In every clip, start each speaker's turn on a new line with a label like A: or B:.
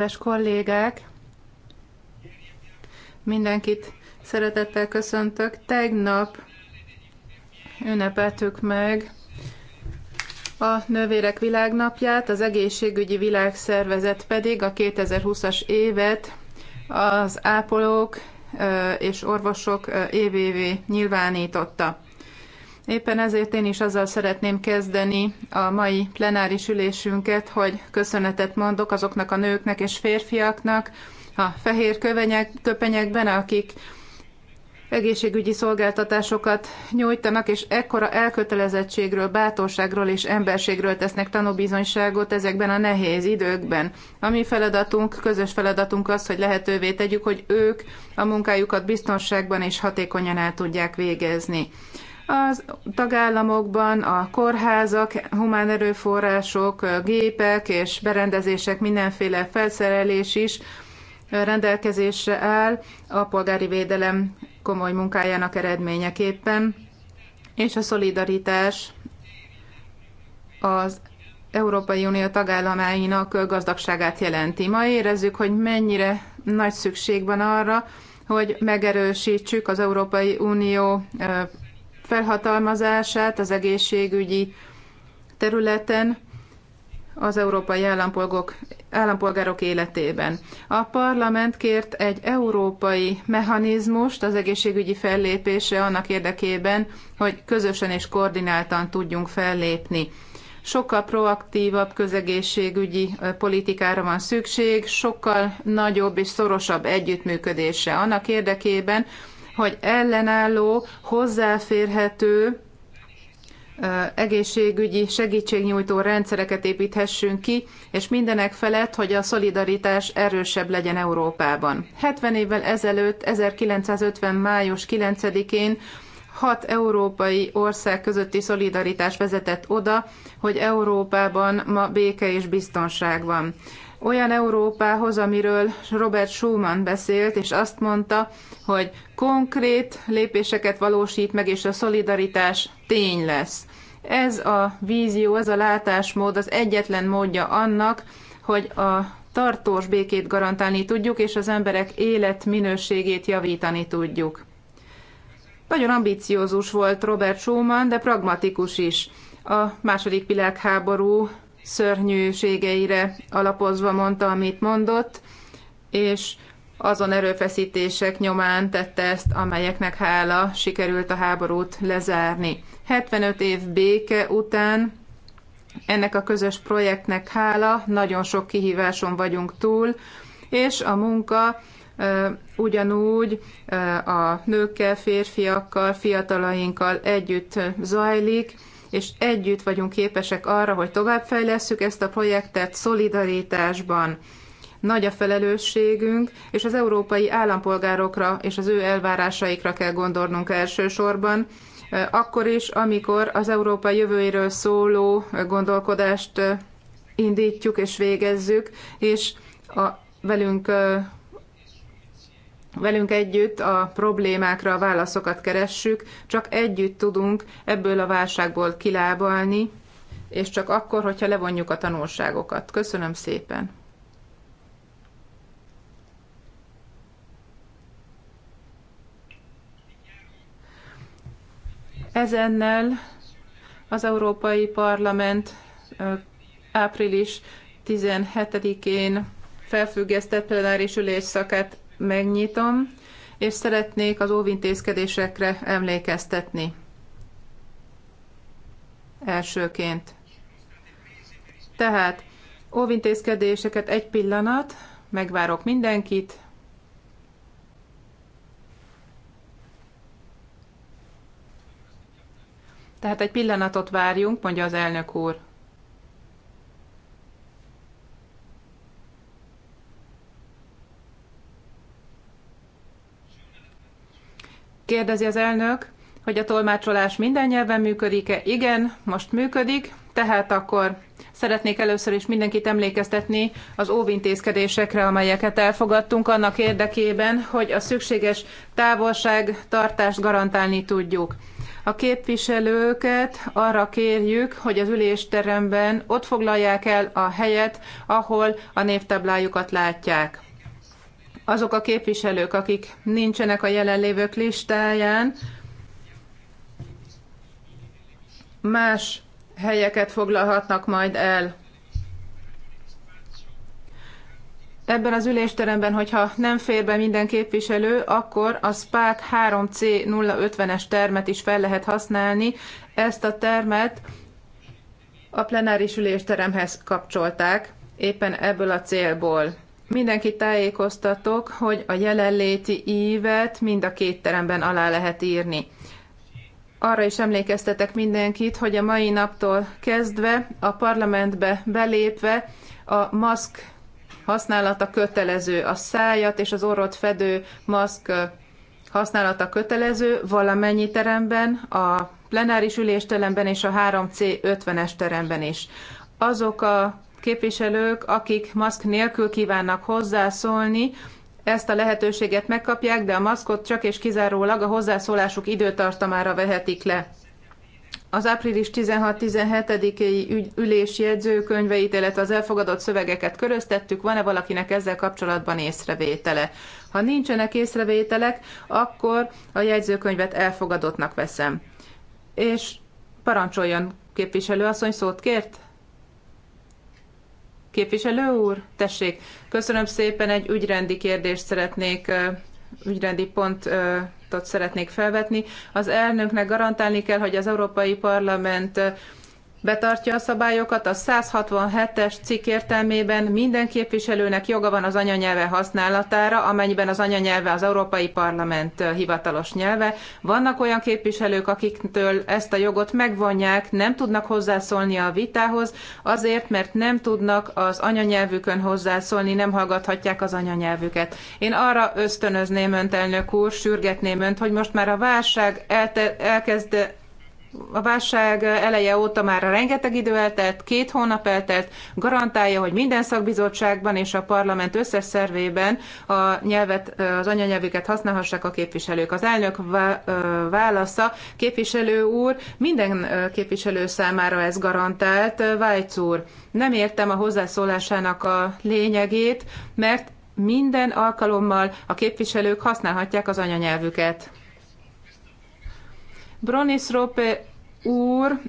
A: Kedves kollégák, mindenkit szeretettel köszöntök. Tegnap ünnepeltük meg a Nővérek Világnapját, az Egészségügyi Világszervezet pedig a 2020-as évet az ápolók és orvosok évévé nyilvánította. Éppen ezért én is azzal szeretném kezdeni a mai plenáris ülésünket, hogy köszönetet mondok azoknak a nőknek és férfiaknak a fehér kövenyek, köpenyekben, akik egészségügyi szolgáltatásokat nyújtanak, és ekkora elkötelezettségről, bátorságról és emberségről tesznek tanúbizonyságot ezekben a nehéz időkben. A mi feladatunk, közös feladatunk az, hogy lehetővé tegyük, hogy ők a munkájukat biztonságban és hatékonyan el tudják végezni. Az tagállamokban a kórházak, humán erőforrások, gépek és berendezések, mindenféle felszerelés is rendelkezésre áll a polgári védelem komoly munkájának eredményeképpen, és a szolidaritás az Európai Unió tagállamáinak gazdagságát jelenti. Ma érezzük, hogy mennyire nagy szükség van arra, hogy megerősítsük az Európai Unió felhatalmazását az egészségügyi területen az európai állampolgok, állampolgárok életében. A parlament kért egy európai mechanizmust az egészségügyi fellépése annak érdekében, hogy közösen és koordináltan tudjunk fellépni. Sokkal proaktívabb közegészségügyi politikára van szükség, sokkal nagyobb és szorosabb együttműködésre annak érdekében, hogy ellenálló, hozzáférhető, egészségügyi segítségnyújtó rendszereket építhessünk ki, és mindenek felett, hogy a szolidaritás erősebb legyen Európában. 70 évvel ezelőtt, 1950. május 9-én hat európai ország közötti szolidaritás vezetett oda, hogy Európában ma béke és biztonság van olyan Európához, amiről Robert Schuman beszélt, és azt mondta, hogy konkrét lépéseket valósít meg, és a szolidaritás tény lesz. Ez a vízió, ez a látásmód az egyetlen módja annak, hogy a tartós békét garantálni tudjuk, és az emberek életminőségét javítani tudjuk. Nagyon ambiciózus volt Robert Schuman, de pragmatikus is. A második világháború szörnyűségeire alapozva mondta, amit mondott, és azon erőfeszítések nyomán tette ezt, amelyeknek hála sikerült a háborút lezárni. 75 év béke után ennek a közös projektnek hála nagyon sok kihíváson vagyunk túl, és a munka ugyanúgy a nőkkel, férfiakkal, fiatalainkkal együtt zajlik, és együtt vagyunk képesek arra, hogy továbbfejlesszük ezt a projektet szolidaritásban. Nagy a felelősségünk, és az európai állampolgárokra és az ő elvárásaikra kell gondolnunk elsősorban, akkor is, amikor az Európa jövőjéről szóló gondolkodást indítjuk és végezzük, és a velünk Velünk együtt a problémákra a válaszokat keressük, csak együtt tudunk ebből a válságból kilábalni, és csak akkor, hogyha levonjuk a tanulságokat. Köszönöm szépen! Ezennel az Európai Parlament április 17-én felfüggesztett plenáris ülésszakát megnyitom, és szeretnék az óvintézkedésekre emlékeztetni. Elsőként. Tehát óvintézkedéseket egy pillanat, megvárok mindenkit, Tehát egy pillanatot várjunk, mondja az elnök úr. Kérdezi az elnök, hogy a tolmácsolás minden nyelven működik-e? Igen, most működik, tehát akkor szeretnék először is mindenkit emlékeztetni az óvintézkedésekre, amelyeket elfogadtunk annak érdekében, hogy a szükséges távolságtartást garantálni tudjuk. A képviselőket arra kérjük, hogy az ülésteremben ott foglalják el a helyet, ahol a névtáblájukat látják azok a képviselők, akik nincsenek a jelenlévők listáján, más helyeket foglalhatnak majd el. Ebben az ülésteremben, hogyha nem fér be minden képviselő, akkor a SPAC 3C050-es termet is fel lehet használni. Ezt a termet a plenáris ülésteremhez kapcsolták, éppen ebből a célból. Mindenkit tájékoztatok, hogy a jelenléti ívet mind a két teremben alá lehet írni. Arra is emlékeztetek mindenkit, hogy a mai naptól kezdve a parlamentbe belépve a maszk használata kötelező, a szájat és az orrot fedő maszk használata kötelező valamennyi teremben, a plenáris ülésteremben és a 3C50-es teremben is. Azok a képviselők, akik maszk nélkül kívánnak hozzászólni, ezt a lehetőséget megkapják, de a maszkot csak és kizárólag a hozzászólásuk időtartamára vehetik le. Az április 16-17-i ülés jegyzőkönyveit, illetve az elfogadott szövegeket köröztettük, van-e valakinek ezzel kapcsolatban észrevétele? Ha nincsenek észrevételek, akkor a jegyzőkönyvet elfogadottnak veszem. És parancsoljon képviselő asszony, szót kért? Képviselő úr, tessék, köszönöm szépen, egy ügyrendi kérdést szeretnék, ügyrendi pontot szeretnék felvetni. Az elnöknek garantálni kell, hogy az Európai Parlament betartja a szabályokat, a 167-es cikk értelmében minden képviselőnek joga van az anyanyelve használatára, amennyiben az anyanyelve az Európai Parlament hivatalos nyelve. Vannak olyan képviselők, akiktől ezt a jogot megvonják, nem tudnak hozzászólni a vitához, azért, mert nem tudnak az anyanyelvükön hozzászólni, nem hallgathatják az anyanyelvüket. Én arra ösztönözném önt, elnök úr, sürgetném önt, hogy most már a válság elte- elkezd a válság eleje óta már rengeteg idő eltelt, két hónap eltelt, garantálja, hogy minden szakbizottságban és a parlament összes szervében a nyelvet, az anyanyelvüket használhassák a képviselők. Az elnök válasza, képviselő úr, minden képviselő számára ez garantált. Vájc úr, nem értem a hozzászólásának a lényegét, mert minden alkalommal a képviselők használhatják az anyanyelvüket. Bronis Rope úr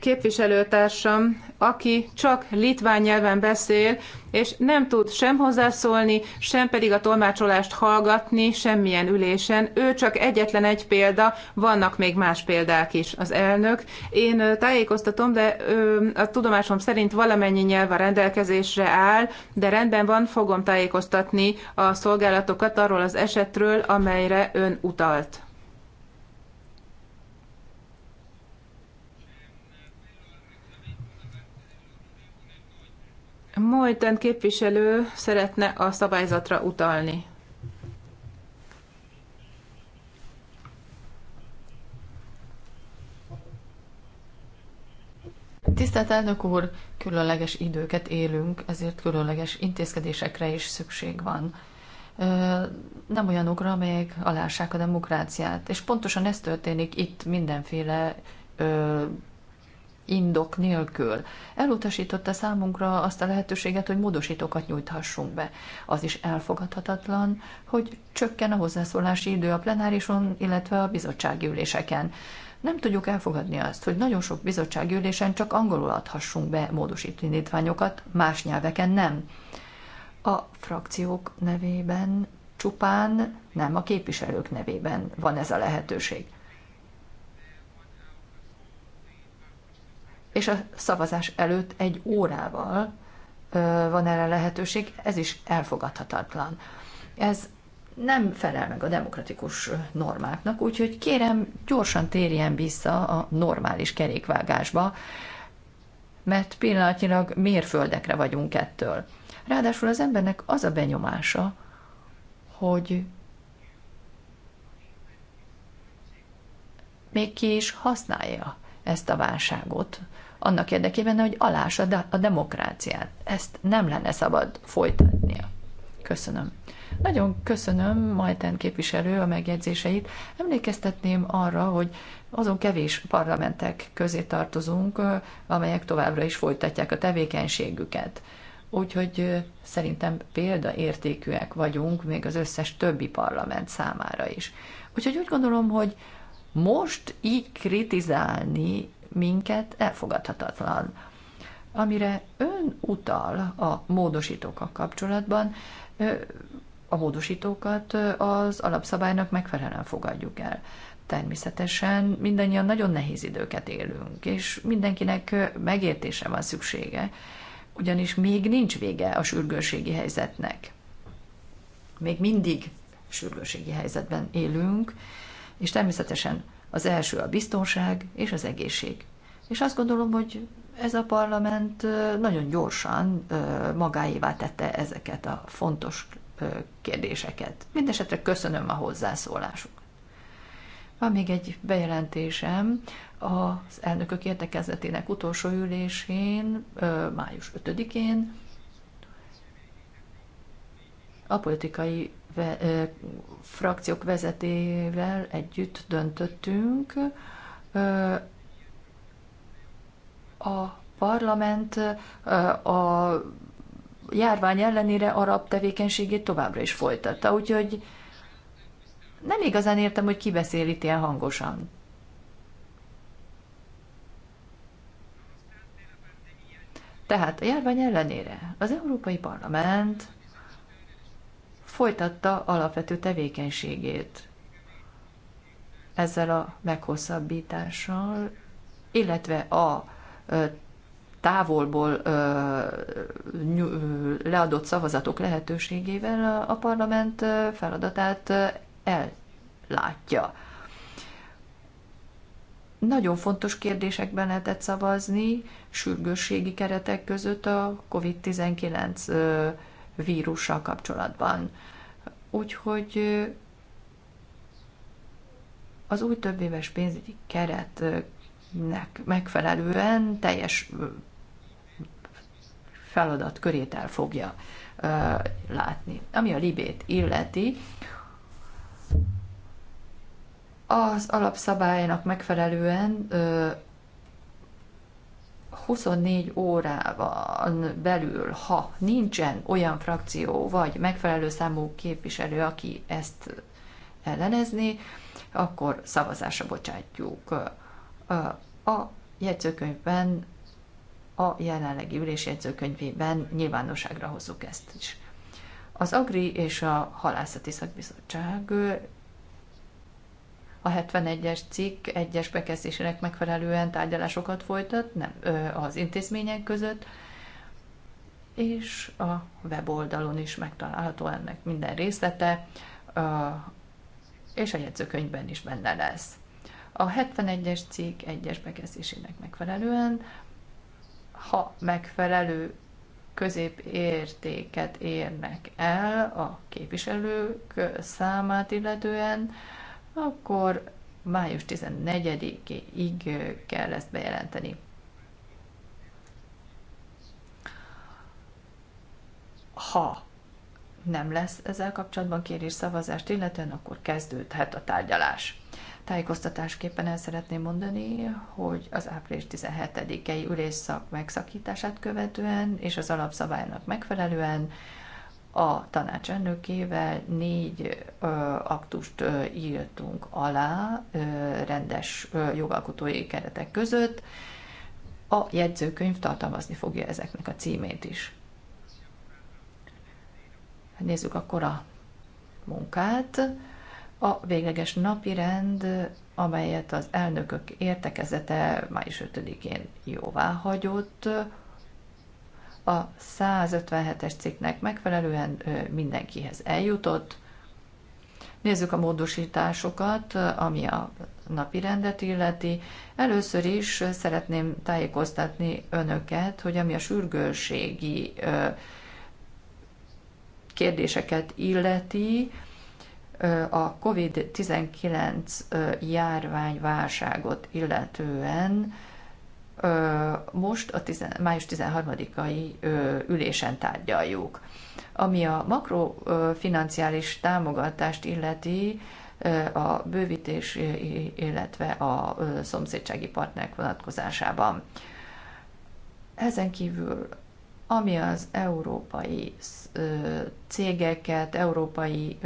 A: képviselőtársam, aki csak litván nyelven beszél, és nem tud sem hozzászólni, sem pedig a tolmácsolást hallgatni semmilyen ülésen. Ő csak egyetlen egy példa, vannak még más példák is az elnök. Én tájékoztatom, de ö, a tudomásom szerint valamennyi nyelv a rendelkezésre áll, de rendben van, fogom tájékoztatni a szolgálatokat arról az esetről, amelyre ön utalt. Mojten képviselő szeretne a szabályzatra utalni.
B: Tisztelt elnök úr, különleges időket élünk, ezért különleges intézkedésekre is szükség van. Nem olyanokra, amelyek alássák a demokráciát. És pontosan ez történik itt mindenféle indok nélkül. Elutasította számunkra azt a lehetőséget, hogy módosítókat nyújthassunk be. Az is elfogadhatatlan, hogy csökken a hozzászólási idő a plenárison, illetve a bizottsági üléseken. Nem tudjuk elfogadni azt, hogy nagyon sok bizottsági ülésen csak angolul adhassunk be módosító indítványokat, más nyelveken nem. A frakciók nevében csupán, nem a képviselők nevében van ez a lehetőség. és a szavazás előtt egy órával van erre lehetőség, ez is elfogadhatatlan. Ez nem felel meg a demokratikus normáknak, úgyhogy kérem, gyorsan térjen vissza a normális kerékvágásba, mert pillanatnyilag mérföldekre vagyunk ettől. Ráadásul az embernek az a benyomása, hogy még ki is használja ezt a válságot annak érdekében, hogy alása a demokráciát. Ezt nem lenne szabad folytatnia. Köszönöm. Nagyon köszönöm Majten képviselő a megjegyzéseit. Emlékeztetném arra, hogy azon kevés parlamentek közé tartozunk, amelyek továbbra is folytatják a tevékenységüket. Úgyhogy szerintem példaértékűek vagyunk még az összes többi parlament számára is. Úgyhogy úgy gondolom, hogy most így kritizálni minket elfogadhatatlan. Amire ön utal a módosítókkal kapcsolatban, a módosítókat az alapszabálynak megfelelően fogadjuk el. Természetesen mindannyian nagyon nehéz időket élünk, és mindenkinek megértése van szüksége, ugyanis még nincs vége a sürgőségi helyzetnek. Még mindig sürgőségi helyzetben élünk, és természetesen az első a biztonság és az egészség. És azt gondolom, hogy ez a parlament nagyon gyorsan magáévá tette ezeket a fontos kérdéseket. Mindenesetre köszönöm a hozzászólásuk. Van még egy bejelentésem. Az elnökök értekezletének utolsó ülésén, május 5-én a politikai frakciók vezetével együtt döntöttünk. A parlament a járvány ellenére arab tevékenységét továbbra is folytatta, úgyhogy nem igazán értem, hogy ki beszél itt ilyen hangosan. Tehát a járvány ellenére az Európai Parlament folytatta alapvető tevékenységét ezzel a meghosszabbítással, illetve a távolból leadott szavazatok lehetőségével a parlament feladatát ellátja. Nagyon fontos kérdésekben lehetett szavazni, sürgősségi keretek között a COVID-19 vírussal kapcsolatban. Úgyhogy az új többéves pénzügyi keretnek megfelelően teljes feladat körét el fogja látni. Ami a libét illeti, az alapszabálynak megfelelően 24 órában belül, ha nincsen olyan frakció vagy megfelelő számú képviselő, aki ezt ellenezni, akkor szavazásra bocsátjuk. A jegyzőkönyvben, a jelenlegi ülés jegyzőkönyvében nyilvánosságra hozzuk ezt is. Az Agri és a Halászati Szakbizottság a 71-es cikk egyes bekezdésének megfelelően tárgyalásokat folytat nem, az intézmények között, és a weboldalon is megtalálható ennek minden részlete, és a jegyzőkönyvben is benne lesz. A 71-es cikk egyes bekezdésének megfelelően, ha megfelelő középértéket érnek el a képviselők számát illetően, akkor május 14-ig kell ezt bejelenteni. Ha nem lesz ezzel kapcsolatban kérés szavazást illetően, akkor kezdődhet a tárgyalás. Tájékoztatásképpen el szeretném mondani, hogy az április 17-i ülésszak megszakítását követően és az alapszabálynak megfelelően a tanácselnökével négy ö, aktust ö, írtunk alá ö, rendes ö, jogalkotói keretek között. A jegyzőkönyv tartalmazni fogja ezeknek a címét is. Nézzük akkor a munkát. A végleges napi rend, amelyet az elnökök értekezete május 5-én jóvá hagyott, a 157-es cikknek megfelelően mindenkihez eljutott. Nézzük a módosításokat, ami a napi rendet illeti. Először is szeretném tájékoztatni önöket, hogy ami a sürgőségi kérdéseket illeti, a COVID-19 válságot illetően most a tizen, május 13-ai ülésen tárgyaljuk. Ami a makrofinanciális támogatást illeti, a bővítés, illetve a szomszédsági partnerek vonatkozásában. Ezen kívül, ami az európai cégeket, európai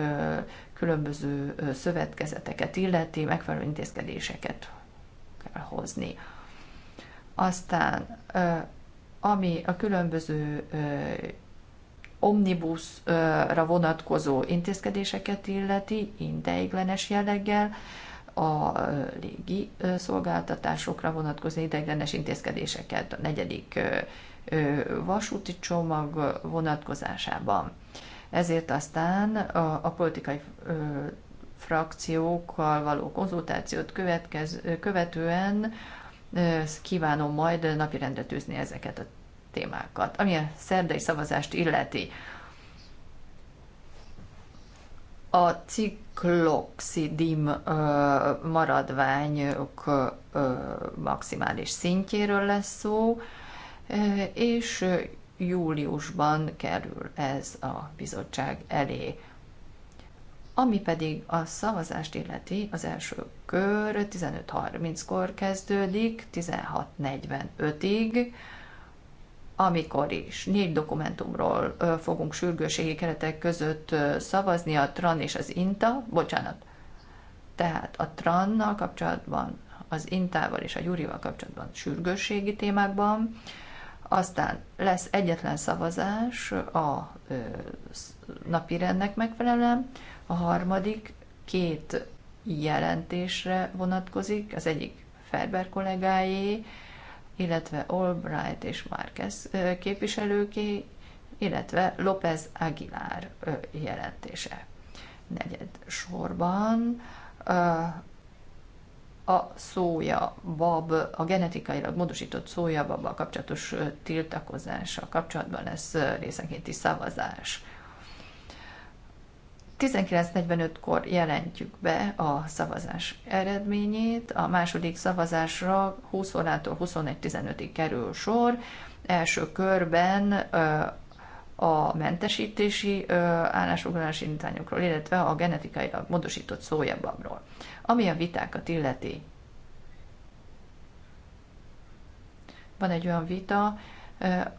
B: különböző szövetkezeteket illeti, megfelelő intézkedéseket kell hozni. Aztán ami a különböző omnibusra vonatkozó intézkedéseket illeti, ideiglenes jelleggel, a légi szolgáltatásokra vonatkozó ideiglenes intézkedéseket, a negyedik vasúti csomag vonatkozásában. Ezért aztán a, a politikai ö, frakciókkal való konzultációt következ, követően kívánom majd napirendre tűzni ezeket a témákat. Ami a szerdai szavazást illeti, a cikloxidim maradványok maximális szintjéről lesz szó, és júliusban kerül ez a bizottság elé. Ami pedig a szavazást illeti, az első kör 15.30-kor kezdődik, 16.45-ig, amikor is négy dokumentumról fogunk sürgőségi keretek között szavazni, a TRAN és az INTA, bocsánat, tehát a TRAN-nal kapcsolatban, az INTA-val és a Gyurival kapcsolatban sürgősségi témákban, aztán lesz egyetlen szavazás a napirendnek megfelelően, a harmadik két jelentésre vonatkozik, az egyik Ferber kollégáé, illetve Albright és Marquez képviselőké, illetve López Aguilar jelentése. Negyed sorban a szója bab, a genetikailag módosított szója babbal kapcsolatos tiltakozása kapcsolatban lesz részenkénti szavazás. 19.45-kor jelentjük be a szavazás eredményét. A második szavazásra 20 órától 21.15-ig kerül sor. Első körben a mentesítési állásfoglalási indítványokról, illetve a genetikailag módosított szójababról. Ami a vitákat illeti, van egy olyan vita,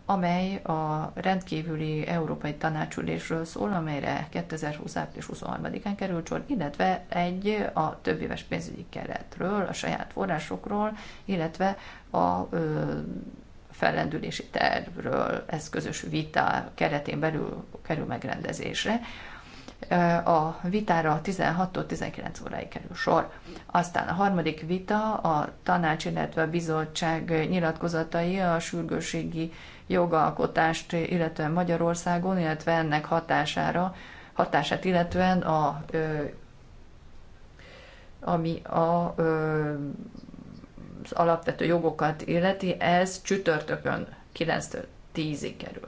B: amely a rendkívüli európai tanácsülésről szól, amelyre 2020. április 23-án került sor, illetve egy a éves pénzügyi keretről, a saját forrásokról, illetve a ö, fellendülési tervről, ez közös vita keretén belül kerül megrendezésre a vitára 16-tól 19 óráig kerül sor. Aztán a harmadik vita a tanács, illetve a bizottság nyilatkozatai a sürgőségi jogalkotást, illetve Magyarországon, illetve ennek hatására, hatását illetően a, ami a, az alapvető jogokat illeti, ez csütörtökön 9-től 10-ig kerül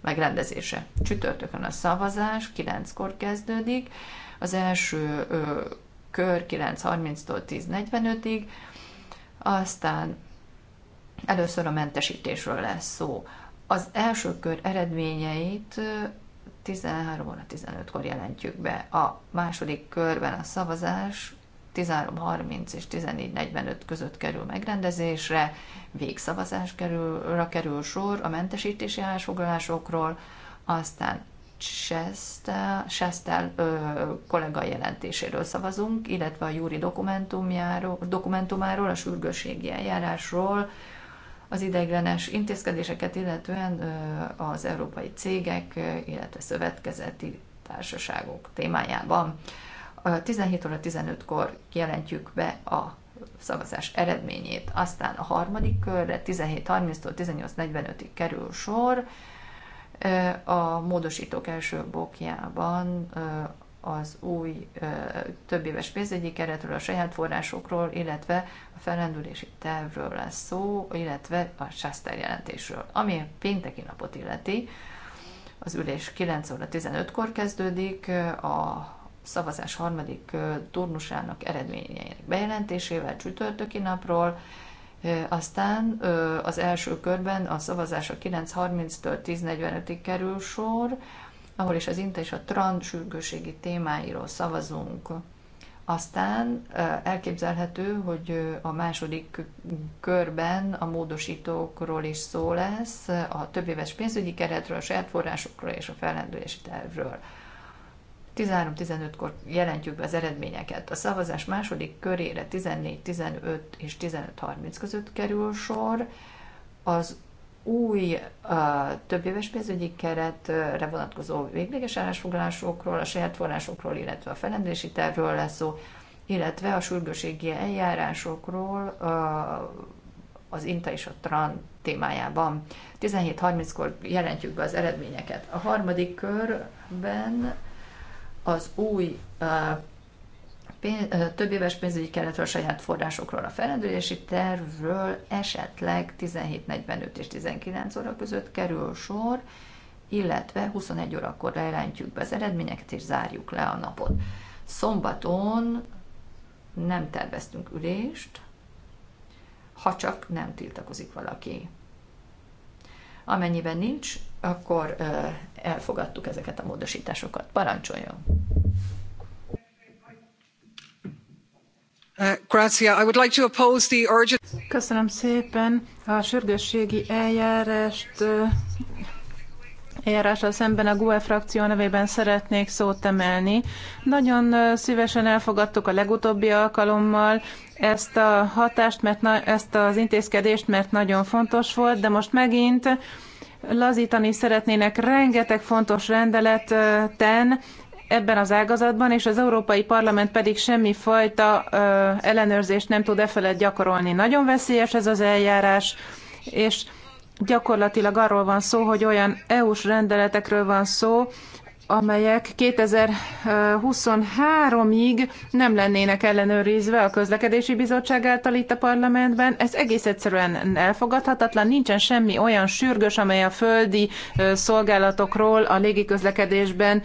B: megrendezése. Csütörtökön a szavazás, 9-kor kezdődik, az első ö, kör 9.30-tól 10.45-ig, aztán először a mentesítésről lesz szó. Az első kör eredményeit 13 óra 15-kor jelentjük be. A második körben a szavazás 13.30 és 14.45 között kerül megrendezésre, végszavazás kerülre kerül sor a mentesítési állásfoglalásokról, aztán Sestel kollega jelentéséről szavazunk, illetve a júri dokumentumáról, a sürgősségi eljárásról, az ideiglenes intézkedéseket, illetően az európai cégek, illetve szövetkezeti társaságok témájában. 17 óra 15-kor jelentjük be a szavazás eredményét. Aztán a harmadik körre 17.30-tól 18.45-ig kerül sor. A módosítók első bokjában az új éves pénzügyi keretről, a saját forrásokról, illetve a felrendülési tervről lesz szó, illetve a Sászter jelentésről, ami a pénteki napot illeti. Az ülés 9 óra 15-kor kezdődik, a szavazás harmadik turnusának eredményeinek bejelentésével csütörtöki napról, aztán az első körben a szavazás a 9.30-től 10.45-ig kerül sor, ahol is az inte és a trans sürgőségi témáiról szavazunk. Aztán elképzelhető, hogy a második körben a módosítókról is szó lesz, a többéves pénzügyi keretről, a saját forrásokról és a fellendülési tervről. 13-15-kor jelentjük be az eredményeket. A szavazás második körére 14-15 és 15-30 között kerül sor. Az új többéves pénzügyi keretre vonatkozó végleges állásfoglalásokról, a saját forrásokról, illetve a felendési tervről lesz szó, illetve a sürgőségi eljárásokról az INTA és a TRAN témájában. 17.30-kor jelentjük be az eredményeket. A harmadik körben az új uh, uh, több éves pénzügyi keretről, saját forrásokról, a felrendelési tervről esetleg 17.45 és 19 óra között kerül sor, illetve 21 órakor lejelentjük be az eredményeket és zárjuk le a napot. Szombaton nem terveztünk ülést, ha csak nem tiltakozik valaki. Amennyiben nincs akkor elfogadtuk ezeket a módosításokat.
A: Parancsoljon! Uh, Köszönöm szépen. A sürgősségi eljárást eljárással szemben a GUE frakció nevében szeretnék szót emelni. Nagyon szívesen elfogadtuk a legutóbbi alkalommal ezt a hatást, mert na, ezt az intézkedést, mert nagyon fontos volt, de most megint lazítani szeretnének rengeteg fontos rendeleten, ebben az ágazatban, és az Európai Parlament pedig semmifajta fajta ellenőrzést nem tud e felett gyakorolni. Nagyon veszélyes ez az eljárás, és gyakorlatilag arról van szó, hogy olyan EU-s rendeletekről van szó, amelyek 2023-ig nem lennének ellenőrizve a közlekedési bizottság által itt a parlamentben. Ez egész egyszerűen elfogadhatatlan, nincsen semmi olyan sürgős, amely a földi szolgálatokról a légiközlekedésben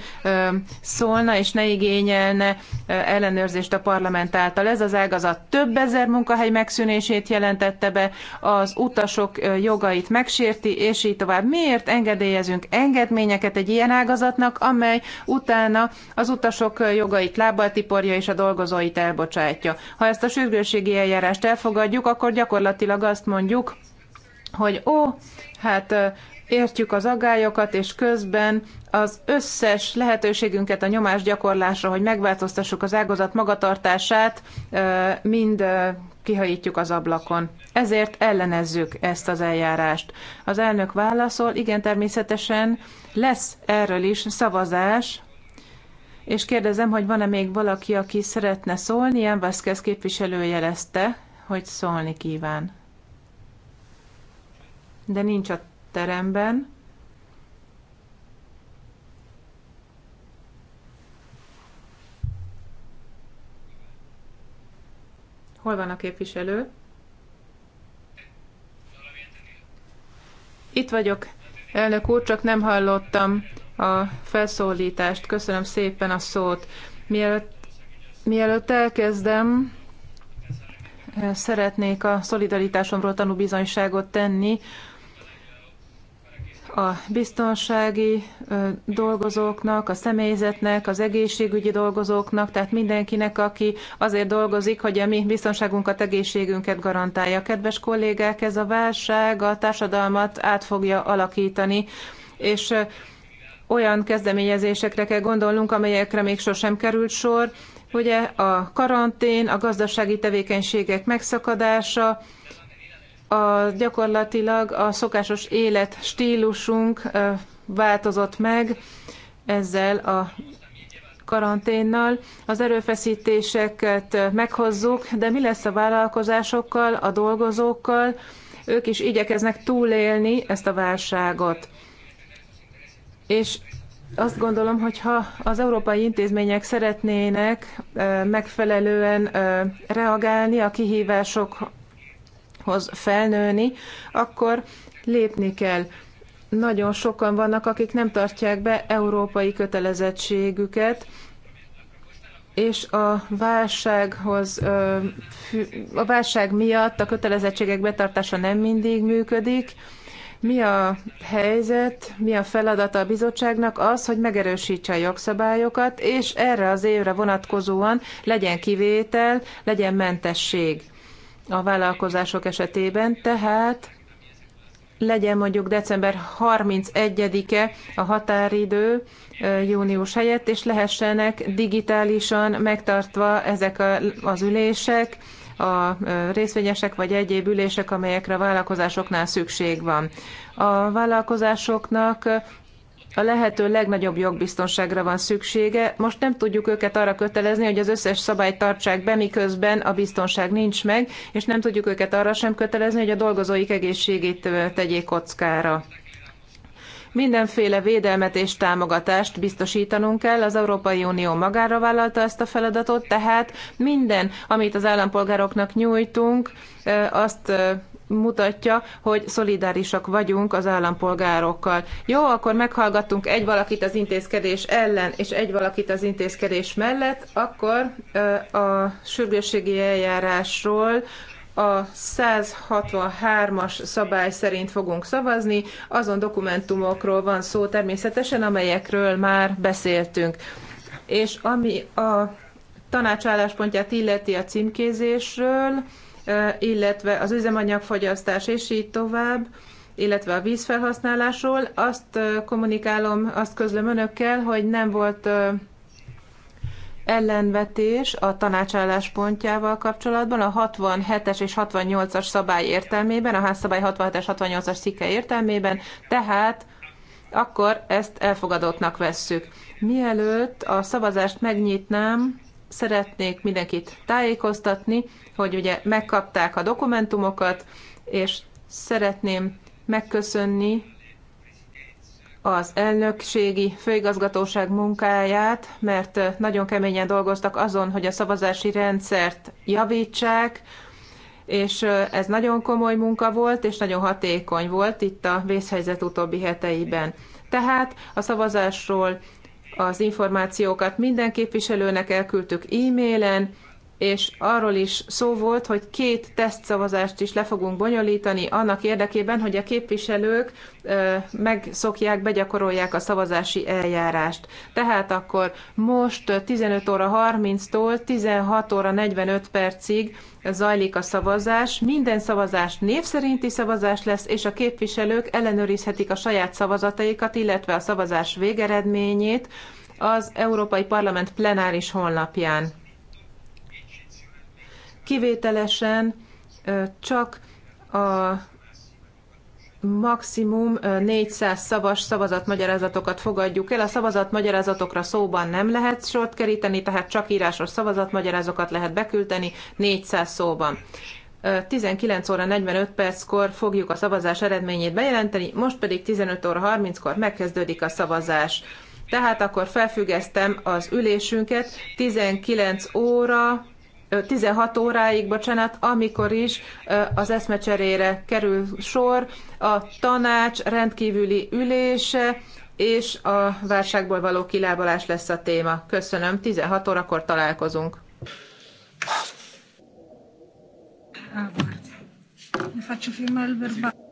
A: szólna és ne igényelne ellenőrzést a parlament által. Ez az ágazat több ezer munkahely megszűnését jelentette be, az utasok jogait megsérti, és így tovább. Miért engedélyezünk engedményeket egy ilyen ágazatnak, amely utána az utasok jogait lábbal tiporja és a dolgozóit elbocsátja. Ha ezt a sürgősségi eljárást elfogadjuk, akkor gyakorlatilag azt mondjuk, hogy ó, hát értjük az agályokat, és közben az összes lehetőségünket a nyomás gyakorlásra, hogy megváltoztassuk az ágazat magatartását, mind kihajítjuk az ablakon. Ezért ellenezzük ezt az eljárást. Az elnök válaszol, igen, természetesen lesz erről is szavazás, és kérdezem, hogy van-e még valaki, aki szeretne szólni? Jan Vázquez képviselő jelezte, hogy szólni kíván. De nincs a teremben. Hol van a képviselő? Itt vagyok. Elnök úr, csak nem hallottam a felszólítást. Köszönöm szépen a szót. Mielőtt, mielőtt elkezdem, szeretnék a szolidaritásomról tanúbizonyságot tenni a biztonsági dolgozóknak, a személyzetnek, az egészségügyi dolgozóknak, tehát mindenkinek, aki azért dolgozik, hogy a mi biztonságunkat, egészségünket garantálja. Kedves kollégák, ez a válság a társadalmat át fogja alakítani, és olyan kezdeményezésekre kell gondolnunk, amelyekre még sosem került sor, ugye a karantén, a gazdasági tevékenységek megszakadása, a, gyakorlatilag a szokásos életstílusunk változott meg ezzel a karanténnal. Az erőfeszítéseket meghozzuk, de mi lesz a vállalkozásokkal, a dolgozókkal? Ők is igyekeznek túlélni ezt a válságot. És azt gondolom, hogy ha az európai intézmények szeretnének megfelelően reagálni a kihívások hoz felnőni, akkor lépni kell. Nagyon sokan vannak, akik nem tartják be európai kötelezettségüket, és a válsághoz, a válság miatt a kötelezettségek betartása nem mindig működik. Mi a helyzet, mi a feladata a bizottságnak az, hogy megerősítse a jogszabályokat, és erre az évre vonatkozóan legyen kivétel, legyen mentesség a vállalkozások esetében, tehát legyen mondjuk december 31-e a határidő június helyett, és lehessenek digitálisan megtartva ezek az ülések, a részvényesek vagy egyéb ülések, amelyekre a vállalkozásoknál szükség van. A vállalkozásoknak a lehető legnagyobb jogbiztonságra van szüksége. Most nem tudjuk őket arra kötelezni, hogy az összes szabályt tartsák be, miközben a biztonság nincs meg, és nem tudjuk őket arra sem kötelezni, hogy a dolgozóik egészségét tegyék kockára. Mindenféle védelmet és támogatást biztosítanunk kell, az Európai Unió magára vállalta ezt a feladatot, tehát minden, amit az állampolgároknak nyújtunk, azt mutatja, hogy szolidárisak vagyunk az állampolgárokkal. Jó, akkor meghallgattunk egy valakit az intézkedés ellen, és egy valakit az intézkedés mellett, akkor a sürgősségi eljárásról a 163-as szabály szerint fogunk szavazni, azon dokumentumokról van szó természetesen, amelyekről már beszéltünk. És ami a tanács álláspontját illeti a címkézésről, illetve az üzemanyagfogyasztás, és így tovább illetve a vízfelhasználásról. Azt kommunikálom, azt közlöm önökkel, hogy nem volt ellenvetés a tanácsállás pontjával kapcsolatban a 67-es és 68-as szabály értelmében, a házszabály 67-es 68-as szike értelmében, tehát akkor ezt elfogadottnak vesszük. Mielőtt a szavazást megnyitnám, szeretnék mindenkit tájékoztatni, hogy ugye megkapták a dokumentumokat, és szeretném megköszönni az elnökségi főigazgatóság munkáját, mert nagyon keményen dolgoztak azon, hogy a szavazási rendszert javítsák, és ez nagyon komoly munka volt, és nagyon hatékony volt itt a vészhelyzet utóbbi heteiben. Tehát a szavazásról az információkat minden képviselőnek elküldtük e-mailen, és arról is szó volt, hogy két tesztszavazást is le fogunk bonyolítani annak érdekében, hogy a képviselők megszokják, begyakorolják a szavazási eljárást. Tehát akkor most 15 óra 30-tól 16 óra 45 percig zajlik a szavazás. Minden szavazás név szerinti szavazás lesz, és a képviselők ellenőrizhetik a saját szavazataikat, illetve a szavazás végeredményét az Európai Parlament plenáris honlapján kivételesen csak a maximum 400 szavas szavazatmagyarázatokat fogadjuk el. A szavazatmagyarázatokra szóban nem lehet sort keríteni, tehát csak írásos szavazatmagyarázatokat lehet beküldeni 400 szóban. 19 óra 45 perckor fogjuk a szavazás eredményét bejelenteni, most pedig 15 óra 30-kor megkezdődik a szavazás. Tehát akkor felfüggesztem az ülésünket 19 óra 16 óráig, bocsánat, amikor is az eszmecserére kerül sor, a tanács rendkívüli ülése, és a válságból való kilábalás lesz a téma. Köszönöm, 16 órakor találkozunk.
C: Ah, ne faccio firmare il verbale.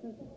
C: Thank you.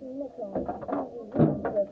C: Nekem, nekem, nekem, nekem, nekem,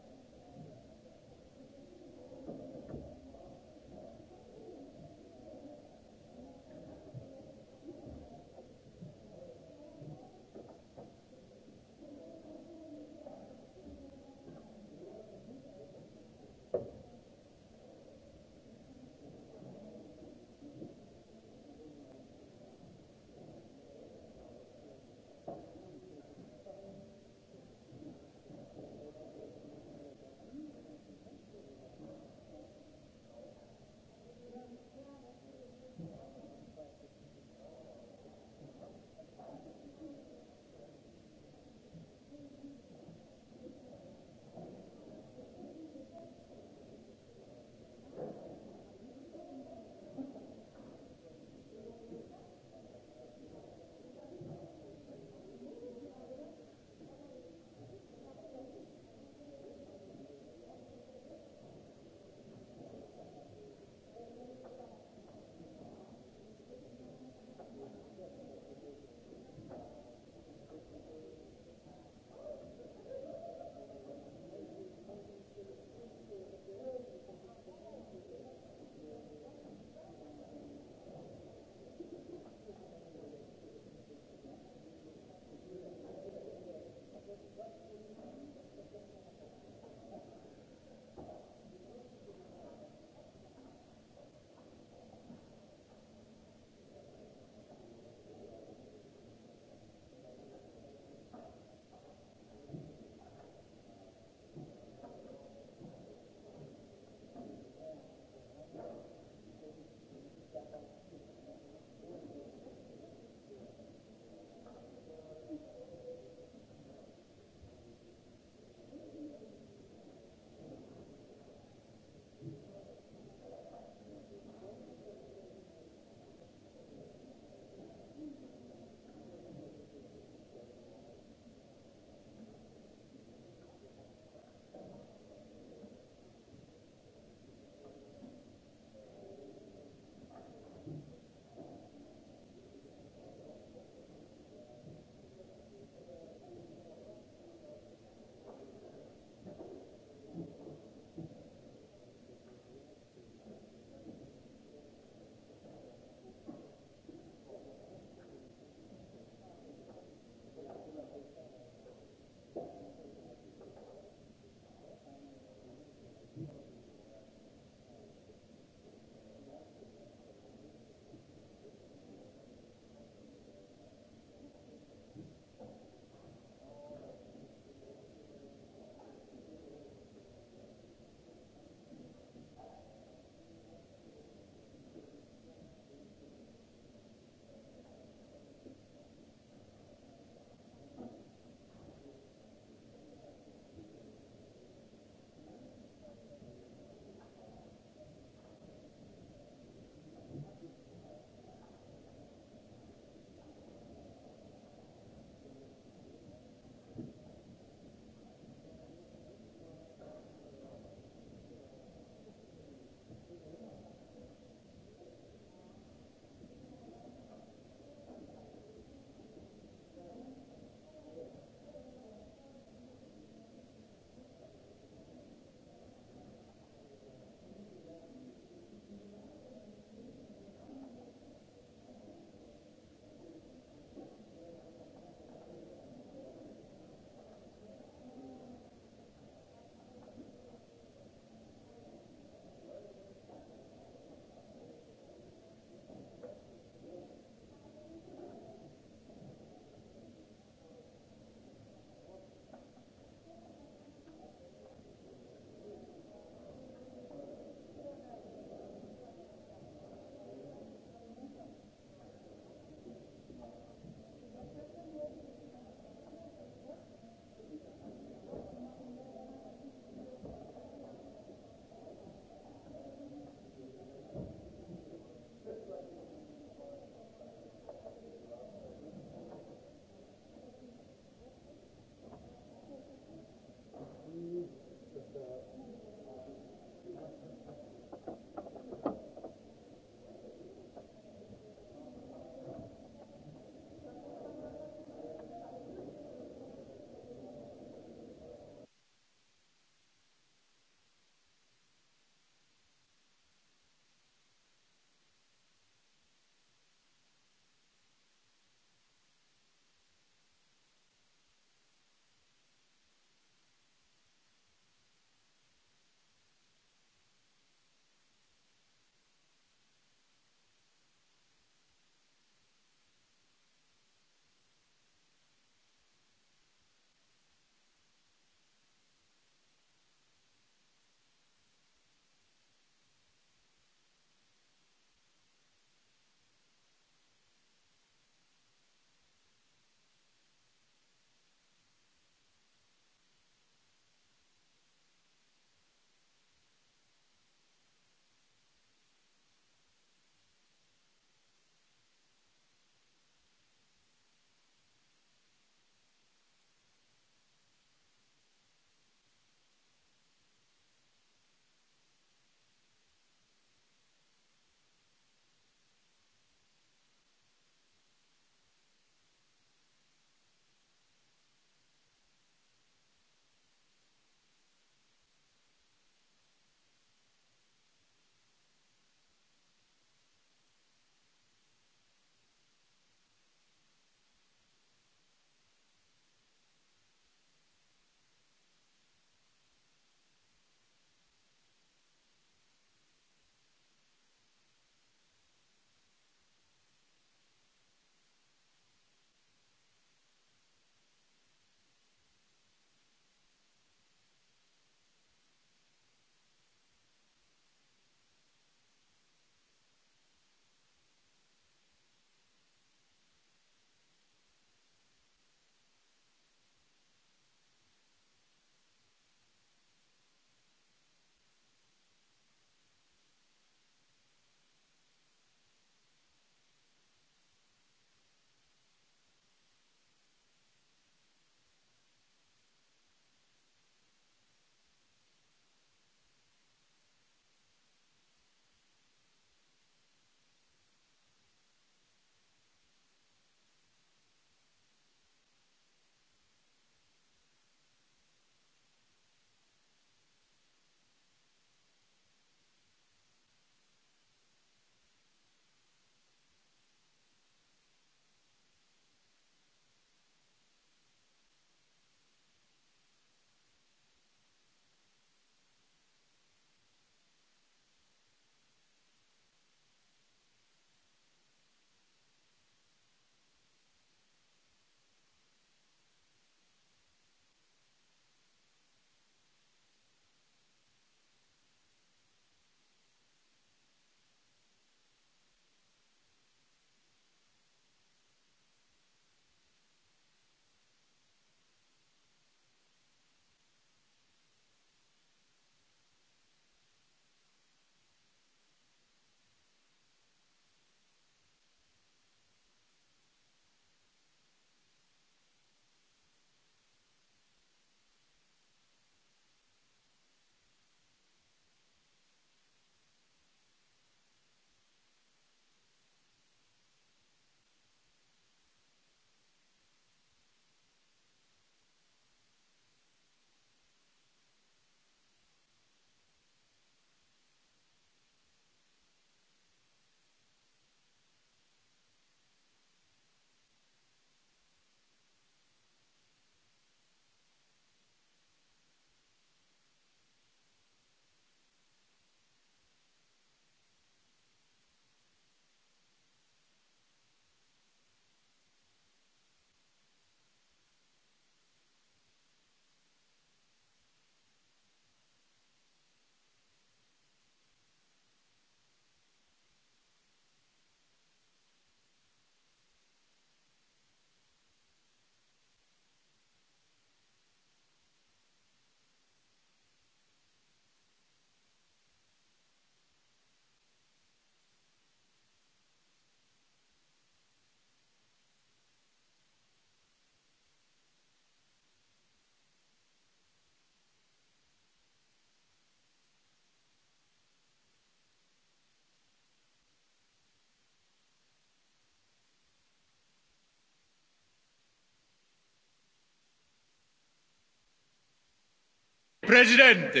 D: Presidente!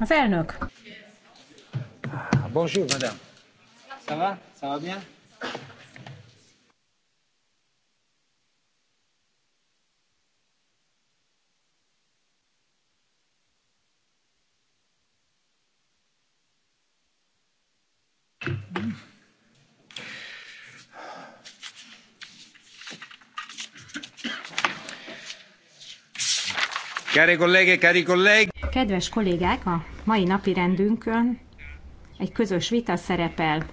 E: Az elnök. Bonjour, madame.
D: Ça va? Ça va bien?
F: Kedves kollégák, a mai napi rendünkön egy közös vita szerepel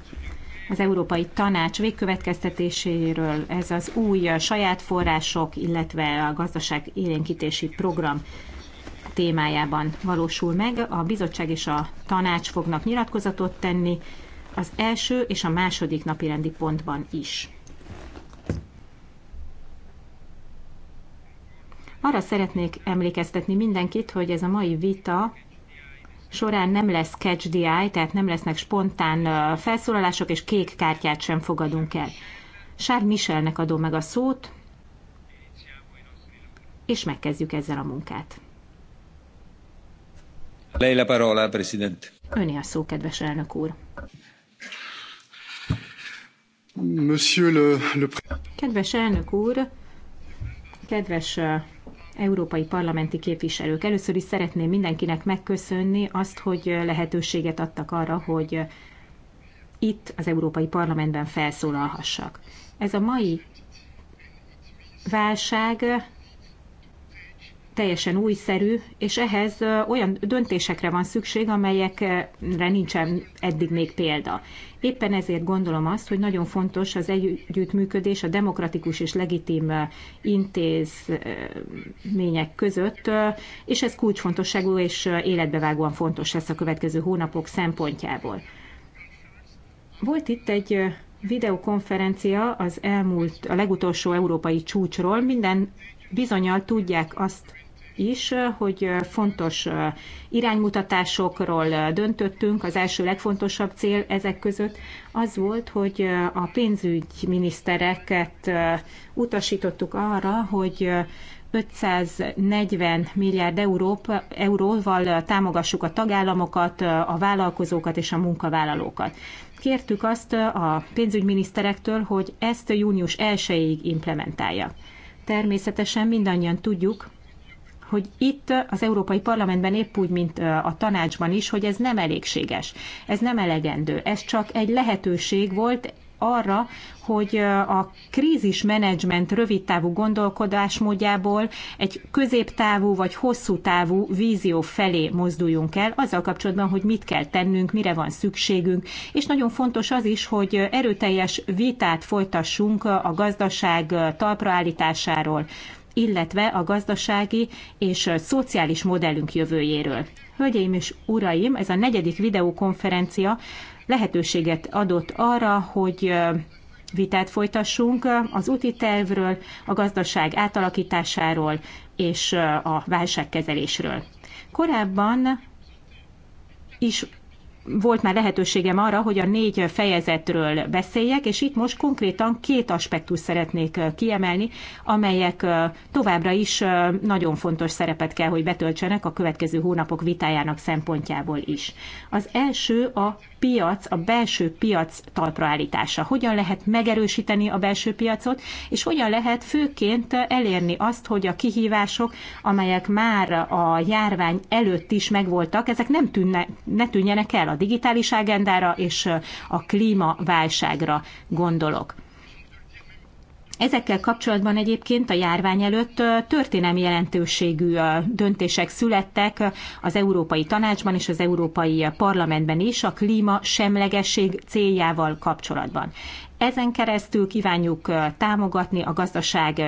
F: az Európai Tanács végkövetkeztetéséről. Ez az új saját források, illetve a gazdaság élénkítési program témájában valósul meg. A bizottság és a tanács fognak nyilatkozatot tenni az első és a második napi rendi pontban is. Arra szeretnék emlékeztetni mindenkit, hogy ez a mai vita során nem lesz catch the eye, tehát nem lesznek spontán felszólalások, és kék kártyát sem fogadunk el. Charles Michelnek adom meg a szót, és megkezdjük ezzel a munkát.
D: Lei la parola, president.
F: Öné a szó, kedves elnök úr.
B: Monsieur le, le...
F: Kedves elnök úr, kedves európai parlamenti képviselők. Először is szeretném mindenkinek megköszönni azt, hogy lehetőséget adtak arra, hogy itt az Európai Parlamentben felszólalhassak. Ez a mai válság teljesen újszerű, és ehhez olyan döntésekre van szükség, amelyekre nincsen eddig még példa. Éppen ezért gondolom azt, hogy nagyon fontos az együttműködés a demokratikus és legitim intézmények között, és ez kulcsfontosságú és életbevágóan fontos lesz a következő hónapok szempontjából. Volt itt egy videokonferencia az elmúlt, a legutolsó európai csúcsról. Minden bizonyal tudják azt is, eh, hogy eh, fontos eh, iránymutatásokról döntöttünk. Az első legfontosabb cél ezek között az volt, hogy a pénzügyminisztereket utasítottuk arra, hogy 540 milliárd euróval támogassuk a tagállamokat, a vállalkozókat és a munkavállalókat. Kértük azt a pénzügyminiszterektől, hogy ezt a június 1-ig implementálja. Természetesen mindannyian tudjuk, hogy itt az Európai Parlamentben épp úgy, mint a tanácsban is, hogy ez nem elégséges, ez nem elegendő, ez csak egy lehetőség volt arra, hogy a krízismenedzsment rövidtávú gondolkodásmódjából egy középtávú vagy hosszú távú vízió felé mozduljunk el, azzal kapcsolatban, hogy mit kell tennünk, mire van szükségünk, és nagyon fontos az is, hogy erőteljes vitát folytassunk a gazdaság talpraállításáról, illetve a gazdasági és szociális modellünk jövőjéről. Hölgyeim és uraim, ez a negyedik videokonferencia lehetőséget adott arra, hogy vitát folytassunk az úti tervről, a gazdaság átalakításáról és a válságkezelésről. Korábban is volt már lehetőségem arra, hogy a négy fejezetről beszéljek, és itt most konkrétan két aspektus szeretnék kiemelni, amelyek továbbra is nagyon fontos szerepet kell, hogy betöltsenek a következő hónapok vitájának szempontjából is. Az első a piac, a belső piac talpraállítása. Hogyan lehet megerősíteni a belső piacot, és hogyan lehet főként elérni azt, hogy a kihívások, amelyek már a járvány előtt is megvoltak, ezek nem tűnne, ne tűnjenek el a digitális agendára és a klímaválságra gondolok. Ezekkel kapcsolatban egyébként a járvány előtt történelmi jelentőségű döntések születtek az Európai Tanácsban és az Európai Parlamentben is a klíma semlegesség céljával kapcsolatban. Ezen keresztül kívánjuk támogatni a gazdaság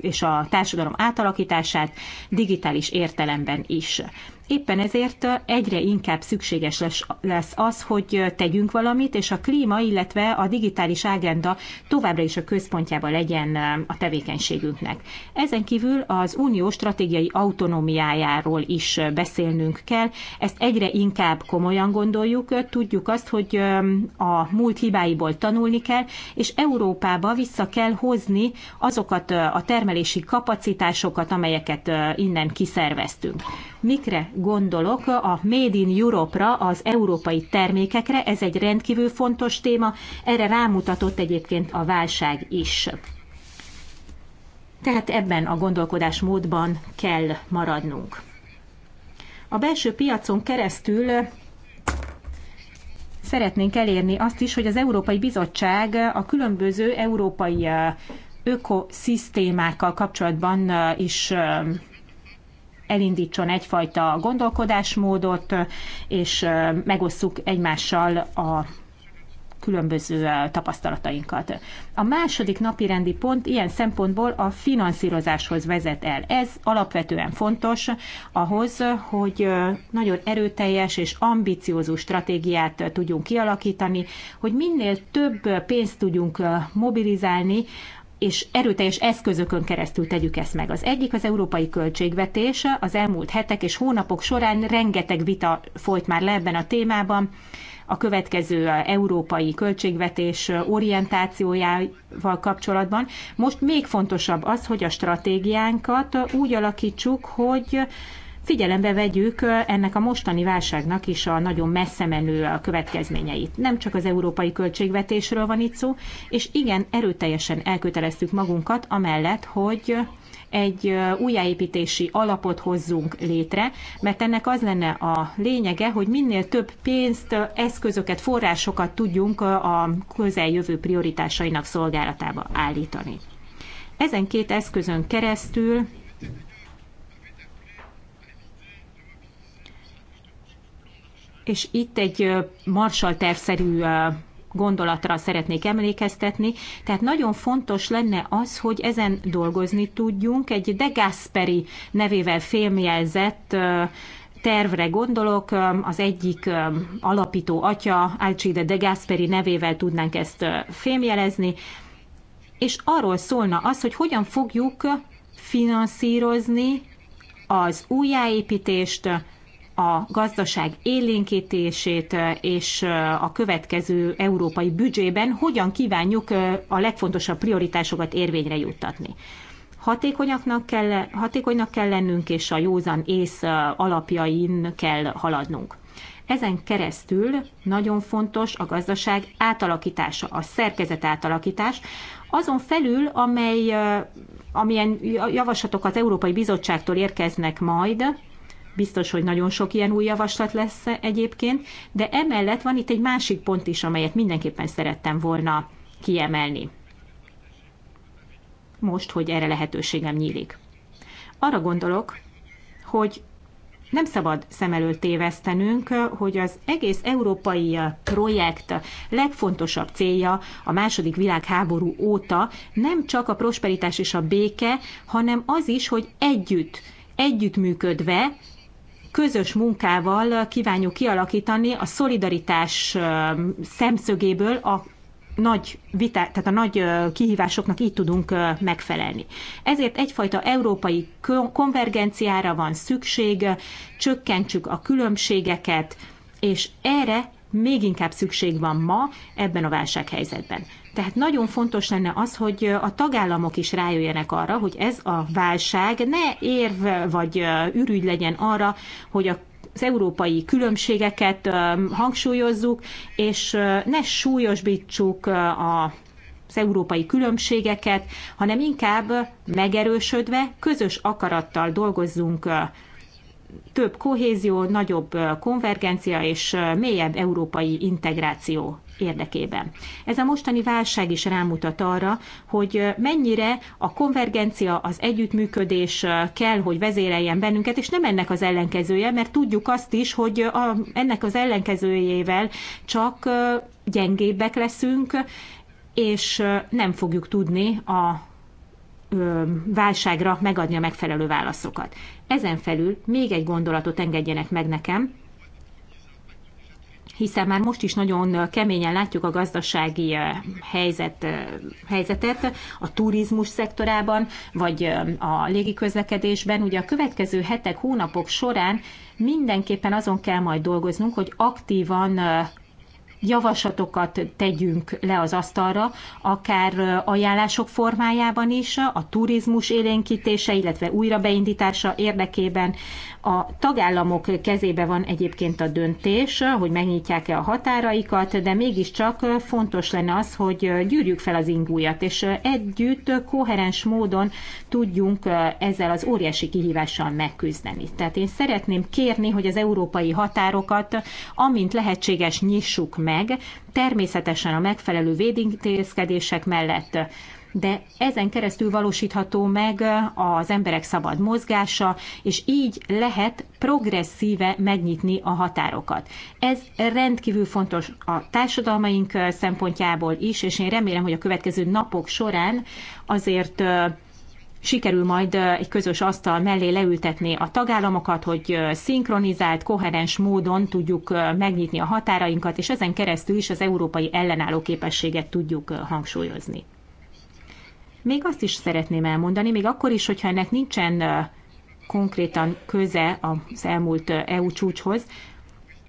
F: és a társadalom átalakítását digitális értelemben is. Éppen ezért egyre inkább szükséges lesz az, hogy tegyünk valamit, és a klíma, illetve a digitális ágenda továbbra is a központjában legyen a tevékenységünknek. Ezen kívül az unió stratégiai autonómiájáról is beszélnünk kell. Ezt egyre inkább komolyan gondoljuk. Tudjuk azt, hogy um, a múlt hibáiból tanulni kell, és Európába vissza kell hozni azokat uh, a termelési kapacitásokat, amelyeket uh, innen kiszerveztünk. Mikre gondolok? A Made in Europe-ra, az európai termékekre, ez egy rendkívül fontos téma, erre rámutatott egyébként a válság is. Tehát ebben a gondolkodásmódban kell maradnunk. A belső piacon keresztül szeretnénk elérni azt is, hogy az Európai Bizottság a különböző európai ökoszisztémákkal kapcsolatban is elindítson egyfajta gondolkodásmódot, és megosszuk egymással a különböző tapasztalatainkat. A második napi rendi pont ilyen szempontból a finanszírozáshoz vezet el. Ez alapvetően fontos ahhoz, hogy nagyon erőteljes és ambiciózus stratégiát tudjunk kialakítani, hogy minél több pénzt tudjunk mobilizálni és erőteljes eszközökön keresztül tegyük ezt meg. Az egyik az európai költségvetés. Az elmúlt hetek és hónapok során rengeteg vita folyt már le ebben a témában. A következő európai költségvetés orientációjával kapcsolatban. Most még fontosabb az, hogy a stratégiánkat úgy alakítsuk, hogy figyelembe vegyük ennek a mostani válságnak is a nagyon messze menő következményeit. Nem csak az európai költségvetésről van itt szó, és igen, erőteljesen elköteleztük magunkat amellett, hogy egy újjáépítési alapot hozzunk létre, mert ennek az lenne a lényege, hogy minél több pénzt, eszközöket, forrásokat tudjunk a közeljövő prioritásainak szolgálatába állítani. Ezen két eszközön keresztül és itt egy marsal tervszerű gondolatra szeretnék emlékeztetni. Tehát nagyon fontos lenne az, hogy ezen dolgozni tudjunk. Egy De Gasperi nevével fémjelzett tervre gondolok, az egyik alapító atya, Alcide De Gasperi nevével tudnánk ezt fémjelezni, és arról szólna az, hogy hogyan fogjuk finanszírozni az újjáépítést, a gazdaság élénkítését és a következő európai büdzsében hogyan kívánjuk a legfontosabb prioritásokat érvényre juttatni. Hatékonyaknak kell, hatékonynak kell lennünk, és a józan ész alapjain kell haladnunk. Ezen keresztül nagyon fontos a gazdaság átalakítása, a szerkezet átalakítás, azon felül, amely, amilyen javaslatok az Európai Bizottságtól érkeznek majd, Biztos, hogy nagyon sok ilyen új javaslat lesz egyébként, de emellett van itt egy másik pont is, amelyet mindenképpen szerettem volna kiemelni. Most, hogy erre lehetőségem nyílik. Arra gondolok, hogy nem szabad szem elől tévesztenünk, hogy az egész európai projekt legfontosabb célja a második világháború óta nem csak a prosperitás és a béke, hanem az is, hogy együtt, együttműködve közös munkával kívánjuk kialakítani a szolidaritás szemszögéből a nagy vita, tehát a nagy kihívásoknak így tudunk megfelelni. Ezért egyfajta európai konvergenciára van szükség, csökkentsük a különbségeket, és erre még inkább szükség van ma ebben a válsághelyzetben. Tehát nagyon fontos lenne az, hogy a tagállamok is rájöjjenek arra, hogy ez a válság ne érv vagy ürügy legyen arra, hogy a az európai különbségeket hangsúlyozzuk, és ne súlyosbítsuk a az európai különbségeket, hanem inkább megerősödve, közös akarattal dolgozzunk több kohézió, nagyobb konvergencia és mélyebb európai integráció érdekében. Ez a mostani válság is rámutat arra, hogy mennyire a konvergencia, az együttműködés kell, hogy vezéreljen bennünket, és nem ennek az ellenkezője, mert tudjuk azt is, hogy a, ennek az ellenkezőjével csak gyengébbek leszünk, és nem fogjuk tudni a válságra megadni a megfelelő válaszokat. Ezen felül még egy gondolatot engedjenek meg nekem, hiszen már most is nagyon keményen látjuk a gazdasági eh, helyzet, eh, helyzetet a turizmus szektorában, vagy eh, a légiközlekedésben. Ugye a következő hetek, hónapok során mindenképpen azon kell majd dolgoznunk, hogy aktívan javaslatokat tegyünk le az asztalra, akár ajánlások formájában is, a turizmus élénkítése, illetve újrabeindítása érdekében. A tagállamok kezébe van egyébként a döntés, hogy megnyitják-e a határaikat, de mégiscsak fontos lenne az, hogy gyűrjük fel az ingújat, és együtt koherens módon tudjunk ezzel az óriási kihívással megküzdeni. Tehát én szeretném kérni, hogy az európai határokat, amint lehetséges, nyissuk meg, meg, természetesen a megfelelő védintézkedések mellett de ezen keresztül valósítható meg az emberek szabad mozgása, és így lehet progresszíve megnyitni a határokat. Ez rendkívül fontos a társadalmaink szempontjából is, és én remélem, hogy a következő napok során azért sikerül majd egy közös asztal mellé leültetni a tagállamokat, hogy szinkronizált, koherens módon tudjuk megnyitni a határainkat, és ezen keresztül is az európai ellenálló képességet tudjuk hangsúlyozni. Még azt is szeretném elmondani, még akkor is, hogyha ennek nincsen konkrétan köze az elmúlt EU csúcshoz,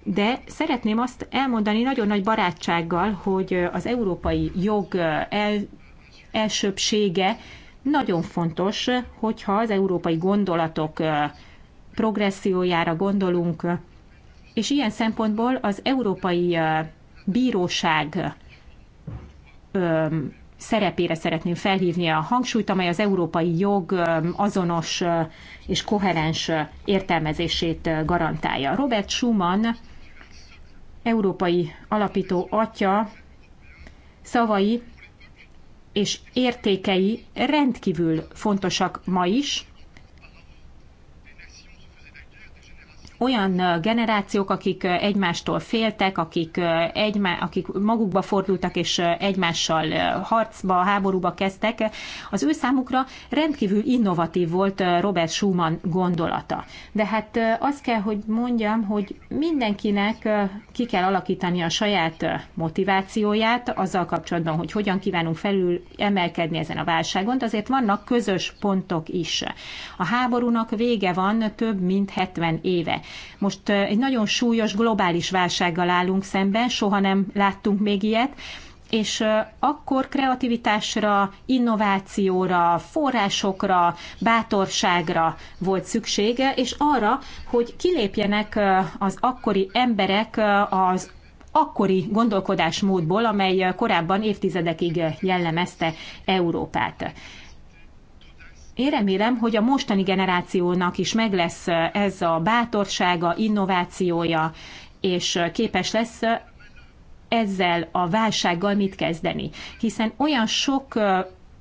F: de szeretném azt elmondani nagyon nagy barátsággal, hogy az európai jog el, elsőbsége nagyon fontos, hogyha az európai gondolatok progressziójára gondolunk, és ilyen szempontból az Európai Bíróság szerepére szeretném felhívni a hangsúlyt, amely az európai jog azonos és koherens értelmezését garantálja. Robert Schumann, európai alapító atya szavai és értékei rendkívül fontosak ma is, olyan generációk, akik egymástól féltek, akik, egymá, akik magukba fordultak és egymással harcba, háborúba kezdtek, az ő számukra rendkívül innovatív volt Robert Schumann gondolata. De hát azt kell, hogy mondjam, hogy mindenkinek ki kell alakítani a saját motivációját azzal kapcsolatban, hogy hogyan kívánunk felül emelkedni ezen a válságon, de azért vannak közös pontok is. A háborúnak vége van több mint 70 éve. Most egy nagyon súlyos globális válsággal állunk szemben, soha nem láttunk még ilyet, és akkor kreativitásra, innovációra, forrásokra, bátorságra volt szüksége, és arra, hogy kilépjenek az akkori emberek az akkori gondolkodásmódból, amely korábban évtizedekig jellemezte Európát. Én remélem, hogy a mostani generációnak is meg lesz ez a bátorsága, innovációja, és képes lesz ezzel a válsággal mit kezdeni. Hiszen olyan sok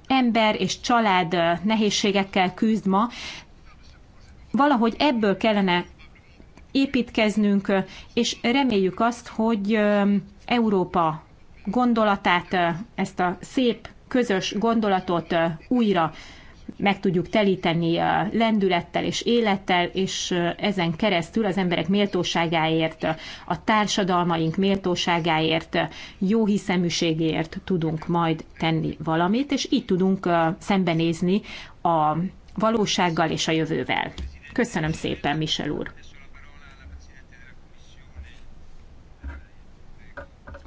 F: ember és család nehézségekkel küzd ma, valahogy ebből kellene építkeznünk, és reméljük azt, hogy Európa gondolatát, ezt a szép közös gondolatot újra meg tudjuk telíteni a lendülettel és élettel, és ezen keresztül az emberek méltóságáért, a társadalmaink méltóságáért, jó hiszeműségért tudunk majd tenni valamit, és így tudunk szembenézni a valósággal és a jövővel. Köszönöm szépen, Michel úr!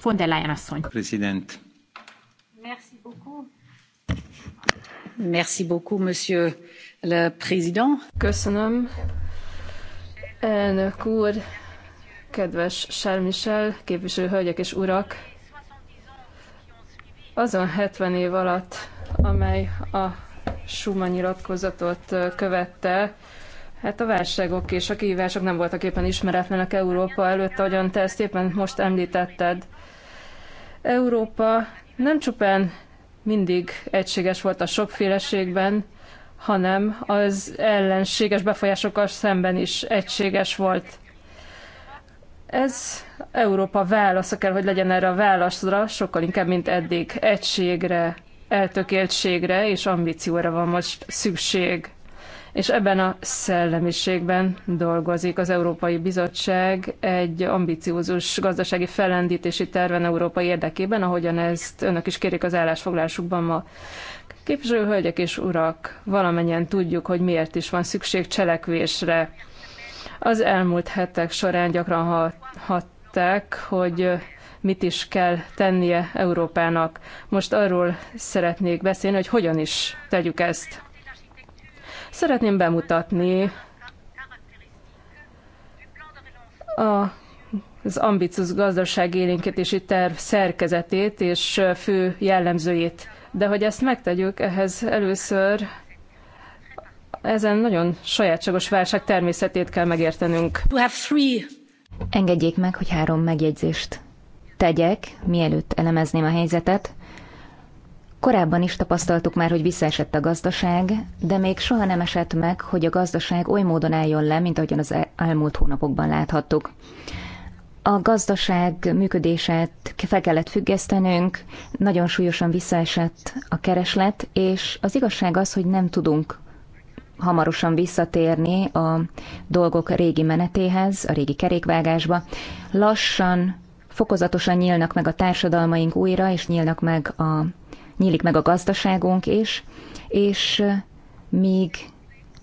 F: Von der Leyen asszony.
E: President.
F: Merci beaucoup monsieur le
G: président. Köszönöm. Elnök úr, kedves Charles Michel, képviselő hölgyek és urak! Azon 70 év alatt, amely a Schumann nyilatkozatot követte, Hát a válságok és a kihívások nem voltak éppen ismeretlenek Európa előtt, ahogyan te ezt éppen most említetted. Európa nem csupán mindig egységes volt a sokféleségben, hanem az ellenséges befolyásokkal szemben is egységes volt. Ez Európa válasza kell, hogy legyen erre a válaszra, sokkal inkább, mint eddig. Egységre, eltökéltségre és ambícióra van most szükség és ebben a szellemiségben dolgozik az Európai Bizottság egy ambiciózus gazdasági fellendítési terven Európai érdekében, ahogyan ezt önök is kérik az állásfoglalásukban ma. Képviselő hölgyek és urak, valamennyien tudjuk, hogy miért is van szükség cselekvésre. Az elmúlt hetek során gyakran hallhatták, hogy mit is kell tennie Európának. Most arról szeretnék beszélni, hogy hogyan is tegyük ezt. Szeretném bemutatni a az gazdaság élénkítési terv szerkezetét és fő jellemzőjét. De hogy ezt megtegyük, ehhez először ezen nagyon sajátságos válság természetét kell megértenünk. Engedjék
H: meg, hogy három megjegyzést tegyek, mielőtt elemezném a helyzetet. Korábban is tapasztaltuk már, hogy visszaesett a gazdaság, de még soha nem esett meg, hogy a gazdaság oly módon álljon le, mint ahogyan az elmúlt hónapokban láthattuk. A gazdaság működését fel kellett függesztenünk, nagyon súlyosan visszaesett a kereslet, és az igazság az, hogy nem tudunk hamarosan visszatérni a dolgok régi menetéhez, a régi kerékvágásba. Lassan, fokozatosan nyílnak meg a társadalmaink újra, és nyílnak meg a nyílik meg a gazdaságunk is, és még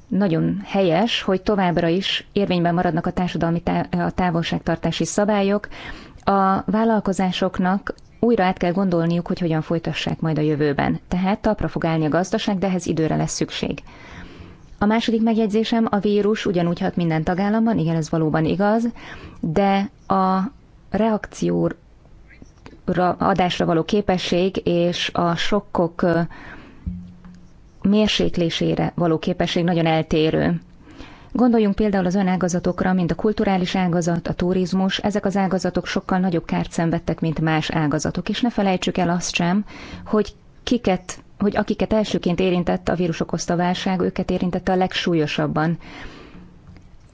H: nagyon helyes, hogy továbbra is érvényben maradnak a társadalmi tá- a távolságtartási szabályok. A vállalkozásoknak újra át kell gondolniuk, hogy hogyan folytassák majd a jövőben. Tehát talpra fog állni a gazdaság, de ehhez időre lesz szükség. A második megjegyzésem, a vírus ugyanúgy hat minden tagállamban, igen, ez valóban igaz, de a reakció adásra való képesség és a sokkok mérséklésére való képesség nagyon eltérő. Gondoljunk például az önágazatokra, mint a kulturális ágazat, a turizmus, ezek az ágazatok sokkal nagyobb kárt szenvedtek, mint más ágazatok, és ne felejtsük el azt sem, hogy kiket, hogy akiket elsőként érintett a vírus okozta válság, őket érintette a legsúlyosabban.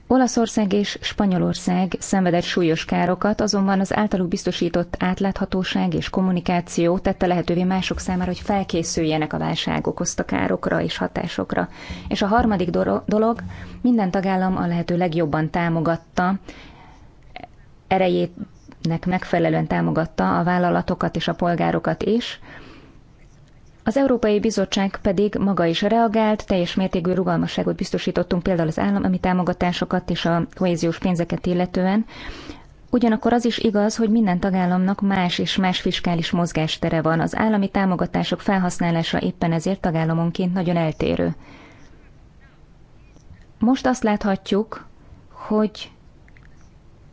H: Olaszország és Spanyolország szenvedett súlyos károkat, azonban az általuk biztosított átláthatóság és kommunikáció tette lehetővé mások számára, hogy felkészüljenek a válság okozta károkra és hatásokra. És a harmadik dolog, minden tagállam a lehető legjobban támogatta, erejének megfelelően támogatta a vállalatokat és a polgárokat is, az Európai Bizottság pedig maga is reagált, teljes mértékű rugalmasságot biztosítottunk például az állami támogatásokat és a kohéziós pénzeket illetően. Ugyanakkor az is igaz, hogy minden tagállamnak más és más fiskális mozgástere van. Az állami támogatások felhasználása éppen ezért tagállamonként nagyon eltérő. Most azt láthatjuk, hogy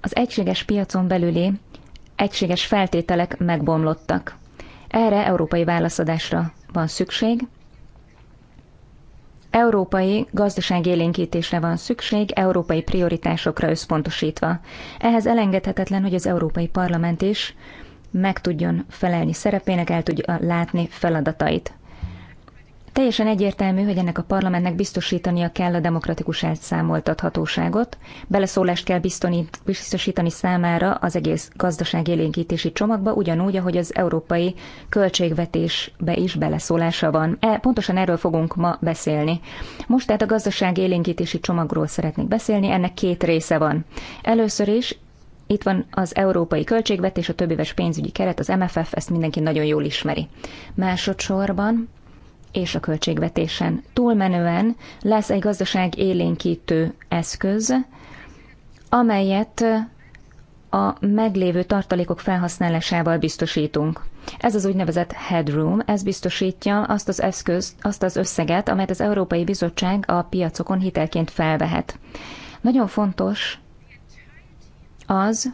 H: az egységes piacon belüli egységes feltételek megbomlottak. Erre európai válaszadásra van szükség. Európai gazdasági élénkítésre van szükség, európai prioritásokra összpontosítva. Ehhez elengedhetetlen, hogy az Európai Parlament is meg tudjon felelni szerepének, el tudja látni feladatait. Teljesen egyértelmű, hogy ennek a parlamentnek biztosítania kell a demokratikus elszámoltathatóságot, beleszólást kell biztosítani számára az egész élénkítési csomagba, ugyanúgy, ahogy az európai költségvetésbe is beleszólása van. E, pontosan erről fogunk ma beszélni. Most tehát a élénkítési csomagról szeretnék beszélni, ennek két része van. Először is itt van az európai költségvetés, a többéves pénzügyi keret, az MFF, ezt mindenki nagyon jól ismeri. Másodszorban és a költségvetésen túlmenően lesz egy gazdaság élénkítő eszköz, amelyet a meglévő tartalékok felhasználásával biztosítunk. Ez az úgynevezett headroom, ez biztosítja azt az eszközt, azt az összeget, amelyet az Európai Bizottság a piacokon hitelként felvehet. Nagyon fontos az,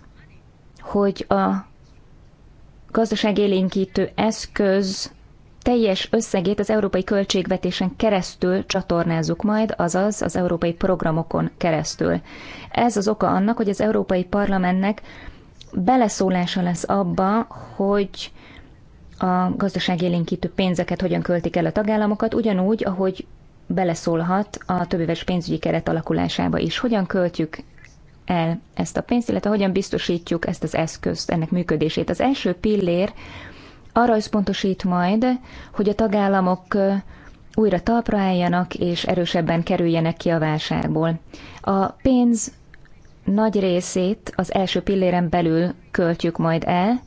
H: hogy a gazdaság élénkítő eszköz teljes összegét az európai költségvetésen keresztül csatornázzuk majd, azaz az európai programokon keresztül. Ez az oka annak, hogy az Európai Parlamentnek beleszólása lesz abba, hogy a gazdaságélénkítő pénzeket hogyan költik el a tagállamokat, ugyanúgy, ahogy beleszólhat a többéves pénzügyi keret alakulásába is. Hogyan költjük el ezt a pénzt, illetve hogyan biztosítjuk ezt az eszközt, ennek működését. Az első pillér arra összpontosít majd, hogy a tagállamok újra talpra álljanak és erősebben kerüljenek ki a válságból. A pénz nagy részét az első pilléren belül költjük majd el,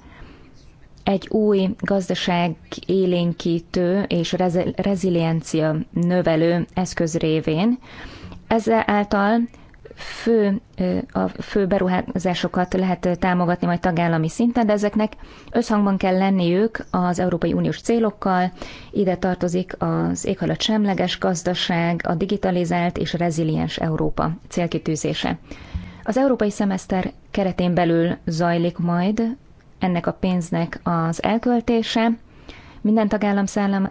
H: egy új gazdaság élénkítő és reziliencia növelő eszköz révén. Ezzel által fő, a fő beruházásokat lehet támogatni majd tagállami szinten, de ezeknek összhangban kell lenniük az Európai Uniós célokkal. Ide tartozik az éghajlat semleges gazdaság, a digitalizált és reziliens Európa célkitűzése. Az európai szemeszter keretén belül zajlik majd ennek a pénznek az elköltése, minden tagállam szállam,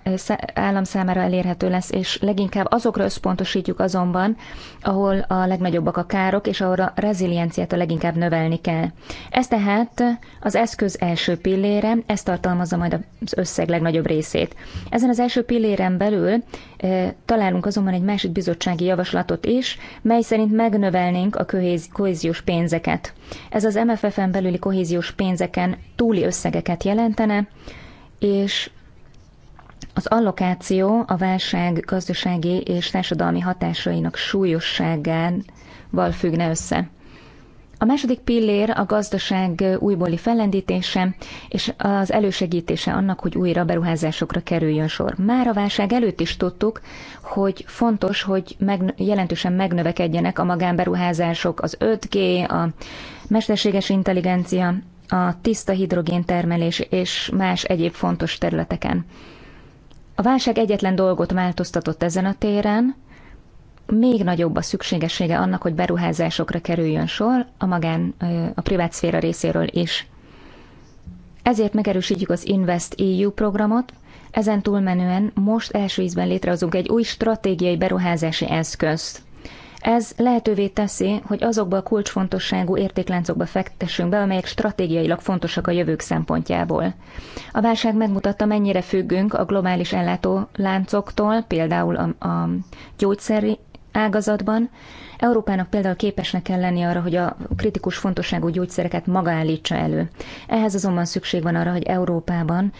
H: állam számára elérhető lesz, és leginkább azokra összpontosítjuk azonban, ahol a legnagyobbak a károk, és ahol a rezilienciát a leginkább növelni kell. Ez tehát az eszköz első pillére, ez tartalmazza majd az összeg legnagyobb részét. Ezen az első pilléren belül e, találunk azonban egy másik bizottsági javaslatot is, mely szerint megnövelnénk a kohéziós pénzeket. Ez az MFF-en belüli kohéziós pénzeken túli összegeket jelentene, és az allokáció a válság gazdasági és társadalmi hatásainak súlyosságával függne össze. A második pillér a gazdaság újbóli fellendítése és az elősegítése annak, hogy újra beruházásokra kerüljön sor. Már a válság előtt is tudtuk, hogy fontos, hogy meg, jelentősen megnövekedjenek a magánberuházások, az 5G, a mesterséges intelligencia, a tiszta hidrogén termelés és más egyéb fontos területeken. A válság egyetlen dolgot változtatott ezen a téren, még nagyobb a szükségessége annak, hogy beruházásokra kerüljön sor a magán, a privát szféra részéről is. Ezért megerősítjük az Invest EU programot, ezen túlmenően most első ízben létrehozunk egy új stratégiai beruházási eszközt. Ez lehetővé teszi, hogy azokba a kulcsfontosságú értékláncokba fektessünk be, amelyek stratégiailag fontosak a jövők szempontjából. A válság megmutatta, mennyire függünk a globális láncoktól, például a, a gyógyszeri ágazatban, Európának például képesnek kell lenni arra, hogy a kritikus fontosságú gyógyszereket maga állítsa elő. Ehhez azonban szükség van arra, hogy Európában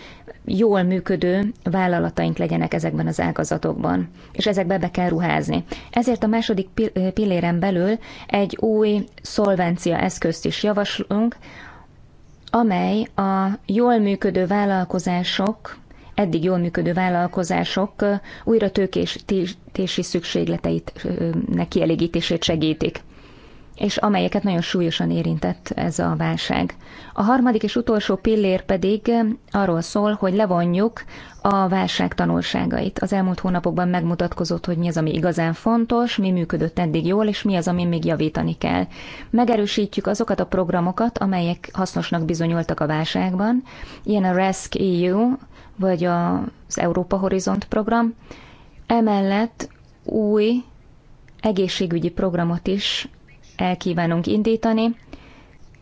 H: jól működő vállalataink legyenek ezekben az ágazatokban, és ezekbe be kell ruházni. Ezért a második eh, pilléren belül egy új szolvencia eszközt is javaslunk, amely a jól működő vállalkozások eddig jól működő vállalkozások újra tőkésítési szükségleteit kielégítését segítik és amelyeket nagyon súlyosan érintett ez a válság. A harmadik és utolsó pillér pedig arról szól, hogy levonjuk a válság tanulságait. Az elmúlt hónapokban megmutatkozott, hogy mi az, ami igazán fontos, mi működött eddig jól, és mi az, ami még javítani kell. Megerősítjük azokat a programokat, amelyek hasznosnak bizonyultak a válságban, ilyen a Rescue EU, vagy az Európa Horizont program. Emellett új egészségügyi programot is elkívánunk indítani,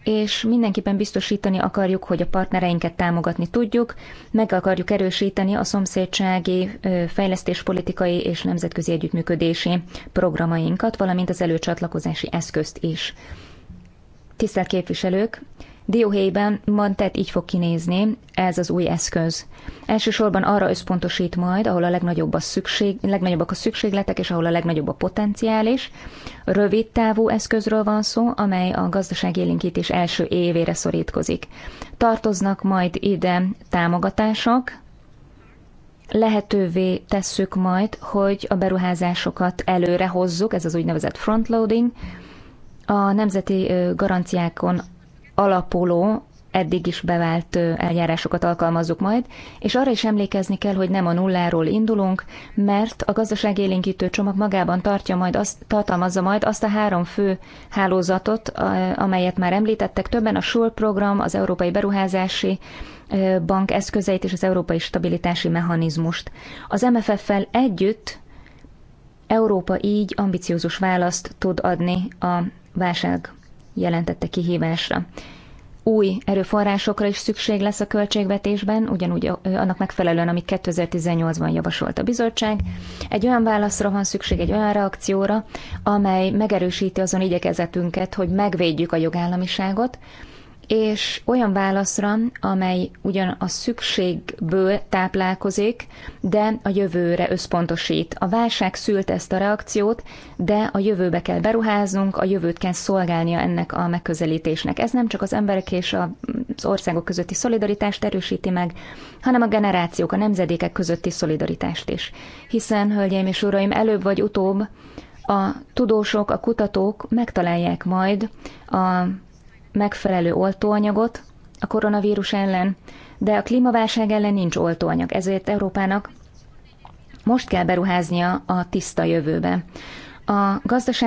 H: és mindenképpen biztosítani akarjuk, hogy a partnereinket támogatni tudjuk, meg akarjuk erősíteni a szomszédsági, fejlesztéspolitikai és nemzetközi együttműködési programainkat, valamint az előcsatlakozási eszközt is. Tisztelt képviselők, Dióhéjban tehát így fog kinézni ez az új eszköz. Elsősorban arra összpontosít majd, ahol a legnagyobb a szükség, legnagyobbak a szükségletek, és ahol a legnagyobb a potenciális. Rövid távú eszközről van szó, amely a gazdaságélénkítés első évére szorítkozik. Tartoznak majd ide támogatások, lehetővé tesszük majd, hogy a beruházásokat előre hozzuk, ez az úgynevezett frontloading, a nemzeti garanciákon alapuló, eddig is bevált eljárásokat alkalmazzuk majd, és arra is emlékezni kell, hogy nem a nulláról indulunk, mert a élénkítő csomag magában tartja majd azt, tartalmazza majd azt a három fő hálózatot, amelyet már említettek, többen a SUL program, az Európai Beruházási Bank eszközeit és az Európai Stabilitási Mechanizmust. Az MFF-fel együtt Európa így ambiciózus választ tud adni a válság jelentette kihívásra. Új erőforrásokra is szükség lesz a költségvetésben, ugyanúgy annak megfelelően, amit 2018-ban javasolt a bizottság. Egy olyan válaszra van szükség, egy olyan reakcióra, amely megerősíti azon igyekezetünket, hogy megvédjük a jogállamiságot, és olyan válaszra, amely ugyan a szükségből táplálkozik, de a jövőre összpontosít. A válság szült ezt a reakciót, de a jövőbe kell beruháznunk, a jövőt kell szolgálnia ennek a megközelítésnek. Ez nem csak az emberek és az országok közötti szolidaritást erősíti meg, hanem a generációk, a nemzedékek közötti szolidaritást is. Hiszen, hölgyeim és uraim, előbb vagy utóbb a tudósok, a kutatók megtalálják majd a megfelelő oltóanyagot a koronavírus ellen, de a klímaválság ellen nincs oltóanyag, ezért Európának most kell beruháznia a tiszta jövőbe. A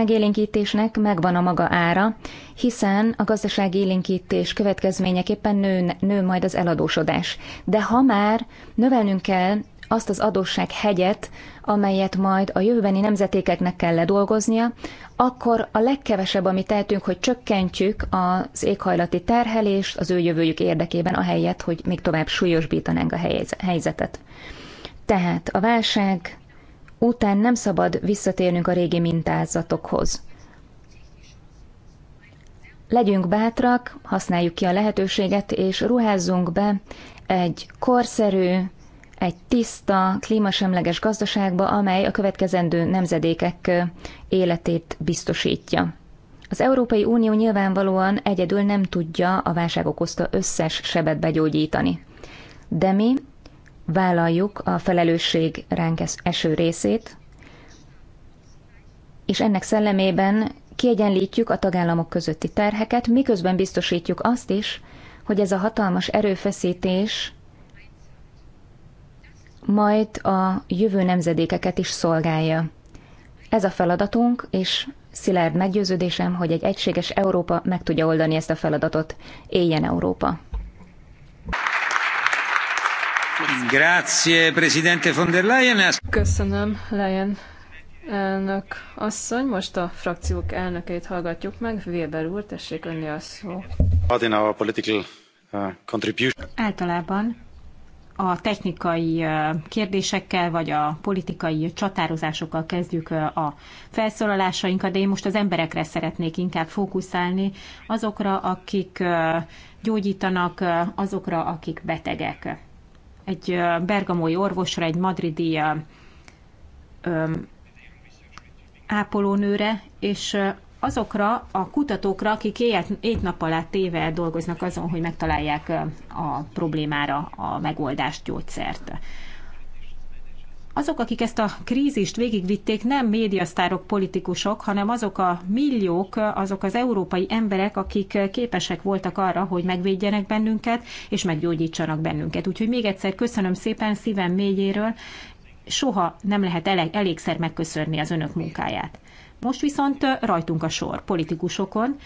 H: élénkítésnek megvan a maga ára, hiszen a élénkítés következményeképpen nő, nő majd az eladósodás. De ha már növelnünk kell azt az adósság hegyet, amelyet majd a jövőbeni nemzetékeknek kell ledolgoznia, akkor a legkevesebb, amit tehetünk, hogy csökkentjük az éghajlati terhelést az ő jövőjük érdekében, helyet, hogy még tovább súlyosbítanánk a helyzetet. Tehát a válság után nem szabad visszatérnünk a régi mintázatokhoz. Legyünk bátrak, használjuk ki a lehetőséget, és ruházzunk be egy korszerű, egy tiszta, klímasemleges gazdaságba, amely a következendő nemzedékek életét biztosítja. Az Európai Unió nyilvánvalóan egyedül nem tudja a válság okozta összes sebet begyógyítani. De mi vállaljuk a felelősség ránk eső részét, és ennek szellemében kiegyenlítjük a tagállamok közötti terheket, miközben biztosítjuk azt is, hogy ez a hatalmas erőfeszítés majd a jövő nemzedékeket is szolgálja. Ez a feladatunk, és szilárd meggyőződésem, hogy egy egységes Európa meg tudja oldani ezt a feladatot.
G: Éljen Európa!
D: Grazie, Presidente von der Leyen.
G: Köszönöm, Leyen elnök asszony. Most a frakciók elnökeit hallgatjuk meg. Weber úr, tessék önni a szó.
E: Uh,
F: Általában a technikai kérdésekkel vagy a politikai csatározásokkal kezdjük a felszólalásainkat, de én most az emberekre szeretnék inkább fókuszálni, azokra, akik gyógyítanak, azokra, akik betegek. Egy bergamói orvosra, egy madridi ápolónőre, és azokra a kutatókra, akikét nap alatt téve dolgoznak azon, hogy megtalálják a problémára a megoldást, gyógyszert. Azok, akik ezt a krízist végigvitték, nem médiasztárok, politikusok, hanem azok a milliók, azok az európai emberek, akik képesek voltak arra, hogy megvédjenek bennünket, és meggyógyítsanak bennünket. Úgyhogy még egyszer köszönöm szépen szívem mélyéről, soha nem lehet elég, elégszer megköszönni az önök munkáját. Most viszont rajtunk a sor, politikusokon,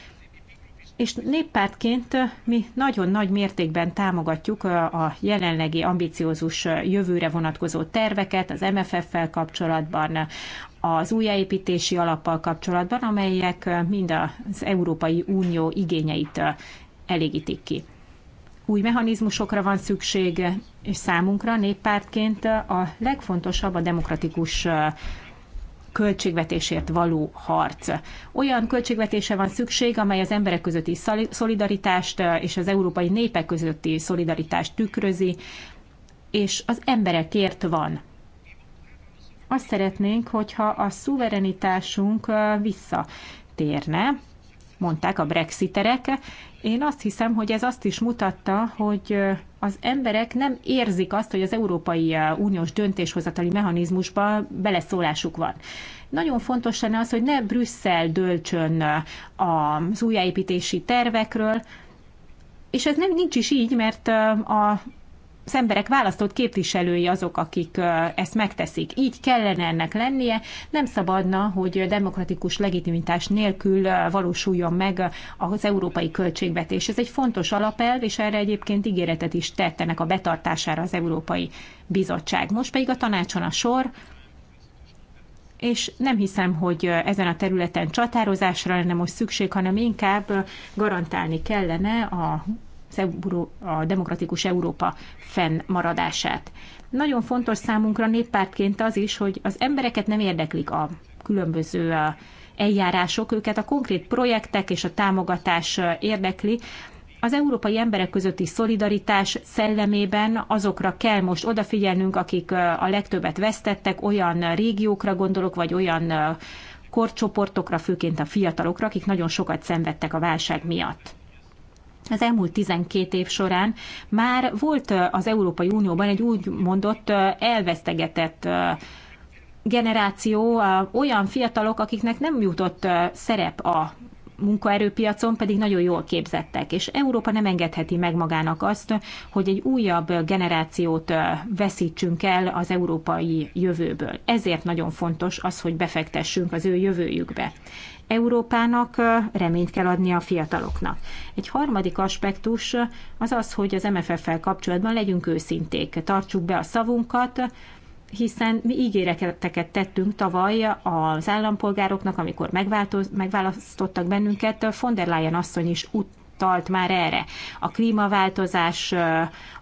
F: és néppártként mi nagyon nagy mértékben támogatjuk a jelenlegi ambiciózus jövőre vonatkozó terveket az MFF-fel kapcsolatban, az újjáépítési alappal kapcsolatban, amelyek mind az Európai Unió igényeit elégítik ki. Új mechanizmusokra van szükség, és számunkra néppártként a legfontosabb a demokratikus költségvetésért való harc. Olyan költségvetése van szükség, amely az emberek közötti szolidaritást és az európai népek közötti szolidaritást tükrözi, és az emberekért van. Azt szeretnénk, hogyha a szuverenitásunk visszatérne, mondták a brexiterek, én azt hiszem, hogy ez azt is mutatta, hogy az emberek nem érzik azt, hogy az Európai Uniós döntéshozatali mechanizmusban beleszólásuk van. Nagyon fontos lenne az, hogy ne Brüsszel döltsön az újjáépítési tervekről, és ez nem nincs is így, mert a az emberek választott képviselői azok, akik ezt megteszik. Így kellene ennek lennie, nem szabadna, hogy demokratikus legitimitás nélkül valósuljon meg az európai költségvetés. Ez egy fontos alapelv, és erre egyébként ígéretet is tettenek a betartására az Európai Bizottság. Most pedig a tanácson a sor, és nem hiszem, hogy ezen a területen csatározásra lenne most szükség, hanem inkább garantálni kellene a Euró, a demokratikus Európa fennmaradását. Nagyon fontos számunkra néppártként az is, hogy az embereket nem érdeklik a különböző eljárások, őket a konkrét projektek és a támogatás érdekli, az európai emberek közötti szolidaritás szellemében azokra kell most odafigyelnünk, akik a legtöbbet vesztettek, olyan régiókra gondolok, vagy olyan korcsoportokra, főként a fiatalokra, akik nagyon sokat szenvedtek a válság miatt az elmúlt 12 év során már volt az Európai Unióban egy úgy mondott elvesztegetett generáció, olyan fiatalok, akiknek nem jutott szerep a munkaerőpiacon pedig nagyon jól képzettek, és Európa nem engedheti meg magának azt, hogy egy újabb generációt veszítsünk el az európai jövőből. Ezért nagyon fontos az, hogy befektessünk az ő jövőjükbe. Európának reményt kell adni a fiataloknak. Egy harmadik aspektus az az, hogy az MFF-fel kapcsolatban legyünk őszinték, tartsuk be a szavunkat, hiszen mi ígéreteket tettünk tavaly az állampolgároknak, amikor megváltoztattak bennünket, von der Leyen asszony is utalt már erre. A klímaváltozás,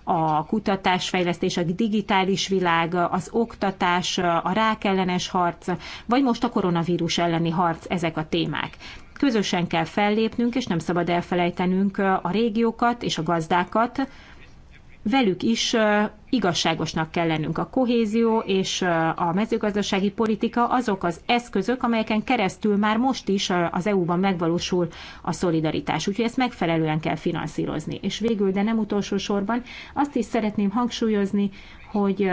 F: a kutatásfejlesztés, a digitális világ, az oktatás, a rákellenes harc, vagy most a koronavírus elleni harc, ezek a témák. Közösen kell fellépnünk, és nem szabad elfelejtenünk a régiókat és a gazdákat, velük is igazságosnak kell lennünk. A kohézió és a mezőgazdasági politika azok az eszközök, amelyeken keresztül már most is az EU-ban megvalósul a szolidaritás. Úgyhogy ezt megfelelően kell finanszírozni. És végül, de nem utolsó sorban, azt is szeretném hangsúlyozni, hogy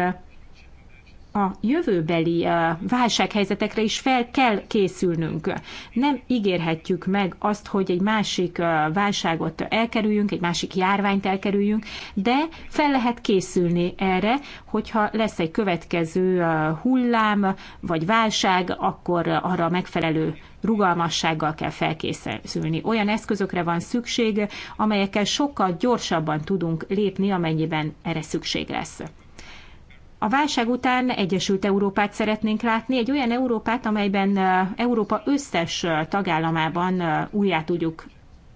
F: a jövőbeli válsághelyzetekre is fel kell készülnünk. Nem ígérhetjük meg azt, hogy egy másik válságot elkerüljünk, egy másik járványt elkerüljünk, de fel lehet készülni erre, hogyha lesz egy következő hullám vagy válság, akkor arra megfelelő rugalmassággal kell felkészülni. Olyan eszközökre van szükség, amelyekkel sokkal gyorsabban tudunk lépni, amennyiben erre szükség lesz. A válság után Egyesült Európát szeretnénk látni, egy olyan Európát, amelyben Európa összes tagállamában újjá tudjuk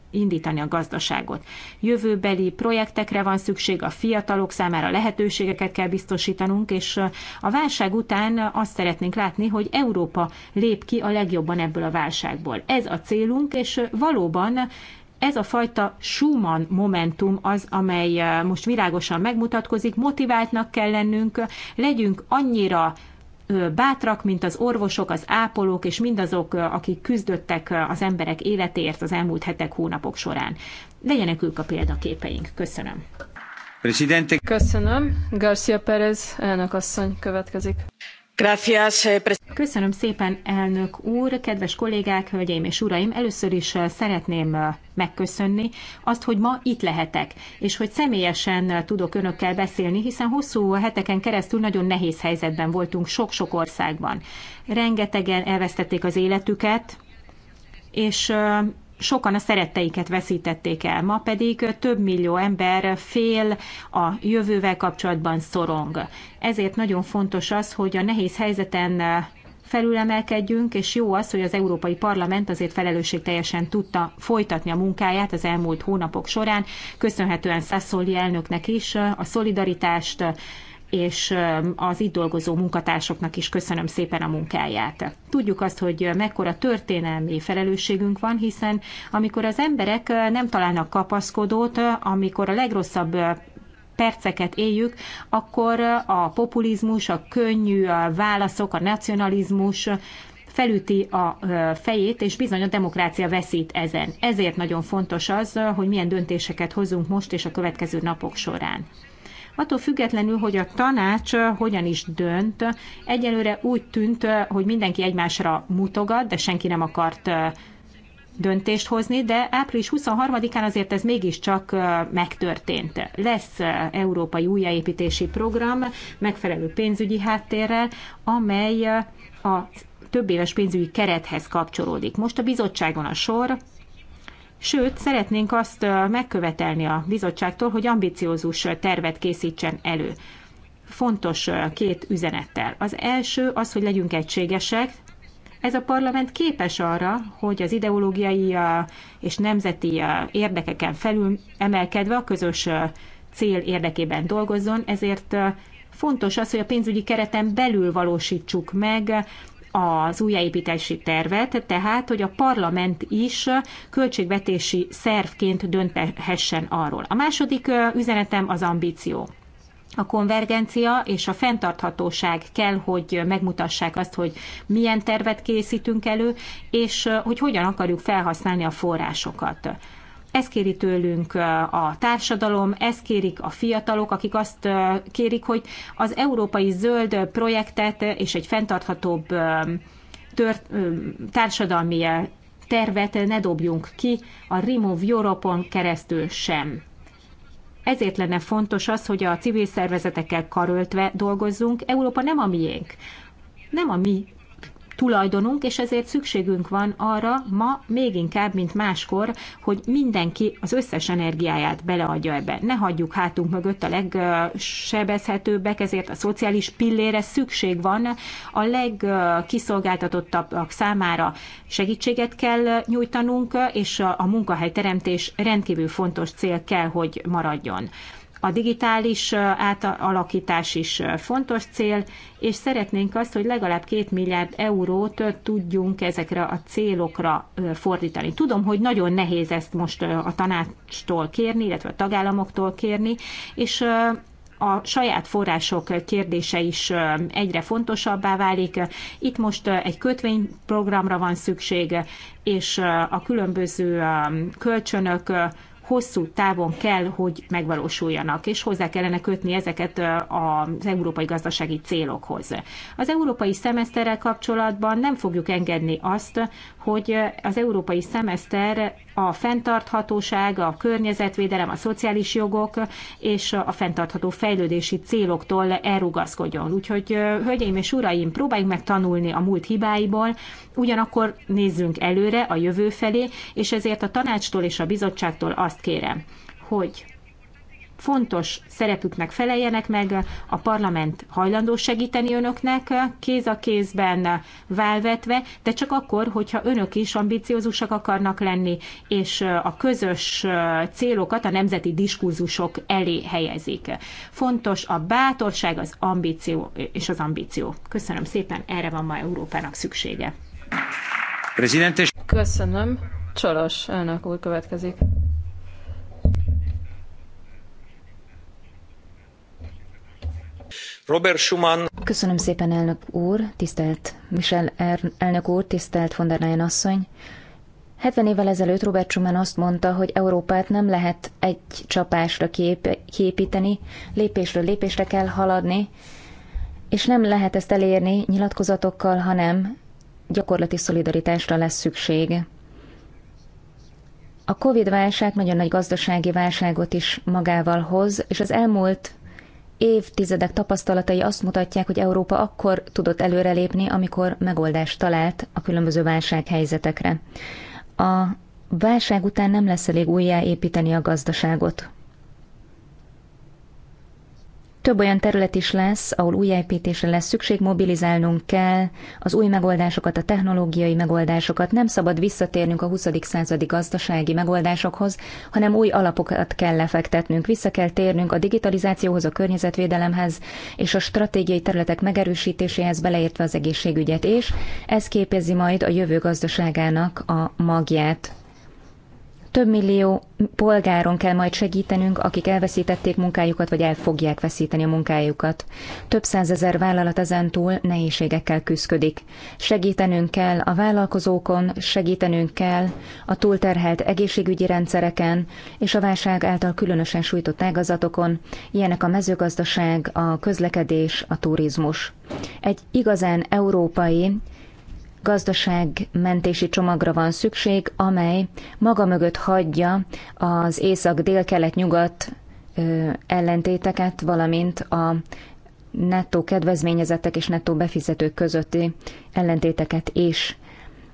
F: indítani a gazdaságot. Jövőbeli projektekre van szükség, a fiatalok számára lehetőségeket kell biztosítanunk, és a válság után azt szeretnénk látni, hogy Európa lép ki a legjobban ebből a válságból. Ez a célunk, és valóban ez a fajta Schumann momentum az, amely most világosan megmutatkozik, motiváltnak kell lennünk, legyünk annyira bátrak, mint az orvosok, az ápolók és mindazok, akik küzdöttek az emberek életéért az elmúlt hetek, hónapok során. Legyenek ők a példaképeink. Köszönöm. Presidente. Köszönöm. Garcia Perez, elnök asszony következik. Eh, Köszönöm szépen, elnök úr, kedves kollégák, hölgyeim és uraim! Először is eh, szeretném eh, megköszönni azt, hogy ma itt lehetek, és hogy személyesen tudok önökkel beszélni, hiszen hosszú heteken keresztül nagyon nehéz helyzetben voltunk sok-sok országban. Rengetegen elvesztették az életüket, és sokan a szeretteiket veszítették el, ma pedig több millió ember fél a jövővel kapcsolatban szorong. Ezért nagyon fontos az, hogy a nehéz helyzeten felülemelkedjünk, és jó az, hogy az Európai Parlament azért felelősségteljesen tudta folytatni a munkáját az elmúlt hónapok során, köszönhetően Sassoli elnöknek is a szolidaritást, és az itt dolgozó munkatársoknak is köszönöm szépen a munkáját. Tudjuk azt, hogy mekkora történelmi felelősségünk van, hiszen amikor az emberek nem találnak kapaszkodót, amikor a legrosszabb perceket éljük, akkor a populizmus, a könnyű a válaszok, a nacionalizmus felüti a fejét, és bizony a demokrácia veszít ezen. Ezért nagyon fontos az, hogy milyen döntéseket hozunk most és a következő napok során. Attól függetlenül, hogy a tanács hogyan is dönt, egyelőre úgy tűnt, hogy mindenki egymásra mutogat, de senki nem akart döntést hozni, de április 23-án azért ez mégiscsak megtörtént. Lesz európai újjáépítési program megfelelő pénzügyi háttérrel, amely a több éves pénzügyi kerethez kapcsolódik. Most a bizottságon a sor, Sőt, szeretnénk azt megkövetelni a bizottságtól, hogy ambiciózus tervet készítsen elő. Fontos két üzenettel. Az első az, hogy legyünk egységesek, ez a parlament képes arra, hogy az ideológiai és nemzeti érdekeken felül emelkedve a közös cél érdekében dolgozzon, ezért fontos az, hogy a pénzügyi kereten belül valósítsuk meg az újjáépítési tervet, tehát, hogy a parlament is költségvetési szervként dönthessen arról. A második üzenetem az ambíció. A konvergencia és a fenntarthatóság kell, hogy megmutassák azt, hogy milyen tervet készítünk elő, és hogy hogyan akarjuk felhasználni a forrásokat. Ezt kéri tőlünk a társadalom, ezt kérik a fiatalok, akik azt kérik, hogy az európai zöld projektet és egy fenntarthatóbb tört, társadalmi tervet ne dobjunk ki a Remove Europe-on keresztül sem. Ezért lenne fontos az, hogy a civil szervezetekkel karöltve dolgozzunk. Európa nem a miénk. Nem a mi tulajdonunk, és ezért szükségünk van arra ma még inkább, mint máskor, hogy mindenki az összes energiáját beleadja ebbe. Ne hagyjuk hátunk mögött a legsebezhetőbbek, ezért a szociális pillére szükség van a legkiszolgáltatottabbak számára segítséget kell nyújtanunk, és a munkahelyteremtés rendkívül fontos cél kell, hogy maradjon. A digitális átalakítás is fontos cél, és szeretnénk azt, hogy legalább két milliárd eurót tudjunk ezekre a célokra fordítani. Tudom, hogy nagyon nehéz ezt most a tanácstól kérni, illetve a tagállamoktól kérni, és a saját források kérdése is egyre fontosabbá válik. Itt most egy kötvényprogramra van szükség, és a különböző kölcsönök hosszú távon kell, hogy megvalósuljanak, és hozzá kellene kötni ezeket az európai gazdasági célokhoz. Az európai szemeszterrel kapcsolatban nem fogjuk engedni azt, hogy az európai szemeszter a fenntarthatóság, a környezetvédelem, a szociális jogok és a fenntartható fejlődési céloktól elrugaszkodjon. Úgyhogy, hölgyeim és uraim, próbáljunk meg tanulni a múlt hibáiból, ugyanakkor nézzünk előre a jövő felé, és ezért a tanácstól és a bizottságtól azt kérem, hogy fontos szerepüknek feleljenek meg, a parlament hajlandó segíteni önöknek, kéz a kézben válvetve, de csak akkor, hogyha önök is ambiciózusak akarnak lenni, és a közös célokat a nemzeti diskurzusok elé helyezik. Fontos a bátorság, az ambíció és az ambíció. Köszönöm szépen, erre van ma Európának szüksége. Köszönöm. Csoros elnök úr következik.
D: Robert Schumann.
H: Köszönöm szépen, elnök úr, tisztelt Michel er- elnök úr, tisztelt von der Leyen asszony. 70 évvel ezelőtt Robert Schumann azt mondta, hogy Európát nem lehet egy csapásra kép- képíteni, lépésről lépésre kell haladni, és nem lehet ezt elérni nyilatkozatokkal, hanem gyakorlati szolidaritásra lesz szükség. A Covid-válság nagyon nagy gazdasági válságot is magával hoz, és az elmúlt évtizedek tapasztalatai azt mutatják, hogy Európa akkor tudott előrelépni, amikor megoldást talált a különböző válsághelyzetekre. A válság után nem lesz elég újjáépíteni a gazdaságot. Több olyan terület is lesz, ahol újjáépítésre lesz szükség, mobilizálnunk kell az új megoldásokat, a technológiai megoldásokat. Nem szabad visszatérnünk a 20. századi gazdasági megoldásokhoz, hanem új alapokat kell lefektetnünk. Vissza kell térnünk a digitalizációhoz, a környezetvédelemhez és a stratégiai területek megerősítéséhez, beleértve az egészségügyet, és ez képezi majd a jövő gazdaságának a magját. Több millió polgáron kell majd segítenünk, akik elveszítették munkájukat, vagy el fogják veszíteni a munkájukat. Több százezer vállalat ezentúl nehézségekkel küzdik. Segítenünk kell a vállalkozókon, segítenünk kell a túlterhelt egészségügyi rendszereken, és a válság által különösen sújtott ágazatokon, ilyenek a mezőgazdaság, a közlekedés, a turizmus. Egy igazán európai gazdaságmentési csomagra van szükség, amely maga mögött hagyja az észak-dél-kelet-nyugat ellentéteket, valamint a nettó kedvezményezettek és nettó befizetők közötti ellentéteket is.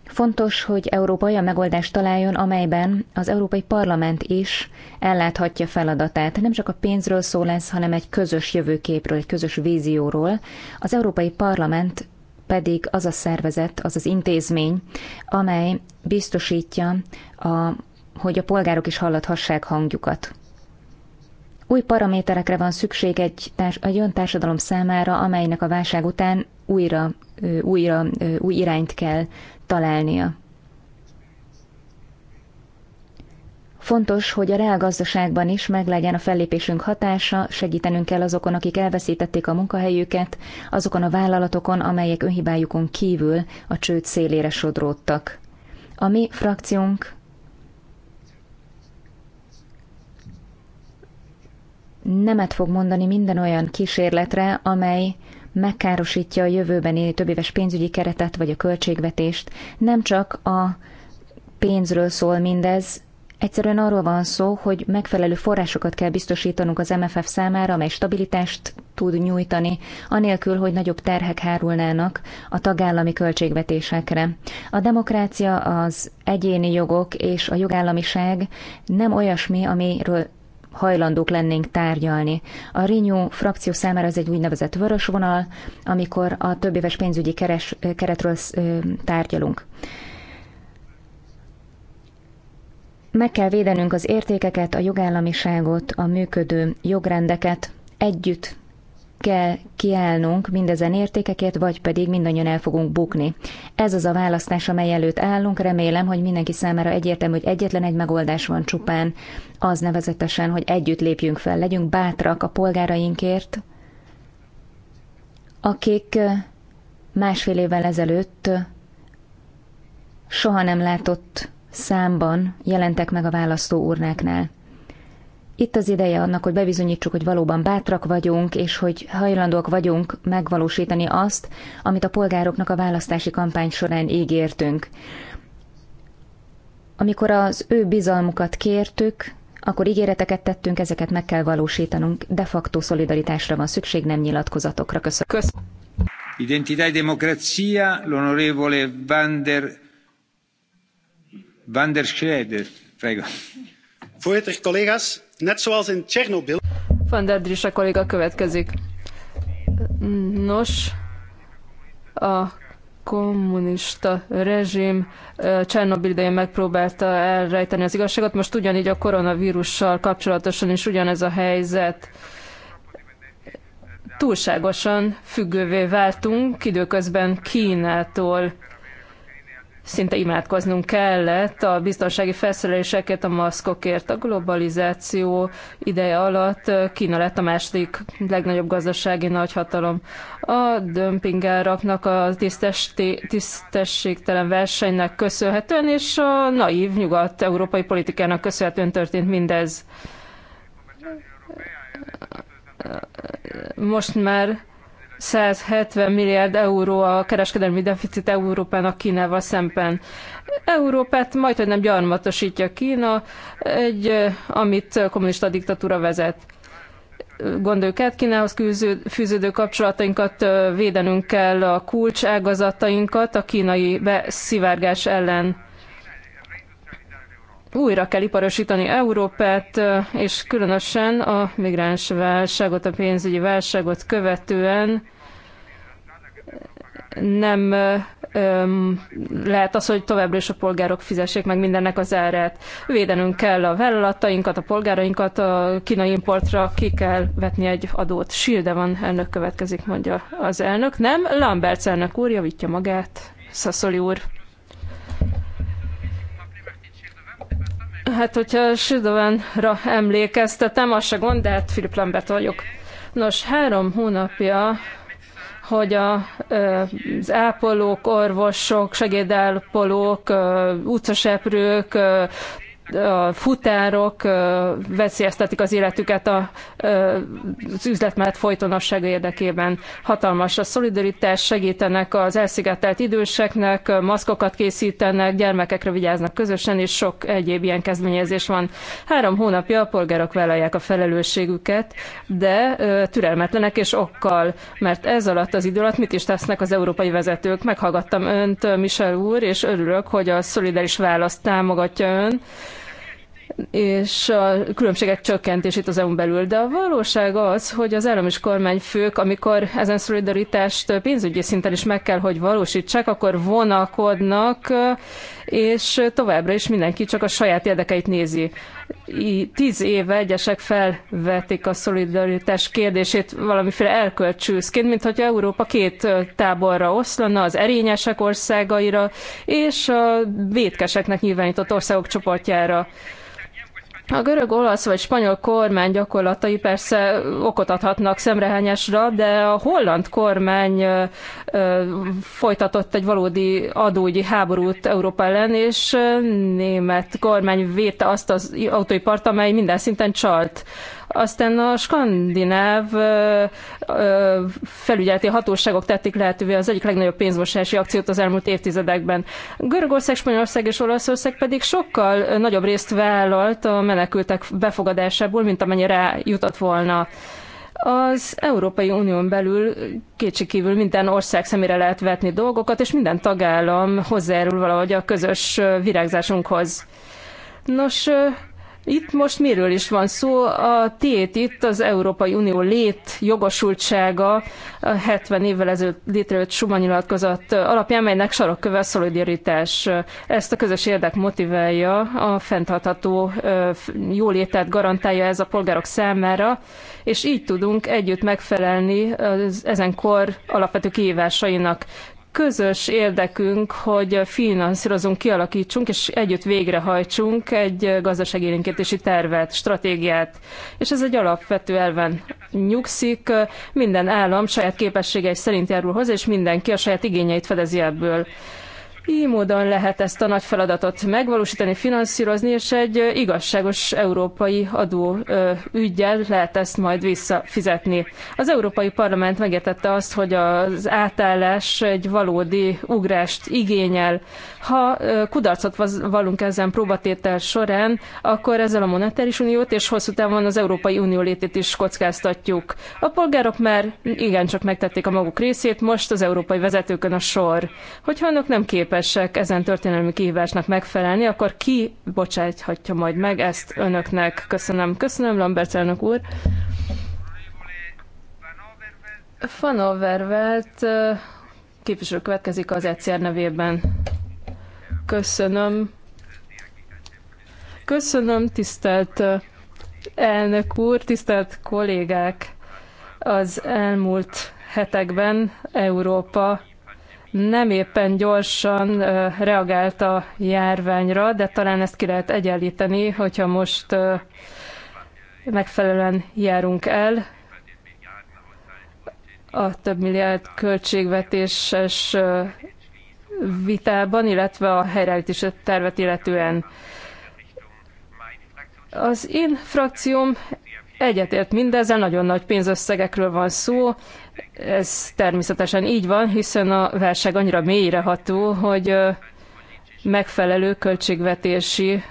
H: Fontos, hogy Európa olyan megoldást találjon, amelyben az Európai Parlament is elláthatja feladatát. Nem csak a pénzről szól ez, hanem egy közös jövőképről, egy közös vízióról. Az Európai Parlament pedig az a szervezet, az az intézmény, amely biztosítja, a, hogy a polgárok is hallathassák hangjukat. Új paraméterekre van szükség egy, egy olyan társadalom számára, amelynek a válság után újra, újra új irányt kell találnia. Fontos, hogy a reálgazdaságban is meglegyen a fellépésünk hatása, segítenünk kell azokon, akik elveszítették a munkahelyüket, azokon a vállalatokon, amelyek önhibájukon kívül a csőd szélére sodródtak. A mi frakciónk nemet fog mondani minden olyan kísérletre, amely megkárosítja a jövőbeni többéves pénzügyi keretet vagy a költségvetést. Nem csak a pénzről szól mindez, Egyszerűen arról van szó, hogy megfelelő forrásokat kell biztosítanunk az MFF számára, amely stabilitást tud nyújtani, anélkül, hogy nagyobb terhek hárulnának a tagállami költségvetésekre. A demokrácia, az egyéni jogok és a jogállamiság nem olyasmi, amiről hajlandók lennénk tárgyalni. A Renew frakció számára ez egy úgynevezett vörös vonal, amikor a többéves pénzügyi keres, keretről tárgyalunk. Meg kell védenünk az értékeket, a jogállamiságot, a működő jogrendeket. Együtt kell kiállnunk mindezen értékekért, vagy pedig mindannyian el fogunk bukni. Ez az a választás, amely előtt állunk. Remélem, hogy mindenki számára egyértelmű, hogy egyetlen egy megoldás van csupán, az nevezetesen, hogy együtt lépjünk fel, legyünk bátrak a polgárainkért, akik másfél évvel ezelőtt soha nem látott számban jelentek meg a választóurnáknál. Itt az ideje annak, hogy bebizonyítsuk, hogy valóban bátrak vagyunk, és hogy hajlandóak vagyunk megvalósítani azt, amit a polgároknak a választási kampány során ígértünk. Amikor az ő bizalmukat kértük, akkor ígéreteket tettünk, ezeket meg kell valósítanunk. De facto szolidaritásra van szükség, nem nyilatkozatokra. Köszönöm.
D: Identità e Van der
E: van der Schede. Voorzitter, collega's, net zoals szóval in Tsjernobyl.
G: Van der Drisa kolléga következik. Nos, a kommunista rezsim Csernobil idején megpróbálta elrejteni az igazságot, most ugyanígy a koronavírussal kapcsolatosan is ugyanez a helyzet. Túlságosan függővé váltunk időközben Kínától szinte imádkoznunk kellett a biztonsági felszereléseket, a maszkokért. A globalizáció ideje alatt Kína lett a második legnagyobb gazdasági nagyhatalom. A dömpingáraknak a tisztességtelen versenynek köszönhetően és a naív nyugat-európai politikának köszönhetően történt mindez. Most már 170 milliárd euró a kereskedelmi deficit Európának Kínával szemben. Európát majd, nem gyarmatosítja Kína, egy, amit kommunista diktatúra vezet. Gondoljuk át Kínához fűződő kapcsolatainkat, védenünk kell a kulcságazatainkat a kínai beszivárgás ellen újra kell iparosítani Európát, és különösen a migráns válságot, a pénzügyi válságot követően nem öm, lehet az, hogy továbbra is a polgárok fizessék meg mindennek az árát. Védenünk kell a vállalatainkat, a polgárainkat, a kínai importra ki kell vetni egy adót. Silde van, elnök következik, mondja az elnök. Nem, Lamberts elnök úr javítja magát. Szaszoli úr. Hát, hogyha Sidovánra emlékeztetem, az se gond, de hát Philip Lambert vagyok. Nos, három hónapja hogy a, az ápolók, orvosok, segédápolók, utcaseprők, a futárok veszélyeztetik az életüket a, az üzletmenet folytonossága érdekében. Hatalmas a szolidaritás, segítenek az elszigetelt időseknek, maszkokat készítenek, gyermekekre vigyáznak közösen, és sok egyéb ilyen kezdeményezés van. Három hónapja a polgárok vállalják a felelősségüket, de türelmetlenek és okkal, mert ez alatt az idő alatt mit is tesznek az európai vezetők. Meghallgattam önt, Michel úr, és örülök, hogy a szolidaris választ támogatja ön és a különbségek csökkentését az EU-n belül. De a valóság az, hogy az állam és kormányfők, amikor ezen szolidaritást pénzügyi szinten is meg kell, hogy valósítsák, akkor vonakodnak, és továbbra is mindenki csak a saját érdekeit nézi. Tíz éve egyesek felvetik a szolidaritás kérdését valamiféle elkölcsűszként, mint hogy Európa két táborra oszlana, az erényesek országaira és a vétkeseknek nyilvánított országok csoportjára. A görög, olasz vagy spanyol kormány gyakorlatai persze okot adhatnak szemrehányásra, de a holland kormány folytatott egy valódi adógyi háborút Európa ellen, és német kormány védte azt az autóipart, amely minden szinten csalt. Aztán a skandináv felügyeleti hatóságok tették lehetővé az egyik legnagyobb pénzmosási akciót az elmúlt évtizedekben. Görögország, Spanyolország és Olaszország pedig sokkal nagyobb részt vállalt a menekültek befogadásából, mint amennyire jutott volna. Az Európai Unión belül kétségkívül minden ország szemére lehet vetni dolgokat, és minden tagállam hozzájárul valahogy a közös virágzásunkhoz. Nos, itt most miről is van szó? A tét itt az Európai Unió lét jogosultsága a 70 évvel ezelőtt létrejött Schumann nyilatkozat alapján, melynek sarokköve a szolidaritás. Ezt a közös érdek motiválja, a fenntartható jólétet garantálja ez a polgárok számára, és így tudunk együtt megfelelni az ezenkor alapvető kihívásainak közös érdekünk, hogy finanszírozunk, kialakítsunk és együtt végrehajtsunk egy gazdaságélénkítési tervet, stratégiát. És ez egy alapvető elven nyugszik, minden állam saját képességei szerint járul hozzá, és mindenki a saját igényeit fedezi ebből. Így módon lehet ezt a nagy feladatot megvalósítani, finanszírozni, és egy igazságos európai adó ügyel lehet ezt majd visszafizetni. Az Európai Parlament megértette azt, hogy az átállás egy valódi ugrást igényel. Ha kudarcot vallunk ezen próbatétel során, akkor ezzel a monetáris uniót és hosszú távon az Európai Unió létét is kockáztatjuk. A polgárok már igencsak megtették a maguk részét, most az európai vezetőkön a sor. Hogyha önök nem képesek ezen történelmi kihívásnak megfelelni, akkor ki bocsáthatja majd meg ezt önöknek? Köszönöm. Köszönöm, Lambert elnök úr. Fanovervelt képviselő következik az ECR nevében. Köszönöm. Köszönöm, tisztelt elnök úr, tisztelt kollégák. Az elmúlt hetekben Európa nem éppen gyorsan reagált a járványra, de talán ezt ki lehet egyenlíteni, hogyha most megfelelően járunk el, a több milliárd költségvetéses vitában, illetve a helyreállítási tervet illetően. Az én frakcióm egyetért mindezzel, nagyon nagy pénzösszegekről van szó, ez természetesen így van, hiszen a válság annyira mélyreható, hogy megfelelő költségvetési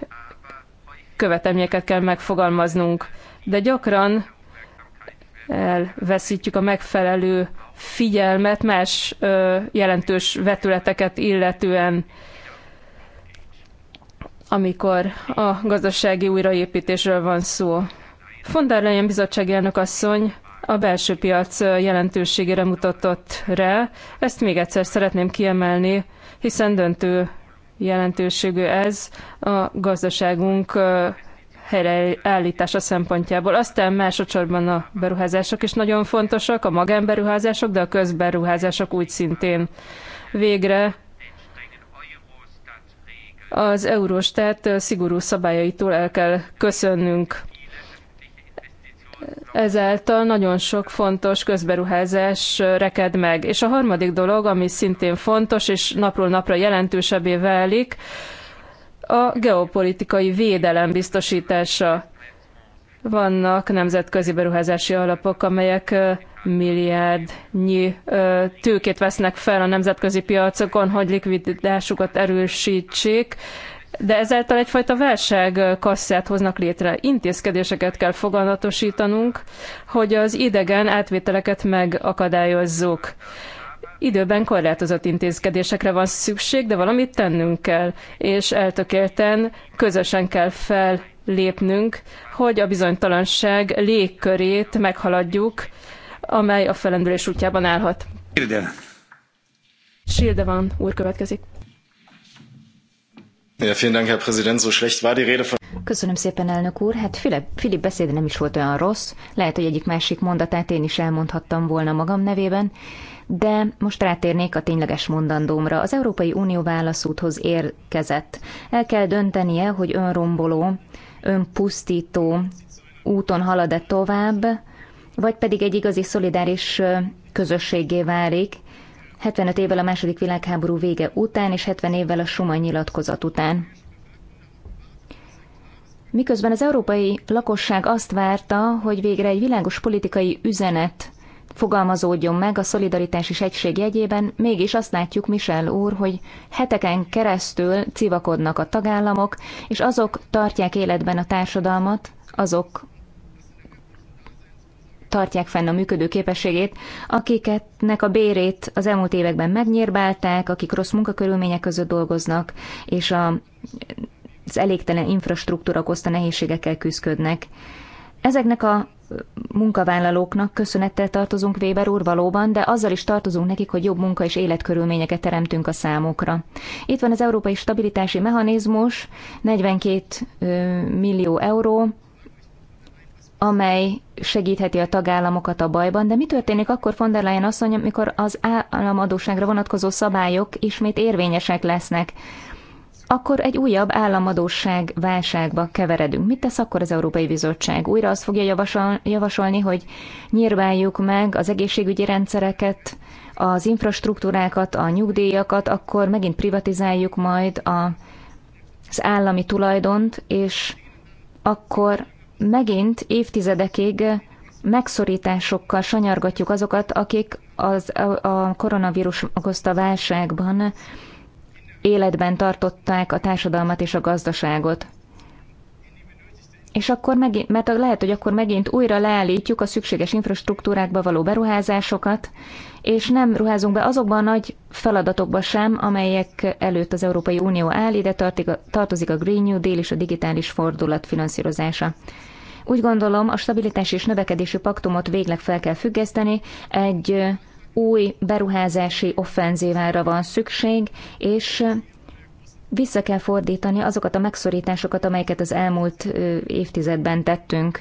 G: követelményeket kell megfogalmaznunk. De gyakran elveszítjük a megfelelő figyelmet más jelentős vetületeket illetően amikor a gazdasági újraépítésről van szó. Von der Leyen bizottsági elnök asszony a belső piac jelentőségére mutatott rá. Ezt még egyszer szeretném kiemelni, hiszen döntő jelentőségű ez a gazdaságunk helyreállítása szempontjából. Aztán másodszorban a beruházások is nagyon fontosak, a magánberuházások, de a közberuházások úgy szintén. Végre az Eurostat szigorú szabályaitól el kell köszönnünk. Ezáltal nagyon sok fontos közberuházás reked meg. És a harmadik dolog, ami szintén fontos, és napról napra jelentősebbé válik, a geopolitikai védelem biztosítása. Vannak nemzetközi beruházási alapok, amelyek milliárdnyi tőkét vesznek fel a nemzetközi piacokon, hogy likviditásukat erősítsék, de ezáltal egyfajta kasszát hoznak létre. Intézkedéseket kell foganatosítanunk, hogy az idegen átvételeket megakadályozzuk. Időben korlátozott intézkedésekre van szükség, de valamit tennünk kell, és eltökélten közösen kell fellépnünk, hogy a bizonytalanság légkörét meghaladjuk, amely a felendülés útjában állhat. Silde. Silde van, úr következik. Ja,
E: vielen Dank, Herr Präsident. So schlecht war die Rede von
H: Köszönöm szépen, elnök úr. Hát Filip, Filip beszéde nem is volt olyan rossz. Lehet, hogy egyik másik mondatát én is elmondhattam volna magam nevében. De most rátérnék a tényleges mondandómra. Az Európai Unió válaszúthoz érkezett. El kell döntenie, hogy önromboló, önpusztító úton halad-e tovább, vagy pedig egy igazi szolidáris közösségé válik, 75 évvel a második világháború vége után és 70 évvel a Suma nyilatkozat után. Miközben az európai lakosság azt várta, hogy végre egy világos politikai üzenet fogalmazódjon meg a szolidaritás és egység jegyében, mégis azt látjuk, Michel úr, hogy heteken keresztül civakodnak a tagállamok, és azok tartják életben a társadalmat, azok tartják fenn a működő képességét, akiknek a bérét az elmúlt években megnyírbálták, akik rossz munkakörülmények között dolgoznak, és a az elégtelen infrastruktúra okozta nehézségekkel küzdködnek. Ezeknek a munkavállalóknak köszönettel tartozunk Weber úr valóban, de azzal is tartozunk nekik, hogy jobb munka és életkörülményeket teremtünk a számokra. Itt van az Európai Stabilitási Mechanizmus, 42 millió euró, amely segítheti a tagállamokat a bajban, de mi történik akkor von der Leyen asszony, amikor az államadóságra vonatkozó szabályok ismét érvényesek lesznek? akkor egy újabb államadóság válságba keveredünk. Mit tesz akkor az Európai Bizottság? Újra azt fogja javasol, javasolni, hogy nyírváljuk meg az egészségügyi rendszereket, az infrastruktúrákat, a nyugdíjakat, akkor megint privatizáljuk majd a, az állami tulajdont, és akkor megint évtizedekig megszorításokkal sanyargatjuk azokat, akik az, a, a koronavírus okozta válságban életben tartották a társadalmat és a gazdaságot. És akkor megint, mert lehet, hogy akkor megint újra leállítjuk a szükséges infrastruktúrákba való beruházásokat, és nem ruházunk be azokba a nagy feladatokba sem, amelyek előtt az Európai Unió áll, ide tartozik a Green New Deal és a digitális fordulat finanszírozása. Úgy gondolom, a stabilitás és növekedési paktumot végleg fel kell függeszteni, egy új beruházási offenzívára van szükség, és vissza kell fordítani azokat a megszorításokat, amelyeket az elmúlt évtizedben tettünk.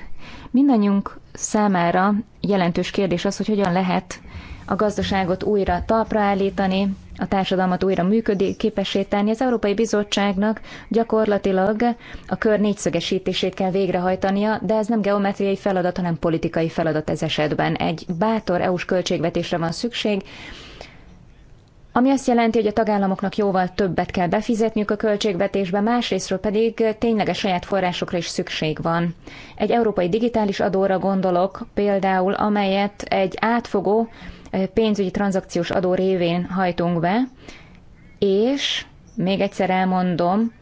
H: Mindannyiunk számára jelentős kérdés az, hogy hogyan lehet a gazdaságot újra talpra állítani, a társadalmat újra működik, képessé tenni. Az Európai Bizottságnak gyakorlatilag a kör négyszögesítését kell végrehajtania, de ez nem geometriai feladat, hanem politikai feladat ez esetben. Egy bátor EU-s költségvetésre van szükség, ami azt jelenti, hogy a tagállamoknak jóval többet kell befizetniük a költségvetésbe, másrésztről pedig tényleges saját forrásokra is szükség van. Egy európai digitális adóra gondolok például, amelyet egy átfogó pénzügyi tranzakciós adó révén hajtunk be, és még egyszer elmondom,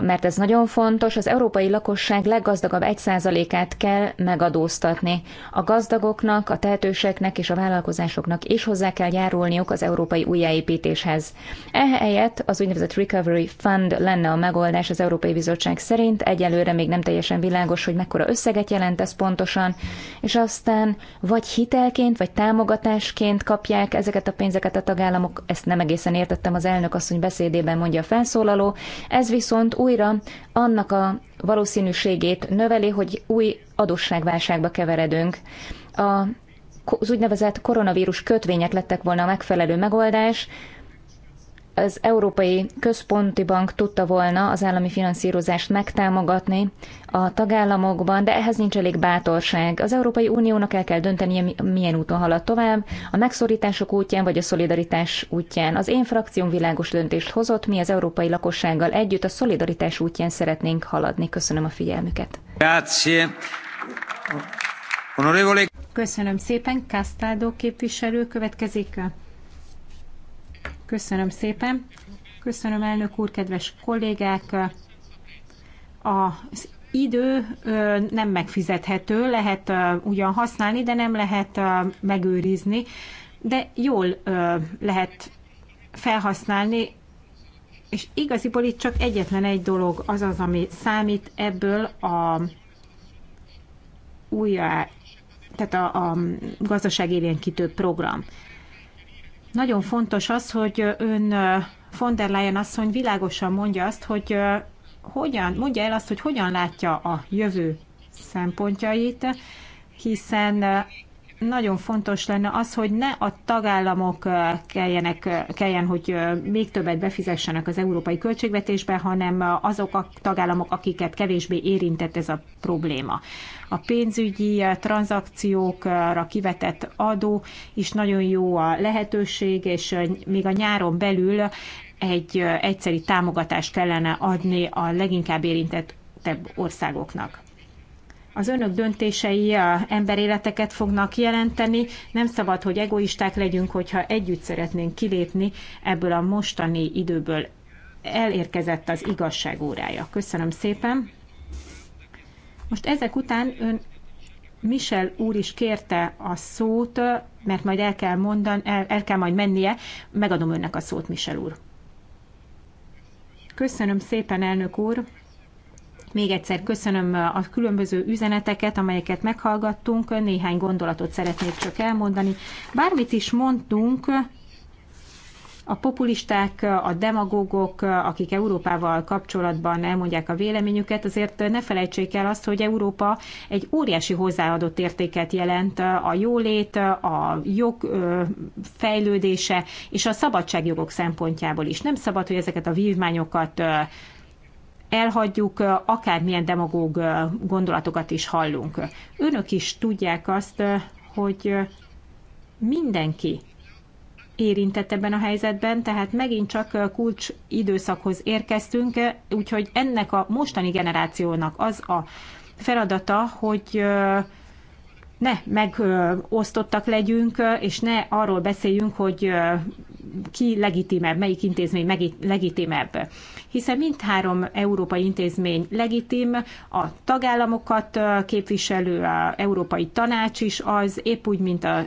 H: mert ez nagyon fontos, az európai lakosság leggazdagabb 1%-át kell megadóztatni. A gazdagoknak, a tehetőseknek és a vállalkozásoknak is hozzá kell járulniuk az európai újjáépítéshez. Ehelyett az úgynevezett Recovery Fund lenne a megoldás az Európai Bizottság szerint. Egyelőre még nem teljesen világos, hogy mekkora összeget jelent ez pontosan, és aztán vagy hitelként, vagy támogatásként kapják ezeket a pénzeket a tagállamok. Ezt nem egészen értettem az elnök asszony beszédében, mondja a felszólaló. Ez visz viszont újra annak a valószínűségét növeli, hogy új adósságválságba keveredünk. A az úgynevezett koronavírus kötvények lettek volna a megfelelő megoldás, az Európai Központi Bank tudta volna az állami finanszírozást megtámogatni a tagállamokban, de ehhez nincs elég bátorság. Az Európai Uniónak el kell döntenie, milyen úton halad tovább, a megszorítások útján vagy a szolidaritás útján. Az én frakcióm világos döntést hozott, mi az európai lakossággal együtt a szolidaritás útján szeretnénk haladni. Köszönöm a figyelmüket.
D: Grazie.
F: Köszönöm szépen, Kastádó képviselő következik. Köszönöm szépen. Köszönöm, elnök úr, kedves kollégák. Az idő nem megfizethető, lehet ugyan használni, de nem lehet megőrizni, de jól lehet felhasználni, és igaziból itt csak egyetlen egy dolog az az, ami számít ebből a újjá, tehát a, a gazdaság program. Nagyon fontos az, hogy ön von der Leyen asszony világosan mondja azt, hogy hogyan, mondja el azt, hogy hogyan látja a jövő szempontjait, hiszen nagyon fontos lenne az, hogy ne a tagállamok kelljenek, kelljen, hogy még többet befizessenek az európai költségvetésbe, hanem azok a tagállamok, akiket kevésbé érintett ez a probléma. A pénzügyi tranzakciókra kivetett adó is nagyon jó a lehetőség, és még a nyáron belül egy egyszeri támogatást kellene adni a leginkább érintett országoknak az önök döntései emberéleteket fognak jelenteni. Nem szabad, hogy egoisták legyünk, hogyha együtt szeretnénk kilépni ebből a mostani időből. Elérkezett az igazság órája. Köszönöm szépen. Most ezek után ön Michel úr is kérte a szót, mert majd el kell, mondan, el, el kell majd mennie. Megadom önnek a szót, Michel úr. Köszönöm szépen, elnök úr. Még egyszer köszönöm a különböző üzeneteket, amelyeket meghallgattunk. Néhány gondolatot szeretnék csak elmondani. Bármit is mondtunk, a populisták, a demagógok, akik Európával kapcsolatban elmondják a véleményüket, azért ne felejtsék el azt, hogy Európa egy óriási hozzáadott értéket jelent a jólét, a jog fejlődése és a szabadságjogok szempontjából is. Nem szabad, hogy ezeket a vívmányokat elhagyjuk, akármilyen demagóg gondolatokat is hallunk. Önök is tudják azt, hogy mindenki érintett ebben a helyzetben, tehát megint csak kulcs időszakhoz érkeztünk, úgyhogy ennek a mostani generációnak az a feladata, hogy ne megosztottak legyünk, és ne arról beszéljünk, hogy ki legitimebb, melyik intézmény legitimebb. Hiszen mindhárom európai intézmény legitim, a tagállamokat képviselő, a Európai Tanács is az, épp úgy, mint a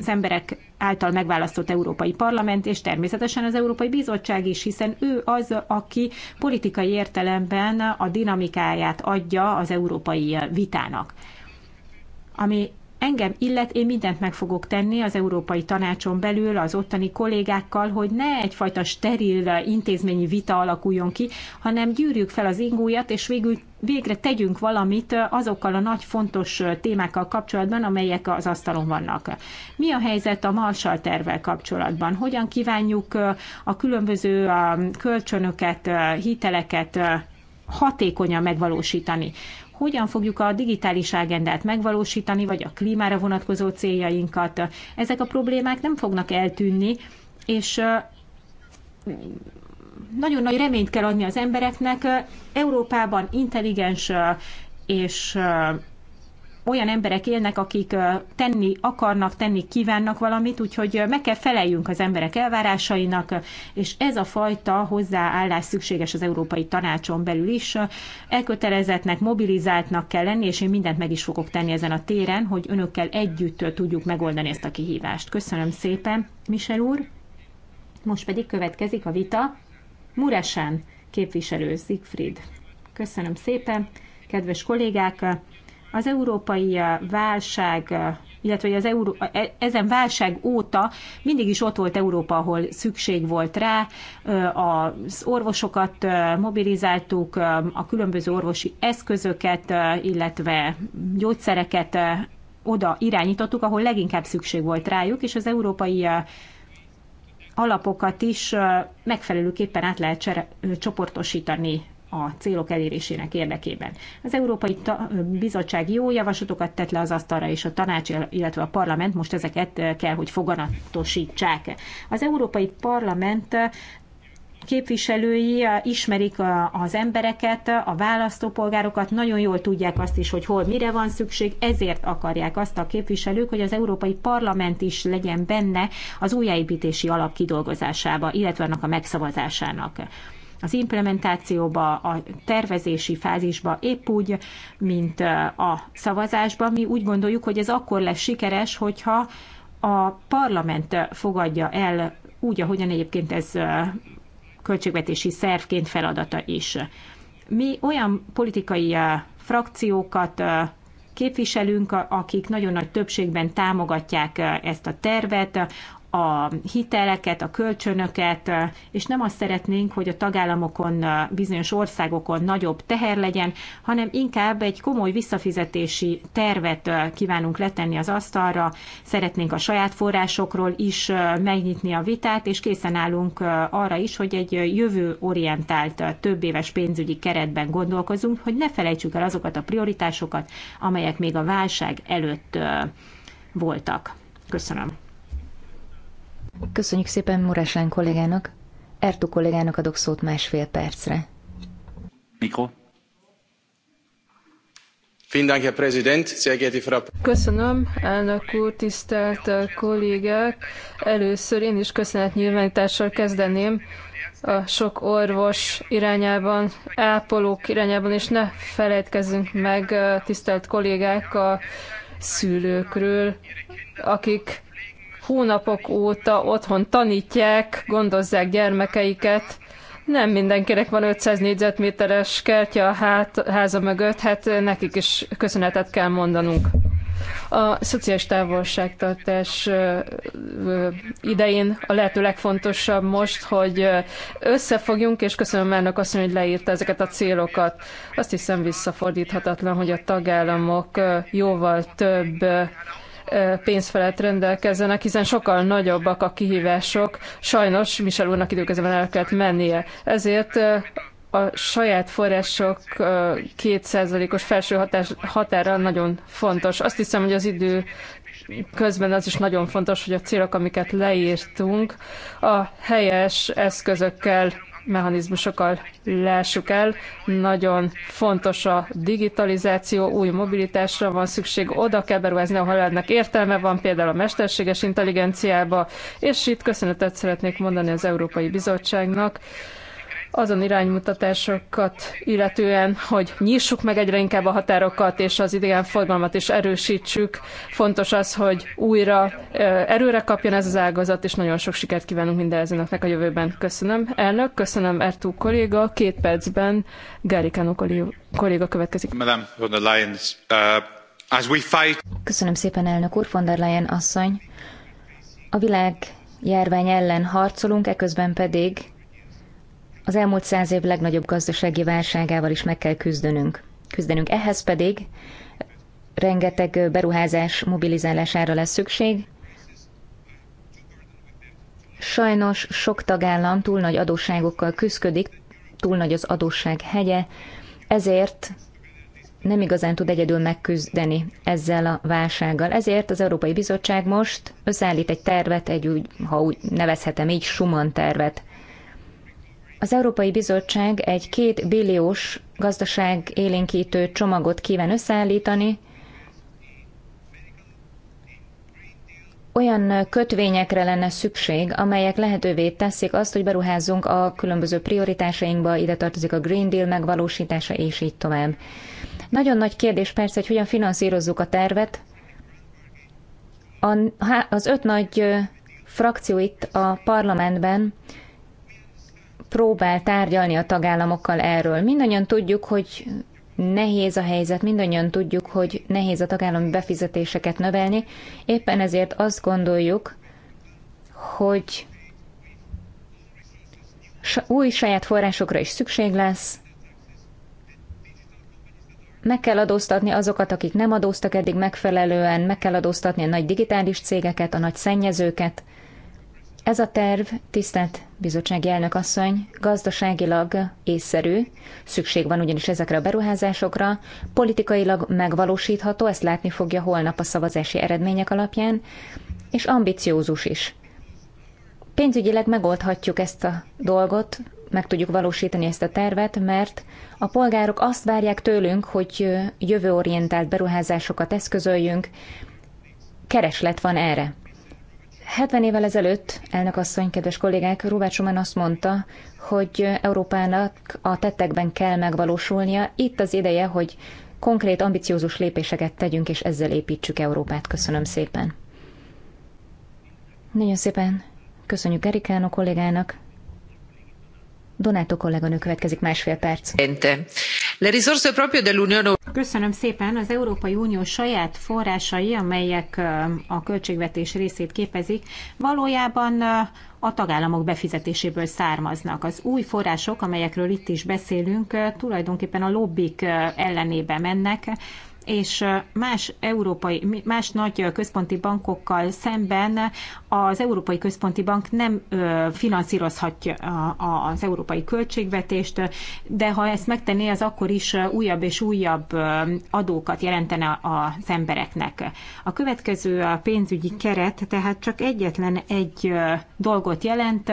F: az emberek által megválasztott Európai Parlament, és természetesen az Európai Bizottság is, hiszen ő az, aki politikai értelemben a dinamikáját adja az európai vitának. Ami engem illet, én mindent meg fogok tenni az Európai Tanácson belül, az ottani kollégákkal, hogy ne egyfajta steril intézményi vita alakuljon ki, hanem gyűrjük fel az ingújat, és végül végre tegyünk valamit azokkal a nagy fontos témákkal kapcsolatban, amelyek az asztalon vannak. Mi a helyzet a Marshall tervvel kapcsolatban? Hogyan kívánjuk a különböző kölcsönöket, hiteleket hatékonyan megvalósítani hogyan fogjuk a digitális agendát megvalósítani, vagy a klímára vonatkozó céljainkat. Ezek a problémák nem fognak eltűnni, és nagyon nagy reményt kell adni az embereknek. Európában intelligens és olyan emberek élnek, akik tenni akarnak, tenni kívánnak valamit, úgyhogy meg kell feleljünk az emberek elvárásainak, és ez a fajta hozzáállás szükséges az Európai Tanácson belül is. Elkötelezettnek, mobilizáltnak kell lenni, és én mindent meg is fogok tenni ezen a téren, hogy önökkel együtt tudjuk megoldani ezt a kihívást. Köszönöm szépen, Michel úr. Most pedig következik a vita. Muresen képviselő Siegfried. Köszönöm szépen, kedves kollégák! Az európai eh, válság, eh, illetve az euró, e- ezen válság óta mindig is ott volt Európa, ahol szükség volt rá. Eh, az orvosokat mobilizáltuk, a különböző orvosi eszközöket, illetve gyógyszereket oda irányítottuk, ahol leginkább szükség volt rájuk, és az európai alapokat is megfelelőképpen át lehet csoportosítani a célok elérésének érdekében. Az Európai Bizottság jó javaslatokat tett le az asztalra, és a tanács, illetve a parlament most ezeket eh, kell, hogy foganatosítsák. Az Európai Parlament eh, képviselői eh, ismerik az embereket, a választópolgárokat, nagyon jól tudják azt is, hogy hol mire van szükség, ezért akarják azt a képviselők, hogy az Európai Parlament is legyen benne az újjáépítési alap kidolgozásába, illetve annak a megszavazásának az implementációba, a tervezési fázisba épp úgy, mint a szavazásba. Mi úgy gondoljuk, hogy ez akkor lesz sikeres, hogyha a parlament fogadja el úgy, ahogyan egyébként ez költségvetési szervként feladata is. Mi olyan politikai frakciókat képviselünk, akik nagyon nagy többségben támogatják ezt a tervet, a hiteleket, a kölcsönöket, és nem azt szeretnénk, hogy a tagállamokon, bizonyos országokon nagyobb teher legyen, hanem inkább egy komoly visszafizetési tervet kívánunk letenni az asztalra, szeretnénk a saját forrásokról is megnyitni a vitát, és készen állunk arra is, hogy egy jövőorientált több éves pénzügyi keretben gondolkozunk, hogy ne felejtsük el azokat a prioritásokat, amelyek még a válság előtt voltak. Köszönöm. Köszönjük
H: szépen Murásán kollégának. Ertu kollégának adok szót másfél percre.
D: Mikro.
G: Köszönöm, elnök úr, tisztelt kollégák! Először én is nyilvánítással kezdeném a sok orvos irányában, ápolók irányában, és ne felejtkezzünk meg, tisztelt kollégák, a szülőkről, akik hónapok óta otthon tanítják, gondozzák gyermekeiket. Nem mindenkinek van 500 négyzetméteres kertje a hát, háza mögött, hát nekik is köszönetet kell mondanunk. A szociális távolságtartás idején a lehető legfontosabb most, hogy összefogjunk, és köszönöm elnök azt, hogy leírta ezeket a célokat. Azt hiszem visszafordíthatatlan, hogy a tagállamok jóval több felett rendelkezzenek, hiszen sokkal nagyobbak a kihívások. Sajnos Michel úrnak időközben el kellett mennie. Ezért a saját források kétszázalékos felső hatás, határa nagyon fontos. Azt hiszem, hogy az idő közben az is nagyon fontos, hogy a célok, amiket leírtunk, a helyes eszközökkel mechanizmusokkal lássuk el. Nagyon fontos a digitalizáció, új mobilitásra van szükség, oda kell beruházni, ahol ennek értelme van, például a mesterséges intelligenciába, és itt köszönetet szeretnék mondani az Európai Bizottságnak, azon iránymutatásokat illetően, hogy nyissuk meg egyre inkább a határokat, és az idegenforgalmat is erősítsük. Fontos az, hogy újra erőre kapjon ez az ágazat, és nagyon sok sikert kívánunk mindez a jövőben. Köszönöm, elnök, köszönöm, Ertú kolléga. Két percben Gárikánó kolléga következik.
D: Uh,
H: köszönöm szépen, elnök úr, von der Leyen asszony. A világ járvány ellen harcolunk, eközben pedig az elmúlt száz év legnagyobb gazdasági válságával is meg kell küzdenünk. Küzdenünk ehhez pedig rengeteg beruházás mobilizálására lesz szükség. Sajnos sok tagállam túl nagy adósságokkal küzdik, túl nagy az adósság hegye, ezért nem igazán tud egyedül megküzdeni ezzel a válsággal. Ezért az Európai Bizottság most összeállít egy tervet, egy úgy, ha úgy nevezhetem így, Schumann tervet. Az Európai Bizottság egy két billiós gazdaság élénkítő csomagot kíván összeállítani, olyan kötvényekre lenne szükség, amelyek lehetővé teszik azt, hogy beruházzunk a különböző prioritásainkba, ide tartozik a Green Deal megvalósítása, és így tovább. Nagyon nagy kérdés persze, hogy hogyan finanszírozzuk a tervet. az öt nagy frakció itt a parlamentben próbál tárgyalni a tagállamokkal erről. Mindannyian tudjuk, hogy nehéz a helyzet, mindannyian tudjuk, hogy nehéz a tagállami befizetéseket növelni, éppen ezért azt gondoljuk, hogy új saját forrásokra is szükség lesz, meg kell adóztatni azokat, akik nem adóztak eddig megfelelően, meg kell adóztatni a nagy digitális cégeket, a nagy szennyezőket, ez a terv, tisztelt bizottsági elnök asszony, gazdaságilag észszerű, szükség van ugyanis ezekre a beruházásokra, politikailag megvalósítható, ezt látni fogja holnap a szavazási eredmények alapján, és ambiciózus is. Pénzügyileg megoldhatjuk ezt a dolgot, meg tudjuk valósítani ezt a tervet, mert a polgárok azt várják tőlünk, hogy jövőorientált beruházásokat eszközöljünk, kereslet van erre. 70 évvel ezelőtt, elnök asszony, kedves kollégák, Robert Schumann azt mondta, hogy Európának a tettekben kell megvalósulnia. Itt az ideje, hogy konkrét, ambiciózus lépéseket tegyünk, és ezzel építsük Európát. Köszönöm szépen. Nagyon szépen köszönjük a kollégának. Donato kolléganő következik másfél perc.
F: Köszönöm szépen. Az Európai Unió saját forrásai, amelyek a költségvetés részét képezik, valójában a tagállamok befizetéséből származnak. Az új források, amelyekről itt is beszélünk, tulajdonképpen a lobbik ellenébe mennek, és más, európai, más nagy központi bankokkal szemben az Európai Központi Bank nem finanszírozhatja az európai költségvetést, de ha ezt megtenné, az akkor is újabb és újabb adókat jelentene az embereknek. A következő a pénzügyi keret, tehát csak egyetlen egy dolgot jelent,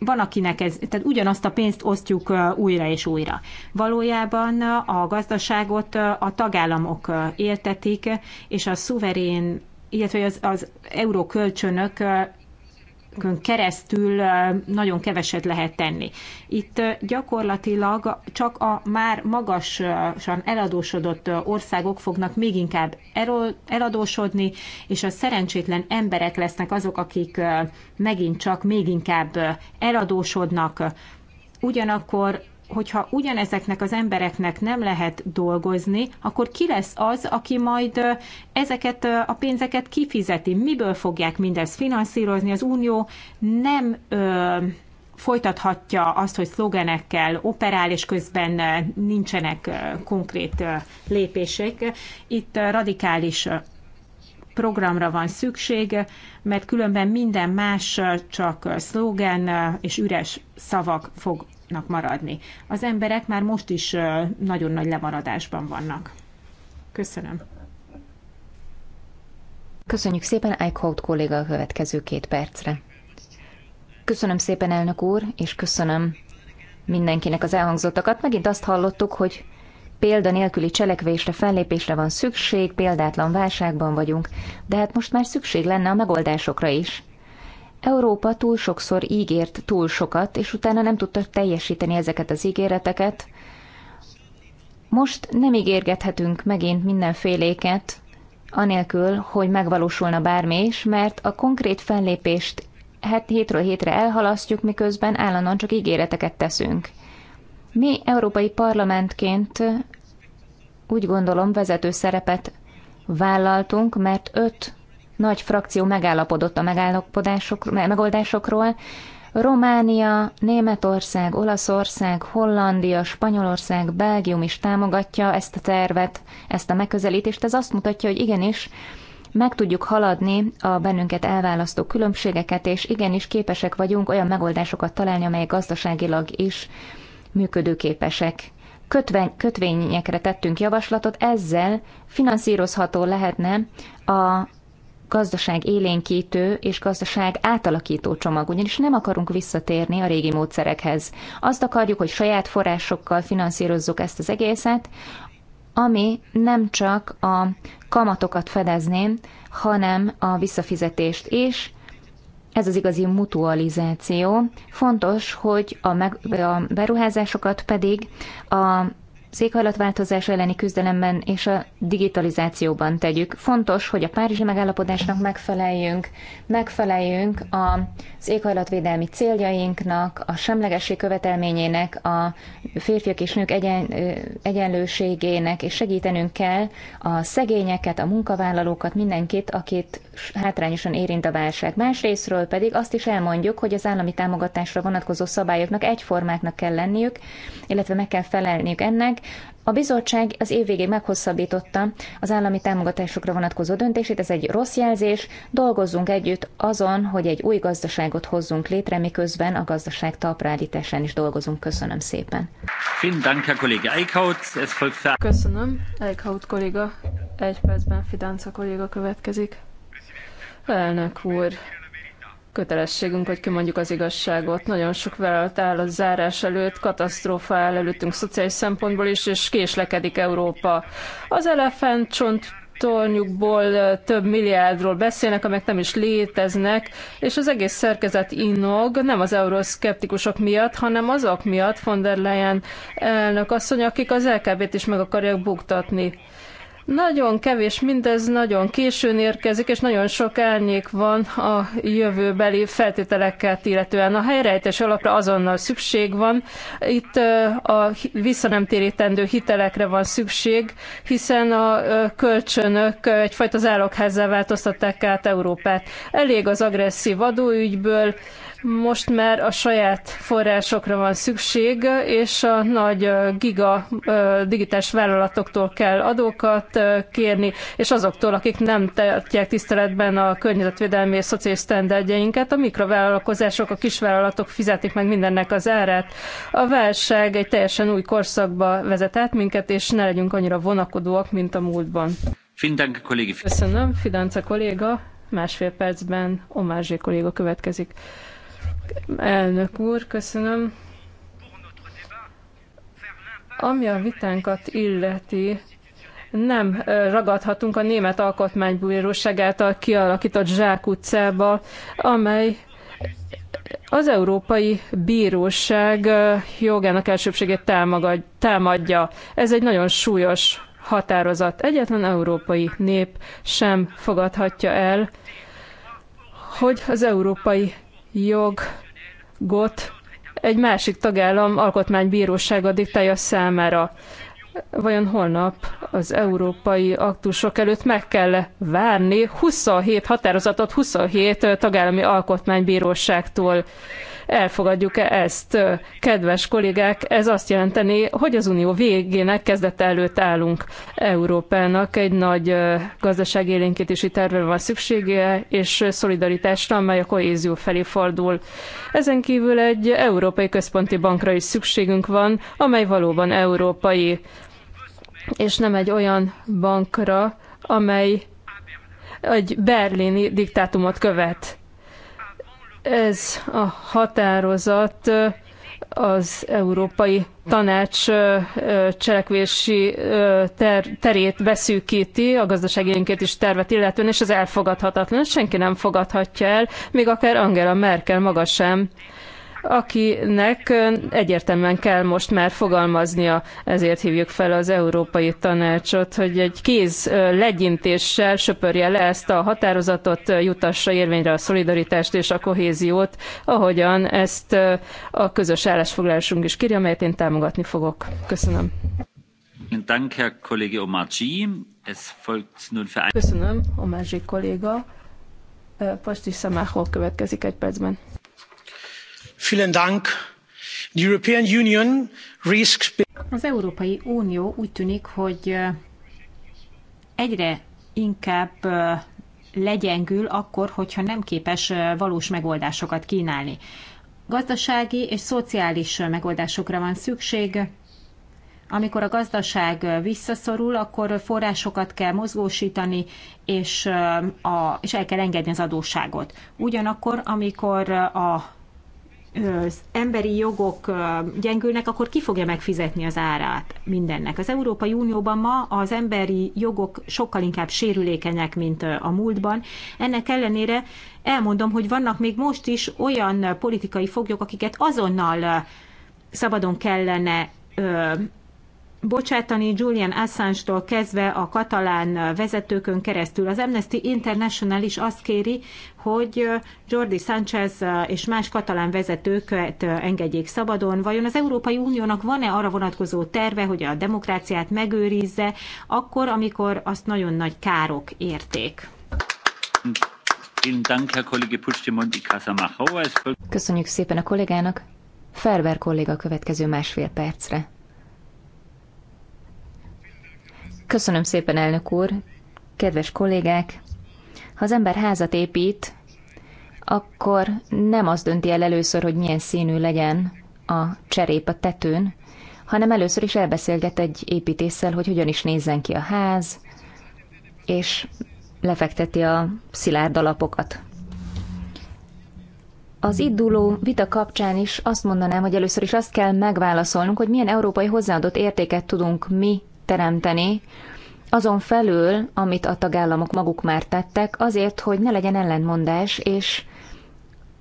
F: van, akinek ez, tehát ugyanazt a pénzt osztjuk újra és újra. Valójában a gazdaságot a tagállamok éltetik, és a szuverén, illetve az, az euró kölcsönök keresztül nagyon keveset lehet tenni. Itt gyakorlatilag csak a már magasan eladósodott országok fognak még inkább eladósodni, és a szerencsétlen emberek lesznek azok, akik megint csak még inkább eladósodnak. Ugyanakkor hogyha ugyanezeknek az embereknek nem lehet dolgozni, akkor ki lesz az, aki majd ezeket a pénzeket kifizeti? Miből fogják mindezt finanszírozni? Az Unió nem ö, folytathatja azt, hogy szlogenekkel operál, és közben nincsenek konkrét lépések. Itt radikális programra van szükség, mert különben minden más csak szlogen és üres szavak fog maradni. Az emberek már most is nagyon nagy lemaradásban vannak. Köszönöm.
H: Köszönjük szépen Eichhout kolléga a következő két percre. Köszönöm szépen, elnök úr, és köszönöm mindenkinek az elhangzottakat. Megint azt hallottuk, hogy példa nélküli cselekvésre, fellépésre van szükség, példátlan válságban vagyunk, de hát most már szükség lenne a megoldásokra is. Európa túl sokszor ígért túl sokat, és utána nem tudta teljesíteni ezeket az ígéreteket. Most nem ígérgethetünk megint mindenféléket, anélkül, hogy megvalósulna bármi is, mert a konkrét fellépést het hétről hétre elhalasztjuk, miközben állandóan csak ígéreteket teszünk. Mi európai parlamentként úgy gondolom vezető szerepet vállaltunk, mert öt nagy frakció megállapodott a megállapodások, megoldásokról. Románia, Németország, Olaszország, Hollandia, Spanyolország, Belgium is támogatja ezt a tervet, ezt a megközelítést. Ez azt mutatja, hogy igenis meg tudjuk haladni a bennünket elválasztó különbségeket, és igenis képesek vagyunk olyan megoldásokat találni, amelyek gazdaságilag is működőképesek. Kötvény, kötvényekre tettünk javaslatot, ezzel finanszírozható lehetne a gazdaság élénkítő és gazdaság átalakító csomag, ugyanis nem akarunk visszatérni a régi módszerekhez. Azt akarjuk, hogy saját forrásokkal finanszírozzuk ezt az egészet, ami nem csak a kamatokat fedezné, hanem a visszafizetést is. Ez az igazi mutualizáció. Fontos, hogy a, meg, a beruházásokat pedig a az elleni küzdelemben és a digitalizációban tegyük. Fontos, hogy a Párizsi megállapodásnak megfeleljünk, megfeleljünk az éghajlatvédelmi céljainknak, a semlegesség követelményének, a férfiak és nők egyen, egyenlőségének, és segítenünk kell a szegényeket, a munkavállalókat, mindenkit, akit hátrányosan érint a válság. Másrésztről pedig azt is elmondjuk, hogy az állami támogatásra vonatkozó szabályoknak egyformáknak kell lenniük, illetve meg kell felelniük ennek, a bizottság az év végéig meghosszabbította az állami támogatásokra vonatkozó döntését, ez egy rossz jelzés, dolgozzunk együtt azon, hogy egy új gazdaságot hozzunk létre, miközben a gazdaság talpraállításán is dolgozunk. Köszönöm
G: szépen. Köszönöm, Eichhaut kolléga. Egy percben Fidanca kolléga következik. Elnök úr, kötelességünk, hogy kimondjuk az igazságot. Nagyon sok vállalat áll a zárás előtt, katasztrófa áll előttünk szociális szempontból is, és késlekedik Európa. Az elefántcsont tornyukból több milliárdról beszélnek, amelyek nem is léteznek, és az egész szerkezet inog, nem az euroszkeptikusok miatt, hanem azok miatt von der Leyen elnök asszony, akik az LKB-t is meg akarják buktatni. Nagyon kevés mindez, nagyon későn érkezik, és nagyon sok elnyék van a jövőbeli feltételeket, illetően a helyrejtés alapra azonnal szükség van. Itt a visszanemtérítendő hitelekre van szükség, hiszen a kölcsönök egyfajta zálogházzá változtatták át Európát. Elég az agresszív adóügyből, most már a saját forrásokra van szükség, és a nagy giga digitális vállalatoktól kell adókat kérni, és azoktól, akik nem tartják tiszteletben a környezetvédelmi és szociális sztenderdjeinket, a mikrovállalkozások, a kisvállalatok fizetik meg mindennek az árát. A válság egy teljesen új korszakba vezet át minket, és ne legyünk annyira vonakodóak, mint a múltban. Köszönöm, Fidance kolléga. Másfél percben Omázsé kolléga következik. Elnök úr, köszönöm. Ami a vitánkat illeti, nem ragadhatunk a Német Alkotmánybíróság által kialakított Zsák utcába, amely az Európai Bíróság jogának elsőbségét támadja. Ez egy nagyon súlyos határozat. Egyetlen európai nép sem fogadhatja el, hogy az európai jogot egy másik tagállam alkotmánybírósága diktálja számára vajon holnap az európai aktusok előtt meg kell várni 27 határozatot 27 tagállami alkotmánybíróságtól. Elfogadjuk-e ezt? Kedves kollégák, ez azt jelenteni, hogy az Unió végének kezdete előtt állunk. Európának egy nagy gazdaságélénkítési tervre van szüksége, és szolidaritásra, amely a kohézió felé fordul. Ezen kívül egy Európai Központi Bankra is szükségünk van, amely valóban európai, és nem egy olyan bankra, amely egy berlini diktátumot követ. Ez a határozat az Európai Tanács cselekvési ter- terét beszűkíti, a gazdasági is tervet illetően, és ez elfogadhatatlan, senki nem fogadhatja el, még akár Angela Merkel maga sem akinek egyértelműen kell most már fogalmaznia, ezért hívjuk fel az Európai Tanácsot, hogy egy kéz legyintéssel söpörje le ezt a határozatot, jutassa érvényre a szolidaritást és a kohéziót, ahogyan ezt a közös állásfoglalásunk is kírja, amelyet én támogatni fogok. Köszönöm. Köszönöm, Omázsi kolléga. Posti Szamáhol következik egy percben.
F: Az Európai Unió úgy tűnik, hogy egyre inkább legyengül akkor, hogyha nem képes valós megoldásokat kínálni. Gazdasági és szociális megoldásokra van szükség. Amikor a gazdaság visszaszorul, akkor forrásokat kell mozgósítani, és, a, és el kell engedni az adósságot. Ugyanakkor, amikor a emberi jogok gyengülnek, akkor ki fogja megfizetni az árát mindennek? Az Európai Unióban ma az emberi jogok sokkal inkább sérülékenyek, mint a múltban. Ennek ellenére elmondom, hogy vannak még most is olyan politikai foglyok, akiket azonnal szabadon kellene bocsátani Julian Assange-tól kezdve a katalán vezetőkön keresztül. Az Amnesty International is azt kéri, hogy Jordi Sánchez és más katalán vezetőket engedjék szabadon. Vajon az Európai Uniónak van-e arra vonatkozó terve, hogy a demokráciát megőrizze, akkor, amikor azt nagyon nagy károk érték?
H: Köszönjük szépen a kollégának. Ferber kolléga következő másfél percre. Köszönöm szépen, elnök úr! Kedves kollégák! Ha az ember házat épít, akkor nem az dönti el először, hogy milyen színű legyen a cserép a tetőn, hanem először is elbeszélget egy építéssel, hogy hogyan is nézzen ki a ház, és lefekteti a szilárd alapokat. Az induló vita kapcsán is azt mondanám, hogy először is azt kell megválaszolnunk, hogy milyen európai hozzáadott értéket tudunk mi teremteni, azon felül, amit a tagállamok maguk már tettek, azért, hogy ne legyen ellentmondás, és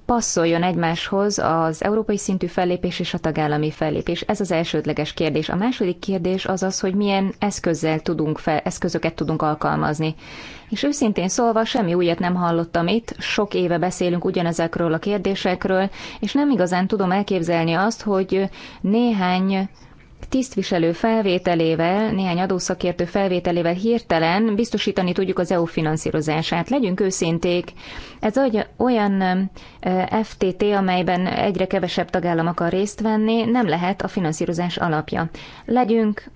H: passzoljon egymáshoz az európai szintű fellépés és a tagállami fellépés. Ez az elsődleges kérdés. A második kérdés az az, hogy milyen eszközzel tudunk fel, eszközöket tudunk alkalmazni. És őszintén szólva semmi újat nem hallottam itt, sok éve beszélünk ugyanezekről a kérdésekről, és nem igazán tudom elképzelni azt, hogy néhány tisztviselő felvételével, néhány adószakértő felvételével hirtelen biztosítani tudjuk az EU finanszírozását. Legyünk őszinték, ez olyan FTT, amelyben egyre kevesebb tagállam akar részt venni, nem lehet a finanszírozás alapja. Legyünk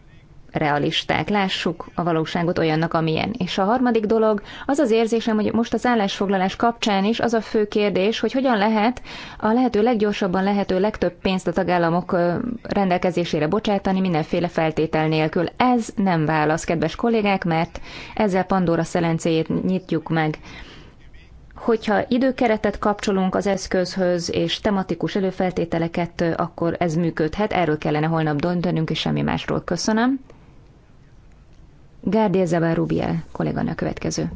H: realisták, lássuk a valóságot olyannak, amilyen. És a harmadik dolog, az az érzésem, hogy most az állásfoglalás kapcsán is az a fő kérdés, hogy hogyan lehet a lehető leggyorsabban lehető legtöbb pénzt a tagállamok rendelkezésére bocsátani mindenféle feltétel nélkül. Ez nem válasz, kedves kollégák, mert ezzel Pandora szelencéjét nyitjuk meg hogyha időkeretet kapcsolunk az eszközhöz, és tematikus előfeltételeket, akkor ez működhet. Erről kellene holnap döntenünk, és semmi másról. Köszönöm. Gárdia Zabár Rubiel kolléganő következő.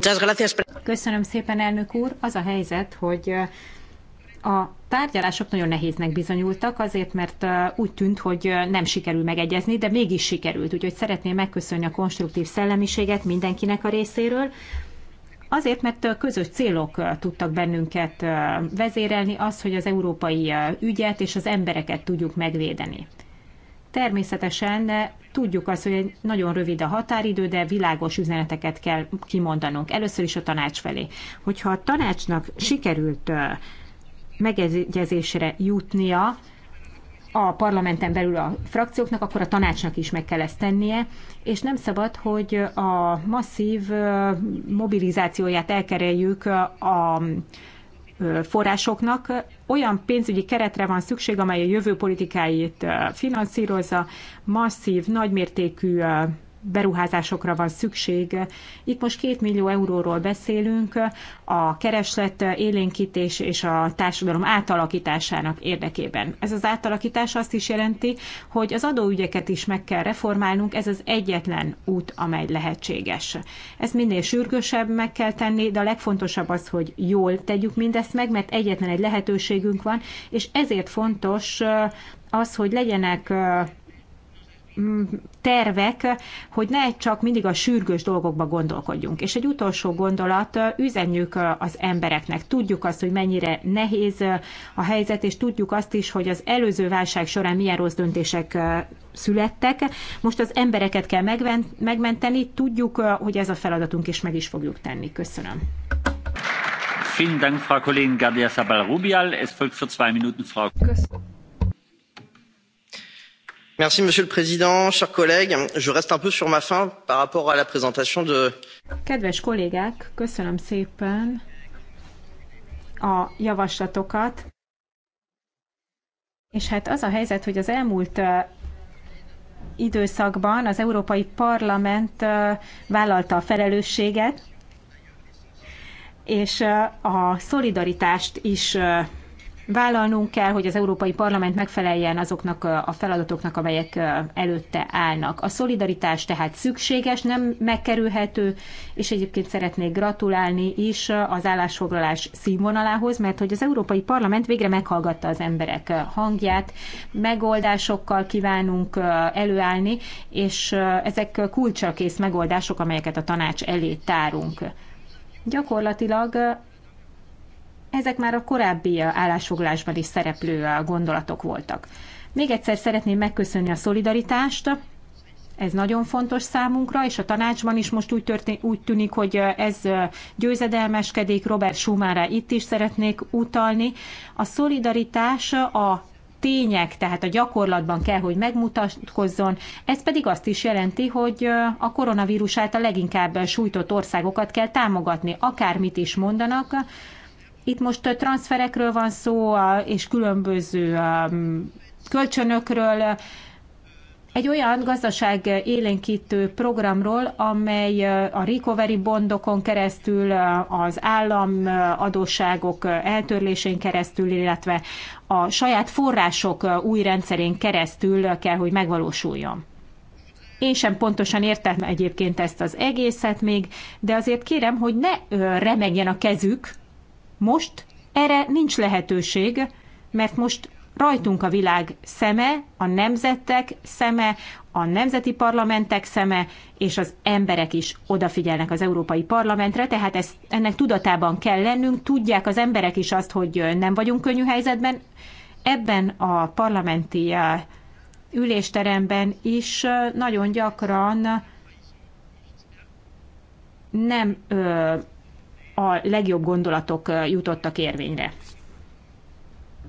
F: Köszönöm szépen, elnök úr. Az a helyzet, hogy a tárgyalások nagyon nehéznek bizonyultak, azért mert úgy tűnt, hogy nem sikerül megegyezni, de mégis sikerült. Úgyhogy szeretném megköszönni a konstruktív szellemiséget mindenkinek a részéről, Azért, mert közös célok tudtak bennünket vezérelni, az, hogy az európai ügyet és az embereket tudjuk megvédeni. Természetesen tudjuk azt, hogy egy nagyon rövid a határidő, de világos üzeneteket kell kimondanunk. Először is a tanács felé. Hogyha a tanácsnak sikerült megegyezésre jutnia, a parlamenten belül a frakcióknak, akkor a tanácsnak is meg kell ezt tennie, és nem szabad, hogy a masszív mobilizációját elkereljük a forrásoknak olyan pénzügyi keretre van szükség, amely a jövő politikáit finanszírozza, masszív, nagymértékű beruházásokra van szükség. Itt most két millió euróról beszélünk a kereslet élénkítés és a társadalom átalakításának érdekében. Ez az átalakítás azt is jelenti, hogy az adóügyeket is meg kell reformálnunk, ez az egyetlen út, amely lehetséges. Ezt minél sürgősebb meg kell tenni, de a legfontosabb az, hogy jól tegyük mindezt meg, mert egyetlen egy lehetőségünk van, és ezért fontos az, hogy legyenek tervek, hogy ne csak mindig a sürgős dolgokba gondolkodjunk. És egy utolsó gondolat, üzenjük az embereknek. Tudjuk azt, hogy mennyire nehéz a helyzet, és tudjuk azt is, hogy az előző válság során milyen rossz döntések születtek. Most az embereket kell megmenteni, tudjuk, hogy ez a feladatunk, és meg is fogjuk tenni. Köszönöm.
D: Vielen Dank, Frau Kollegin Gardia Sabal-Rubial. Es folgt für zwei Minuten Frau. Köszönöm
G: monsieur le président chers collègues je reste un peu sur ma faim par rapport à la présentation de.
F: kedves kollégák köszönöm szépen a javaslatokat és hát az a helyzet hogy az elmúlt időszakban az európai parlament vállalta a felelősséget és a szolidaritást is vállalnunk kell, hogy az Európai Parlament megfeleljen azoknak a feladatoknak, amelyek előtte állnak. A szolidaritás tehát szükséges, nem megkerülhető, és egyébként szeretnék gratulálni is az állásfoglalás színvonalához, mert hogy az Európai Parlament végre meghallgatta az emberek hangját, megoldásokkal kívánunk előállni, és ezek kulcsakész megoldások, amelyeket a tanács elé tárunk. Gyakorlatilag ezek már a korábbi állásfoglásban is szereplő gondolatok voltak. Még egyszer szeretném megköszönni a szolidaritást, ez nagyon fontos számunkra, és a tanácsban is most úgy, történ- úgy tűnik, hogy ez győzedelmeskedik. Robert Schumannra itt is szeretnék utalni. A szolidaritás a tények, tehát a gyakorlatban kell, hogy megmutatkozzon. Ez pedig azt is jelenti, hogy a koronavírus által leginkább sújtott országokat kell támogatni, akármit is mondanak itt most transferekről van szó, és különböző kölcsönökről, egy olyan gazdaság élénkítő programról, amely a recovery bondokon keresztül, az állam adósságok eltörlésén keresztül, illetve a saját források új rendszerén keresztül kell, hogy megvalósuljon. Én sem pontosan értem egyébként ezt az egészet még, de azért kérem, hogy ne remegjen a kezük, most erre nincs lehetőség, mert most rajtunk a világ szeme, a nemzetek szeme, a nemzeti parlamentek szeme, és az emberek is odafigyelnek az Európai Parlamentre, tehát ez, ennek tudatában kell lennünk, tudják az emberek is azt, hogy nem vagyunk könnyű helyzetben. Ebben a parlamenti eh, ülésteremben is eh, nagyon gyakran nem eh, a legjobb gondolatok jutottak érvényre.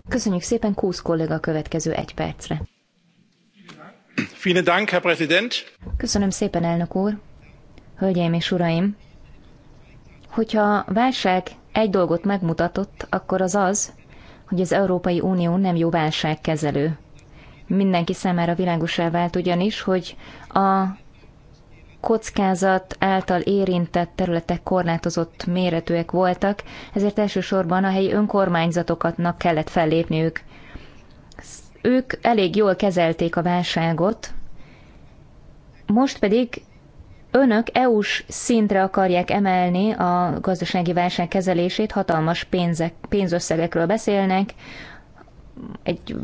H: Köszönjük szépen, Kúsz kolléga a következő egy percre. Köszönöm szépen, elnök úr. Hölgyeim és uraim, hogyha a válság egy dolgot megmutatott, akkor az az, hogy az Európai Unió nem jó válságkezelő. Mindenki számára világosá vált ugyanis, hogy a kockázat által érintett területek korlátozott méretűek voltak, ezért elsősorban a helyi önkormányzatokatnak kellett fellépniük. Ők elég jól kezelték a válságot, most pedig önök EU-s szintre akarják emelni a gazdasági válság kezelését, hatalmas pénzek, pénzösszegekről beszélnek, egy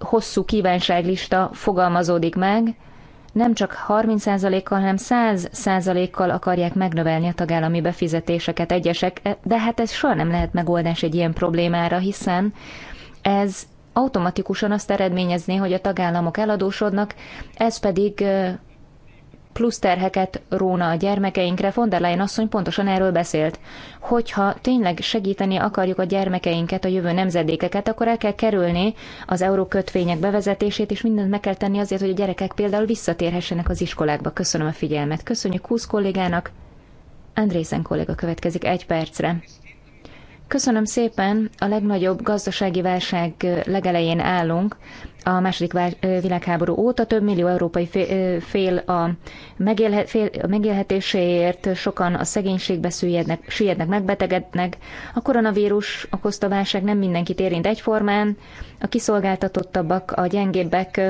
H: hosszú kívánságlista fogalmazódik meg, nem csak 30%-kal, hanem 100%-kal akarják megnövelni a tagállami befizetéseket egyesek, e, de hát ez soha nem lehet megoldás egy ilyen problémára, hiszen ez automatikusan azt eredményezné, hogy a tagállamok eladósodnak, ez pedig plusz terheket róna a gyermekeinkre, von der Leyen asszony pontosan erről beszélt. Hogyha tényleg segíteni akarjuk a gyermekeinket, a jövő nemzedékeket, akkor el kell kerülni az eurókötvények bevezetését, és mindent meg kell tenni azért, hogy a gyerekek például visszatérhessenek az iskolákba. Köszönöm a figyelmet. Köszönjük Kusz kollégának. Andrészen kolléga következik egy percre. Köszönöm szépen, a legnagyobb gazdasági válság legelején állunk, a második világháború óta több millió európai fél a, megélhet, fél a megélhetéséért, sokan a szegénységbe szüljednek, süllyednek, megbetegednek. A koronavírus okozta válság nem mindenkit érint egyformán, a kiszolgáltatottabbak, a gyengébbek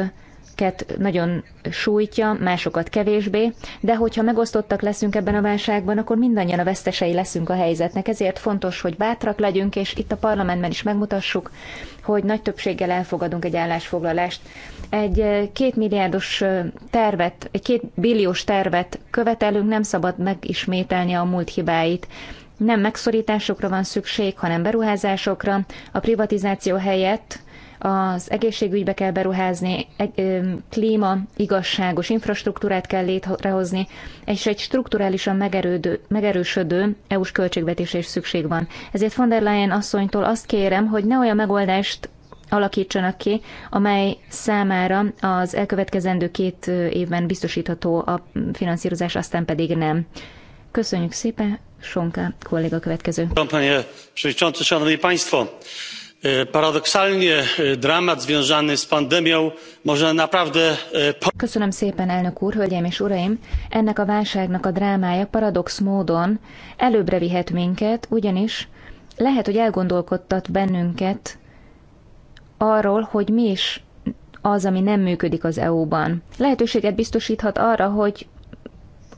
H: egyiket nagyon sújtja, másokat kevésbé, de hogyha megosztottak leszünk ebben a válságban, akkor mindannyian a vesztesei leszünk a helyzetnek. Ezért fontos, hogy bátrak legyünk, és itt a parlamentben is megmutassuk, hogy nagy többséggel elfogadunk egy állásfoglalást. Egy eh, két milliárdos eh, tervet, egy két billiós tervet követelünk, nem szabad megismételni a múlt hibáit. Nem megszorításokra van szükség, hanem beruházásokra. A privatizáció helyett az egészségügybe kell beruházni, klíma, igazságos infrastruktúrát kell létrehozni, és egy strukturálisan megerődő, megerősödő EU-s költségvetésre is szükség van. Ezért von der Leyen asszonytól azt kérem, hogy ne olyan megoldást alakítsanak ki, amely számára az elkövetkezendő két évben biztosítható a finanszírozás, aztán pedig nem. Köszönjük szépen, Sonka kolléga következő.
E: E, paradoxalnie e, dramat związany z pandemią może naprawdę... E,
H: Köszönöm szépen, elnök úr, hölgyeim és uraim! Ennek a válságnak a drámája paradox módon előbbre vihet minket, ugyanis lehet, hogy elgondolkodtat bennünket arról, hogy mi is az, ami nem működik az EU-ban. Lehetőséget biztosíthat arra, hogy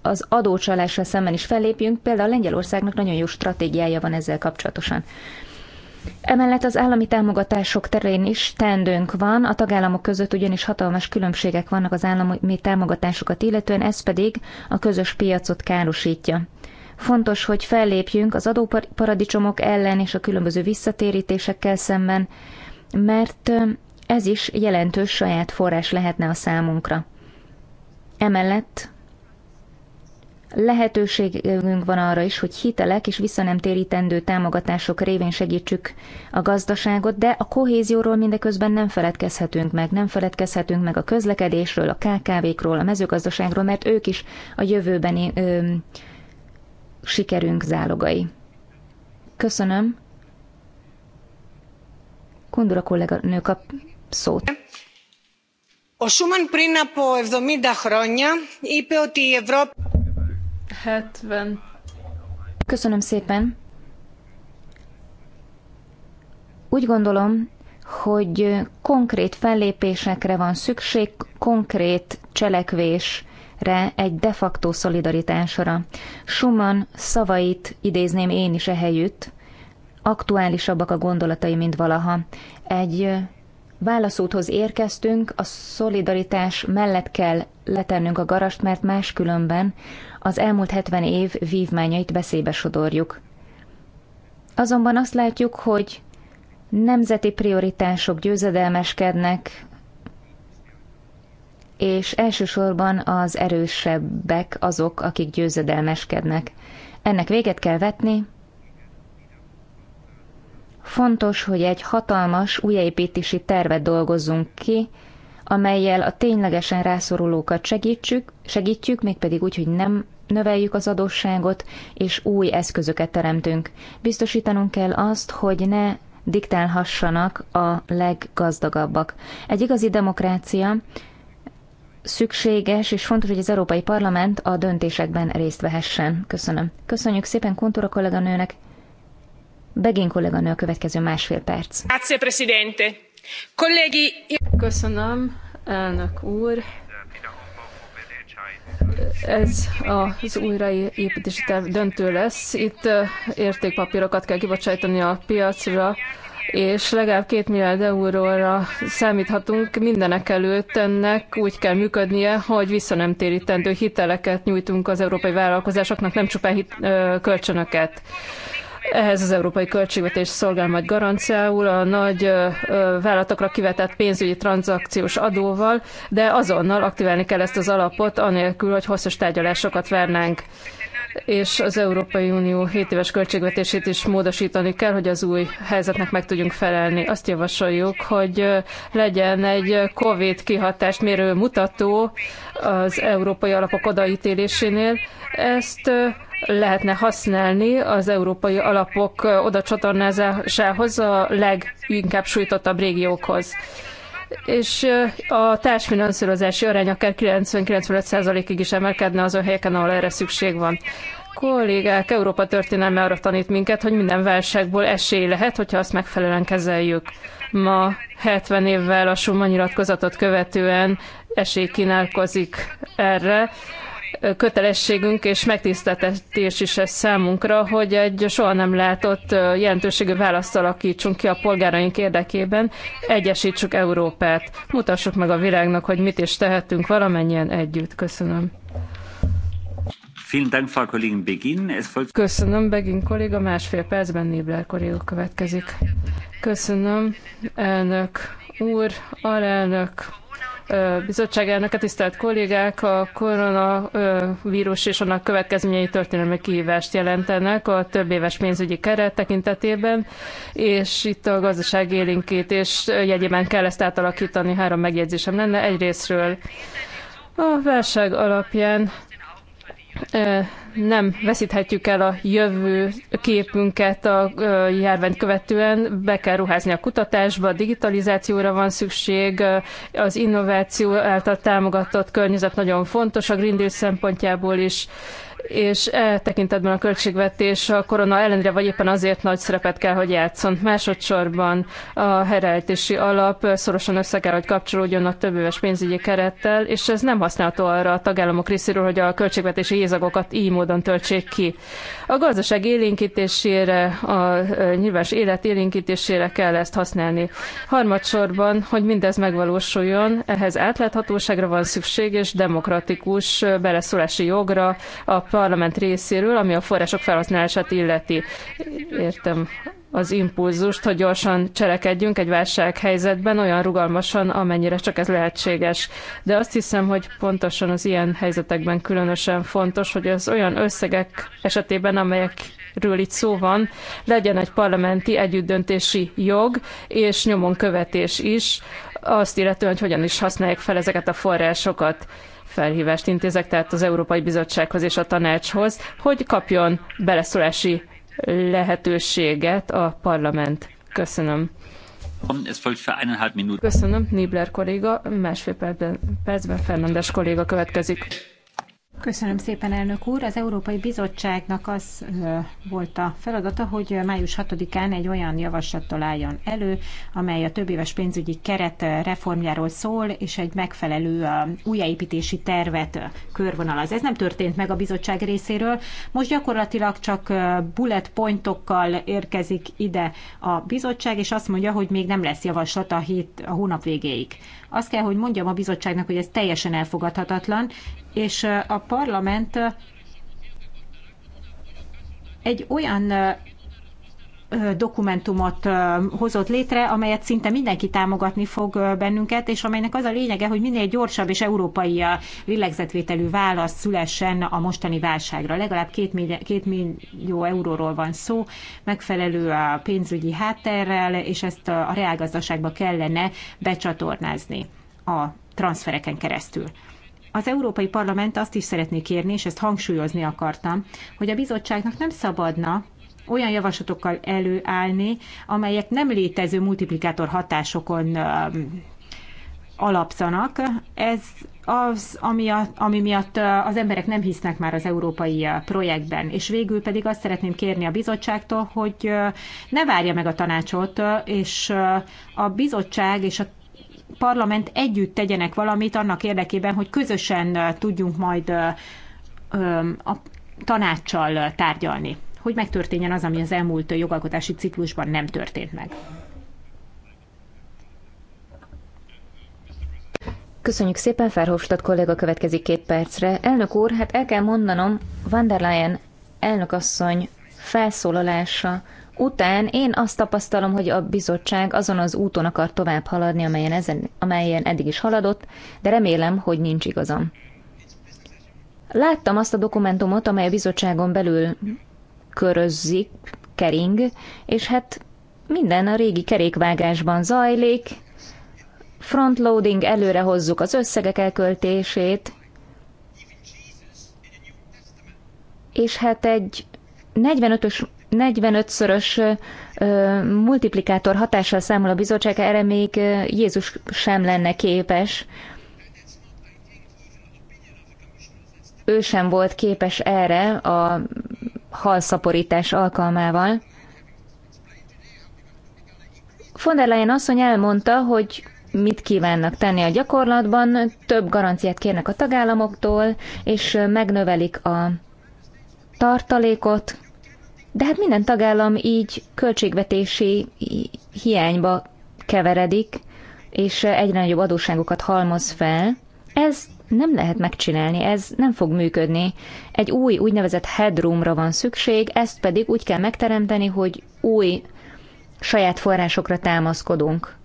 H: az adócsalással szemben is fellépjünk, például Lengyelországnak nagyon jó stratégiája van ezzel kapcsolatosan. Emellett az állami támogatások terén is tendőnk van, a tagállamok között ugyanis hatalmas különbségek vannak az állami támogatásokat illetően, ez pedig a közös piacot károsítja. Fontos, hogy fellépjünk az adóparadicsomok ellen és a különböző visszatérítésekkel szemben, mert ez is jelentős saját forrás lehetne a számunkra. Emellett Lehetőségünk van arra is, hogy hitelek és visszanemtérítendő támogatások révén segítsük a gazdaságot, de a kohézióról mindeközben nem feledkezhetünk meg. Nem feledkezhetünk meg a közlekedésről, a KKV-król, a mezőgazdaságról, mert ők is a jövőbeni ö, sikerünk zálogai. Köszönöm. Kundura kolléganő kap szót.
A: Ο Σούμαν πριν από 70 χρόνια είπε ότι η Ευρώπη... 70.
H: Köszönöm szépen. Úgy gondolom, hogy konkrét fellépésekre van szükség, konkrét cselekvésre, egy de facto szolidaritásra. Schumann szavait idézném én is ehelyütt, aktuálisabbak a gondolatai, mint valaha. Egy válaszúthoz érkeztünk, a szolidaritás mellett kell letennünk a garast, mert máskülönben az elmúlt 70 év vívmányait beszébe sodorjuk. Azonban azt látjuk, hogy nemzeti prioritások győzedelmeskednek, és elsősorban az erősebbek azok, akik győzedelmeskednek. Ennek véget kell vetni. Fontos, hogy egy hatalmas újjáépítési tervet dolgozzunk ki, amelyel a ténylegesen rászorulókat segítsük, segítjük, mégpedig úgy, hogy nem növeljük az adósságot, és új eszközöket teremtünk. Biztosítanunk kell azt, hogy ne diktálhassanak a leggazdagabbak. Egy igazi demokrácia szükséges, és fontos, hogy az Európai Parlament a döntésekben részt vehessen. Köszönöm. Köszönjük szépen Kontora kolléganőnek. Begin kolléganő a következő másfél perc.
G: Grazie, Presidente. Köszönöm, elnök úr. Ez az újraépítési terv döntő lesz. Itt értékpapírokat kell kibocsájtani a piacra, és legalább két milliárd euróra számíthatunk mindenek előtt ennek úgy kell működnie, hogy vissza nem térítendő hiteleket nyújtunk az európai vállalkozásoknak, nem csupán hit, kölcsönöket. Ehhez az európai költségvetés szolgál majd garanciául a nagy vállalatokra kivetett pénzügyi tranzakciós adóval, de azonnal aktiválni kell ezt az alapot, anélkül, hogy hosszas tárgyalásokat vernánk és az Európai Unió 7 éves költségvetését is módosítani kell, hogy az új helyzetnek meg tudjunk felelni. Azt javasoljuk, hogy legyen egy COVID kihatást mérő mutató az európai alapok odaítélésénél. Ezt lehetne használni az európai alapok oda csatornázásához a leginkább sújtottabb régiókhoz és a társfinanszírozási arány akár 90-95%-ig is emelkedne azon helyeken, ahol erre szükség van. Kollégák, Európa történelme arra tanít minket, hogy minden válságból esély lehet, hogyha azt megfelelően kezeljük. Ma 70 évvel a Schumann nyilatkozatot követően esély kínálkozik erre kötelességünk és megtiszteltetés is ez számunkra, hogy egy soha nem látott jelentőségű választ alakítsunk ki a polgáraink érdekében, egyesítsük Európát, mutassuk meg a világnak, hogy mit is tehetünk valamennyien együtt. Köszönöm. Köszönöm, Begin kolléga, másfél percben Nébler kolléga következik. Köszönöm, elnök úr, alelnök bizottság elnöke, tisztelt kollégák, a koronavírus és annak következményei történelmi kihívást jelentenek a több éves pénzügyi keret tekintetében, és itt a gazdaság és jegyében kell ezt átalakítani. Három megjegyzésem lenne. Egyrésztről a válság alapján nem veszíthetjük el a jövő képünket a járványt követően, be kell ruházni a kutatásba, a digitalizációra van szükség, az innováció által támogatott környezet nagyon fontos a Green Deal szempontjából is és e tekintetben a költségvetés a korona ellenére, vagy éppen azért nagy szerepet kell, hogy játszon. Másodszorban a helyreállítási alap szorosan össze kell, hogy kapcsolódjon a többéves pénzügyi kerettel, és ez nem használható arra a tagállamok részéről, hogy a költségvetési hézagokat így módon töltsék ki. A gazdaság élénkítésére, a e, nyilvános élet élénkítésére kell ezt használni. Harmadsorban, hogy mindez megvalósuljon, ehhez átláthatóságra van szükség, és demokratikus beleszólási jogra a parlament részéről, ami a források felhasználását illeti. Értem az impulzust, hogy gyorsan cselekedjünk egy válsághelyzetben olyan rugalmasan, amennyire csak ez lehetséges. De azt hiszem, hogy pontosan az ilyen helyzetekben különösen fontos, hogy az olyan összegek esetében, amelyek ről itt szó van, legyen egy parlamenti együttdöntési jog és nyomon követés is, azt illetően, hogy hogyan is használják fel ezeket a forrásokat felhívást intézek, tehát az Európai Bizottsághoz és a tanácshoz, hogy kapjon beleszólási lehetőséget a parlament. Köszönöm. Köszönöm, Nibler kolléga, másfél percben, percben Fernandes kolléga következik.
F: Köszönöm szépen, elnök úr. Az Európai Bizottságnak az volt a feladata, hogy május 6-án egy olyan javaslattal álljon elő, amely a többéves pénzügyi keret reformjáról szól, és egy megfelelő újjáépítési tervet körvonalaz. Ez nem történt meg a bizottság részéről. Most gyakorlatilag csak bullet pointokkal érkezik ide a bizottság, és azt mondja, hogy még nem lesz javaslat a, hét, a hónap végéig. Azt kell, hogy mondjam a bizottságnak, hogy ez teljesen elfogadhatatlan, és a parlament egy olyan dokumentumot hozott létre, amelyet szinte mindenki támogatni fog bennünket, és amelynek az a lényege, hogy minél gyorsabb és európai lélegzetvételű válasz szülessen a mostani válságra. Legalább két millió, két millió euróról van szó, megfelelő a pénzügyi hátterrel, és ezt a reálgazdaságba kellene becsatornázni a transfereken keresztül. Az Európai Parlament azt is szeretné kérni, és ezt hangsúlyozni akartam, hogy a bizottságnak nem szabadna olyan javaslatokkal előállni, amelyek nem létező multiplikátor hatásokon alapszanak. Ez az, ami, a, ami miatt az emberek nem hisznek már az európai projektben. És végül pedig azt szeretném kérni a bizottságtól, hogy ne várja meg a tanácsot, és a bizottság és a parlament együtt tegyenek valamit annak érdekében, hogy közösen tudjunk majd a tanácssal tárgyalni, hogy megtörténjen az, ami az elmúlt jogalkotási ciklusban nem történt meg. Köszönjük
H: szépen, Ferhofstadt kolléga következik két percre. Elnök úr, hát el kell mondanom, van der Leyen elnökasszony felszólalása után én azt tapasztalom, hogy a bizottság azon az úton akar tovább haladni, amelyen, ezen, amelyen eddig is haladott, de remélem, hogy nincs igazam. Láttam azt a dokumentumot, amely a bizottságon belül körözzik, kering, és hát minden a régi kerékvágásban zajlik, frontloading, előre hozzuk az összegek elköltését, és hát egy 45-ös 45-szörös multiplikátor hatással számol a bizottság, erre még Jézus sem lenne képes. Ő sem volt képes erre a halszaporítás alkalmával. Von der Leyen asszony elmondta, hogy mit kívánnak tenni a gyakorlatban, több garanciát kérnek a tagállamoktól, és megnövelik a tartalékot, de hát minden tagállam így költségvetési hiányba keveredik, és egyre nagyobb adósságokat halmoz fel. Ez nem lehet megcsinálni, ez nem fog működni. Egy új úgynevezett headroomra van szükség, ezt pedig úgy kell megteremteni, hogy új saját forrásokra támaszkodunk.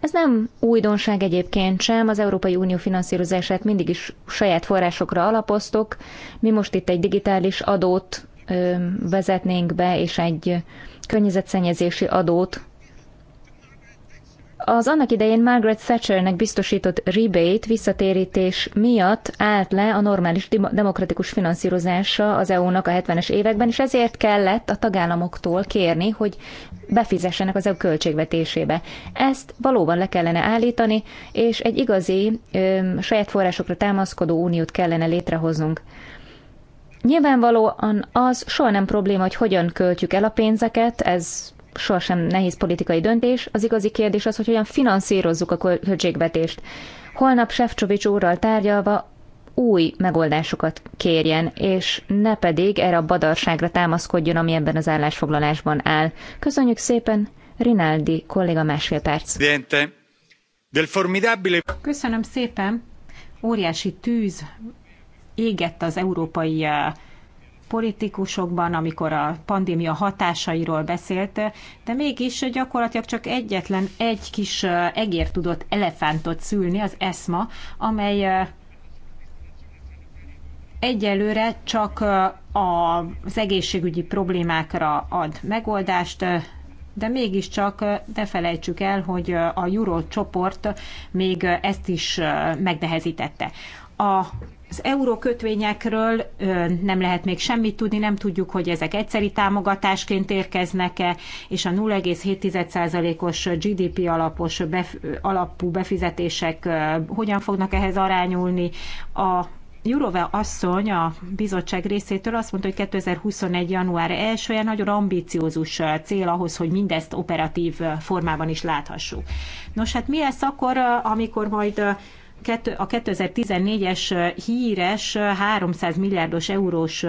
H: Ez nem újdonság egyébként sem, az Európai Unió finanszírozását mindig is saját forrásokra alapoztok. Mi most itt egy digitális adót vezetnénk be, és egy környezetszennyezési adót. Az annak idején Margaret Thatchernek biztosított rebate visszatérítés miatt állt le a normális demokratikus finanszírozása az EU-nak a 70-es években, és ezért kellett a tagállamoktól kérni, hogy befizessenek az EU költségvetésébe. Ezt valóban le kellene állítani, és egy igazi ö, saját forrásokra támaszkodó uniót kellene létrehoznunk. Nyilvánvalóan az soha nem probléma, hogy hogyan költjük el a pénzeket, ez sohasem nehéz politikai döntés. Az igazi kérdés az, hogy hogyan finanszírozzuk a költségvetést. Holnap Sefcsovics úrral tárgyalva új megoldásokat kérjen, és ne pedig erre a badarságra támaszkodjon, ami ebben az állásfoglalásban áll. Köszönjük szépen, Rinaldi kolléga másfél
D: perc.
F: Köszönöm szépen. Óriási tűz égett az európai eh, politikusokban, amikor a pandémia hatásairól beszélt, de mégis gyakorlatilag csak egyetlen egy kis eh, egér tudott elefántot szülni, az ESMA, amely eh, egyelőre csak az egészségügyi problémákra ad megoldást, de mégiscsak ne felejtsük el, hogy a Euro csoport még ezt is megnehezítette. A az eurókötvényekről nem lehet még semmit tudni, nem tudjuk, hogy ezek egyszeri támogatásként érkeznek-e, és a 0,7%-os GDP alapos bef- alapú befizetések hogyan fognak ehhez arányulni. A Jurove asszony a bizottság részétől azt mondta, hogy 2021. január 1 nagyon ambiciózus cél ahhoz, hogy mindezt operatív formában is láthassuk. Nos, hát mi lesz akkor, amikor majd a 2014-es híres 300 milliárdos eurós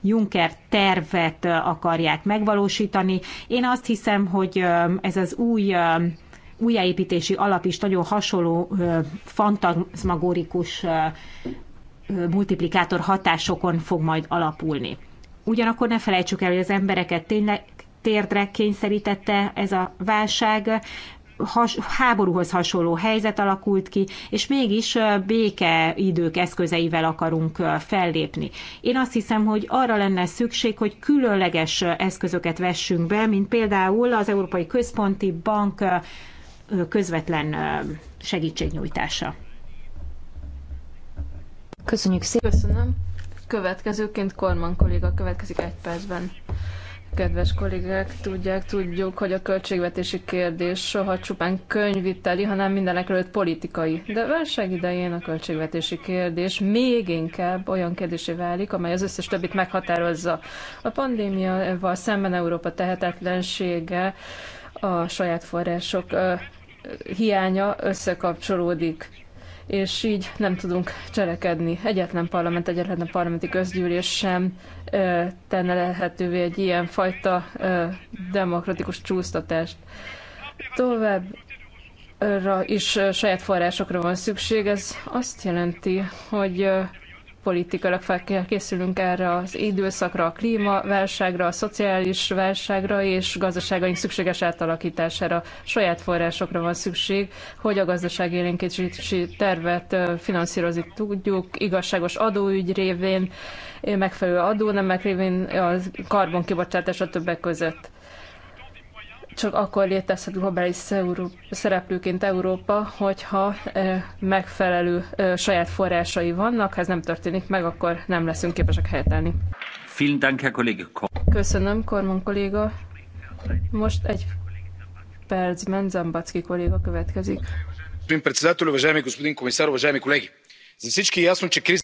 F: Juncker tervet akarják megvalósítani. Én azt hiszem, hogy ez az új újjáépítési alap is nagyon hasonló fantasmagórikus multiplikátor hatásokon fog majd alapulni. Ugyanakkor ne felejtsük el, hogy az embereket tényleg térdre kényszerítette ez a válság has, háborúhoz hasonló helyzet alakult ki, és mégis békeidők eszközeivel akarunk fellépni. Én azt hiszem, hogy arra lenne szükség, hogy különleges eszközöket vessünk be, mint például az Európai Központi Bank közvetlen segítségnyújtása. Köszönjük
G: szépen! Köszönöm! Következőként Korman kolléga következik egy percben. Kedves kollégák, tudják, tudjuk, hogy a költségvetési kérdés soha csupán könyviteli, hanem mindenek előtt politikai. De válság idején a költségvetési kérdés még inkább olyan kérdésé válik, amely az összes többit meghatározza. A pandémiával szemben Európa tehetetlensége, a saját források hiánya összekapcsolódik és így nem tudunk cselekedni. Egyetlen parlament, egyetlen parlamenti közgyűlés sem ö, tenne lehetővé egy ilyen fajta ö, demokratikus csúsztatást. Tovább is saját forrásokra van szükség. Ez azt jelenti, hogy politikailag felkészülünk készülünk erre az időszakra, a klímaválságra, a szociális válságra és gazdaságaink szükséges átalakítására. Saját forrásokra van szükség, hogy a gazdaságélénkítési tervet finanszírozni tudjuk, igazságos adóügy révén, megfelelő adónemek révén, a karbonkibocsátás a többek között csak akkor létezhet globális szereplőként Európa, hogyha megfelelő saját forrásai vannak, ha ez nem történik meg, akkor nem leszünk képesek helytállni. Köszönöm, Kormon kolléga. Most egy percben Zambacki kolléga következik.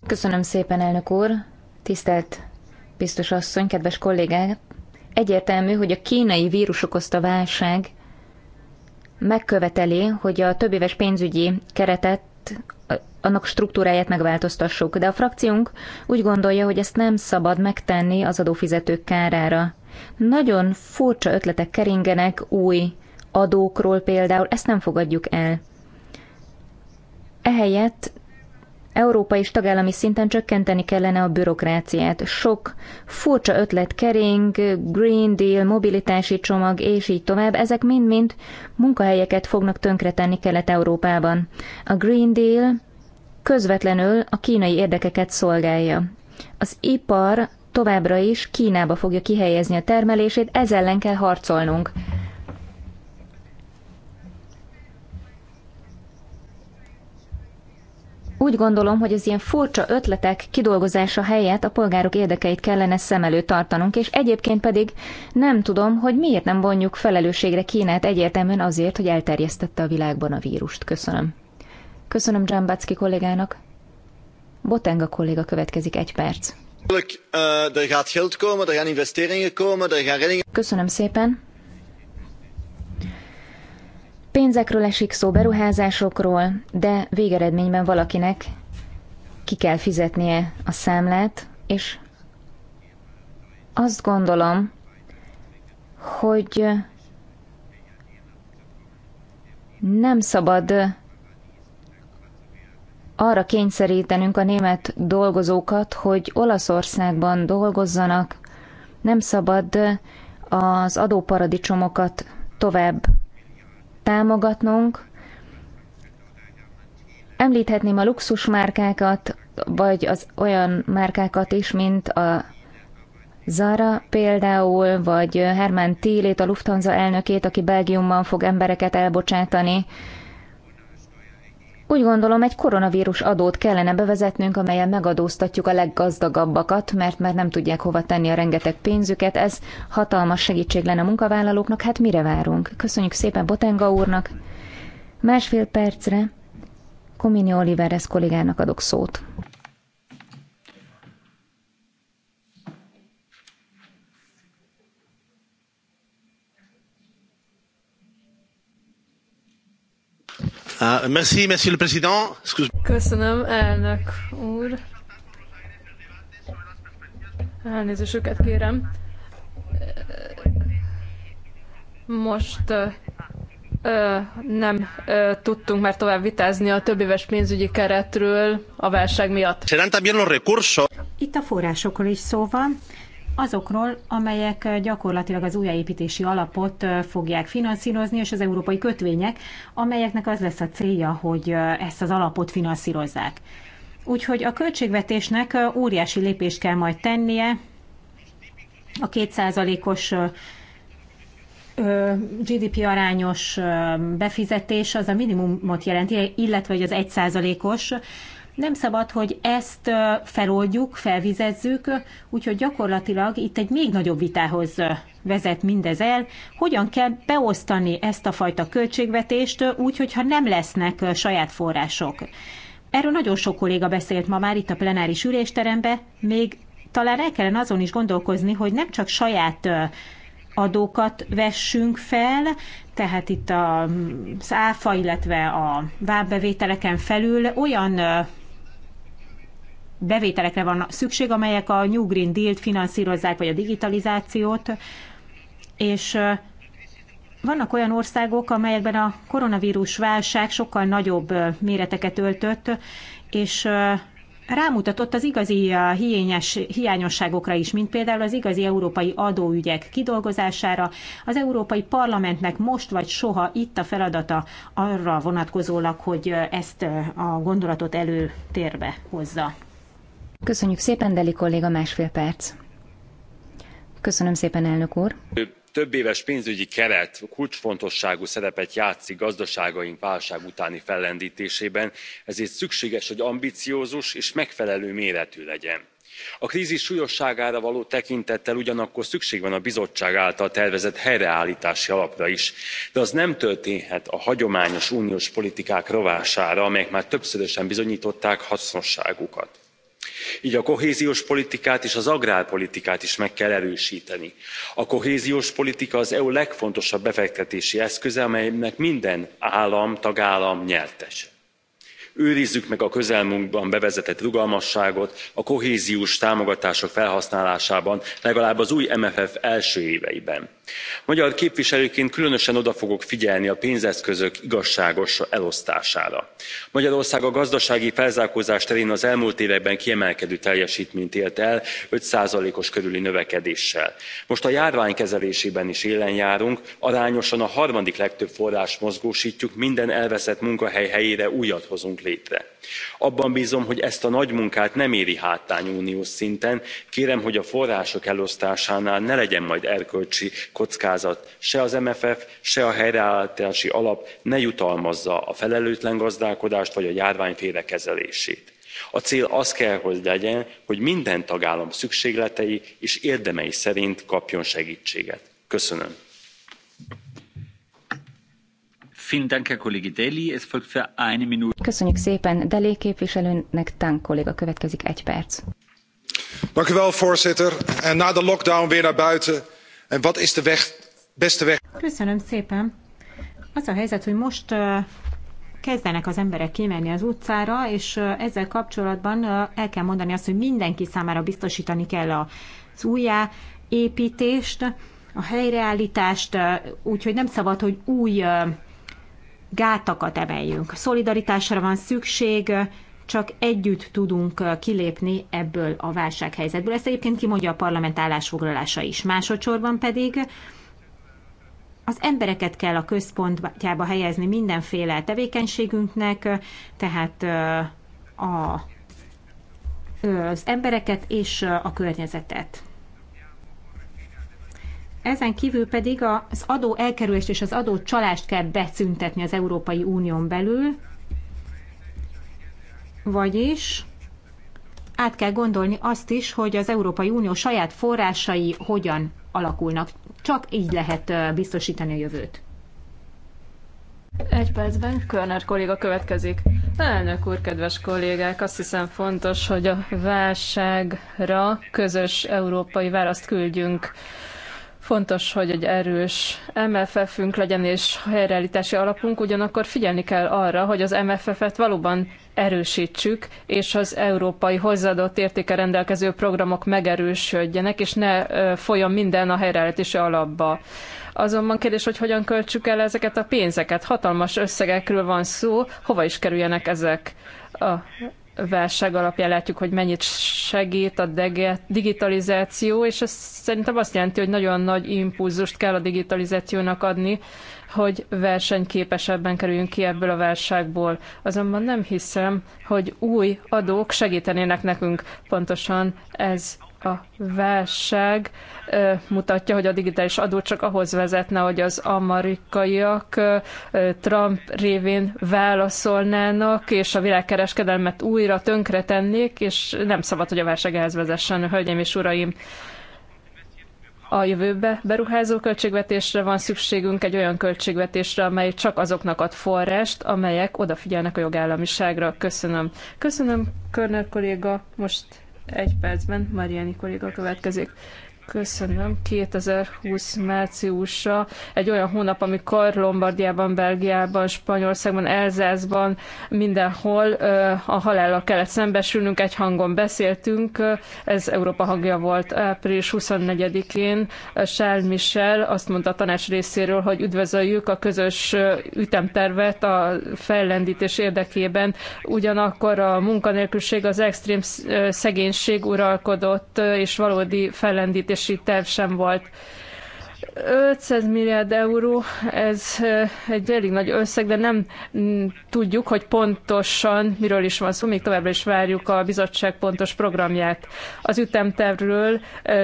G: Köszönöm
H: szépen, elnök úr. Tisztelt biztos asszony, kedves kollégák! Egyértelmű, hogy a kínai vírus okozta válság megköveteli, hogy a éves pénzügyi keretet annak struktúráját megváltoztassuk, de a frakciónk úgy gondolja, hogy ezt nem szabad megtenni az adófizetők kárára. Nagyon furcsa ötletek keringenek új adókról például, ezt nem fogadjuk el. Ehelyett európai és tagállami szinten csökkenteni kellene a bürokráciát. Sok furcsa ötlet kering, Green Deal, mobilitási csomag és így tovább, ezek mind-mind munkahelyeket fognak tönkretenni Kelet-Európában. A Green Deal közvetlenül a kínai érdekeket szolgálja. Az ipar továbbra is Kínába fogja kihelyezni a termelését, ez ellen kell harcolnunk. Úgy gondolom, hogy az ilyen furcsa ötletek kidolgozása helyett a polgárok érdekeit kellene szem előtt tartanunk, és egyébként pedig nem tudom, hogy miért nem vonjuk felelősségre Kínát egyértelműen azért, hogy elterjesztette a világban a vírust. Köszönöm. Köszönöm Dzsambacki kollégának. Botenga kolléga következik egy perc. Köszönöm szépen. Pénzekről esik szó, beruházásokról, de végeredményben valakinek ki kell fizetnie a számlát, és azt gondolom, hogy nem szabad arra kényszerítenünk a német dolgozókat, hogy Olaszországban dolgozzanak, nem szabad az adóparadicsomokat tovább támogatnunk. Említhetném a luxusmárkákat, vagy az olyan márkákat is, mint a Zara például, vagy Herman Tillét, a Lufthansa elnökét, aki Belgiumban fog embereket elbocsátani, úgy gondolom, egy koronavírus adót kellene bevezetnünk, amelyen megadóztatjuk a leggazdagabbakat, mert már nem tudják hova tenni a rengeteg pénzüket. Ez hatalmas segítség lenne a munkavállalóknak, hát mire várunk? Köszönjük szépen Botenga úrnak. Másfél percre Komini Oliveres kollégának adok szót.
E: Ah, merci, merci le président.
G: Köszönöm, elnök úr. Elnézésüket kérem. Most ö, nem ö, tudtunk már tovább vitázni a éves pénzügyi keretről a válság miatt.
F: Itt a forrásokról is szó van azokról, amelyek gyakorlatilag az újjáépítési alapot fogják finanszírozni, és az európai kötvények, amelyeknek az lesz a célja, hogy ezt az alapot finanszírozzák. Úgyhogy a költségvetésnek óriási lépést kell majd tennie a kétszázalékos GDP arányos befizetés az a minimumot jelenti, illetve hogy az 1%-os nem szabad, hogy ezt feloldjuk, felvizezzük, úgyhogy gyakorlatilag itt egy még nagyobb vitához vezet mindez el, hogyan kell beosztani ezt a fajta költségvetést úgy, hogyha nem lesznek saját források. Erről nagyon sok kolléga beszélt ma már itt a plenáris ülésterembe, még talán el kellene azon is gondolkozni, hogy nem csak saját adókat vessünk fel, tehát itt mm, az áfa, illetve a vábbevételeken felül olyan bevételekre van szükség, amelyek a New Green Deal-t finanszírozzák, vagy a digitalizációt, és vannak olyan országok, amelyekben a koronavírus válság sokkal nagyobb méreteket öltött, és rámutatott az igazi hiényes, hiányosságokra is, mint például az igazi európai adóügyek kidolgozására. Az Európai Parlamentnek most vagy soha itt a feladata arra vonatkozólag, hogy ezt a gondolatot előtérbe hozza.
H: Köszönjük szépen, Deli kolléga, másfél perc. Köszönöm szépen, elnök úr.
E: Több éves pénzügyi keret kulcsfontosságú szerepet játszik gazdaságaink válság utáni fellendítésében, ezért szükséges, hogy ambiciózus és megfelelő méretű legyen. A krízis súlyosságára való tekintettel ugyanakkor szükség van a bizottság által tervezett helyreállítási alapra is, de az nem történhet a hagyományos uniós politikák rovására, amelyek már többszörösen bizonyították hasznosságukat gy a kohéziós politikát és az agrárpolitikát is meg kell erősteni. a kohéziós politika az eu legfontosabb befektetési eszköze amelynek minden állam tagállam nyertese. őrizzük meg a közelmúltban bevezetett rugalmasságot a kohéziós támogatások felhasználásában legalább az új mff első éveiben magyar képviselőként különösen oda fogok figyelni a pénzeszközök igazságos elosztására. magyarország a gazdasági felzárkózás terén az elmúlt években kiemelkedő teljestményt ért el five os körüli növekedéssel. most a járvány kezelésében is élen járunk arányosan a harmadik legtöbb forrást mozgóstjuk minden elveszett munkahely helyére újat hozunk létre. abban bzom hogy ezt a nagy munkát nem éri háttány uniós szinten kérem hogy a források elosztásánál ne legyen majd erkölcsi kockázat se az mff se a helyreálltási alap ne jutalmazza a felelőtlen gazdálkodást vagy a járvány félrekezelését. a cél az kell hogy legyen hogy minden tagállam szükségletei és érdemei szerint kapjon segtséget. köszönöm.
H: Köszönjük szépen Delé képviselőnek, Tán kolléga következik egy perc.
D: voorzitter. En na de lockdown weer naar buiten
A: is weg, beste weg?
F: Köszönöm szépen. Az a helyzet, hogy most kezdenek az emberek kimenni az utcára, és ezzel kapcsolatban el kell mondani azt, hogy mindenki számára biztosítani kell az újjáépítést, a helyreállítást, úgyhogy nem szabad, hogy új gátakat emeljünk. Szolidaritásra van szükség, csak együtt tudunk kilépni ebből a válsághelyzetből. Ezt egyébként kimondja a parlament állásfoglalása is. Másodszorban pedig az embereket kell a központjába helyezni mindenféle tevékenységünknek, tehát a, az embereket és a környezetet. Ezen kívül pedig az adó elkerülést és az adó csalást kell beszüntetni az Európai Unión belül, vagyis át kell gondolni azt is, hogy az Európai Unió saját forrásai hogyan alakulnak. Csak így lehet biztosítani a jövőt.
G: Egy percben Körner kolléga következik. Elnök úr, kedves kollégák, azt hiszem fontos, hogy a válságra közös európai választ küldjünk. Fontos, hogy egy erős MFF-ünk legyen és helyreállítási alapunk, ugyanakkor figyelni kell arra, hogy az MFF-et valóban erősítsük, és az európai hozzáadott értéke rendelkező programok megerősödjenek, és ne folyjon minden a helyreállítási alapba. Azonban kérdés, hogy hogyan költsük el ezeket a pénzeket. Hatalmas összegekről van szó, hova is kerüljenek ezek a válság alapján látjuk, hogy mennyit segít a digitalizáció, és ez szerintem azt jelenti, hogy nagyon nagy impulzust kell a digitalizációnak adni, hogy versenyképesebben kerüljünk ki ebből a válságból. Azonban nem hiszem, hogy új adók segítenének nekünk. Pontosan ez a válság mutatja, hogy a digitális adó csak ahhoz vezetne, hogy az amerikaiak Trump révén válaszolnának, és a világkereskedelmet újra tönkretennék, és nem szabad, hogy a válság ehhez vezessen, hölgyeim és uraim a jövőbe beruházó költségvetésre van szükségünk, egy olyan költségvetésre, amely csak azoknak ad forrást, amelyek odafigyelnek a jogállamiságra. Köszönöm. Köszönöm, Körner kolléga. Most egy percben Mariani kolléga következik. Köszönöm. 2020 márciusa egy olyan hónap, amikor Lombardiában, Belgiában, Spanyolországban, Elzászban, mindenhol a halállal kellett szembesülnünk, egy hangon beszéltünk. Ez Európa hangja volt április 24-én. Charles Michel azt mondta a tanács részéről, hogy üdvözöljük a közös ütemtervet a fellendítés érdekében. Ugyanakkor a munkanélküliség, az extrém szegénység uralkodott, és valódi fellendítés cselekvési terv sem volt. 500 milliárd euró, ez egy elég nagy összeg, de nem tudjuk, hogy pontosan miről is van szó, még továbbra is várjuk a bizottság pontos programját. Az ütemtervről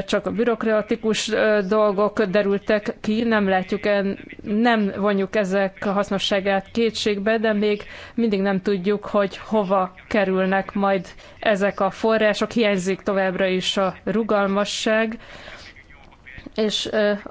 G: csak a bürokratikus dolgok derültek ki, nem látjuk, en, nem vonjuk ezek a hasznosságát kétségbe, de még mindig nem tudjuk, hogy hova kerülnek majd ezek a források, hiányzik továbbra is a rugalmasság és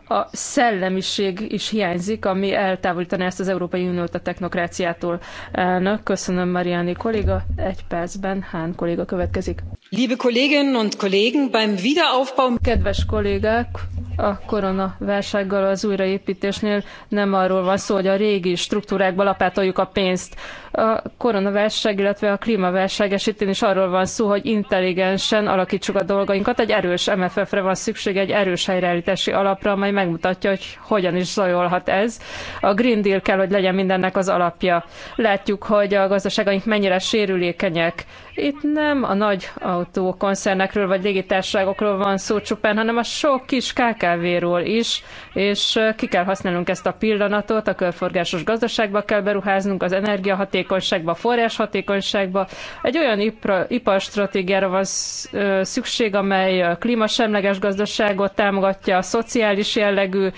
G: a szellemiség is hiányzik, ami eltávolítaná ezt az Európai Uniót a technokráciától. Elnök, köszönöm Mariani kolléga, egy percben Hán kolléga következik. Liebe Kolleginnen und Kollegen, beim Wiederaufbau... Kedves kollégák, a koronaválsággal az újraépítésnél nem arról van szó, hogy a régi struktúrákba lapátoljuk a pénzt. A koronaválság, illetve a klímaválság esetén is arról van szó, hogy intelligensen alakítsuk a dolgainkat. Egy erős MFF-re van szükség, egy erős helyreállítási alapra, amely megmutatja, hogy hogyan is zajolhat ez. A Green Deal kell, hogy legyen mindennek az alapja. Látjuk, hogy a gazdaságaink mennyire sérülékenyek itt nem a nagy autókoncernekről vagy légitárságokról van szó csupán, hanem a sok kis KKV-ról is, és ki kell használnunk ezt a pillanatot, a körforgásos gazdaságba kell beruháznunk, az energiahatékonyságba, a forráshatékonyságba. Egy olyan ipra, iparstratégiára van szükség, amely klímasemleges gazdaságot támogatja, a szociális jellegű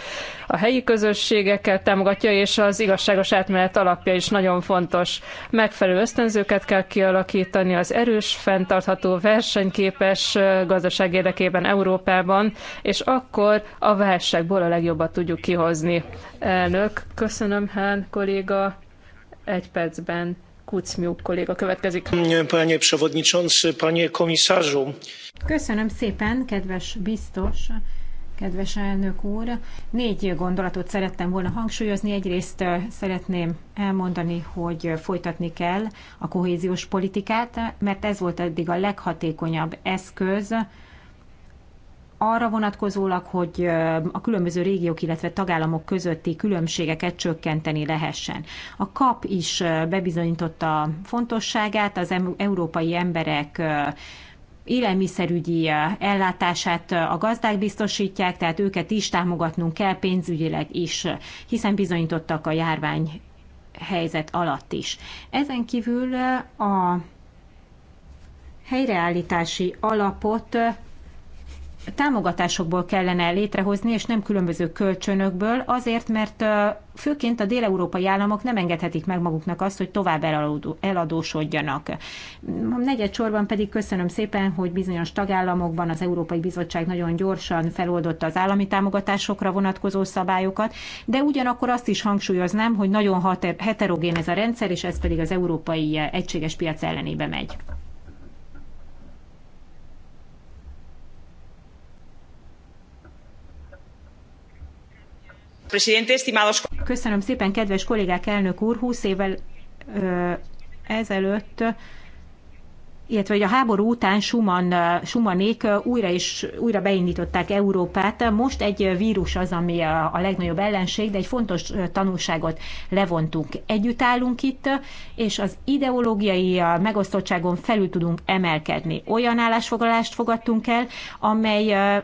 G: a helyi közösségeket támogatja, és az igazságos átmenet alapja is nagyon fontos. Megfelelő ösztönzőket kell kialakítani az erős, fenntartható, versenyképes gazdaság érdekében Európában, és akkor a válságból a legjobbat tudjuk kihozni. Elnök, köszönöm, Hán kolléga,
F: egy percben. Kucmiuk kolléga következik.
G: Panie przewodniczący, panie
E: komisarzu.
F: Köszönöm szépen, kedves biztos kedves elnök úr. Négy gondolatot szerettem volna hangsúlyozni. Egyrészt szeretném elmondani, hogy folytatni kell a kohéziós politikát, mert ez volt eddig a leghatékonyabb eszköz arra vonatkozólag, hogy a különböző régiók, illetve tagállamok közötti különbségeket csökkenteni lehessen. A KAP is bebizonyította fontosságát, az európai emberek élelmiszerügyi ellátását a gazdák biztosítják, tehát őket is támogatnunk kell pénzügyileg is, hiszen bizonyítottak a járvány helyzet alatt is. Ezen kívül a helyreállítási alapot támogatásokból kellene létrehozni, és nem különböző kölcsönökből, azért, mert főként a déleurópai államok nem engedhetik meg maguknak azt, hogy tovább eladósodjanak. A negyed sorban pedig köszönöm szépen, hogy bizonyos tagállamokban az Európai Bizottság nagyon gyorsan feloldotta az állami támogatásokra vonatkozó szabályokat, de ugyanakkor azt is hangsúlyoznám, hogy nagyon heterogén ez a rendszer, és ez pedig az európai egységes piac ellenébe megy. Köszönöm szépen, kedves kollégák, elnök úr, 20 évvel ö, ezelőtt illetve hogy a háború után Schumann, Schumannék újra és újra beindították Európát. Most egy vírus az, ami a, a legnagyobb ellenség, de egy fontos tanulságot levontunk. Együtt állunk itt, és az ideológiai megosztottságon felül tudunk emelkedni. Olyan állásfoglalást fogadtunk el, amely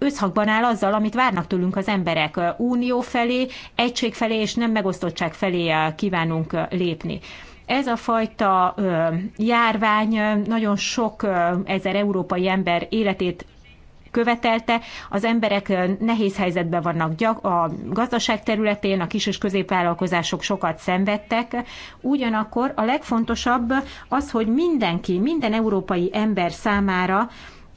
F: összhangban áll azzal, amit várnak tőlünk az emberek. Unió felé, egység felé és nem megosztottság felé kívánunk lépni ez a fajta járvány nagyon sok ezer európai ember életét követelte, az emberek nehéz helyzetben vannak a gazdaság területén, a kis és középvállalkozások sokat szenvedtek. Ugyanakkor a legfontosabb az, hogy mindenki, minden európai ember számára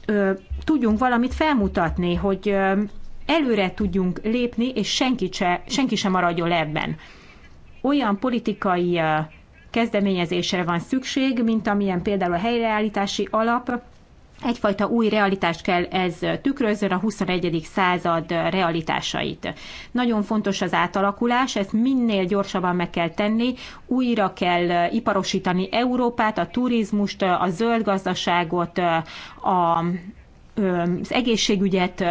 F: ö, tudjunk valamit felmutatni, hogy ö, előre tudjunk lépni, és senki, se, senki sem maradjon le ebben. Olyan politikai ö, kezdeményezésre van szükség, mint amilyen például a helyreállítási alap, egyfajta új realitást kell ez tükrözön, a 21. század realitásait. Nagyon fontos az átalakulás, ezt minél gyorsabban meg kell tenni, újra kell eh, iparosítani Európát, a turizmust, eh, a zöld gazdaságot, eh, a, az egészségügyet,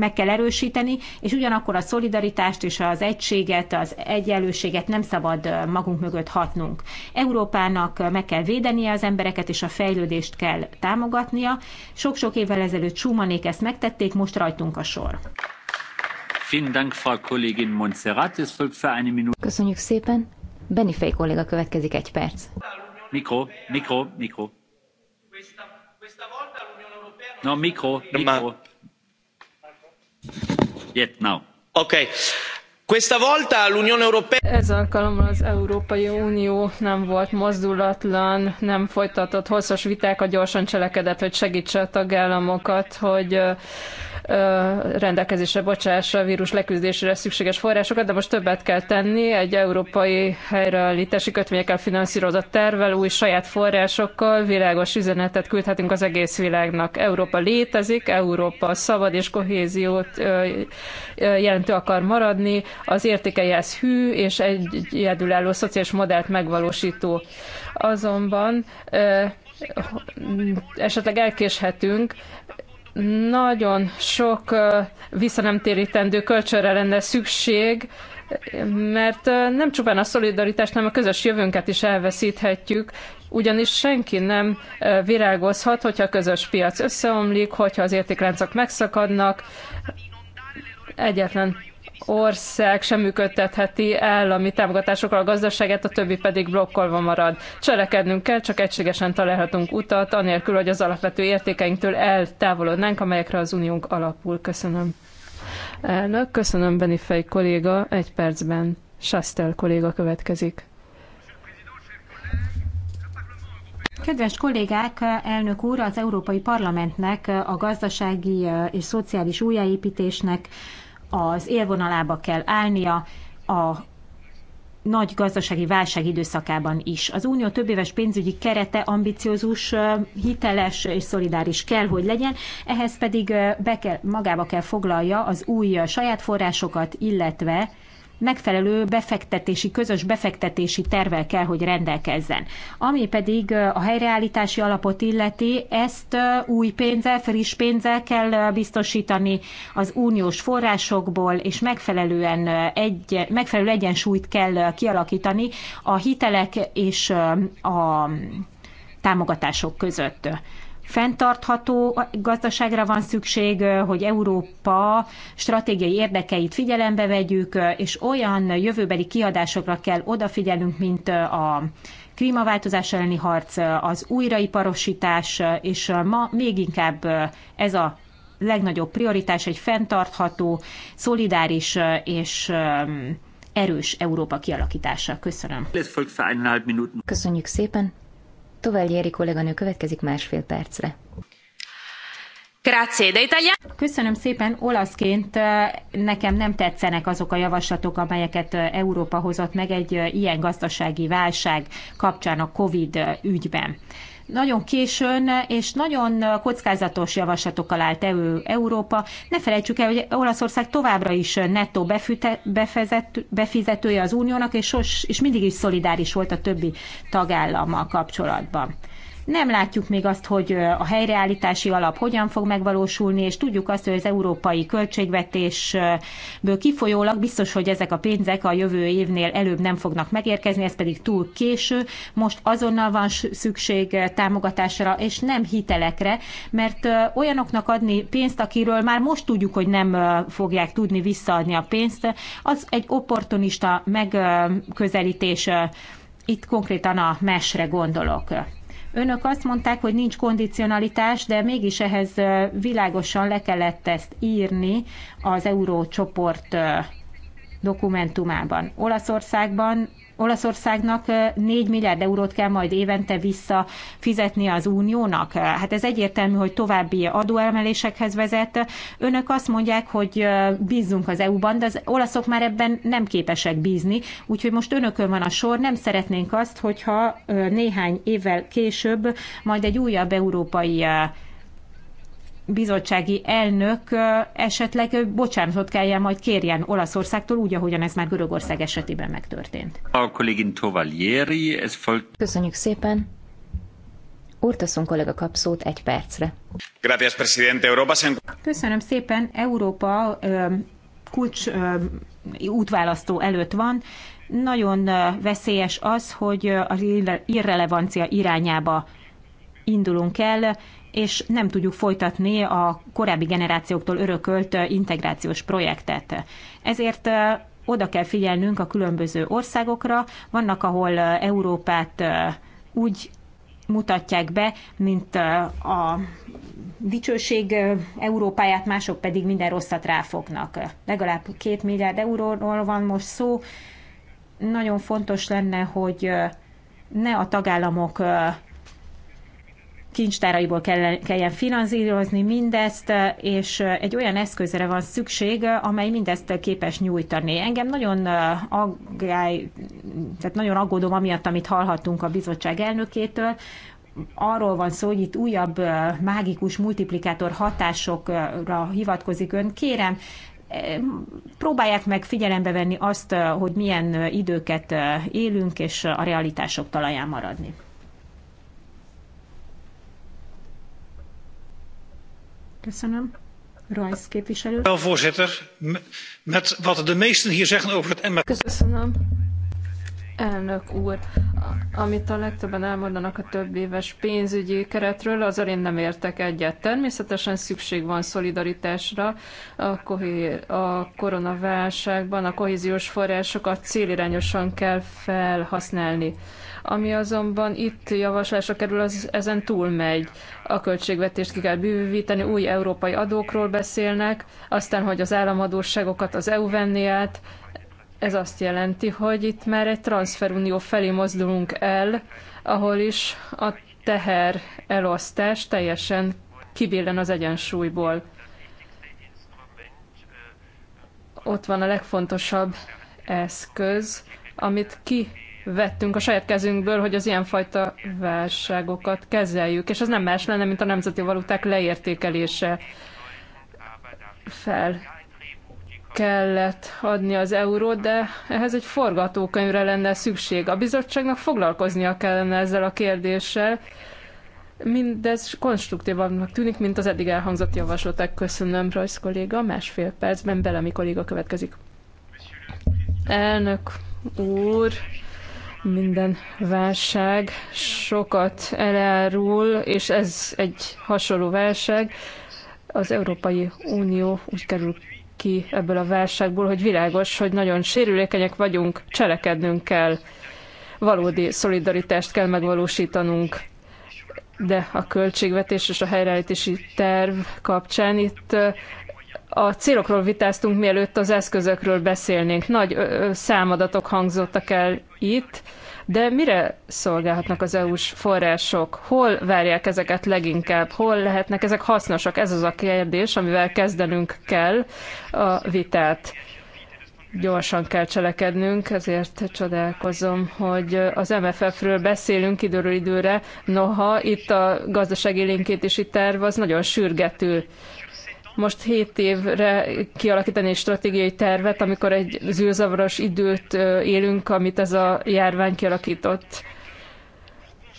F: meg kell erősíteni, és ugyanakkor a szolidaritást és az egységet, az egyenlőséget nem szabad magunk mögött hatnunk. Európának meg kell védenie az embereket, és a fejlődést kell támogatnia. Sok-sok évvel ezelőtt Schumannék ezt megtették, most rajtunk a sor. Köszönjük szépen.
H: Fej kolléga következik egy perc.
D: Mikro, mikro, mikro. No, mikro, mikro
G: ez alkalommal az európai unió nem volt mozdulatlan nem folytatott hosszas vitákat gyorsan cselekedett hogy segtse a tagállamokat hogy rendelkezésre bocsássa a vírus leküzdésére szükséges forrásokat, de most többet kell tenni egy európai helyreállítási kötvényekkel finanszírozott tervvel, új saját forrásokkal világos üzenetet küldhetünk az egész világnak. Európa létezik, Európa szabad és kohéziót jelentő akar maradni, az értékei ez hű és egy egyedülálló szociális modellt megvalósító. Azonban esetleg elkéshetünk, nagyon sok visszanemtérítendő kölcsönre lenne szükség, mert nem csupán a szolidaritást, hanem a közös jövőnket is elveszíthetjük, ugyanis senki nem virágozhat, hogyha a közös piac összeomlik, hogyha az értékláncok megszakadnak, egyetlen ország sem működtetheti állami támogatásokkal a gazdaságát, a többi pedig blokkolva marad. Cselekednünk kell, csak egységesen találhatunk utat, anélkül, hogy az alapvető értékeinktől eltávolodnánk, amelyekre az uniónk alapul. Köszönöm. Elnök, köszönöm Benifej kolléga, egy percben. Sastel kolléga következik.
F: Kedves kollégák, elnök úr, az Európai Parlamentnek a gazdasági és szociális újjáépítésnek az élvonalába kell állnia a nagy gazdasági válság időszakában is. Az unió többéves pénzügyi kerete ambiciózus, hiteles és szolidáris kell, hogy legyen, ehhez pedig be kell, magába kell foglalja az új saját forrásokat, illetve megfelelő befektetési, közös befektetési tervel kell, hogy rendelkezzen. Ami pedig a helyreállítási alapot illeti, ezt új pénzzel, friss pénzzel kell biztosítani az uniós forrásokból, és megfelelően egy, megfelelő egyensúlyt kell kialakítani a hitelek és a támogatások között. Fenntartható gazdaságra van szükség, hogy Európa stratégiai érdekeit figyelembe vegyük, és olyan jövőbeli kiadásokra kell odafigyelnünk, mint a klímaváltozás elleni harc, az újraiparosítás, és ma még inkább ez a legnagyobb prioritás egy fenntartható, szolidáris és erős Európa kialakítása. Köszönöm.
H: Köszönjük szépen. Jéri kolléganő következik másfél percre.
F: Grazie, de Italia. Köszönöm szépen. Olaszként nekem nem tetszenek azok a javaslatok, amelyeket Európa hozott meg egy ilyen gazdasági válság kapcsán a Covid ügyben nagyon későn és nagyon kockázatos javaslatokkal állt elő Európa. Ne felejtsük el, hogy Olaszország továbbra is nettó befizetője az uniónak, és, sos, és mindig is szolidáris volt a többi tagállammal kapcsolatban. Nem látjuk még azt, hogy a helyreállítási alap hogyan fog megvalósulni, és tudjuk azt, hogy az európai költségvetésből kifolyólag biztos, hogy ezek a pénzek a jövő évnél előbb nem fognak megérkezni, ez pedig túl késő. Most azonnal van szükség támogatásra, és nem hitelekre, mert olyanoknak adni pénzt, akiről már most tudjuk, hogy nem fogják tudni visszaadni a pénzt, az egy opportunista megközelítés. Itt konkrétan a mesre gondolok. Önök azt mondták, hogy nincs kondicionalitás, de mégis ehhez világosan le kellett ezt írni az eurócsoport dokumentumában. Olaszországban Olaszországnak 4 milliárd eurót kell majd évente vissza fizetni az uniónak. Hát ez egyértelmű, hogy további adóemelésekhez vezet. Önök azt mondják, hogy bízzunk az EU-ban, de az olaszok már ebben nem képesek bízni, úgyhogy most önökön van a sor, nem szeretnénk azt, hogyha néhány évvel később majd egy újabb európai bizottsági elnök esetleg bocsánatot kelljen majd kérjen Olaszországtól, úgy, ahogyan ez már Görögország esetében megtörtént.
D: A kollégin Tovalieri, ez volt...
F: Köszönjük szépen. Urtaszon kollega kap szót egy percre.
E: Gracias, presidente. Európa...
F: Köszönöm szépen. Európa kulcs útválasztó előtt van. Nagyon veszélyes az, hogy az irrelevancia irányába indulunk el, és nem tudjuk folytatni a korábbi generációktól örökölt integrációs projektet. Ezért oda kell figyelnünk a különböző országokra. Vannak, ahol Európát úgy mutatják be, mint a dicsőség Európáját, mások pedig minden rosszat ráfognak. Legalább két milliárd euróról van most szó. Nagyon fontos lenne, hogy ne a tagállamok kincstáraiból kell, kelljen finanszírozni mindezt, és egy olyan eszközre van szükség, amely mindezt képes nyújtani. Engem nagyon aggály, tehát nagyon aggódom amiatt, amit hallhattunk a bizottság elnökétől, arról van szó, hogy itt újabb mágikus multiplikátor hatásokra hivatkozik ön. Kérem, próbálják meg figyelembe venni azt, hogy milyen időket élünk, és a realitások talaján maradni. Köszönöm. Rajsz képviselő.
E: Voorzitter, met wat de meesten hier zeggen over het MR... Köszönöm.
G: Elnök úr, amit a legtöbben elmondanak a több éves pénzügyi keretről, azzal én nem értek egyet. Természetesen szükség van szolidaritásra a koronaválságban, a kohéziós forrásokat célirányosan kell felhasználni. Ami azonban itt javaslásra kerül, az ezen túlmegy. A költségvetést ki kell bővíteni, új európai adókról beszélnek, aztán, hogy az államadóságokat az EU venni át. Ez azt jelenti, hogy itt már egy transferunió felé mozdulunk el, ahol is a teher elosztás teljesen kibillen az egyensúlyból. Ott van a legfontosabb eszköz, amit ki vettünk a saját kezünkből, hogy az ilyenfajta válságokat kezeljük, és ez nem más lenne, mint a nemzeti valuták leértékelése fel kellett adni az eurót, de ehhez egy forgatókönyvre lenne szükség. A bizottságnak foglalkoznia kellene ezzel a kérdéssel. Mindez konstruktívabbnak tűnik, mint az eddig elhangzott javaslatok. Köszönöm, Rajsz kolléga. Másfél percben Belemi kolléga következik. Elnök úr, minden válság sokat elárul, és ez egy hasonló válság. Az Európai Unió úgy kerül ki ebből a válságból, hogy világos, hogy nagyon sérülékenyek vagyunk, cselekednünk kell, valódi szolidaritást kell megvalósítanunk. De a költségvetés és a helyreállítási terv kapcsán itt a célokról vitáztunk, mielőtt az eszközökről beszélnénk. Nagy számadatok hangzottak el itt, de mire szolgálhatnak az EU-s források? Hol várják ezeket leginkább? Hol lehetnek ezek hasznosak? Ez az a kérdés, amivel kezdenünk kell a vitát. Gyorsan kell cselekednünk, ezért csodálkozom, hogy az MFF-ről beszélünk időről időre, noha itt a gazdasági is itt terv az nagyon sürgető most 7 évre kialakítani egy stratégiai tervet, amikor egy zűrzavaros időt élünk, amit ez a járvány kialakított.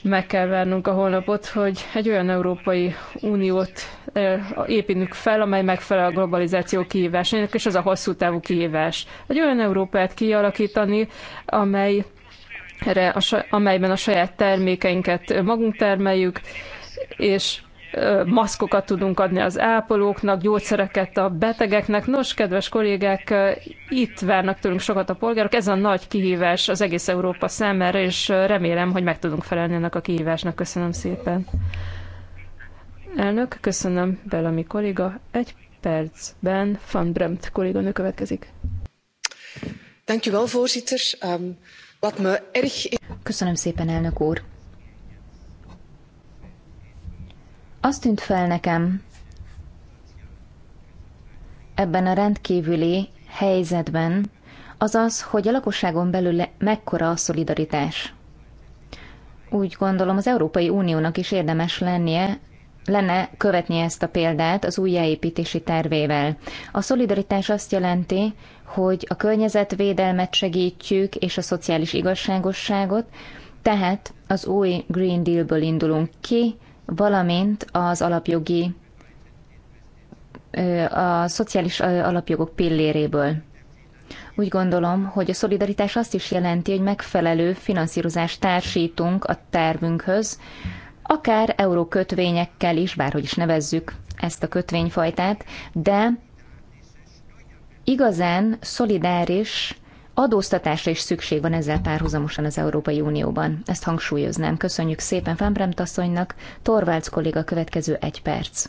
G: Meg kell várnunk a holnapot, hogy egy olyan Európai Uniót építünk fel, amely megfelel a globalizáció kihívásainak, és az a hosszú távú kihívás. Egy olyan Európát kialakítani, amely amelyben a saját termékeinket magunk termeljük, és maszkokat tudunk adni az ápolóknak, gyógyszereket a betegeknek. Nos, kedves kollégák, itt várnak tőlünk sokat a polgárok. Ez a nagy kihívás az egész Európa számára, és remélem, hogy meg tudunk felelni ennek a kihívásnak. Köszönöm szépen. Elnök, köszönöm, Bellami kolléga. Egy percben Van Bremt kolléganő következik.
A: Dankjewel, voorzitter. Um, wat me erg...
H: Köszönöm szépen, elnök úr. Azt tűnt fel nekem ebben a rendkívüli helyzetben, az az, hogy a lakosságon belül mekkora a szolidaritás. Úgy gondolom, az Európai Uniónak is érdemes lennie lenne követni ezt a példát az újjáépítési tervével. A szolidaritás azt jelenti, hogy a környezetvédelmet segítjük és a szociális igazságosságot, tehát az új Green Dealből indulunk ki, valamint az alapjogi, a szociális alapjogok pilléréből. Úgy gondolom, hogy a szolidaritás azt is jelenti, hogy megfelelő finanszírozást társítunk a tervünkhöz, akár eurókötvényekkel is, bárhogy is nevezzük ezt a kötvényfajtát, de igazán szolidáris adóztatásra is szükség van ezzel párhuzamosan az Európai Unióban. Ezt hangsúlyoznám. Köszönjük szépen Fembremt asszonynak. Torvalds kolléga következő egy perc.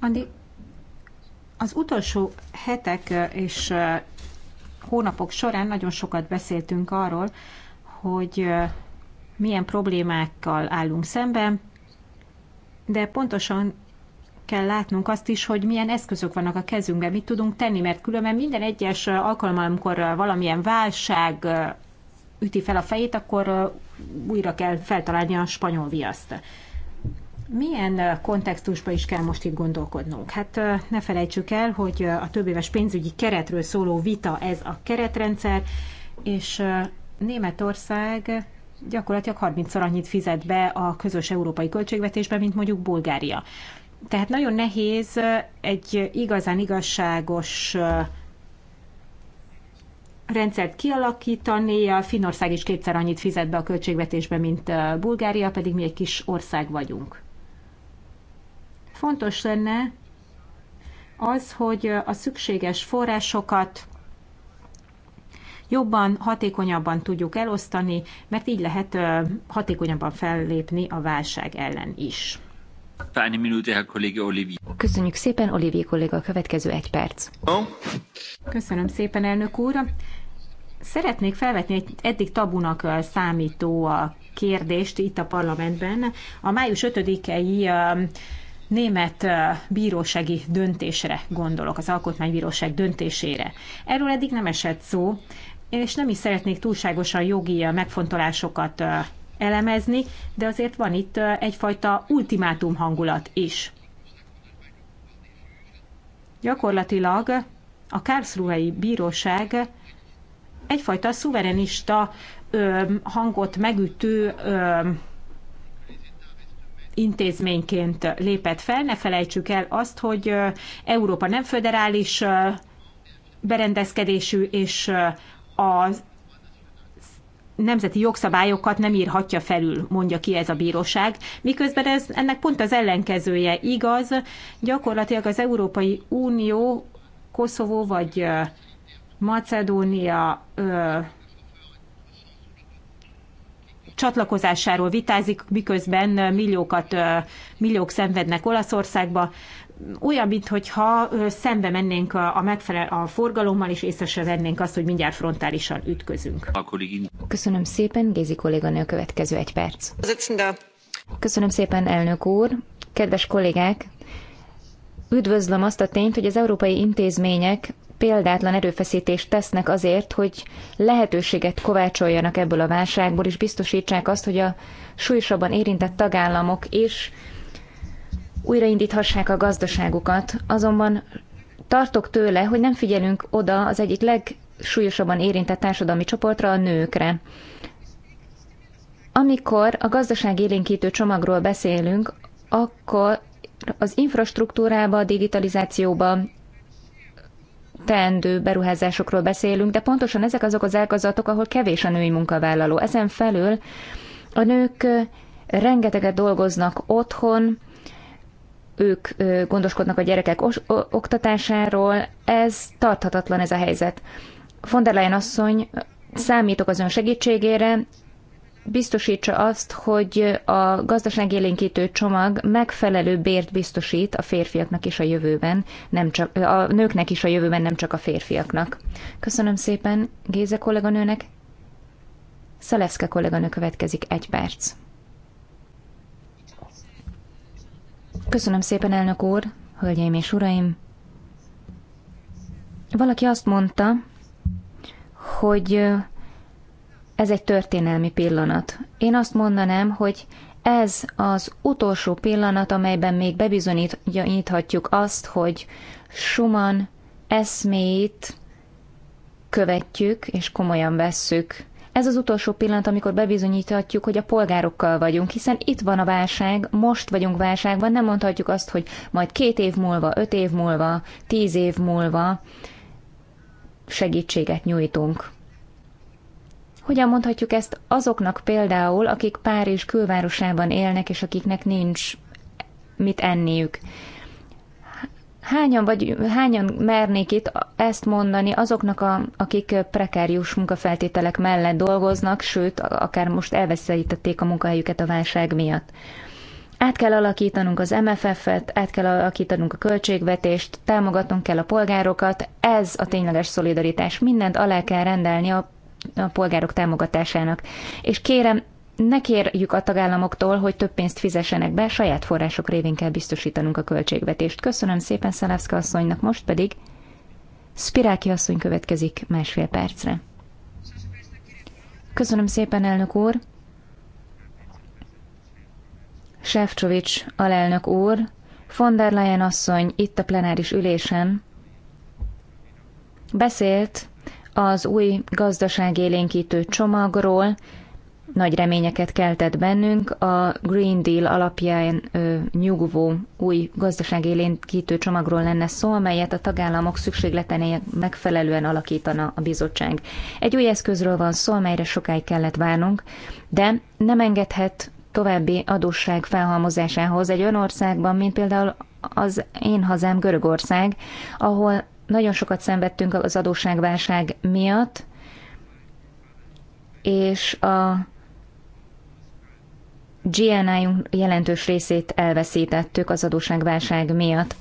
F: Andi, az utolsó hetek és hónapok során nagyon sokat beszéltünk arról, hogy milyen problémákkal állunk szemben, de pontosan kell látnunk azt is, hogy milyen eszközök vannak a kezünkben, mit tudunk tenni, mert különben minden egyes alkalommal, amikor valamilyen válság üti fel a fejét, akkor újra kell feltalálni a spanyol viaszt. Milyen kontextusban is kell most itt gondolkodnunk? Hát ne felejtsük el, hogy a többéves pénzügyi keretről szóló vita ez a keretrendszer, és Németország gyakorlatilag 30-szor annyit fizet be a közös európai költségvetésbe, mint mondjuk Bulgária. Tehát nagyon nehéz egy igazán igazságos rendszert kialakítani. a Finnország is kétszer annyit fizet be a költségvetésbe, mint Bulgária, pedig mi egy kis ország vagyunk. Fontos lenne az, hogy a szükséges forrásokat jobban, hatékonyabban tudjuk elosztani, mert így lehet hatékonyabban fellépni a válság ellen is. Köszönjük szépen, Olivier kolléga, a
H: következő egy perc.
F: Köszönöm szépen, elnök úr. Szeretnék felvetni egy eddig tabunak számító a kérdést itt a parlamentben. A május 5-i német bírósági döntésre gondolok, az alkotmánybíróság döntésére. Erről eddig nem esett szó, és nem is szeretnék túlságosan jogi megfontolásokat elemezni, de azért van itt egyfajta ultimátum hangulat is. Gyakorlatilag a Kárszruhei Bíróság egyfajta szuverenista ö, hangot megütő ö, intézményként lépett fel. Ne felejtsük el azt, hogy Európa nem föderális berendezkedésű, és az nemzeti jogszabályokat nem írhatja felül, mondja ki ez a bíróság. Miközben ez, ennek pont az ellenkezője igaz. Gyakorlatilag az Európai Unió, Koszovó vagy Macedónia ö, csatlakozásáról vitázik, miközben milliókat, milliók szenvednek Olaszországba olyan, hogyha szembe mennénk a, a, megfelel, a forgalommal, és észre se vennénk azt, hogy mindjárt frontálisan ütközünk.
H: Köszönöm szépen, Gézi kolléganő, a következő egy perc. Köszönöm szépen, elnök úr. Kedves kollégák, üdvözlöm azt a tényt, hogy az európai intézmények példátlan erőfeszítést tesznek azért, hogy lehetőséget kovácsoljanak ebből a válságból, és biztosítsák azt, hogy a súlyosabban érintett tagállamok is újraindíthassák a gazdaságukat, azonban tartok tőle, hogy nem figyelünk oda az egyik legsúlyosabban érintett társadalmi csoportra, a nőkre. Amikor a gazdaság élénkítő csomagról beszélünk, akkor az infrastruktúrába, a digitalizációba teendő beruházásokról beszélünk, de pontosan ezek azok az ágazatok, ahol kevés a női munkavállaló. Ezen felül a nők rengeteget dolgoznak otthon, ők gondoskodnak a gyerekek oktatásáról, ez tarthatatlan ez a helyzet. Von der Leyen asszony, számítok az ön segítségére, biztosítsa azt, hogy a élénkítő csomag megfelelő bért biztosít a férfiaknak is a jövőben, nem csak, a nőknek is a jövőben, nem csak a férfiaknak. Köszönöm szépen Géze kolléganőnek. Szaleszke kolléganő következik egy perc. Köszönöm szépen, elnök úr, hölgyeim és uraim. Valaki azt mondta, hogy ez egy történelmi pillanat. Én azt mondanám, hogy ez az utolsó pillanat, amelyben még bebizonyíthatjuk azt, hogy Schumann eszméit követjük és komolyan vesszük. Ez az utolsó pillanat, amikor bebizonyíthatjuk, hogy a polgárokkal vagyunk, hiszen itt van a válság, most vagyunk válságban, nem mondhatjuk azt, hogy majd két év múlva, öt év múlva, tíz év múlva segítséget nyújtunk. Hogyan mondhatjuk ezt azoknak például, akik Párizs külvárosában élnek, és akiknek nincs mit enniük? Hányan, vagy, hányan mernék itt ezt mondani azoknak, a, akik prekárius munkafeltételek mellett dolgoznak, sőt, akár most elveszítették a munkahelyüket a válság miatt? Át kell alakítanunk az MFF-et, át kell alakítanunk a költségvetést, támogatnunk kell a polgárokat, ez a tényleges szolidaritás. Mindent alá kell rendelni a, a polgárok támogatásának. És kérem, ne kérjük a tagállamoktól, hogy több pénzt fizessenek be, saját források révén kell biztosítanunk a költségvetést. Köszönöm szépen Szelevszka asszonynak, most pedig Spiráki asszony következik másfél percre. Köszönöm szépen, elnök úr! Sefcsovics alelnök úr, von der Leyen asszony itt a plenáris ülésen beszélt az új gazdaságélénkítő csomagról, nagy reményeket keltett bennünk. A Green Deal alapján ö, nyugvó új gazdaságélénkítő csomagról lenne szó, amelyet a tagállamok szükségletenének megfelelően alakítana a bizottság. Egy új eszközről van szó, amelyre sokáig kellett várnunk, de nem engedhet további adósság felhalmozásához egy olyan országban, mint például az én hazám Görögország, ahol nagyon sokat szenvedtünk az adósságválság miatt, és a GNI-unk jelentős részét elveszítettük az adósságválság miatt.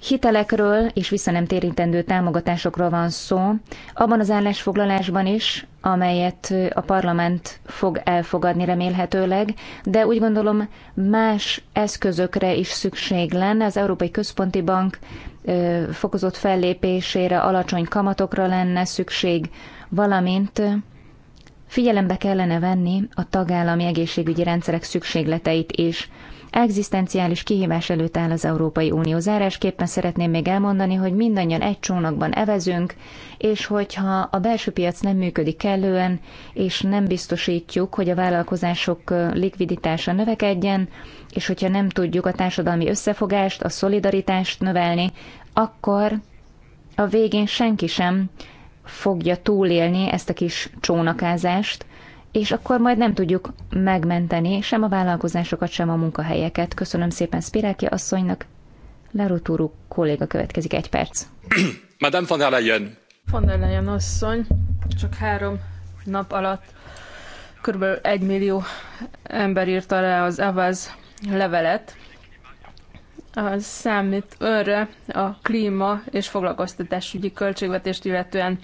H: Hitelekről és visszanemtérítendő támogatásokról van szó, abban az állásfoglalásban is, amelyet a parlament fog elfogadni remélhetőleg, de úgy gondolom más eszközökre is szükség lenne. Az Európai Központi Bank ö, fokozott fellépésére, alacsony kamatokra lenne szükség, valamint Figyelembe kellene venni a tagállami egészségügyi rendszerek szükségleteit is. Egzisztenciális kihívás előtt áll az Európai Unió. Zárásképpen szeretném még elmondani, hogy mindannyian egy csónakban evezünk, és hogyha a belső piac nem működik kellően, és nem biztosítjuk, hogy a vállalkozások likviditása növekedjen, és hogyha nem tudjuk a társadalmi összefogást, a szolidaritást növelni, akkor a végén senki sem fogja túlélni ezt a kis csónakázást, és akkor majd nem tudjuk megmenteni sem a vállalkozásokat, sem a munkahelyeket. Köszönöm szépen Spiráki asszonynak. Lerotúrú kolléga következik egy perc.
E: Madame von der Leyen.
G: Von der Leyen asszony, csak három nap alatt körülbelül egy millió ember írta le az Avaz levelet, az számít önre a klíma és foglalkoztatásügyi költségvetést, illetően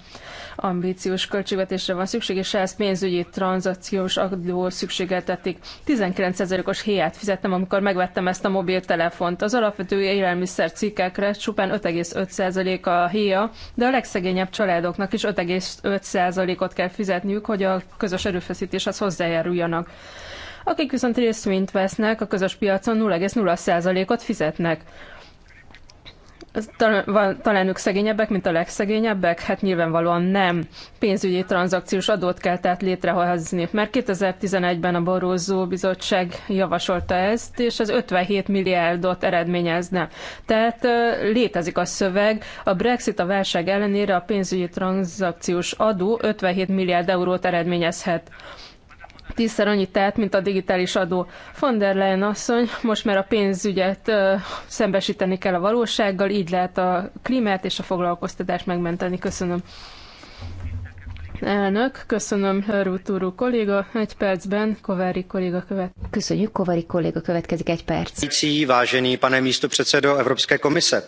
G: ambíciós költségvetésre van szükség, és ehhez pénzügyi tranzakciós adó szükségeltetik. 19%-os héját fizettem, amikor megvettem ezt a mobiltelefont. Az alapvető élelmiszer cikkekre csupán 5,5% a héja, de a legszegényebb családoknak is 5,5%-ot kell fizetniük, hogy a közös erőfeszítéshez hozzájáruljanak akik viszont részvényt vesznek a közös piacon 0,0%-ot fizetnek. Talán ők szegényebbek, mint a legszegényebbek? Hát nyilvánvalóan nem. Pénzügyi tranzakciós adót kell tehát létrehozni, mert 2011-ben a Borózó Bizottság javasolta ezt, és ez 57 milliárdot eredményezne. Tehát létezik a szöveg, a Brexit a válság ellenére a pénzügyi tranzakciós adó 57 milliárd eurót eredményezhet tízszer annyit tehet, mint a digitális adó. Von der Leyen asszony, most már a pénzügyet ö, szembesíteni kell a valósággal, így lehet a klímát és a foglalkoztatást megmenteni. Köszönöm. Elnök, köszönöm Hörút kolléga, egy percben Kovári kolléga követ. Köszönjük, Kovári kolléga következik egy perc.
D: Vážený pane místo předsedo Evropské komise.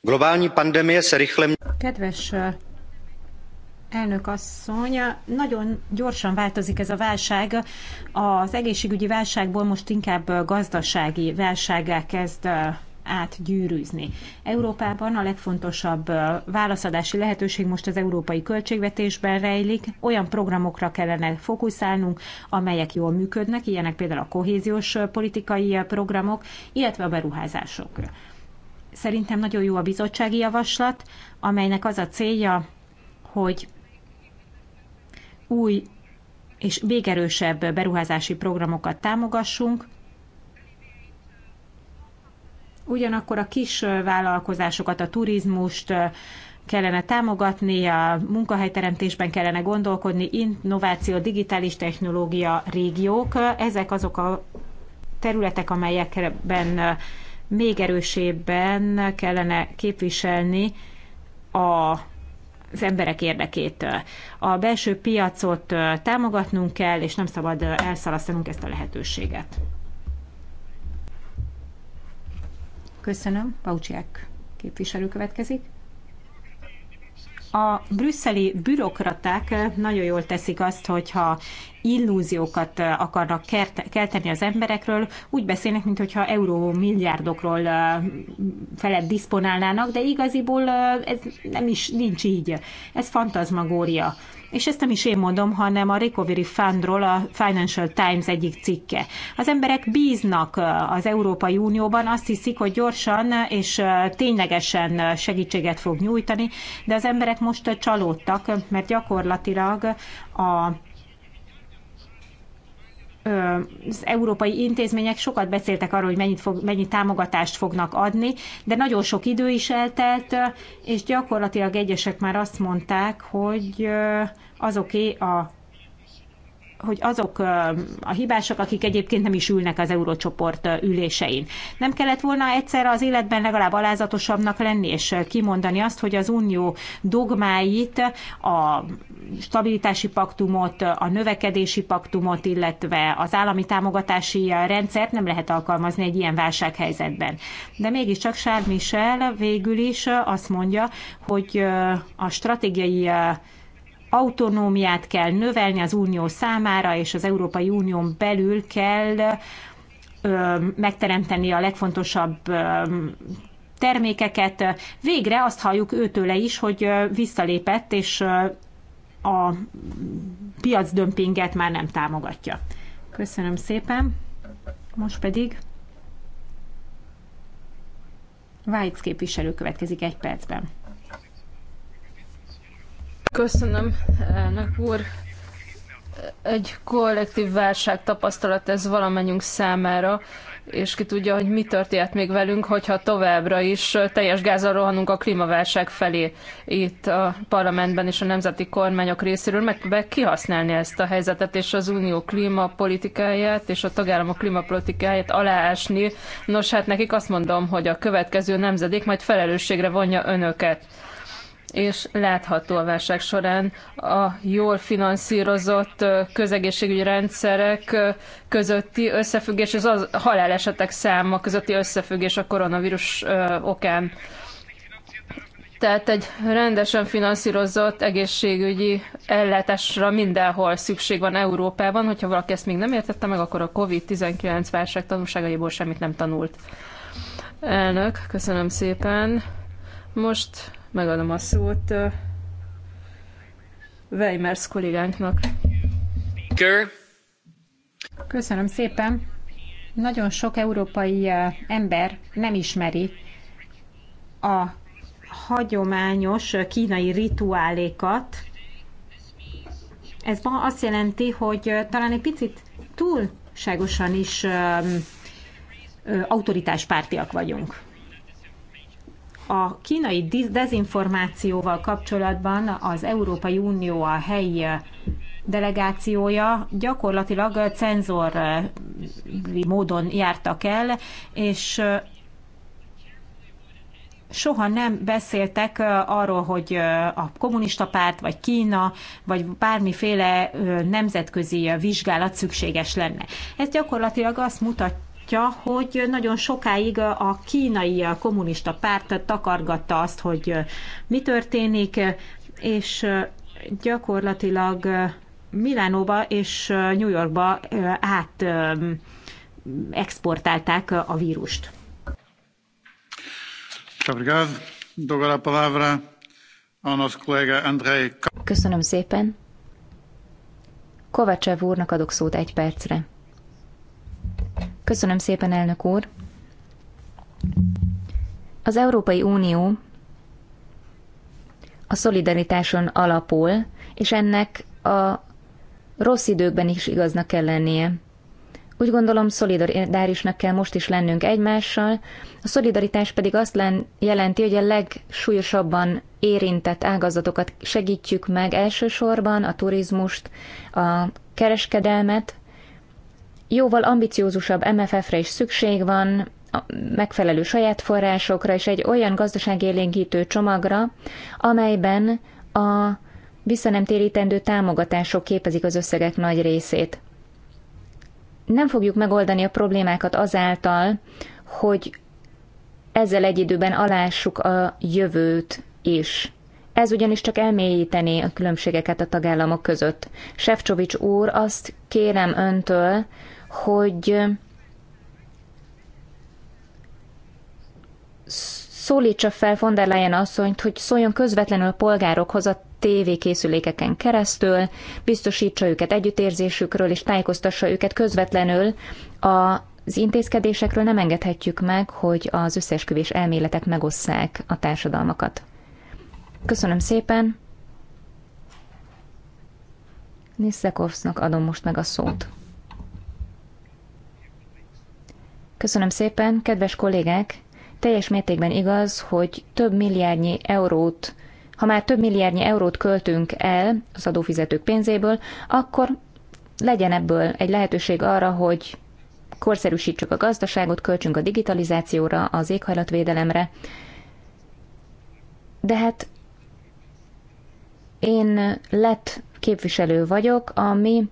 D: Globální pandemie se rychle...
F: Kedves Elnök asszony, nagyon gyorsan változik ez a válság. Az egészségügyi válságból most inkább gazdasági válsággá kezd átgyűrűzni. Európában a legfontosabb válaszadási lehetőség most az európai költségvetésben rejlik. Olyan programokra kellene fókuszálnunk, amelyek jól működnek, ilyenek például a kohéziós politikai programok, illetve a beruházások. Szerintem nagyon jó a bizottsági javaslat, amelynek az a célja, hogy új és végerősebb beruházási programokat támogassunk, ugyanakkor a kis vállalkozásokat, a turizmust kellene támogatni, a munkahelyteremtésben kellene gondolkodni, innováció, digitális technológia, régiók, ezek azok a területek, amelyekben még erősébben kellene képviselni a az emberek érdekét. A belső piacot támogatnunk kell, és nem szabad elszalasztanunk ezt a lehetőséget. Köszönöm. Paucsiák képviselő következik a brüsszeli bürokraták nagyon jól teszik azt, hogyha illúziókat akarnak kelteni az emberekről, úgy beszélnek, mintha euró milliárdokról felett diszponálnának, de igaziból ez nem is nincs így. Ez fantazmagória és ezt nem is én mondom, hanem a Recovery Fundról a Financial Times egyik cikke. Az emberek bíznak az Európai Unióban, azt hiszik, hogy gyorsan és ténylegesen segítséget fog nyújtani, de az emberek most csalódtak, mert gyakorlatilag a az európai intézmények sokat beszéltek arról, hogy mennyit fog, mennyi támogatást fognak adni, de nagyon sok idő is eltelt, és gyakorlatilag egyesek már azt mondták, hogy azoké a hogy azok a hibások, akik egyébként nem is ülnek az eurócsoport ülésein. Nem kellett volna egyszer az életben legalább alázatosabbnak lenni, és kimondani azt, hogy az unió dogmáit, a stabilitási paktumot, a növekedési paktumot, illetve az állami támogatási rendszert nem lehet alkalmazni egy ilyen válsághelyzetben. De mégiscsak Charles Michel végül is azt mondja, hogy a stratégiai autonómiát kell növelni az Unió számára, és az Európai Unión belül kell megteremteni a legfontosabb termékeket. Végre azt halljuk őtőle is, hogy visszalépett, és a piacdömpinget már nem támogatja. Köszönöm szépen. Most pedig Vájc képviselő következik egy percben.
G: Köszönöm, elnök úr. Egy kollektív válság tapasztalat ez valamennyünk számára, és ki tudja, hogy mi történt még velünk, hogyha továbbra is teljes gázzal rohanunk a klímaválság felé itt a parlamentben és a nemzeti kormányok részéről, kell kihasználni ezt a helyzetet és az unió klímapolitikáját és a tagállamok klímapolitikáját aláásni. Nos, hát nekik azt mondom, hogy a következő nemzedék majd felelősségre vonja önöket és látható a válság során a jól finanszírozott közegészségügyi rendszerek közötti összefüggés, és az halálesetek száma közötti összefüggés a koronavírus okán. Tehát egy rendesen finanszírozott egészségügyi ellátásra mindenhol szükség van Európában. Hogyha valaki ezt még nem értette meg, akkor a COVID-19 válság tanulságaiból semmit nem tanult. Elnök, köszönöm szépen. Most megadom a szót Weimers kollégánknak.
F: Köszönöm szépen. Nagyon sok európai ember nem ismeri a hagyományos kínai rituálékat. Ez azt jelenti, hogy talán egy picit túlságosan is autoritáspártiak vagyunk a kínai dezinformációval kapcsolatban az Európai Unió a helyi delegációja gyakorlatilag cenzor módon jártak el, és soha nem beszéltek arról, hogy a kommunista párt, vagy Kína, vagy bármiféle nemzetközi vizsgálat szükséges lenne. Ez gyakorlatilag azt mutat, látja, hogy nagyon sokáig a kínai kommunista párt takargatta azt, hogy mi történik, és gyakorlatilag Milánóba és New Yorkba át exportálták a vírust.
H: Köszönöm szépen. Kovacsev úrnak adok szót egy percre. Köszönöm szépen, elnök úr. Az Európai Unió a szolidaritáson alapul, és ennek a rossz időkben is igaznak kell lennie. Úgy gondolom, szolidárisnak kell most is lennünk egymással, a szolidaritás pedig azt jelenti, hogy a legsúlyosabban érintett ágazatokat segítjük meg elsősorban, a turizmust, a kereskedelmet, jóval ambiciózusabb MFF-re is szükség van, megfelelő saját forrásokra és egy olyan gazdaságélénkítő csomagra, amelyben a visszanemtérítendő támogatások képezik az összegek nagy részét. Nem fogjuk megoldani a problémákat azáltal, hogy ezzel egy időben alássuk a jövőt is. Ez ugyanis csak elmélyítené a különbségeket a tagállamok között. Sefcsovics úr, azt kérem öntől, hogy szólítsa fel von der Leyen asszonyt, hogy szóljon közvetlenül a polgárokhoz a tévékészülékeken keresztül, biztosítsa őket együttérzésükről, és tájékoztassa őket közvetlenül a az intézkedésekről nem engedhetjük meg, hogy az összeesküvés elméletek megosszák a társadalmakat. Köszönöm szépen. Niszekovsznak adom most meg a szót. Köszönöm szépen, kedves kollégák! Teljes mértékben igaz, hogy több milliárdnyi eurót, ha már több milliárdnyi eurót költünk el az adófizetők pénzéből, akkor legyen ebből egy lehetőség arra, hogy korszerűsítsük a gazdaságot, költsünk a digitalizációra, az éghajlatvédelemre. De hát én lett képviselő vagyok, a mi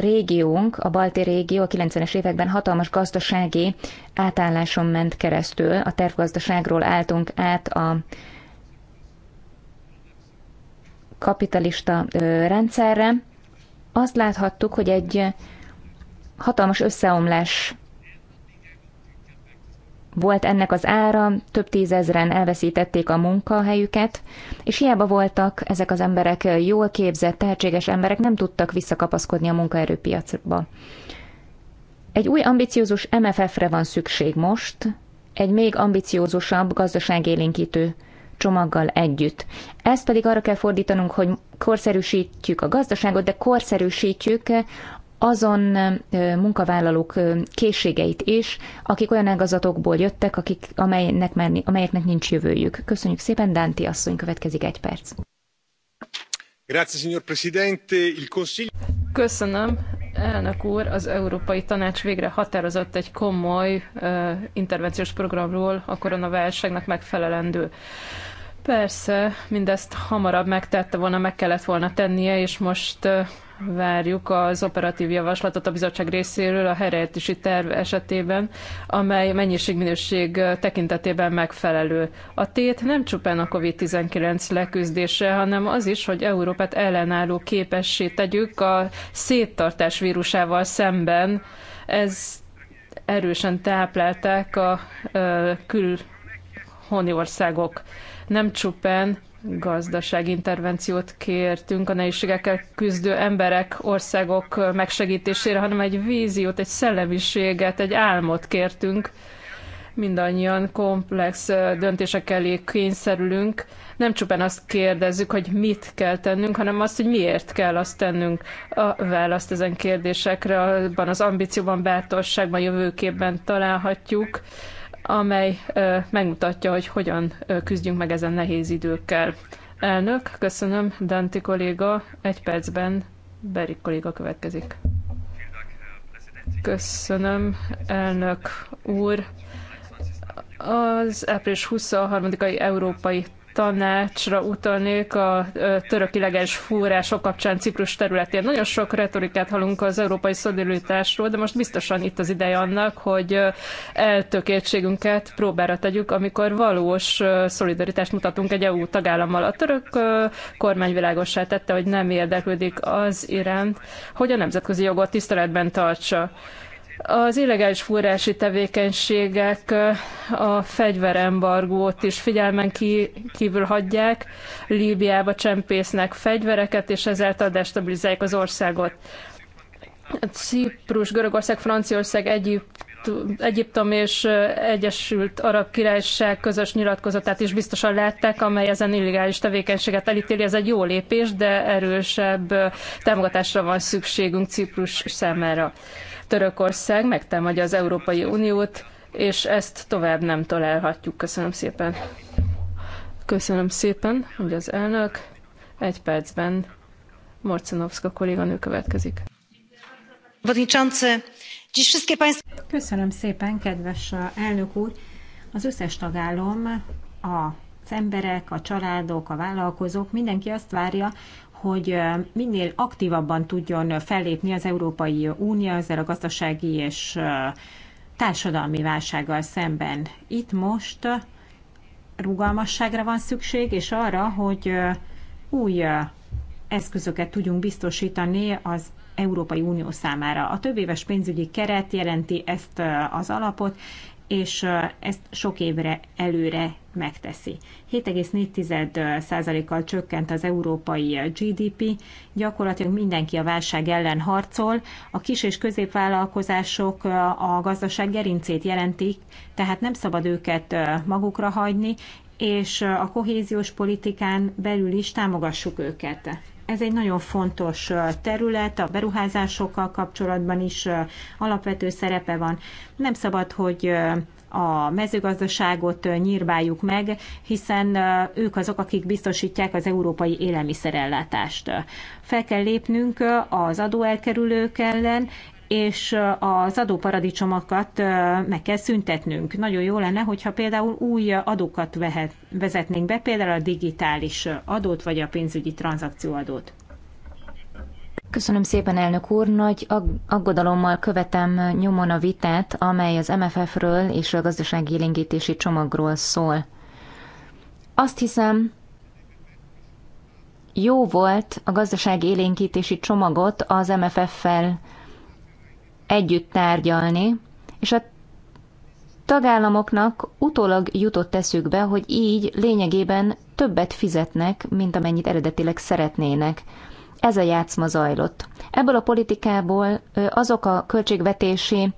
H: régiónk, a balti régió a 90-es években hatalmas gazdasági átálláson ment keresztül. A tervgazdaságról álltunk át a kapitalista rendszerre. Azt láthattuk, hogy egy hatalmas összeomlás volt ennek az ára, több tízezren elveszítették a munkahelyüket, és hiába voltak ezek az emberek jól képzett, tehetséges emberek, nem tudtak visszakapaszkodni a munkaerőpiacba. Egy új ambiciózus MFF-re van szükség most, egy még ambiciózusabb gazdaságélénkítő csomaggal együtt. Ezt pedig arra kell fordítanunk, hogy korszerűsítjük a gazdaságot, de korszerűsítjük azon munkavállalók készségeit is, akik olyan ágazatokból jöttek, akik, amelynek amelyeknek nincs jövőjük. Köszönjük szépen, Dánti
D: asszony,
G: következik egy perc.
E: Grazie, signor Presidente. Il Consiglio...
G: Köszönöm, elnök úr. Az Európai Tanács végre határozott egy komoly uh, intervenciós programról a koronaválságnak megfelelendő. Persze, mindezt hamarabb megtette volna, meg kellett volna tennie, és most uh, várjuk az operatív javaslatot a bizottság részéről a helyreértési terv esetében, amely mennyiség-minőség tekintetében megfelelő. A tét nem csupán a COVID-19 leküzdése, hanem az is, hogy Európát ellenálló képessé tegyük a széttartás vírusával szemben. Ez erősen táplálták a, a külhoni országok. Nem csupán gazdasági intervenciót kértünk a nehézségekkel küzdő emberek, országok megsegítésére, hanem egy víziót, egy szellemiséget, egy álmot kértünk. Mindannyian komplex döntések elé kényszerülünk. Nem csupán azt kérdezzük, hogy mit kell tennünk, hanem azt, hogy miért kell azt tennünk. A választ ezen kérdésekre abban az ambícióban, bátorságban, jövőképben találhatjuk amely megmutatja, hogy hogyan küzdjünk meg ezen nehéz időkkel. Elnök, köszönöm, Danti kolléga, egy percben Berik kolléga következik. Köszönöm, elnök úr. Az április 23-ai Európai tanácsra utalnék a török illegális fúrások kapcsán Ciprus területén. Nagyon sok retorikát hallunk az európai szolidaritásról, de most biztosan itt az ideje annak, hogy eltökéltségünket próbára tegyük, amikor valós szolidaritást mutatunk egy EU tagállammal. A török kormány világossá tette, hogy nem érdeklődik az iránt, hogy a nemzetközi jogot tiszteletben tartsa. Az illegális forrási tevékenységek a fegyverembargót is figyelmen kívül hagyják, Líbiába csempésznek fegyvereket, és ezáltal destabilizálják az országot. Ciprus, Görögország, Franciaország, Egyiptom, Egyiptom és Egyesült Arab Királyság közös nyilatkozatát is biztosan látták, amely ezen illegális tevékenységet elítéli. Ez egy jó lépés, de erősebb támogatásra van szükségünk Ciprus számára. Törökország megtámadja az Európai Uniót, és ezt tovább nem tolerhatjuk. Köszönöm szépen. Köszönöm szépen, hogy az elnök egy percben Morcenovska kolléganő következik.
F: Köszönöm szépen, kedves elnök úr! Az összes tagállam, az emberek, a családok, a vállalkozók, mindenki azt várja, hogy minél aktívabban tudjon fellépni az Európai Unió ezzel a gazdasági és társadalmi válsággal szemben. Itt most rugalmasságra van szükség, és arra, hogy új eszközöket tudjunk biztosítani az Európai Unió számára. A több éves pénzügyi keret jelenti ezt az alapot, és ezt sok évre előre megteszi. 7,4%-kal csökkent az európai GDP, gyakorlatilag mindenki a válság ellen harcol, a kis és középvállalkozások a gazdaság gerincét jelentik, tehát nem szabad őket magukra hagyni, és a kohéziós politikán belül is támogassuk őket. Ez egy nagyon fontos terület, a beruházásokkal kapcsolatban is alapvető szerepe van. Nem szabad, hogy a mezőgazdaságot nyírbáljuk meg, hiszen ők azok, akik biztosítják az európai élelmiszerellátást. Fel kell lépnünk az adóelkerülők ellen, és az adóparadicsomokat meg kell szüntetnünk. Nagyon jó lenne, hogyha például új adókat vehet, vezetnénk be, például a digitális adót vagy a pénzügyi tranzakcióadót.
H: Köszönöm szépen, elnök úr. Nagy aggodalommal követem nyomon a vitát, amely az MFF-ről és a gazdasági élingítési csomagról szól. Azt hiszem, jó volt a gazdasági élénkítési csomagot az MFF-fel együtt tárgyalni, és a tagállamoknak utólag jutott eszükbe, hogy így lényegében többet fizetnek, mint amennyit eredetileg szeretnének. Ez a játszma zajlott. Ebből a politikából azok a költségvetési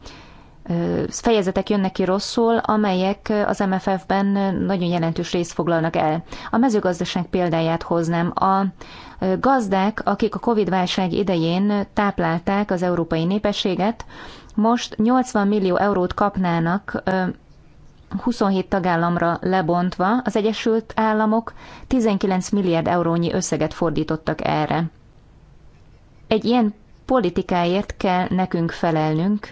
H: fejezetek jönnek ki rosszul, amelyek az MFF-ben nagyon jelentős részt foglalnak el. A mezőgazdaság példáját hoznám. A gazdák, akik a Covid-válság idején táplálták az európai népességet, most 80 millió eurót kapnának 27 tagállamra lebontva, az Egyesült Államok 19 milliárd eurónyi összeget fordítottak erre. Egy ilyen politikáért kell nekünk felelnünk,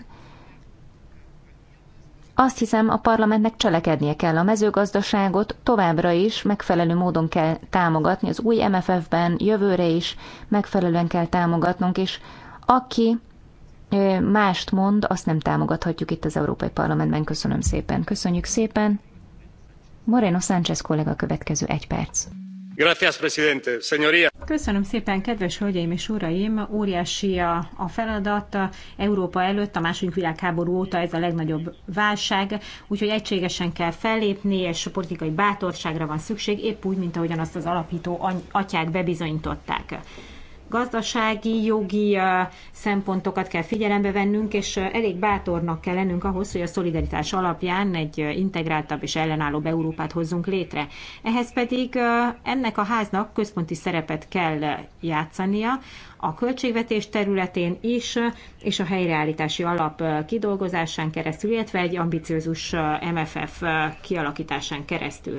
H: azt hiszem, a parlamentnek cselekednie kell a mezőgazdaságot, továbbra is megfelelő módon kell támogatni, az új MFF-ben jövőre is megfelelően kell támogatnunk, és aki mást mond, azt nem támogathatjuk itt az Európai Parlamentben. Köszönöm
F: szépen. Köszönjük szépen. Moreno Sánchez kollega következő egy perc. Köszönöm szépen, kedves hölgyeim és uraim! Óriási a, a feladat. Európa előtt a második világháború óta ez a legnagyobb válság, úgyhogy egységesen kell fellépni, és politikai bátorságra van szükség, épp úgy, mint ahogyan azt az alapító atyák bebizonyították gazdasági, jogi szempontokat kell figyelembe vennünk, és elég bátornak kell lennünk ahhoz, hogy a szolidaritás alapján egy integráltabb és ellenállóbb Európát hozzunk létre. Ehhez pedig ennek a háznak központi szerepet kell játszania a költségvetés területén is, és a helyreállítási alap kidolgozásán keresztül, illetve egy ambiciózus MFF kialakításán keresztül.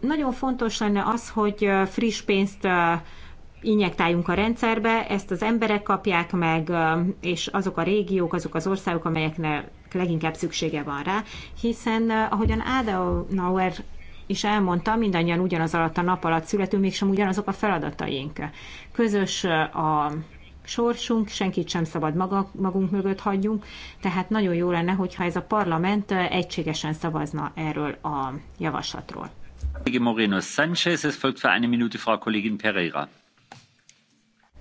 F: Nagyon fontos lenne az, hogy friss pénzt injektáljunk a rendszerbe, ezt az emberek kapják meg, és azok a régiók, azok az országok, amelyeknek leginkább szüksége van rá, hiszen ahogyan Adenauer is elmondta, mindannyian ugyanaz alatt a nap alatt születünk, mégsem ugyanazok a feladataink. Közös a sorsunk, senkit sem szabad maga, magunk mögött hagyjunk, tehát nagyon jó lenne, hogyha ez a parlament egységesen szavazna erről a javaslatról.
D: Moreno Sanchez, es folgt für eine Minute Frau Kollegin Pereira.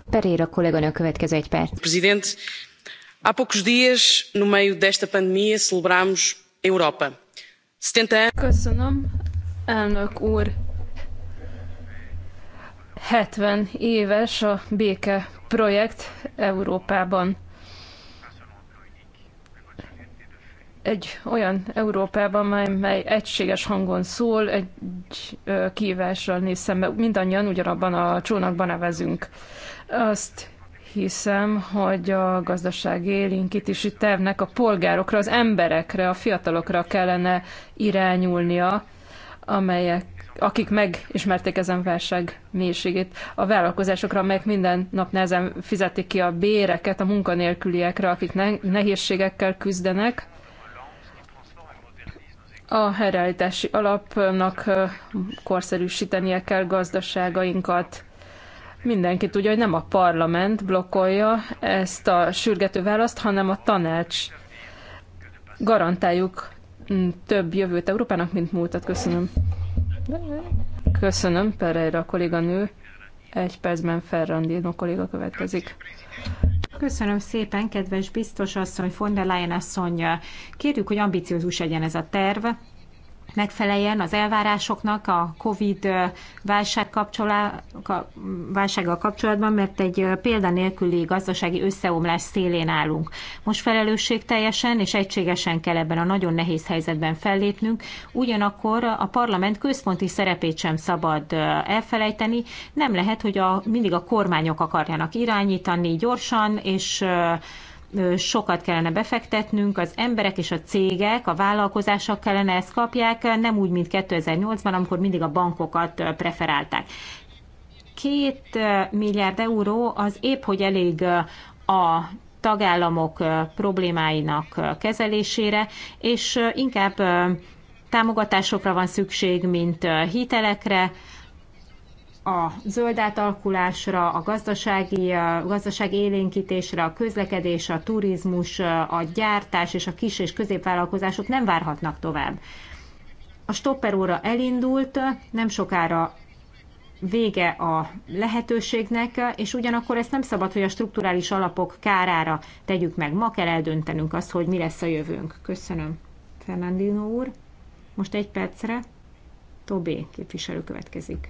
F: Pereira kolléganő következő
H: egy perc.
G: President, há poucos dias, no meio desta pandemia, celebramos 70 Köszönöm, elnök úr. 70 éves a béke projekt Európában. Egy olyan Európában, mely, mely egységes hangon szól, egy ö, néz szembe, mindannyian ugyanabban a csónakban nevezünk. Azt hiszem, hogy a gazdaság élénkítési tervnek a polgárokra, az emberekre, a fiatalokra kellene irányulnia, amelyek akik megismerték ezen válság mélységét, a vállalkozásokra, amelyek minden nap nehezen fizetik ki a béreket, a munkanélküliekre, akik nehézségekkel küzdenek. A helyreállítási alapnak korszerűsítenie kell gazdaságainkat, Mindenki tudja, hogy nem a parlament blokkolja ezt a sürgető választ, hanem a tanács. Garantáljuk mm, több jövőt Európának, mint múltat. Köszönöm. Köszönöm, Pereira kolléganő. Egy percben Ferrandino kolléga következik.
F: Köszönöm szépen, kedves biztos asszony, von der Leyen asszony. Kérjük, hogy ambiciózus legyen ez a terv, megfeleljen az elvárásoknak a COVID válság kapcsolá, válsággal kapcsolatban, mert egy példa nélküli gazdasági összeomlás szélén állunk. Most felelősség teljesen és egységesen kell ebben a nagyon nehéz helyzetben fellépnünk, ugyanakkor a parlament központi szerepét sem szabad elfelejteni. Nem lehet, hogy a, mindig a kormányok akarjanak irányítani gyorsan, és sokat kellene befektetnünk, az emberek és a cégek, a vállalkozások kellene ezt kapják, nem úgy, mint 2008-ban, amikor mindig a bankokat preferálták. Két milliárd euró az épp, hogy elég a tagállamok problémáinak kezelésére, és inkább támogatásokra van szükség, mint hitelekre, a zöld átalakulásra, a gazdasági, a gazdaság élénkítésre, a közlekedés, a turizmus, a gyártás és a kis és középvállalkozások nem várhatnak tovább. A stopper óra elindult, nem sokára vége a lehetőségnek, és ugyanakkor ezt nem szabad, hogy a strukturális alapok kárára tegyük meg. Ma kell eldöntenünk azt, hogy mi lesz a jövőnk. Köszönöm, Fernandino úr. Most egy percre Tobé képviselő következik.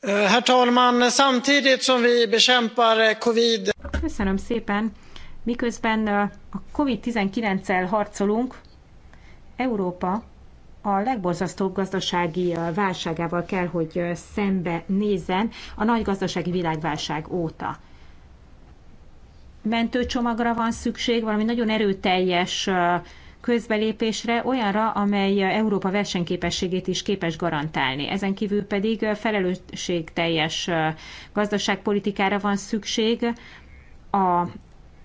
E: Eh, herr talman, samtidigt som vi bekämpar eh, covid...
F: Köszönöm szépen. Miközben eh, a COVID-19-el harcolunk, Európa a legborzasztóbb gazdasági válságával kell, hogy szembe nézzen a nagy gazdasági világválság óta. Mentőcsomagra van szükség, valami nagyon erőteljes közbelépésre, olyanra, amely Európa versenyképességét is képes garantálni. Ezen kívül pedig felelősségteljes gazdaságpolitikára van szükség a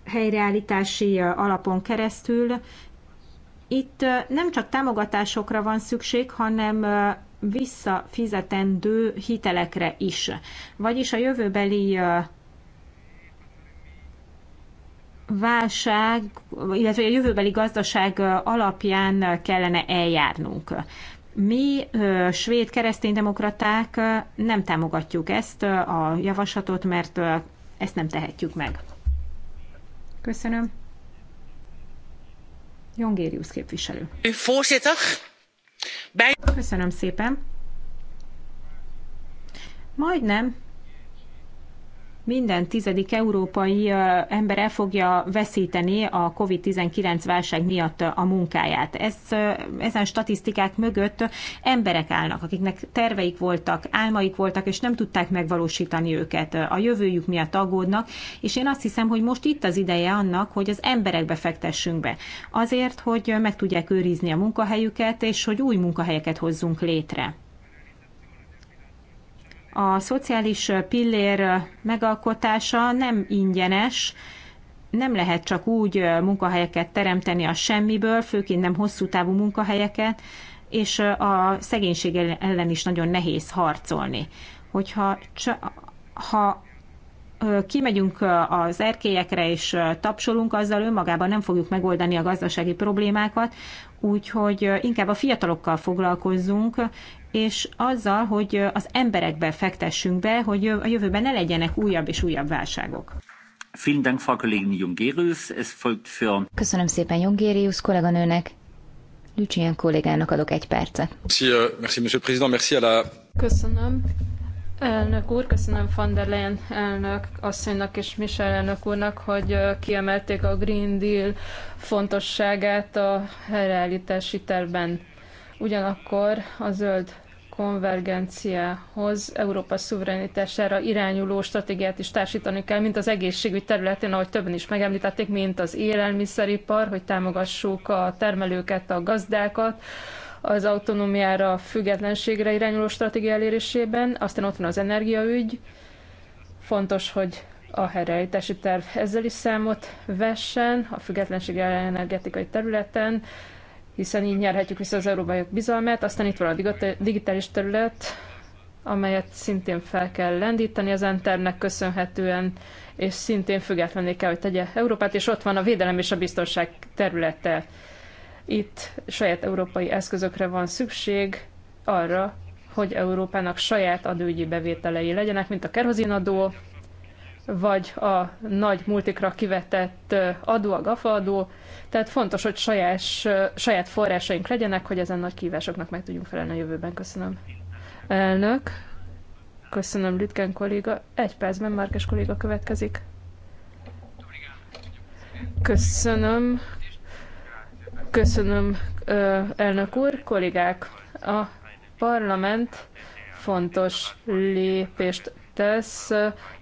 F: helyreállítási alapon keresztül. Itt nem csak támogatásokra van szükség, hanem visszafizetendő hitelekre is. Vagyis a jövőbeli válság, illetve a jövőbeli gazdaság alapján kellene eljárnunk. Mi, svéd kereszténydemokraták nem támogatjuk ezt a javaslatot, mert ezt nem tehetjük meg. Köszönöm. Jongériusz képviselő. Köszönöm szépen. Majdnem minden tizedik európai ember el fogja veszíteni a COVID-19 válság miatt a munkáját. Ez, ezen statisztikák mögött emberek állnak, akiknek terveik voltak, álmaik voltak, és nem tudták megvalósítani őket. A jövőjük miatt aggódnak, és én azt hiszem, hogy most itt az ideje annak, hogy az emberekbe fektessünk be. Azért, hogy meg tudják őrizni a munkahelyüket, és hogy új munkahelyeket hozzunk létre. A szociális pillér megalkotása nem ingyenes, nem lehet csak úgy munkahelyeket teremteni a semmiből, főként nem hosszú távú munkahelyeket, és a szegénység ellen is nagyon nehéz harcolni. Hogyha ha kimegyünk az erkélyekre és tapsolunk, azzal önmagában nem fogjuk megoldani a gazdasági problémákat, úgyhogy inkább a fiatalokkal foglalkozzunk, és azzal, hogy az emberekbe fektessünk be, hogy a jövőben ne legyenek újabb és újabb válságok. Köszönöm szépen Jungérius kolléganőnek.
H: Lücsien kollégának adok egy percet.
E: Euh,
G: köszönöm. Elnök úr, köszönöm van der Leyen elnök asszonynak és Michel elnök úrnak, hogy euh, kiemelték a Green Deal fontosságát a helyreállítási terben. Ugyanakkor a zöld konvergenciához, Európa szuverenitására irányuló stratégiát is társítani kell, mint az egészségügy területén, ahogy többen is megemlítették, mint az élelmiszeripar, hogy támogassuk a termelőket, a gazdákat, az autonómiára, függetlenségre irányuló stratégia elérésében. Aztán ott van az energiaügy. Fontos, hogy a helyreállítási terv ezzel is számot vessen a függetlenség energetikai területen hiszen így nyerhetjük vissza az európaiak bizalmát. Aztán itt van a digitális terület, amelyet szintén fel kell lendíteni az Enternek köszönhetően, és szintén függetlenné kell, hogy tegye Európát, és ott van a védelem és a biztonság területe. Itt saját európai eszközökre van szükség arra, hogy Európának saját adőgyi bevételei legyenek, mint a kerozinadó, vagy a nagy multikra kivetett adó, a GAFA adó, tehát fontos, hogy saját, saját forrásaink legyenek, hogy ezen nagy kívásoknak meg tudjunk felelni a jövőben. Köszönöm. Elnök, köszönöm Lütgen kolléga. Egy percben Márkes kolléga következik. Köszönöm. Köszönöm, elnök úr, kollégák. A parlament fontos lépést tesz,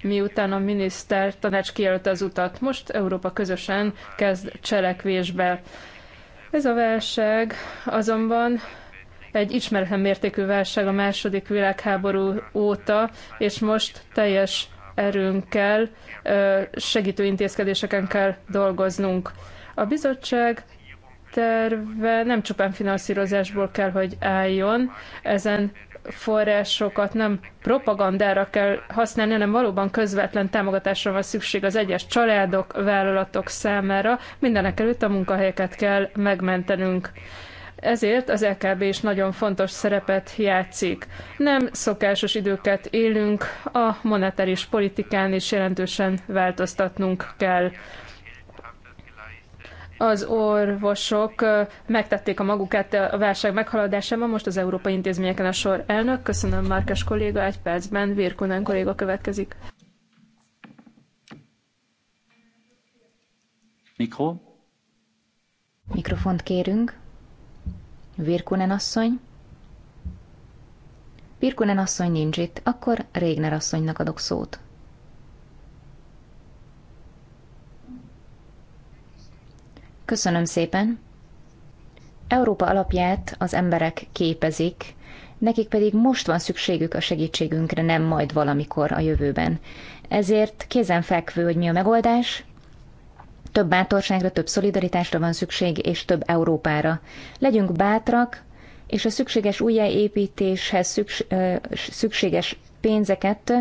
G: miután a miniszter tanács kijelölte az utat. Most Európa közösen kezd cselekvésbe. Ez a válság azonban egy ismeretlen mértékű válság a második világháború óta, és most teljes erőnkkel, segítő intézkedéseken kell dolgoznunk. A bizottság terve nem csupán finanszírozásból kell, hogy álljon, ezen forrásokat nem propagandára kell használni, hanem valóban közvetlen támogatásra van szükség az egyes családok, vállalatok számára. Mindenek előtt a munkahelyeket kell megmentenünk. Ezért az EKB is nagyon fontos szerepet játszik. Nem szokásos időket élünk, a monetáris politikán is jelentősen változtatnunk kell az orvosok megtették a magukat a válság meghaladásában, most az európai intézményeken a sor elnök. Köszönöm, Márkes kolléga, egy percben Vérkunen kolléga következik.
D: Mikro?
H: Mikrofont kérünk. Vérkunen asszony. Vérkunen asszony nincs itt, akkor Régner asszonynak adok szót. Köszönöm szépen. Európa alapját az emberek képezik, nekik pedig most van szükségük a segítségünkre, nem majd valamikor a jövőben. Ezért kézenfekvő, hogy mi a megoldás, több bátorságra, több szolidaritásra van szükség, és több Európára. Legyünk bátrak, és a szükséges újjáépítéshez szükséges pénzeket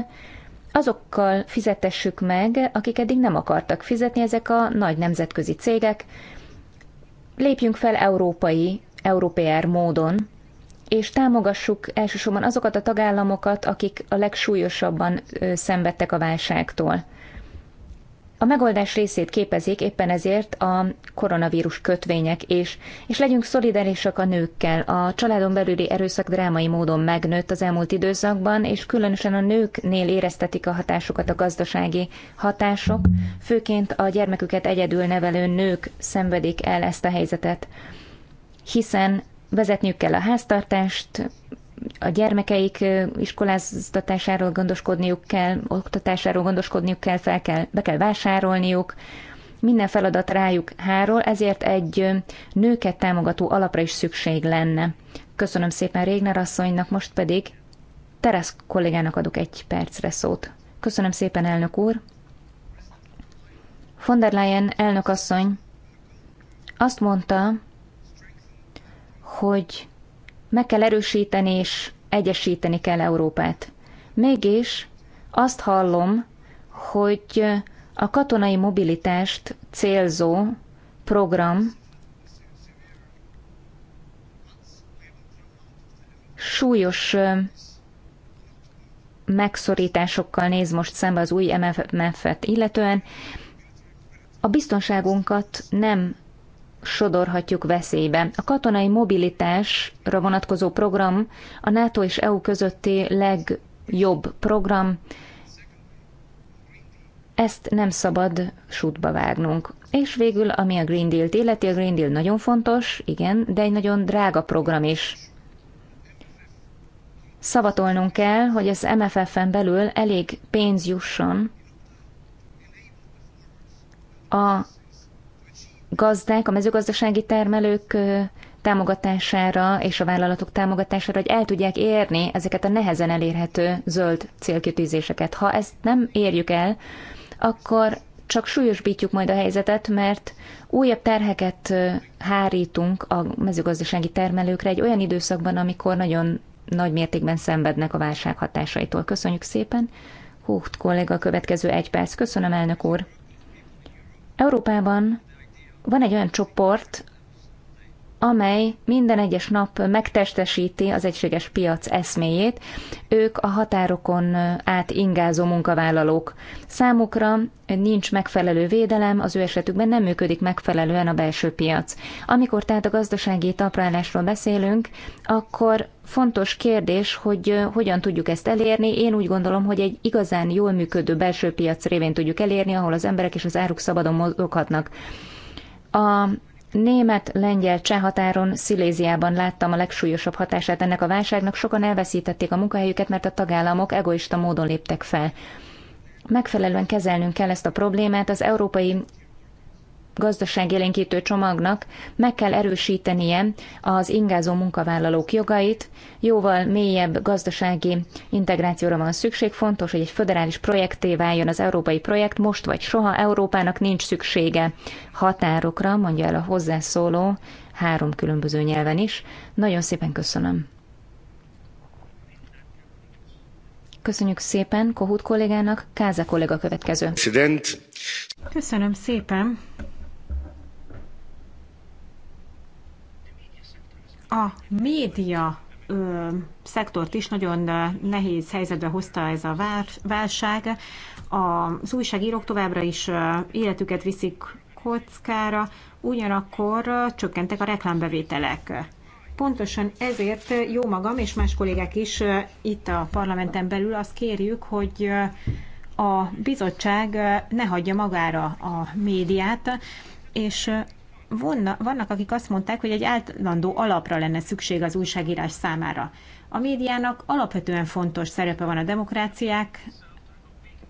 H: azokkal fizetessük meg, akik eddig nem akartak fizetni, ezek a nagy nemzetközi cégek, lépjünk fel európai, európér módon, és támogassuk elsősorban azokat a tagállamokat, akik a legsúlyosabban szenvedtek a válságtól. A megoldás részét képezik éppen ezért a koronavírus kötvények is, és legyünk szolidárisak a nőkkel. A családon belüli erőszak drámai módon megnőtt az elmúlt időszakban, és különösen a nőknél éreztetik a hatásokat a gazdasági hatások, főként a gyermeküket egyedül nevelő nők szenvedik el ezt a helyzetet, hiszen vezetniük kell a háztartást, a gyermekeik iskoláztatásáról gondoskodniuk kell, oktatásáról gondoskodniuk kell, fel kell, be kell vásárolniuk, minden feladat rájuk háról, ezért egy nőket támogató alapra is szükség lenne. Köszönöm szépen Régner asszonynak, most pedig Teresz kollégának adok egy percre szót. Köszönöm szépen, elnök úr! Von der Leyen elnök asszony azt mondta, hogy meg kell erősíteni és egyesíteni kell Európát. Mégis azt hallom, hogy a katonai mobilitást célzó program súlyos megszorításokkal néz most szembe az új MFF-et illetően. A biztonságunkat nem sodorhatjuk veszélybe. A katonai mobilitásra vonatkozó program a NATO és EU közötti legjobb program. Ezt nem szabad sútba vágnunk. És végül, ami a Green Deal-t illeti, a Green Deal nagyon fontos, igen, de egy nagyon drága program is. Szavatolnunk kell, hogy az MFF-en belül elég pénz jusson a gazdák, a mezőgazdasági termelők támogatására és a vállalatok támogatására, hogy el tudják érni ezeket a nehezen elérhető zöld célkitűzéseket. Ha ezt nem érjük el, akkor csak súlyosbítjuk majd a helyzetet, mert újabb terheket hárítunk a mezőgazdasági termelőkre egy olyan időszakban, amikor nagyon nagy mértékben szenvednek a válság hatásaitól. Köszönjük szépen! Húgt kolléga, következő egy perc. Köszönöm, elnök úr! Európában van egy olyan csoport, amely minden egyes nap megtestesíti az egységes piac eszméjét. Ők a határokon át ingázó munkavállalók. Számukra nincs megfelelő védelem, az ő esetükben nem működik megfelelően a belső piac. Amikor tehát a gazdasági taprálásról beszélünk, akkor fontos kérdés, hogy hogyan tudjuk ezt elérni. Én úgy gondolom, hogy egy igazán jól működő belső piac révén tudjuk elérni, ahol az emberek és az áruk szabadon mozoghatnak. A német-lengyel-cseh határon Sziléziában láttam a legsúlyosabb hatását ennek a válságnak, sokan elveszítették a munkahelyüket, mert a tagállamok egoista módon léptek fel. Megfelelően kezelnünk kell ezt a problémát, az európai gazdaságélénkítő csomagnak meg kell erősítenie az ingázó munkavállalók jogait, jóval mélyebb gazdasági integrációra van szükség, fontos, hogy egy föderális projekté váljon az európai projekt, most vagy soha Európának nincs szüksége határokra, mondja el a hozzászóló három különböző nyelven is. Nagyon szépen köszönöm. Köszönjük szépen Kohut kollégának, Káza kollega következő.
F: Köszönöm szépen. a média ö, szektort is nagyon nehéz helyzetbe hozta ez a válság. Az újságírók továbbra is életüket viszik kockára, ugyanakkor csökkentek a reklámbevételek. Pontosan ezért jó magam és más kollégák is itt a parlamenten belül azt kérjük, hogy a bizottság ne hagyja magára a médiát, és vonna, vannak, akik azt mondták, hogy egy állandó alapra lenne szükség az újságírás számára. A médiának alapvetően fontos szerepe van a demokráciák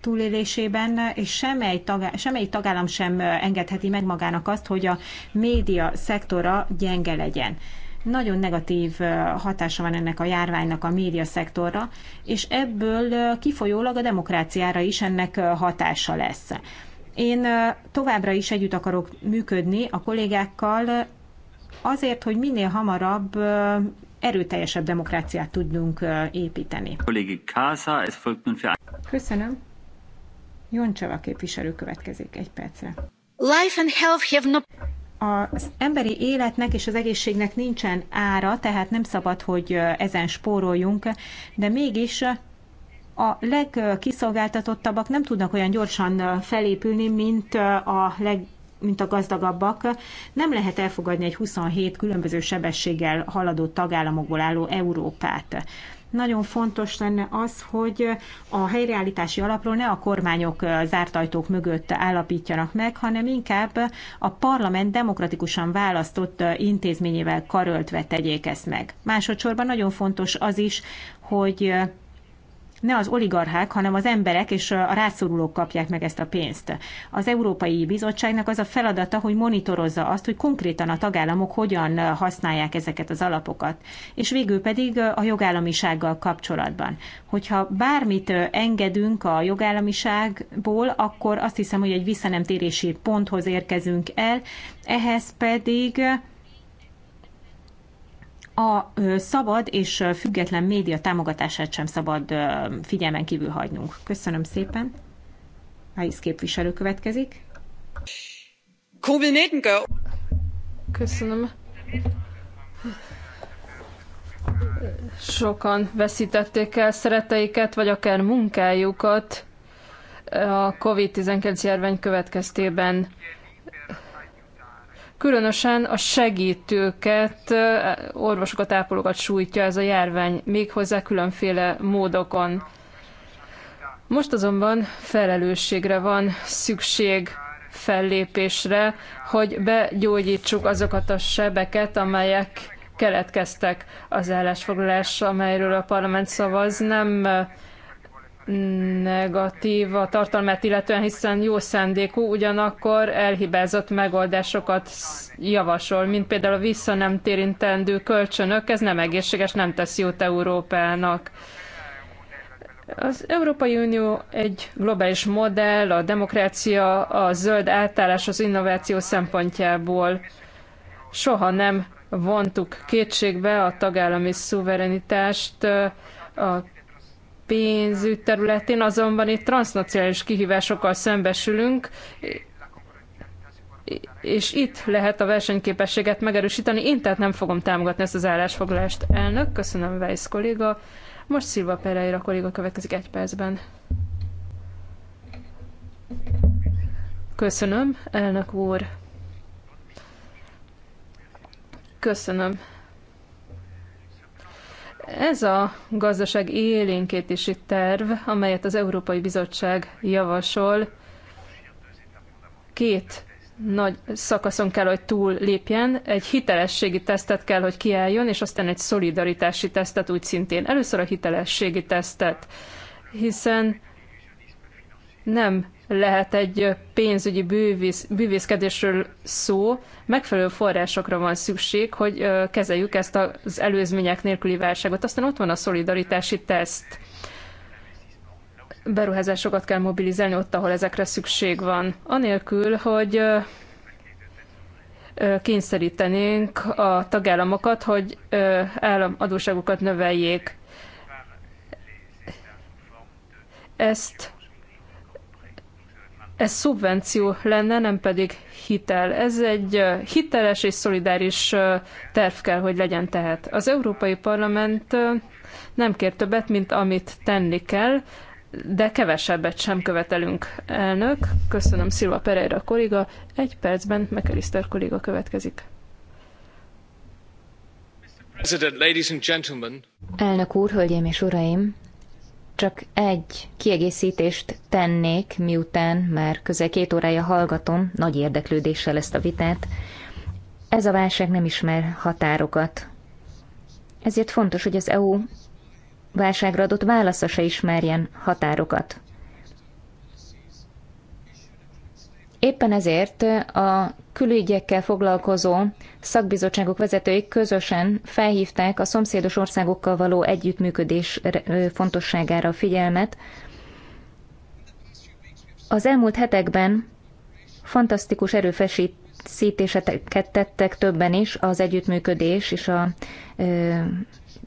F: túlélésében, és semmely, tagá- semmely tagállam sem engedheti meg magának azt, hogy a média szektora gyenge legyen. Nagyon negatív hatása van ennek a járványnak a média szektorra, és ebből kifolyólag a demokráciára is ennek hatása lesz. Én továbbra is együtt akarok működni a kollégákkal azért, hogy minél hamarabb erőteljesebb demokráciát tudnunk építeni. Köszönöm. Joncsava képviselő következik egy percre. Life and health have no... Az emberi életnek és az egészségnek nincsen ára, tehát nem szabad, hogy ezen spóroljunk, de mégis a legkiszolgáltatottabbak nem tudnak olyan gyorsan felépülni, mint a leg, mint a gazdagabbak, nem lehet elfogadni egy 27 különböző sebességgel haladó tagállamokból álló Európát. Nagyon fontos lenne az, hogy a helyreállítási alapról ne a kormányok zárt ajtók mögött állapítjanak meg, hanem inkább a parlament demokratikusan választott intézményével karöltve tegyék ezt meg. Másodszorban nagyon fontos az is, hogy ne az oligarchák, hanem az emberek és a rászorulók kapják meg ezt a pénzt. Az Európai Bizottságnak az a feladata, hogy monitorozza azt, hogy konkrétan a tagállamok hogyan használják ezeket az alapokat. És végül pedig a jogállamisággal kapcsolatban. Hogyha bármit engedünk a jogállamiságból, akkor azt hiszem, hogy egy visszanemtérési ponthoz érkezünk el, ehhez pedig a szabad és független média támogatását sem szabad figyelmen kívül hagynunk. Köszönöm szépen. Ájsz képviselő következik.
G: Köszönöm. Sokan veszítették el szeretteiket, vagy akár munkájukat a COVID-19 járvány következtében. Különösen a segítőket, orvosokat, ápolókat sújtja ez a járvány, méghozzá különféle módokon. Most azonban felelősségre van szükség fellépésre, hogy begyógyítsuk azokat a sebeket, amelyek keletkeztek az állásfoglalás, amelyről a parlament szavaz, nem negatív a tartalmát illetően, hiszen jó szándékú, ugyanakkor elhibázott megoldásokat javasol, mint például a vissza nem térintendő kölcsönök, ez nem egészséges, nem tesz jót Európának. Az Európai Unió egy globális modell, a demokrácia, a zöld átállás az innováció szempontjából soha nem vontuk kétségbe a tagállami szuverenitást, a pénzügy területén, azonban itt transnacionális kihívásokkal szembesülünk, és itt lehet a versenyképességet megerősíteni. Én tehát nem fogom támogatni ezt az állásfoglalást. Elnök, köszönöm Weiss kolléga. Most Szilva Pereira kolléga következik egy percben. Köszönöm, elnök úr. Köszönöm ez a gazdaság élénkítési terv, amelyet az Európai Bizottság javasol, két nagy szakaszon kell, hogy túl lépjen, egy hitelességi tesztet kell, hogy kiálljon, és aztán egy szolidaritási tesztet úgy szintén. Először a hitelességi tesztet, hiszen nem lehet egy pénzügyi bűvész, bűvészkedésről szó, megfelelő forrásokra van szükség, hogy kezeljük ezt az előzmények nélküli válságot. Aztán ott van a szolidaritási teszt. Beruházásokat kell mobilizálni ott, ahol ezekre szükség van. Anélkül, hogy kényszerítenénk a tagállamokat, hogy államadóságokat növeljék. Ezt ez szubvenció lenne, nem pedig hitel. Ez egy hiteles és szolidáris terv kell, hogy legyen tehát. Az Európai Parlament nem kér többet, mint amit tenni kell, de kevesebbet sem követelünk. Elnök, köszönöm Szilva Pereira kolléga, egy percben McAllister kolléga következik. Elnök úr, hölgyeim és uraim!
H: csak egy kiegészítést tennék, miután már közel két órája hallgatom nagy érdeklődéssel ezt a vitát. Ez a válság nem ismer határokat. Ezért fontos, hogy az EU válságra adott válasza se ismerjen határokat. Éppen ezért a külügyekkel foglalkozó szakbizottságok vezetői közösen felhívták a szomszédos országokkal való együttműködés fontosságára a figyelmet. Az elmúlt hetekben fantasztikus erőfeszítéseket tettek többen is az együttműködés és a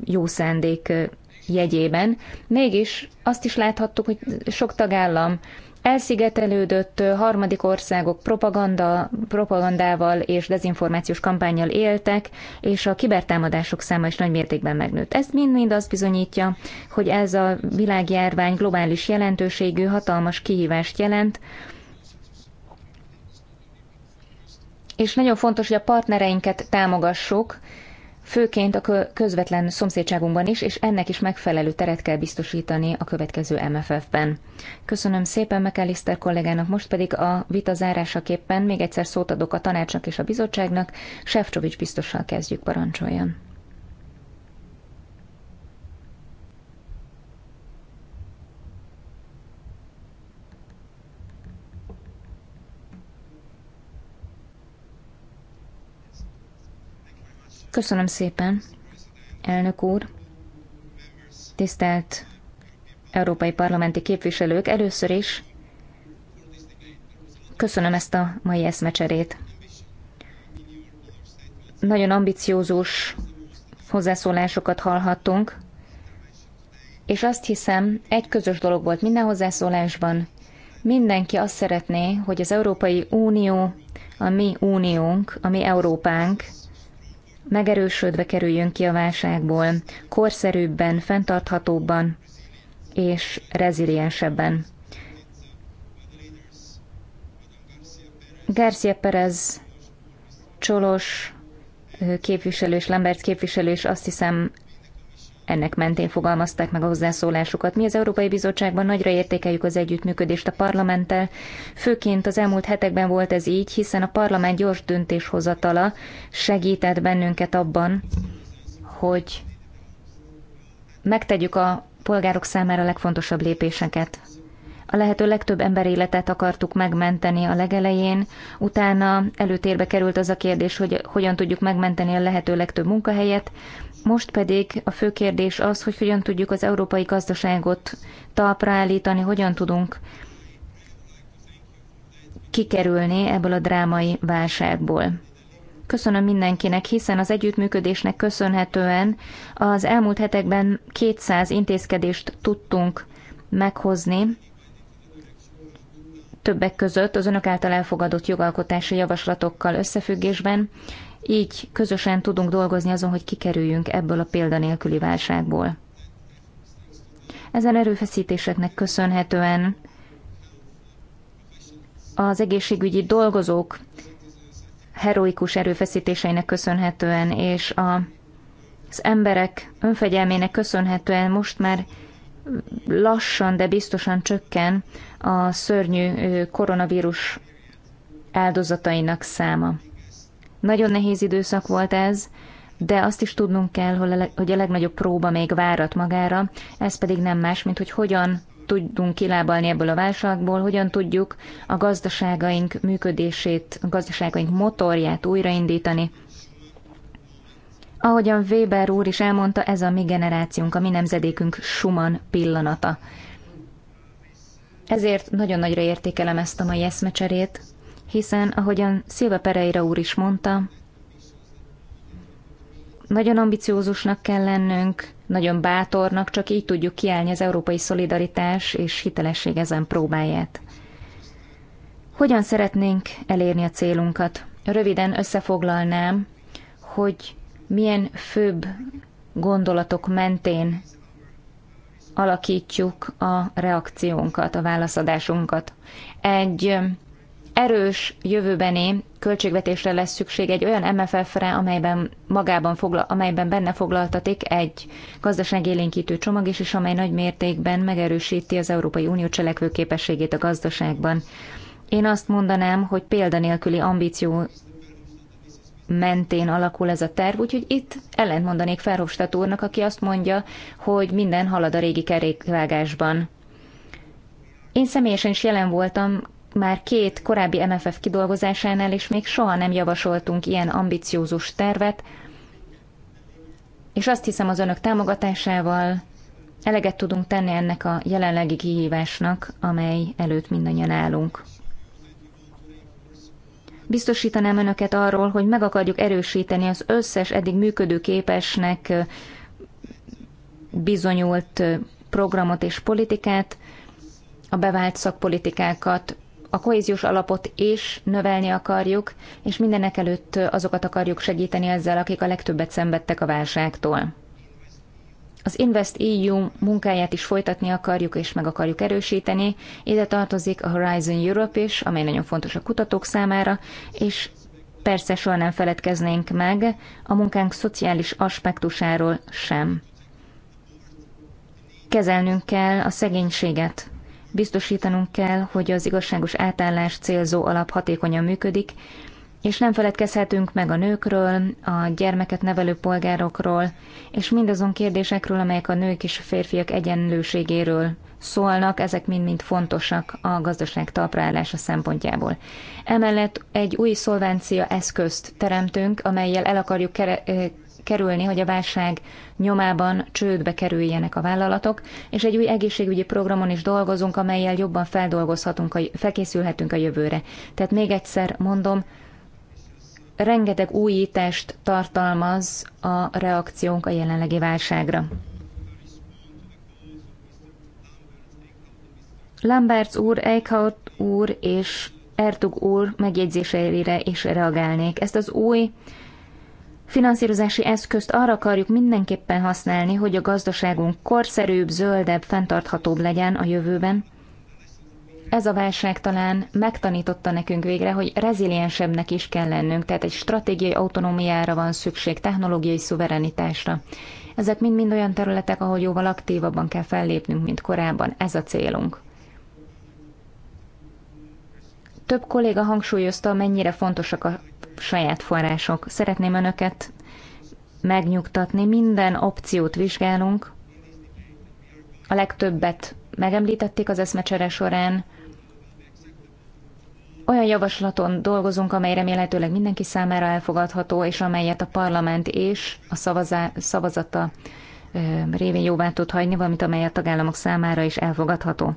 H: jó szándék jegyében. Mégis azt is láthattuk, hogy sok tagállam elszigetelődött harmadik országok propaganda, propagandával és dezinformációs kampányjal éltek, és a kibertámadások száma is nagy mértékben megnőtt. Ez mind-mind azt bizonyítja, hogy ez a világjárvány globális jelentőségű, hatalmas kihívást jelent, és nagyon fontos, hogy a partnereinket támogassuk, főként a közvetlen szomszédságunkban is, és ennek is megfelelő teret kell biztosítani a következő MFF-ben. Köszönöm szépen McAllister kollégának, most pedig a vita zárásaképpen még egyszer szót adok a tanácsnak és a bizottságnak, Sefcsovics biztossal kezdjük, parancsoljon. Köszönöm szépen, elnök úr. Tisztelt európai parlamenti képviselők, először is köszönöm ezt a mai eszmecserét. Nagyon ambiciózus hozzászólásokat hallhattunk, és azt hiszem, egy közös dolog volt minden hozzászólásban. Mindenki azt szeretné, hogy az Európai Unió, a mi uniónk, a mi Európánk megerősödve kerüljön ki a válságból, korszerűbben, fenntarthatóbban és reziliensebben. Garcia Perez, Csolos képviselő és Lambert képviselő is azt hiszem ennek mentén fogalmazták meg a hozzászólásukat. Mi az Európai Bizottságban nagyra értékeljük az együttműködést a parlamenttel. Főként az elmúlt hetekben volt ez így, hiszen a parlament gyors döntéshozatala segített bennünket abban, hogy megtegyük a polgárok számára a legfontosabb lépéseket. A lehető legtöbb ember életet akartuk megmenteni a legelején, utána előtérbe került az a kérdés, hogy hogyan tudjuk megmenteni a lehető legtöbb munkahelyet, most pedig a fő kérdés az, hogy hogyan tudjuk az európai gazdaságot talpra állítani, hogyan tudunk kikerülni ebből a drámai válságból. Köszönöm mindenkinek, hiszen az együttműködésnek köszönhetően az elmúlt hetekben 200 intézkedést tudtunk meghozni, többek között az önök által elfogadott jogalkotási javaslatokkal összefüggésben, így közösen tudunk dolgozni azon, hogy kikerüljünk ebből a példanélküli válságból. Ezen erőfeszítéseknek köszönhetően az egészségügyi dolgozók heroikus erőfeszítéseinek köszönhetően és a, az emberek önfegyelmének köszönhetően most már lassan, de biztosan csökken a szörnyű koronavírus áldozatainak száma. Nagyon nehéz időszak volt ez, de azt is tudnunk kell, hogy a legnagyobb próba még várat magára, ez pedig nem más, mint hogy hogyan tudunk kilábalni ebből a válságból, hogyan tudjuk a gazdaságaink működését, a gazdaságaink motorját újraindítani. Ahogyan Weber úr is elmondta, ez a mi generációnk, a mi nemzedékünk Schumann pillanata. Ezért nagyon nagyra értékelem ezt a mai eszmecserét, hiszen, ahogyan Szilva Pereira úr is mondta, nagyon ambiciózusnak kell lennünk, nagyon bátornak, csak így tudjuk kiállni az európai szolidaritás és hitelesség ezen próbáját. Hogyan szeretnénk elérni a célunkat? Röviden összefoglalnám, hogy milyen főbb gondolatok mentén alakítjuk a reakciónkat, a válaszadásunkat. Egy erős jövőbeni költségvetésre lesz szükség egy olyan MFF-re, amelyben, magában foglal, amelyben benne foglaltatik egy gazdaságélénkítő csomag is, és amely nagy mértékben megerősíti az Európai Unió képességét a gazdaságban. Én azt mondanám, hogy példanélküli ambíció mentén alakul ez a terv, úgyhogy itt ellent mondanék Ferhofstadt úrnak, aki azt mondja, hogy minden halad a régi kerékvágásban. Én személyesen is jelen voltam már két korábbi MFF kidolgozásánál is még soha nem javasoltunk ilyen ambiciózus tervet, és azt hiszem az önök támogatásával eleget tudunk tenni ennek a jelenlegi kihívásnak, amely előtt mindannyian állunk. Biztosítanám önöket arról, hogy meg akarjuk erősíteni az összes eddig működőképesnek bizonyult programot és politikát, a bevált szakpolitikákat a kohéziós alapot és növelni akarjuk, és mindenek előtt azokat akarjuk segíteni ezzel, akik a legtöbbet szenvedtek a válságtól. Az Invest EU munkáját is folytatni akarjuk és meg akarjuk erősíteni. Ide tartozik a Horizon Europe is, amely nagyon fontos a kutatók számára, és persze soha nem feledkeznénk meg a munkánk szociális aspektusáról sem. Kezelnünk kell a szegénységet, Biztosítanunk kell, hogy az igazságos átállás célzó alap hatékonyan működik, és nem feledkezhetünk meg a nőkről, a gyermeket nevelő polgárokról, és mindazon kérdésekről, amelyek a nők és a férfiak egyenlőségéről szólnak, ezek mind-mind fontosak a gazdaság talprálása szempontjából. Emellett egy új szolvencia eszközt teremtünk, amelyel el akarjuk kerülni, hogy a válság nyomában csődbe kerüljenek a vállalatok, és egy új egészségügyi programon is dolgozunk, amelyel jobban feldolgozhatunk, felkészülhetünk a jövőre. Tehát még egyszer mondom, rengeteg újítást tartalmaz a reakciónk a jelenlegi válságra. Lamberts úr, Eichhout úr és Ertug úr megjegyzéseire is reagálnék. Ezt az új finanszírozási eszközt arra akarjuk mindenképpen használni, hogy a gazdaságunk korszerűbb, zöldebb, fenntarthatóbb legyen a jövőben. Ez a válság talán megtanította nekünk végre, hogy reziliensebbnek is kell lennünk, tehát egy stratégiai autonómiára van szükség, technológiai szuverenitásra. Ezek mind-mind olyan területek, ahol jóval aktívabban kell fellépnünk, mint korábban. Ez a célunk. Több kolléga hangsúlyozta, mennyire fontosak a saját források. Szeretném önöket megnyugtatni, minden opciót vizsgálunk. A legtöbbet megemlítették az eszmecsere során. Olyan javaslaton dolgozunk, amely remélhetőleg mindenki számára elfogadható, és amelyet a parlament és a szavazá, szavazata révén jóvá tud hagyni, valamint amely a tagállamok számára is elfogadható.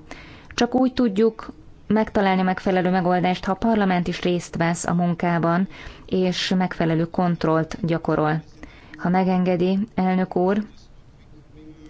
H: Csak úgy tudjuk megtalálni a megfelelő megoldást, ha a parlament is részt vesz a munkában, és megfelelő kontrollt gyakorol. Ha megengedi, elnök úr,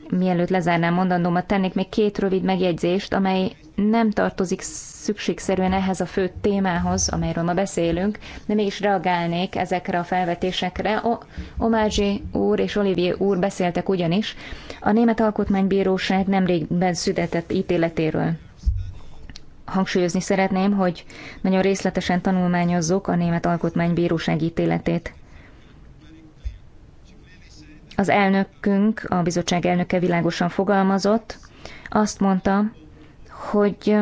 H: mielőtt lezárnám mondandómat, tennék még két rövid megjegyzést, amely nem tartozik szükségszerűen ehhez a fő témához, amelyről ma beszélünk, de mégis reagálnék ezekre a felvetésekre. O- Omázsi úr és Olivier úr beszéltek ugyanis. A Német Alkotmánybíróság nemrégben született ítéletéről hangsúlyozni szeretném, hogy nagyon részletesen tanulmányozzuk a Német Alkotmánybíróság ítéletét. Az elnökünk, a bizottság elnöke világosan fogalmazott, azt mondta, hogy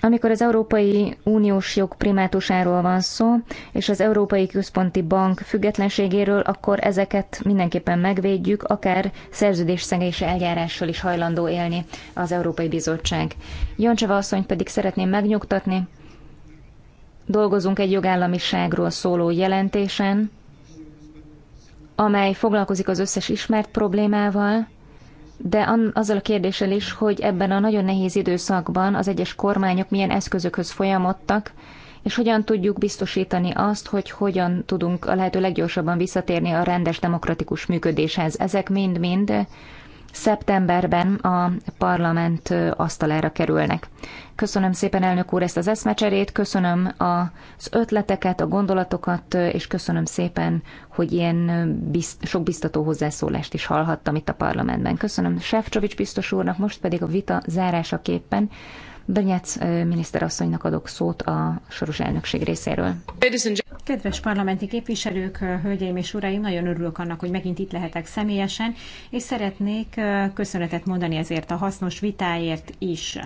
H: amikor az Európai Uniós jog primátusáról van szó, és az Európai Központi Bank függetlenségéről, akkor ezeket mindenképpen megvédjük, akár szerződésszegési eljárással is hajlandó élni az Európai Bizottság. Jancsava asszony pedig szeretném megnyugtatni, dolgozunk egy jogállamiságról szóló jelentésen, amely foglalkozik az összes ismert problémával, de azzal a kérdéssel is, hogy ebben a nagyon nehéz időszakban az egyes kormányok milyen eszközökhöz folyamodtak, és hogyan tudjuk biztosítani azt, hogy hogyan tudunk a lehető leggyorsabban visszatérni a rendes demokratikus működéshez. Ezek mind-mind szeptemberben a parlament asztalára kerülnek. Köszönöm szépen, elnök úr, ezt az eszmecserét, köszönöm az ötleteket, a gondolatokat, és köszönöm szépen, hogy ilyen bizt, sok biztató hozzászólást is hallhattam itt a parlamentben. Köszönöm Sefcsovics biztos úrnak, most pedig a vita zárásaképpen Benyec miniszterasszonynak adok szót a soros elnökség részéről.
F: Kedves parlamenti képviselők, hölgyeim és uraim, nagyon örülök annak, hogy megint itt lehetek személyesen, és szeretnék köszönetet mondani ezért a hasznos vitáért is.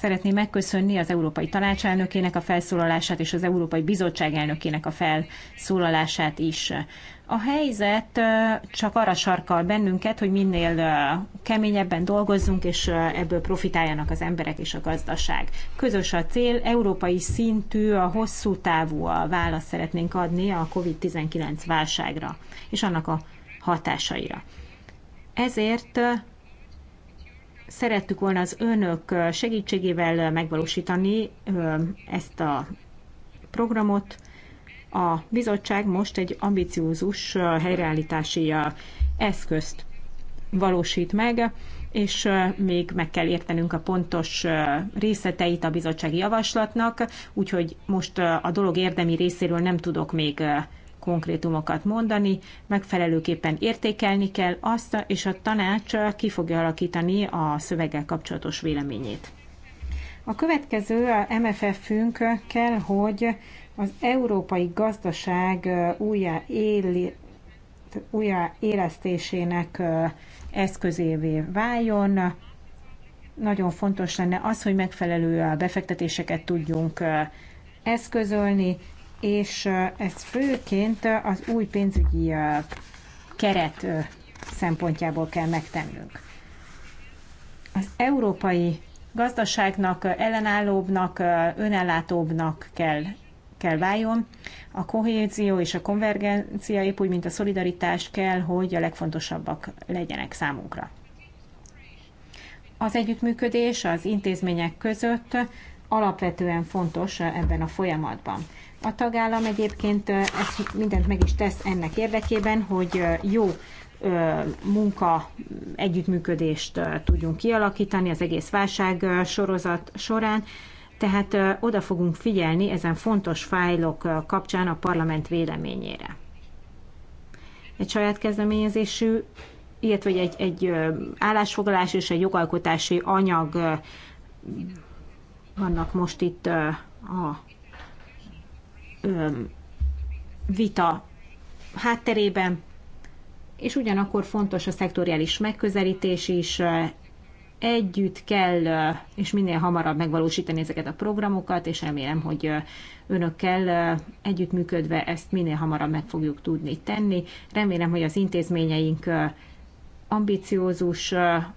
F: Szeretném megköszönni az Európai Tanács elnökének a felszólalását és az Európai Bizottság elnökének a felszólalását is. A helyzet csak arra sarkal bennünket, hogy minél keményebben dolgozzunk, és ebből profitáljanak az emberek és a gazdaság. Közös a cél, európai szintű, a hosszú távú a választ szeretnénk adni a COVID-19 válságra és annak a hatásaira. Ezért szerettük volna az önök segítségével megvalósítani ezt a programot. A bizottság most egy ambiciózus helyreállítási eszközt valósít meg, és még meg kell értenünk a pontos részleteit a bizottsági javaslatnak, úgyhogy most a dolog érdemi részéről nem tudok még konkrétumokat mondani, megfelelőképpen értékelni kell azt, és a tanács ki fogja alakítani a szöveggel kapcsolatos véleményét. A következő a MFF-ünk kell, hogy az európai gazdaság újjáéli, újjáélesztésének eszközévé váljon. Nagyon fontos lenne az, hogy megfelelő befektetéseket tudjunk eszközölni, és ez főként az új pénzügyi keret szempontjából kell megtennünk. Az európai gazdaságnak ellenállóbbnak, önellátóbbnak kell, kell váljon. A kohézió és a konvergencia épp úgy, mint a szolidaritás kell, hogy a legfontosabbak legyenek számunkra. Az együttműködés az intézmények között alapvetően fontos ebben a folyamatban. A tagállam egyébként ezt mindent meg is tesz ennek érdekében, hogy jó munka együttműködést tudjunk kialakítani az egész válság sorozat során, tehát oda fogunk figyelni ezen fontos fájlok kapcsán a parlament véleményére. Egy saját kezdeményezésű, illetve egy, egy állásfoglalás és egy jogalkotási anyag vannak most itt a vita hátterében, és ugyanakkor fontos a szektoriális megközelítés is, együtt kell, és minél hamarabb megvalósítani ezeket a programokat, és remélem, hogy önökkel együttműködve ezt minél hamarabb meg fogjuk tudni tenni. Remélem, hogy az intézményeink ambiciózus,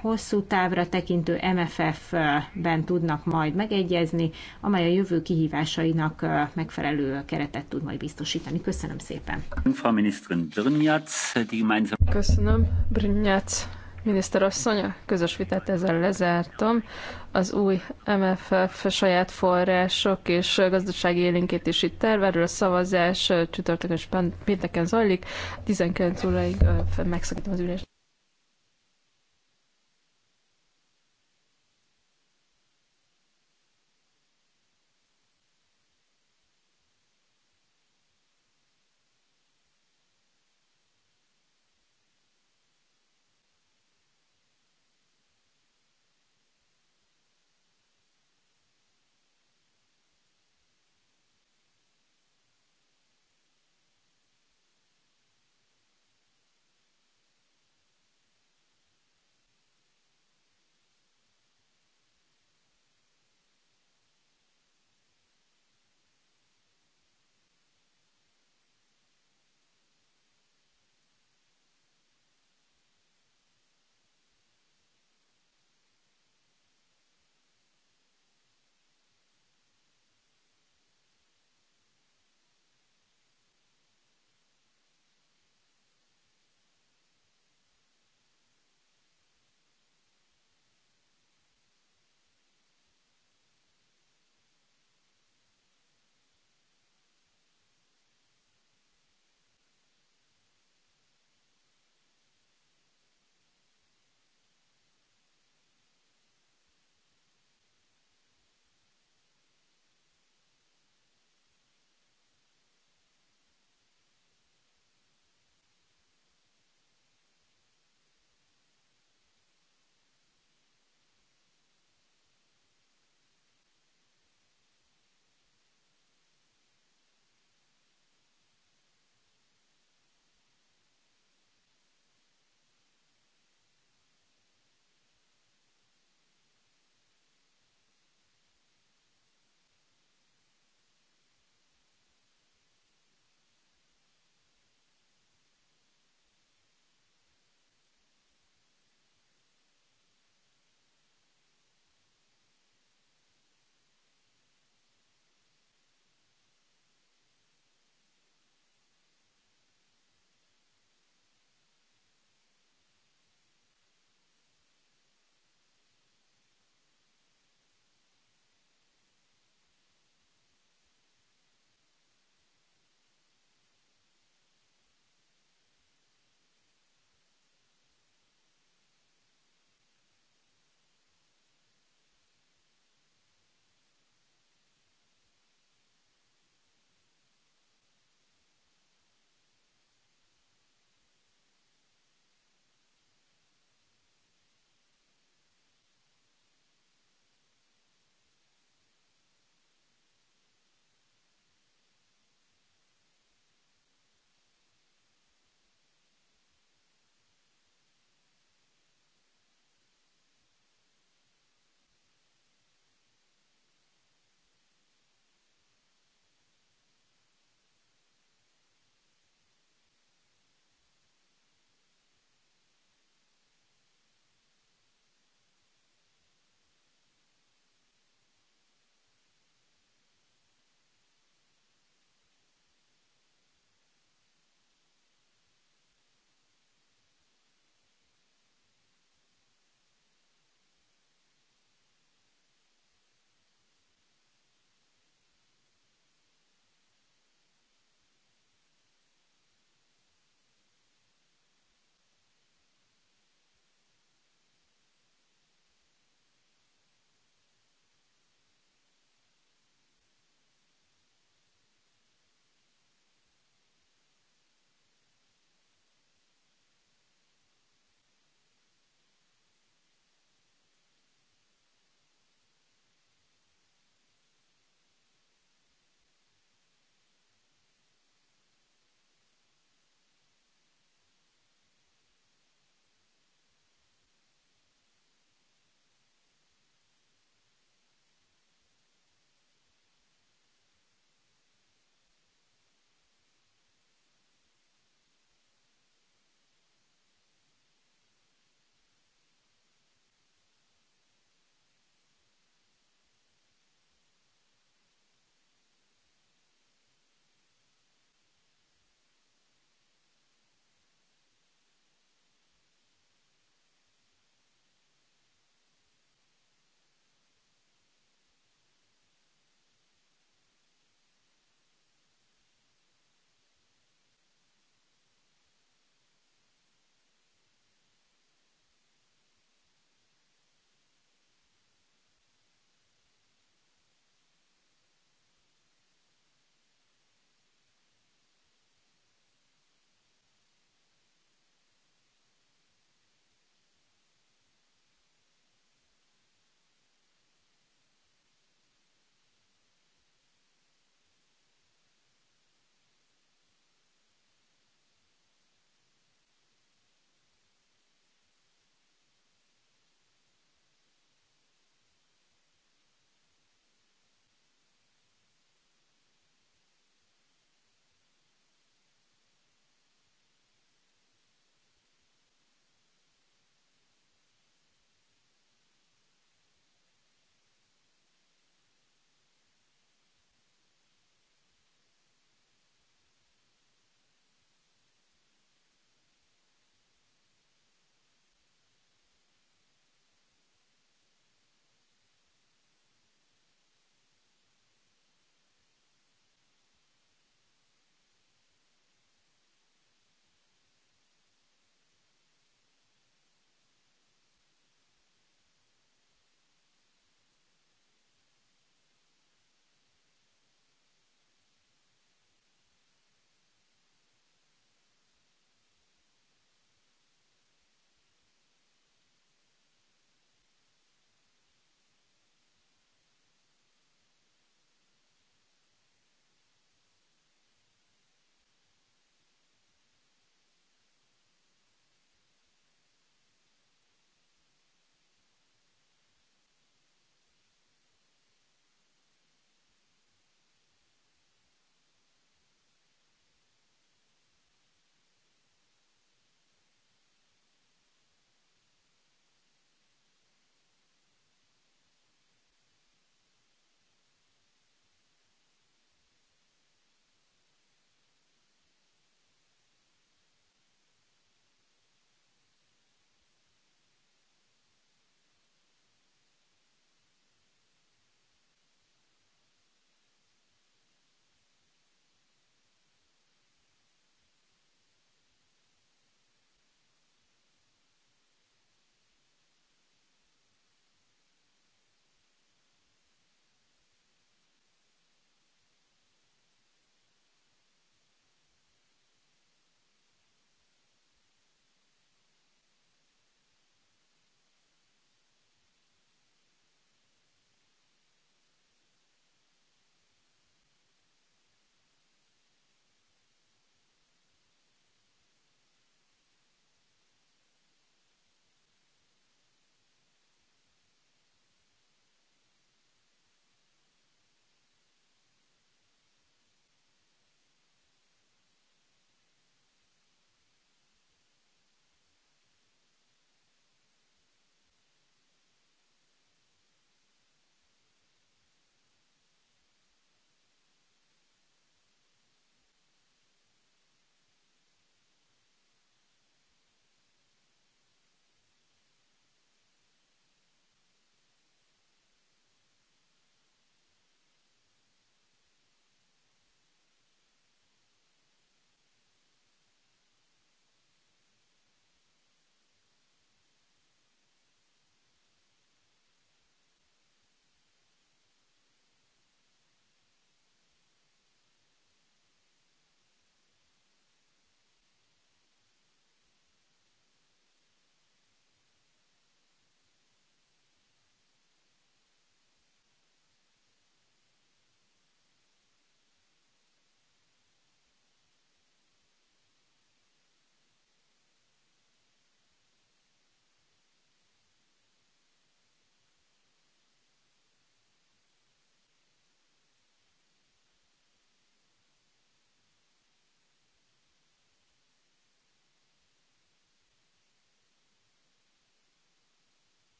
F: hosszú távra tekintő MFF-ben tudnak majd megegyezni, amely a jövő kihívásainak megfelelő keretet tud majd biztosítani. Köszönöm szépen. Köszönöm, Brinyac miniszterasszony, a
G: közös vitát ezzel lezártam. Az új MFF saját források és gazdasági élénkítési terverről a szavazás csütörtökön és pénteken zajlik. 19 óraig megszakítom az ülést.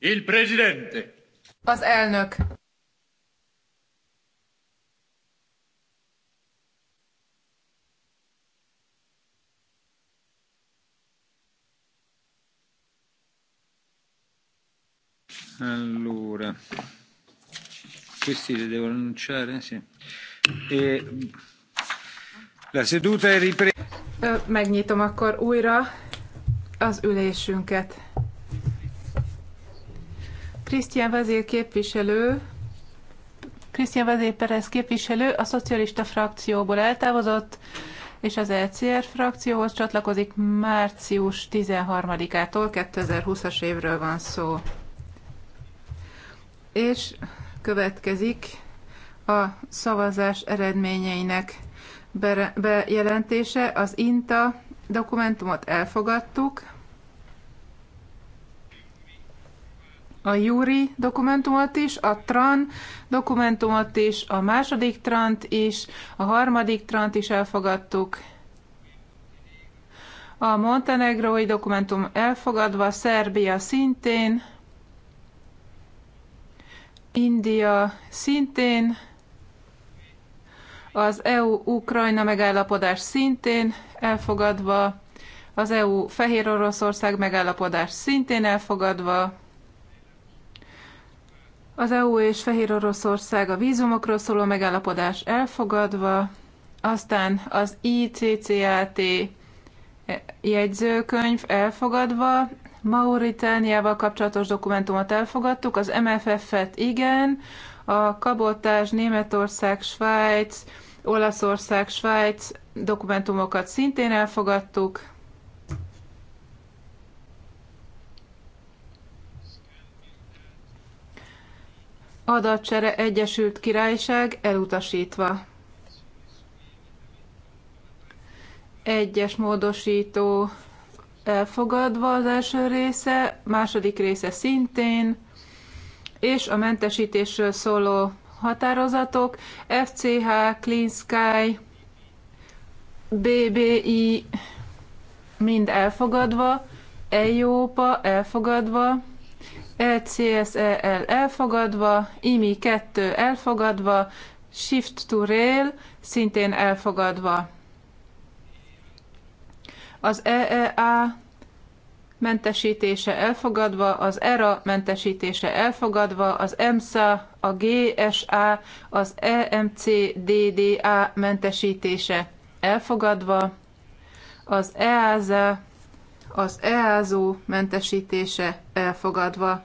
D: Il presidente.
A: Az elnök.
D: Allora, questi li devo annunciare? Sì. E, la seduta è ripresa.
A: Megnyitom akkor újra az ülésünket. Krisztián vezér képviselő, Krisztián vezér Perez képviselő a szocialista frakcióból eltávozott, és az ECR frakcióhoz csatlakozik március 13-ától, 2020-as évről van szó. És következik a szavazás eredményeinek bejelentése. Az INTA dokumentumot elfogadtuk, a Júri dokumentumot is, a Tran dokumentumot is, a második Trant is, a harmadik Trant is elfogadtuk, a montenegrói dokumentum elfogadva, Szerbia szintén, India szintén, az EU-Ukrajna megállapodás szintén elfogadva, az EU-Fehér Oroszország megállapodás szintén elfogadva, az EU és Fehér Oroszország a vízumokról szóló megállapodás elfogadva, aztán az ICCAT jegyzőkönyv elfogadva, Mauritániával kapcsolatos dokumentumot elfogadtuk, az MFF-et igen, a kabotás Németország, Svájc, Olaszország, Svájc dokumentumokat szintén elfogadtuk, Adatcsere Egyesült Királyság elutasítva. Egyes módosító elfogadva az első része, második része szintén, és a mentesítésről szóló határozatok, FCH, Clean Sky, BBI mind elfogadva, EIOPA elfogadva, ECSEL elfogadva, IMI 2 elfogadva, Shift to Rail szintén elfogadva. Az EEA mentesítése elfogadva, az ERA mentesítése elfogadva, az EMSA, a GSA, az EMCDDA mentesítése elfogadva, az EASA az EASO mentesítése elfogadva.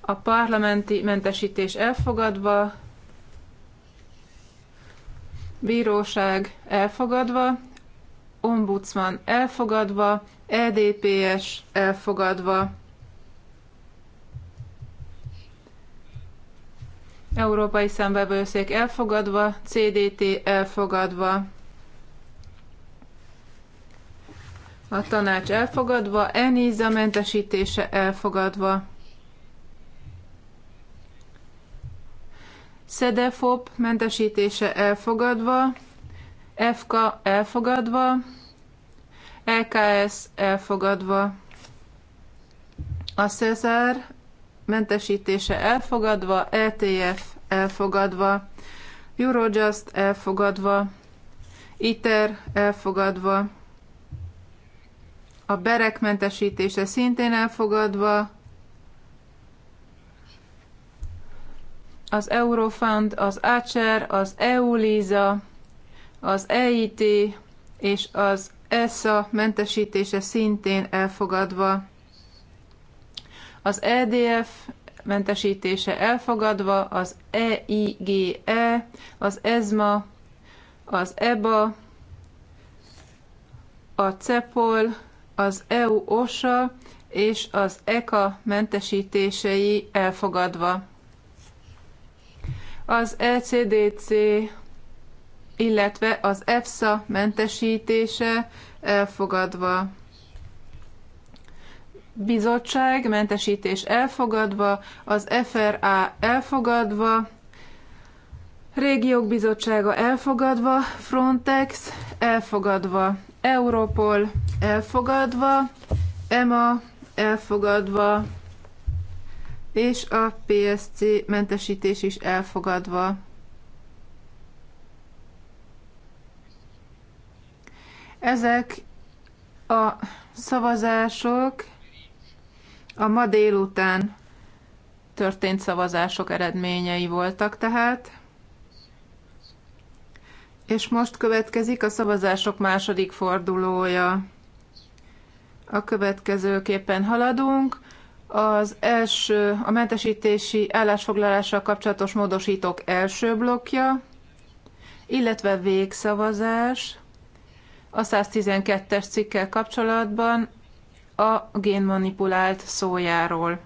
A: A parlamenti mentesítés elfogadva, bíróság elfogadva, ombudsman elfogadva, EDPS elfogadva, Európai Számbevőszék elfogadva, CDT elfogadva. a tanács elfogadva, ENIZA mentesítése elfogadva. SZEDEFOP mentesítése elfogadva, FK elfogadva, LKS elfogadva, a CESAR mentesítése elfogadva, ETF elfogadva, Eurojust elfogadva, ITER elfogadva, a berek mentesítése szintén elfogadva, az Eurofund, az ACER, az EULISA, az EIT és az ESA mentesítése szintén elfogadva, az EDF mentesítése elfogadva, az EIGE, e, az ESMA, az EBA, a CEPOL, az EU OSA és az ECA mentesítései elfogadva. Az ECDC, illetve az EFSA mentesítése elfogadva. Bizottság mentesítés elfogadva, az FRA elfogadva, Régiók Bizottsága elfogadva, Frontex elfogadva, Europol elfogadva, EMA elfogadva, és a PSC mentesítés is elfogadva. Ezek a szavazások a ma délután történt szavazások eredményei voltak tehát. És most következik a szavazások második fordulója. A következőképpen haladunk. Az első, a mentesítési állásfoglalással kapcsolatos módosítók első blokja, illetve végszavazás a 112-es cikkel kapcsolatban a génmanipulált szójáról.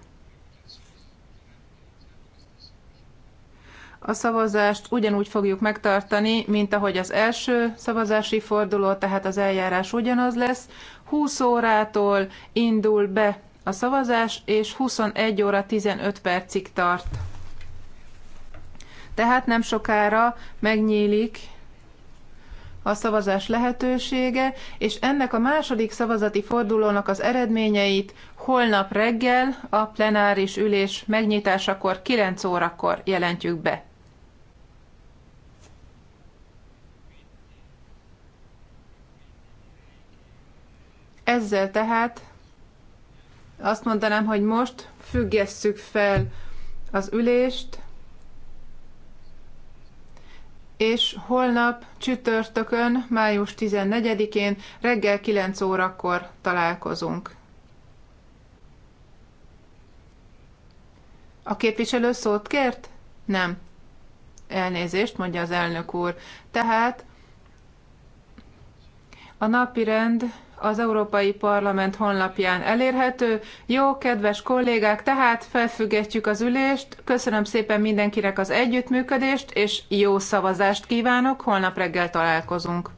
A: a szavazást ugyanúgy fogjuk megtartani, mint ahogy az első szavazási forduló, tehát az eljárás ugyanaz lesz. 20 órától indul be a szavazás, és 21 óra 15 percig tart. Tehát nem sokára megnyílik a szavazás lehetősége, és ennek a második szavazati fordulónak az eredményeit holnap reggel a plenáris ülés megnyitásakor 9 órakor jelentjük be. Ezzel tehát azt mondanám, hogy most függesszük fel az ülést, és holnap csütörtökön, május 14-én reggel 9 órakor találkozunk. A képviselő szót kért? Nem. Elnézést, mondja az elnök úr. Tehát a napi rend az Európai Parlament honlapján elérhető. Jó, kedves kollégák, tehát felfüggetjük az ülést. Köszönöm szépen mindenkinek az együttműködést, és jó szavazást kívánok. Holnap reggel találkozunk.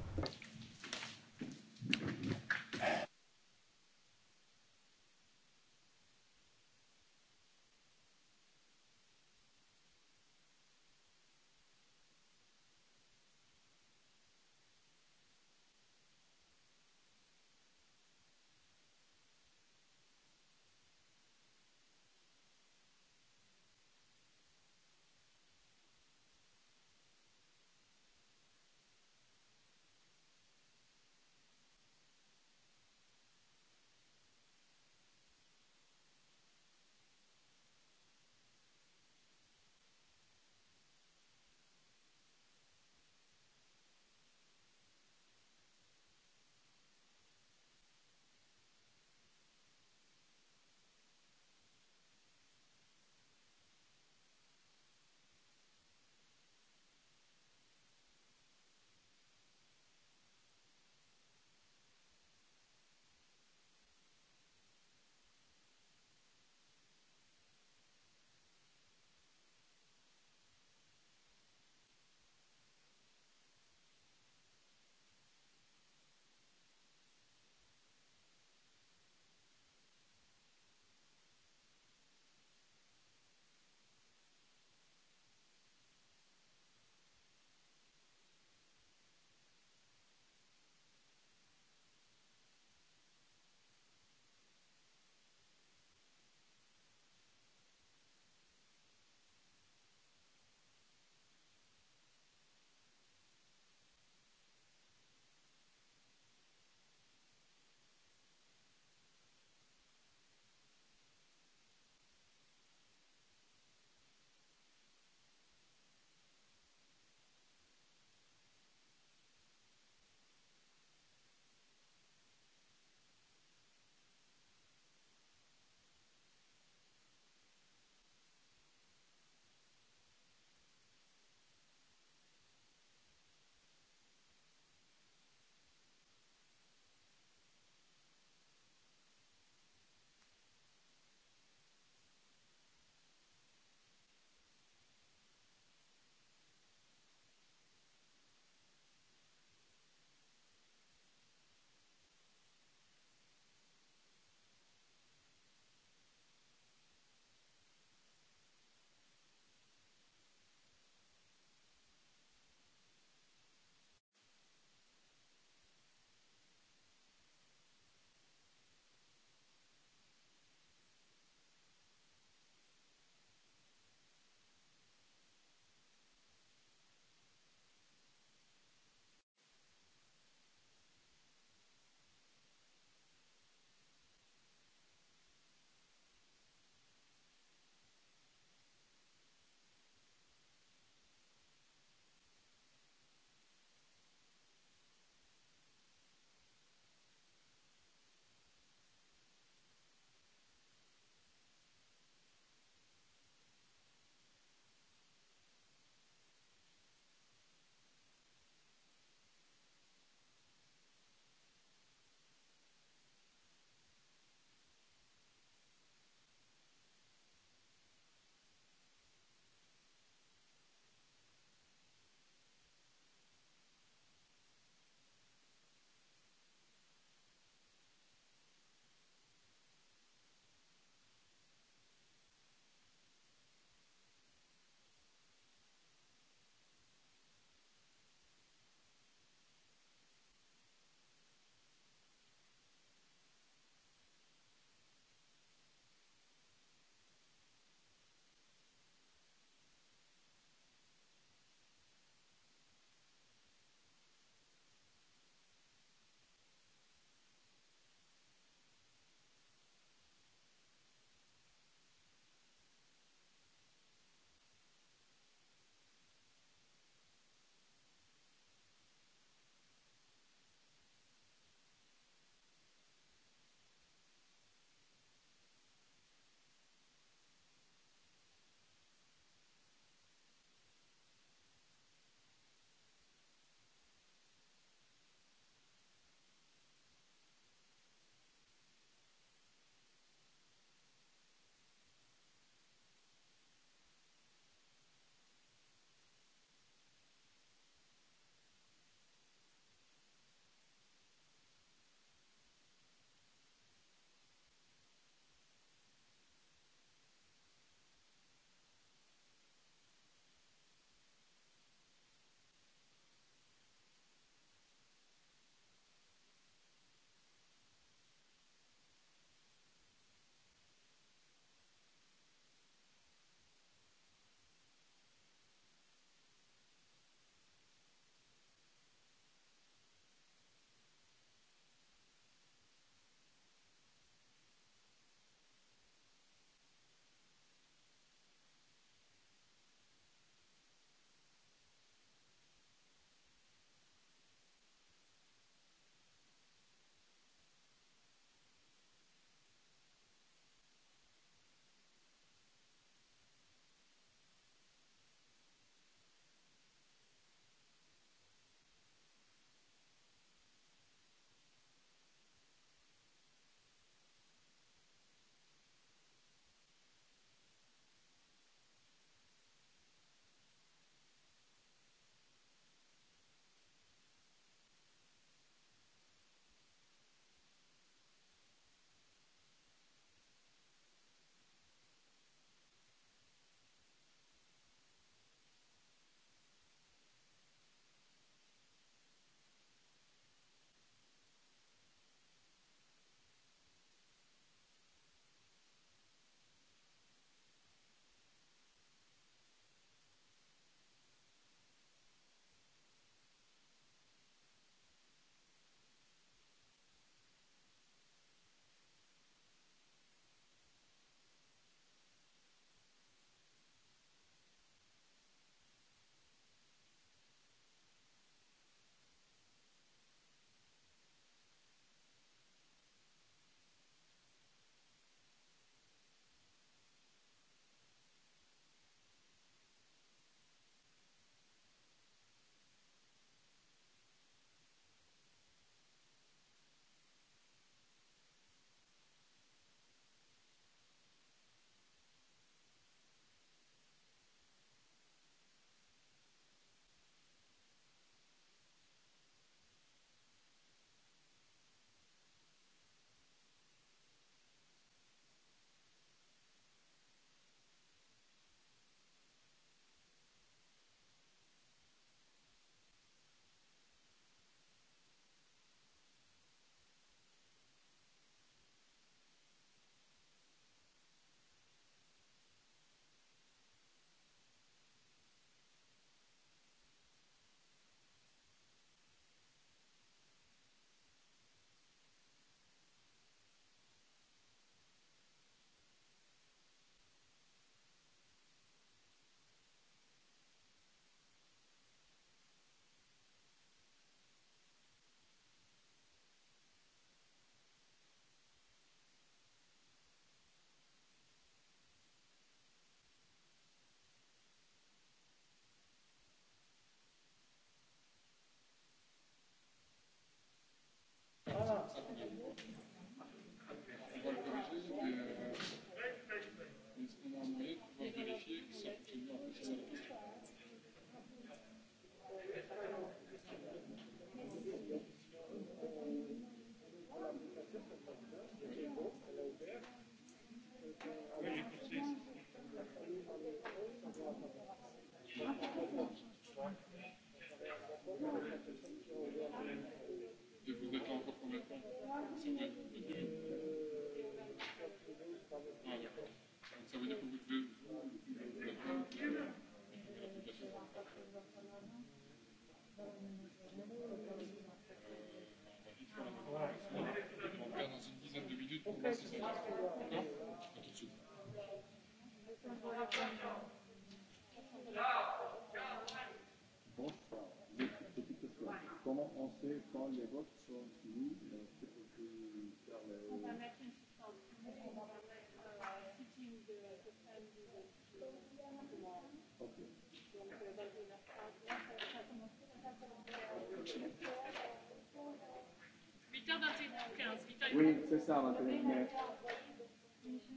C: Oui, c'est ça maintenant. Mais...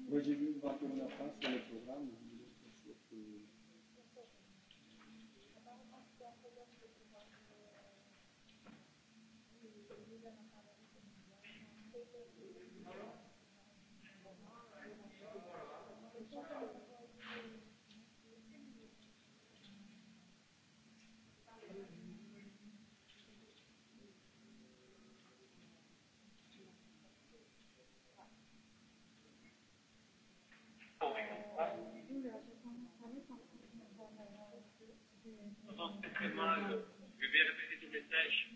E: Moi j'ai vu 21 h 30
C: sur le programme. Thank you. Pardon, c'est très mal. Je vais répéter le message.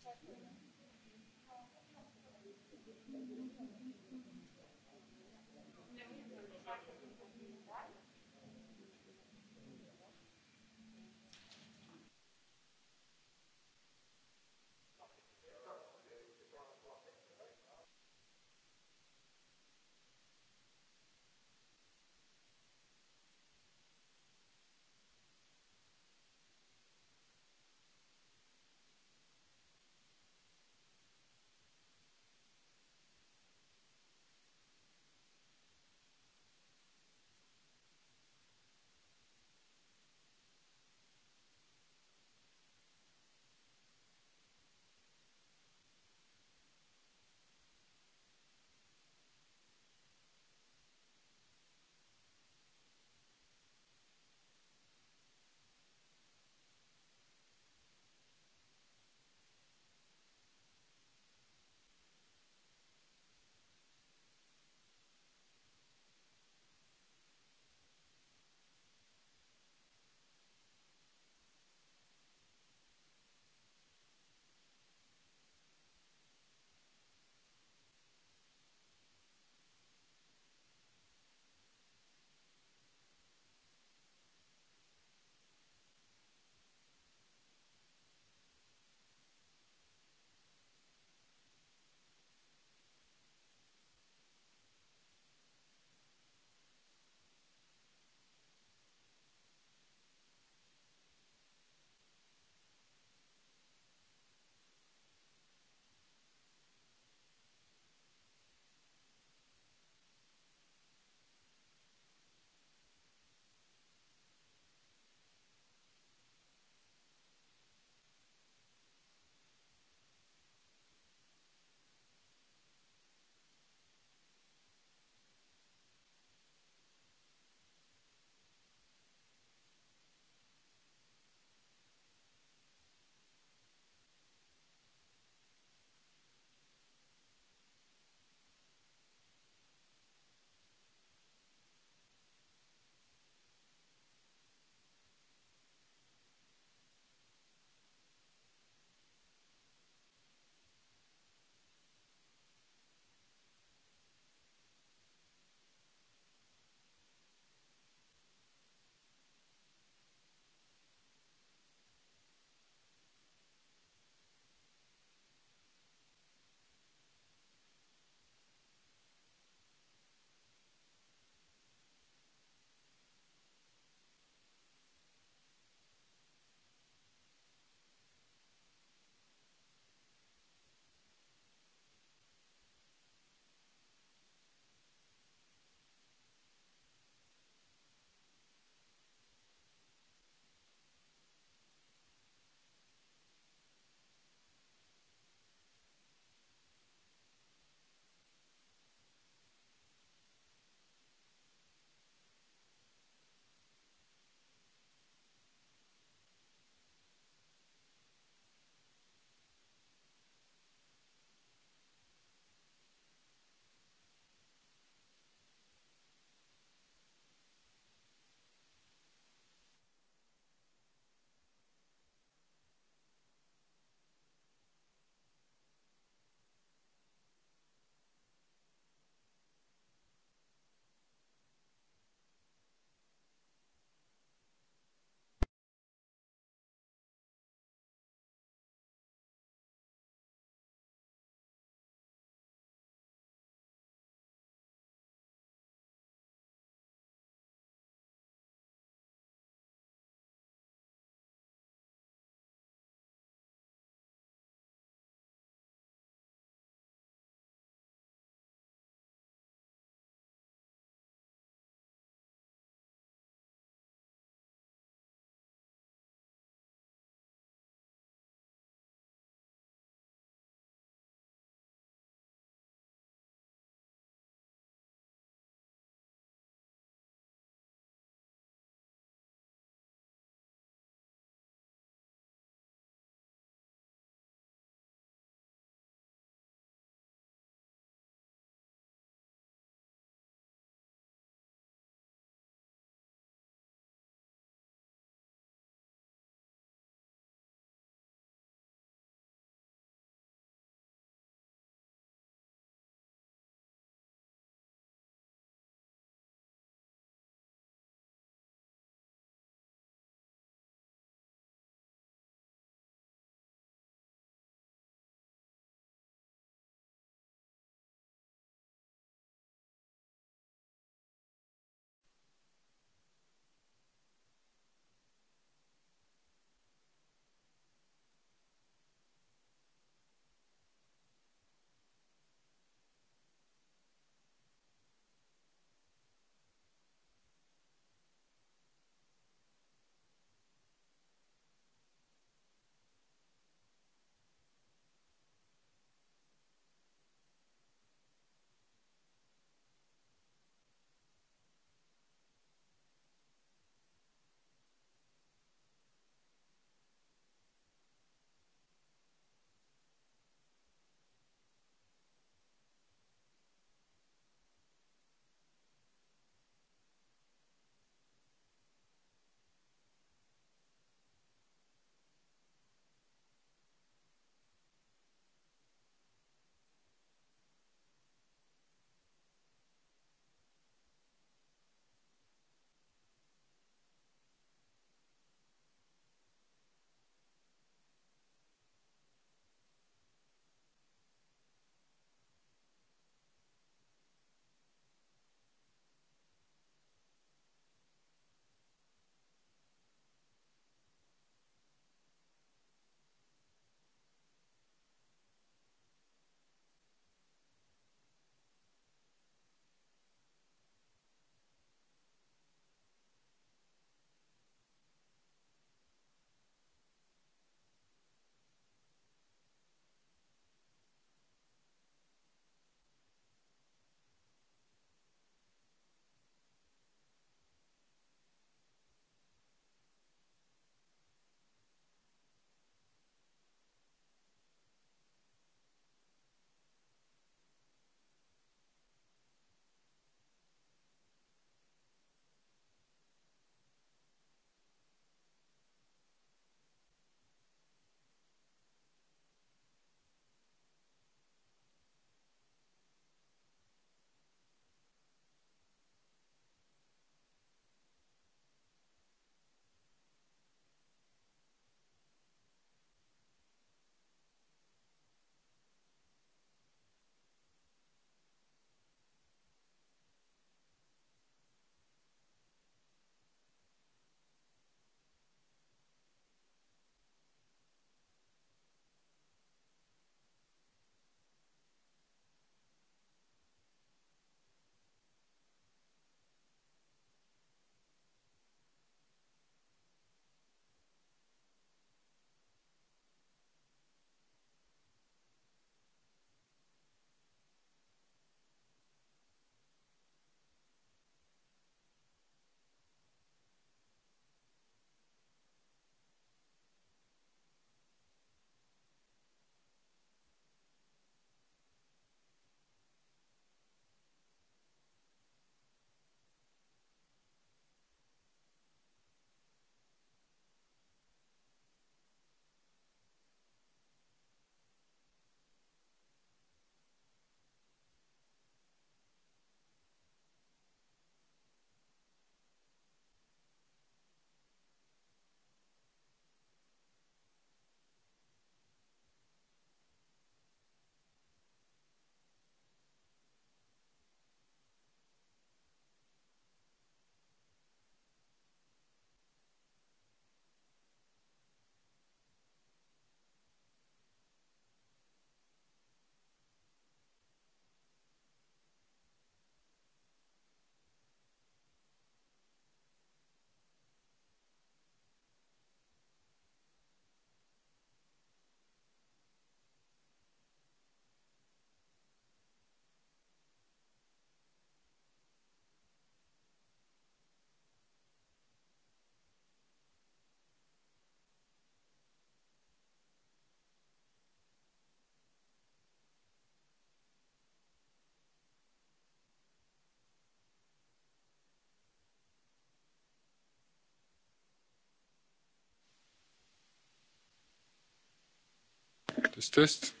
D: Test, test.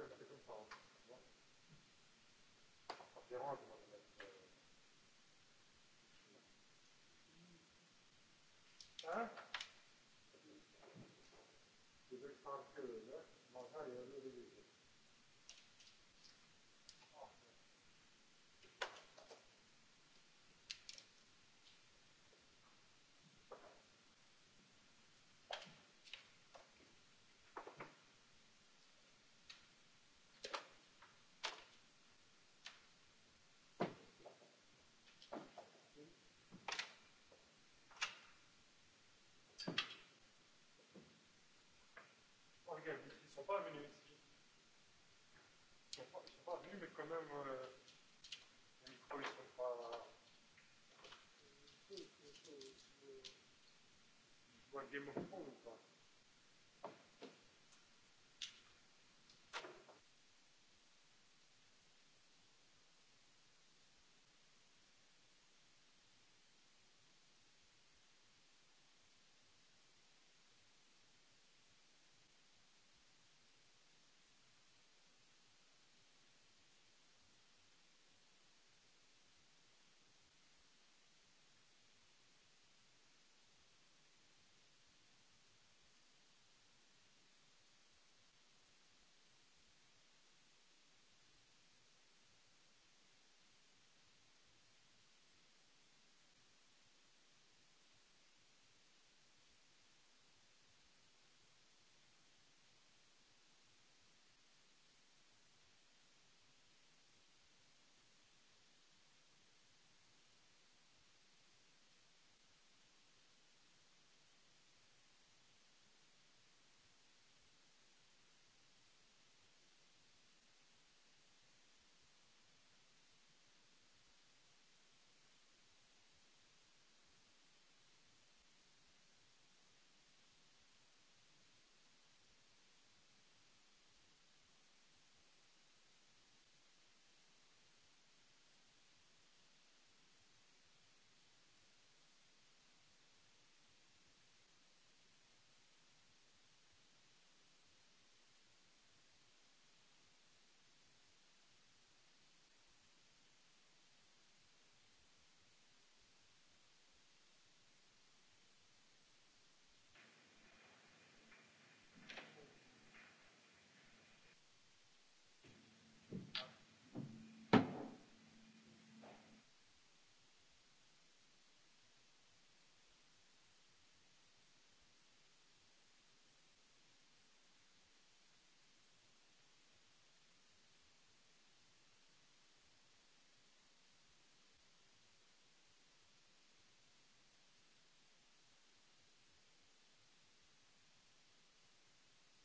E: questa circostanza Geronimo eh? Det är väl starkt över. Man kan göra Ils sont pas venus ici. Ils sont sont pas venus, mais quand même, euh,
C: les micros, sont pas.
E: Game of Thrones ou pas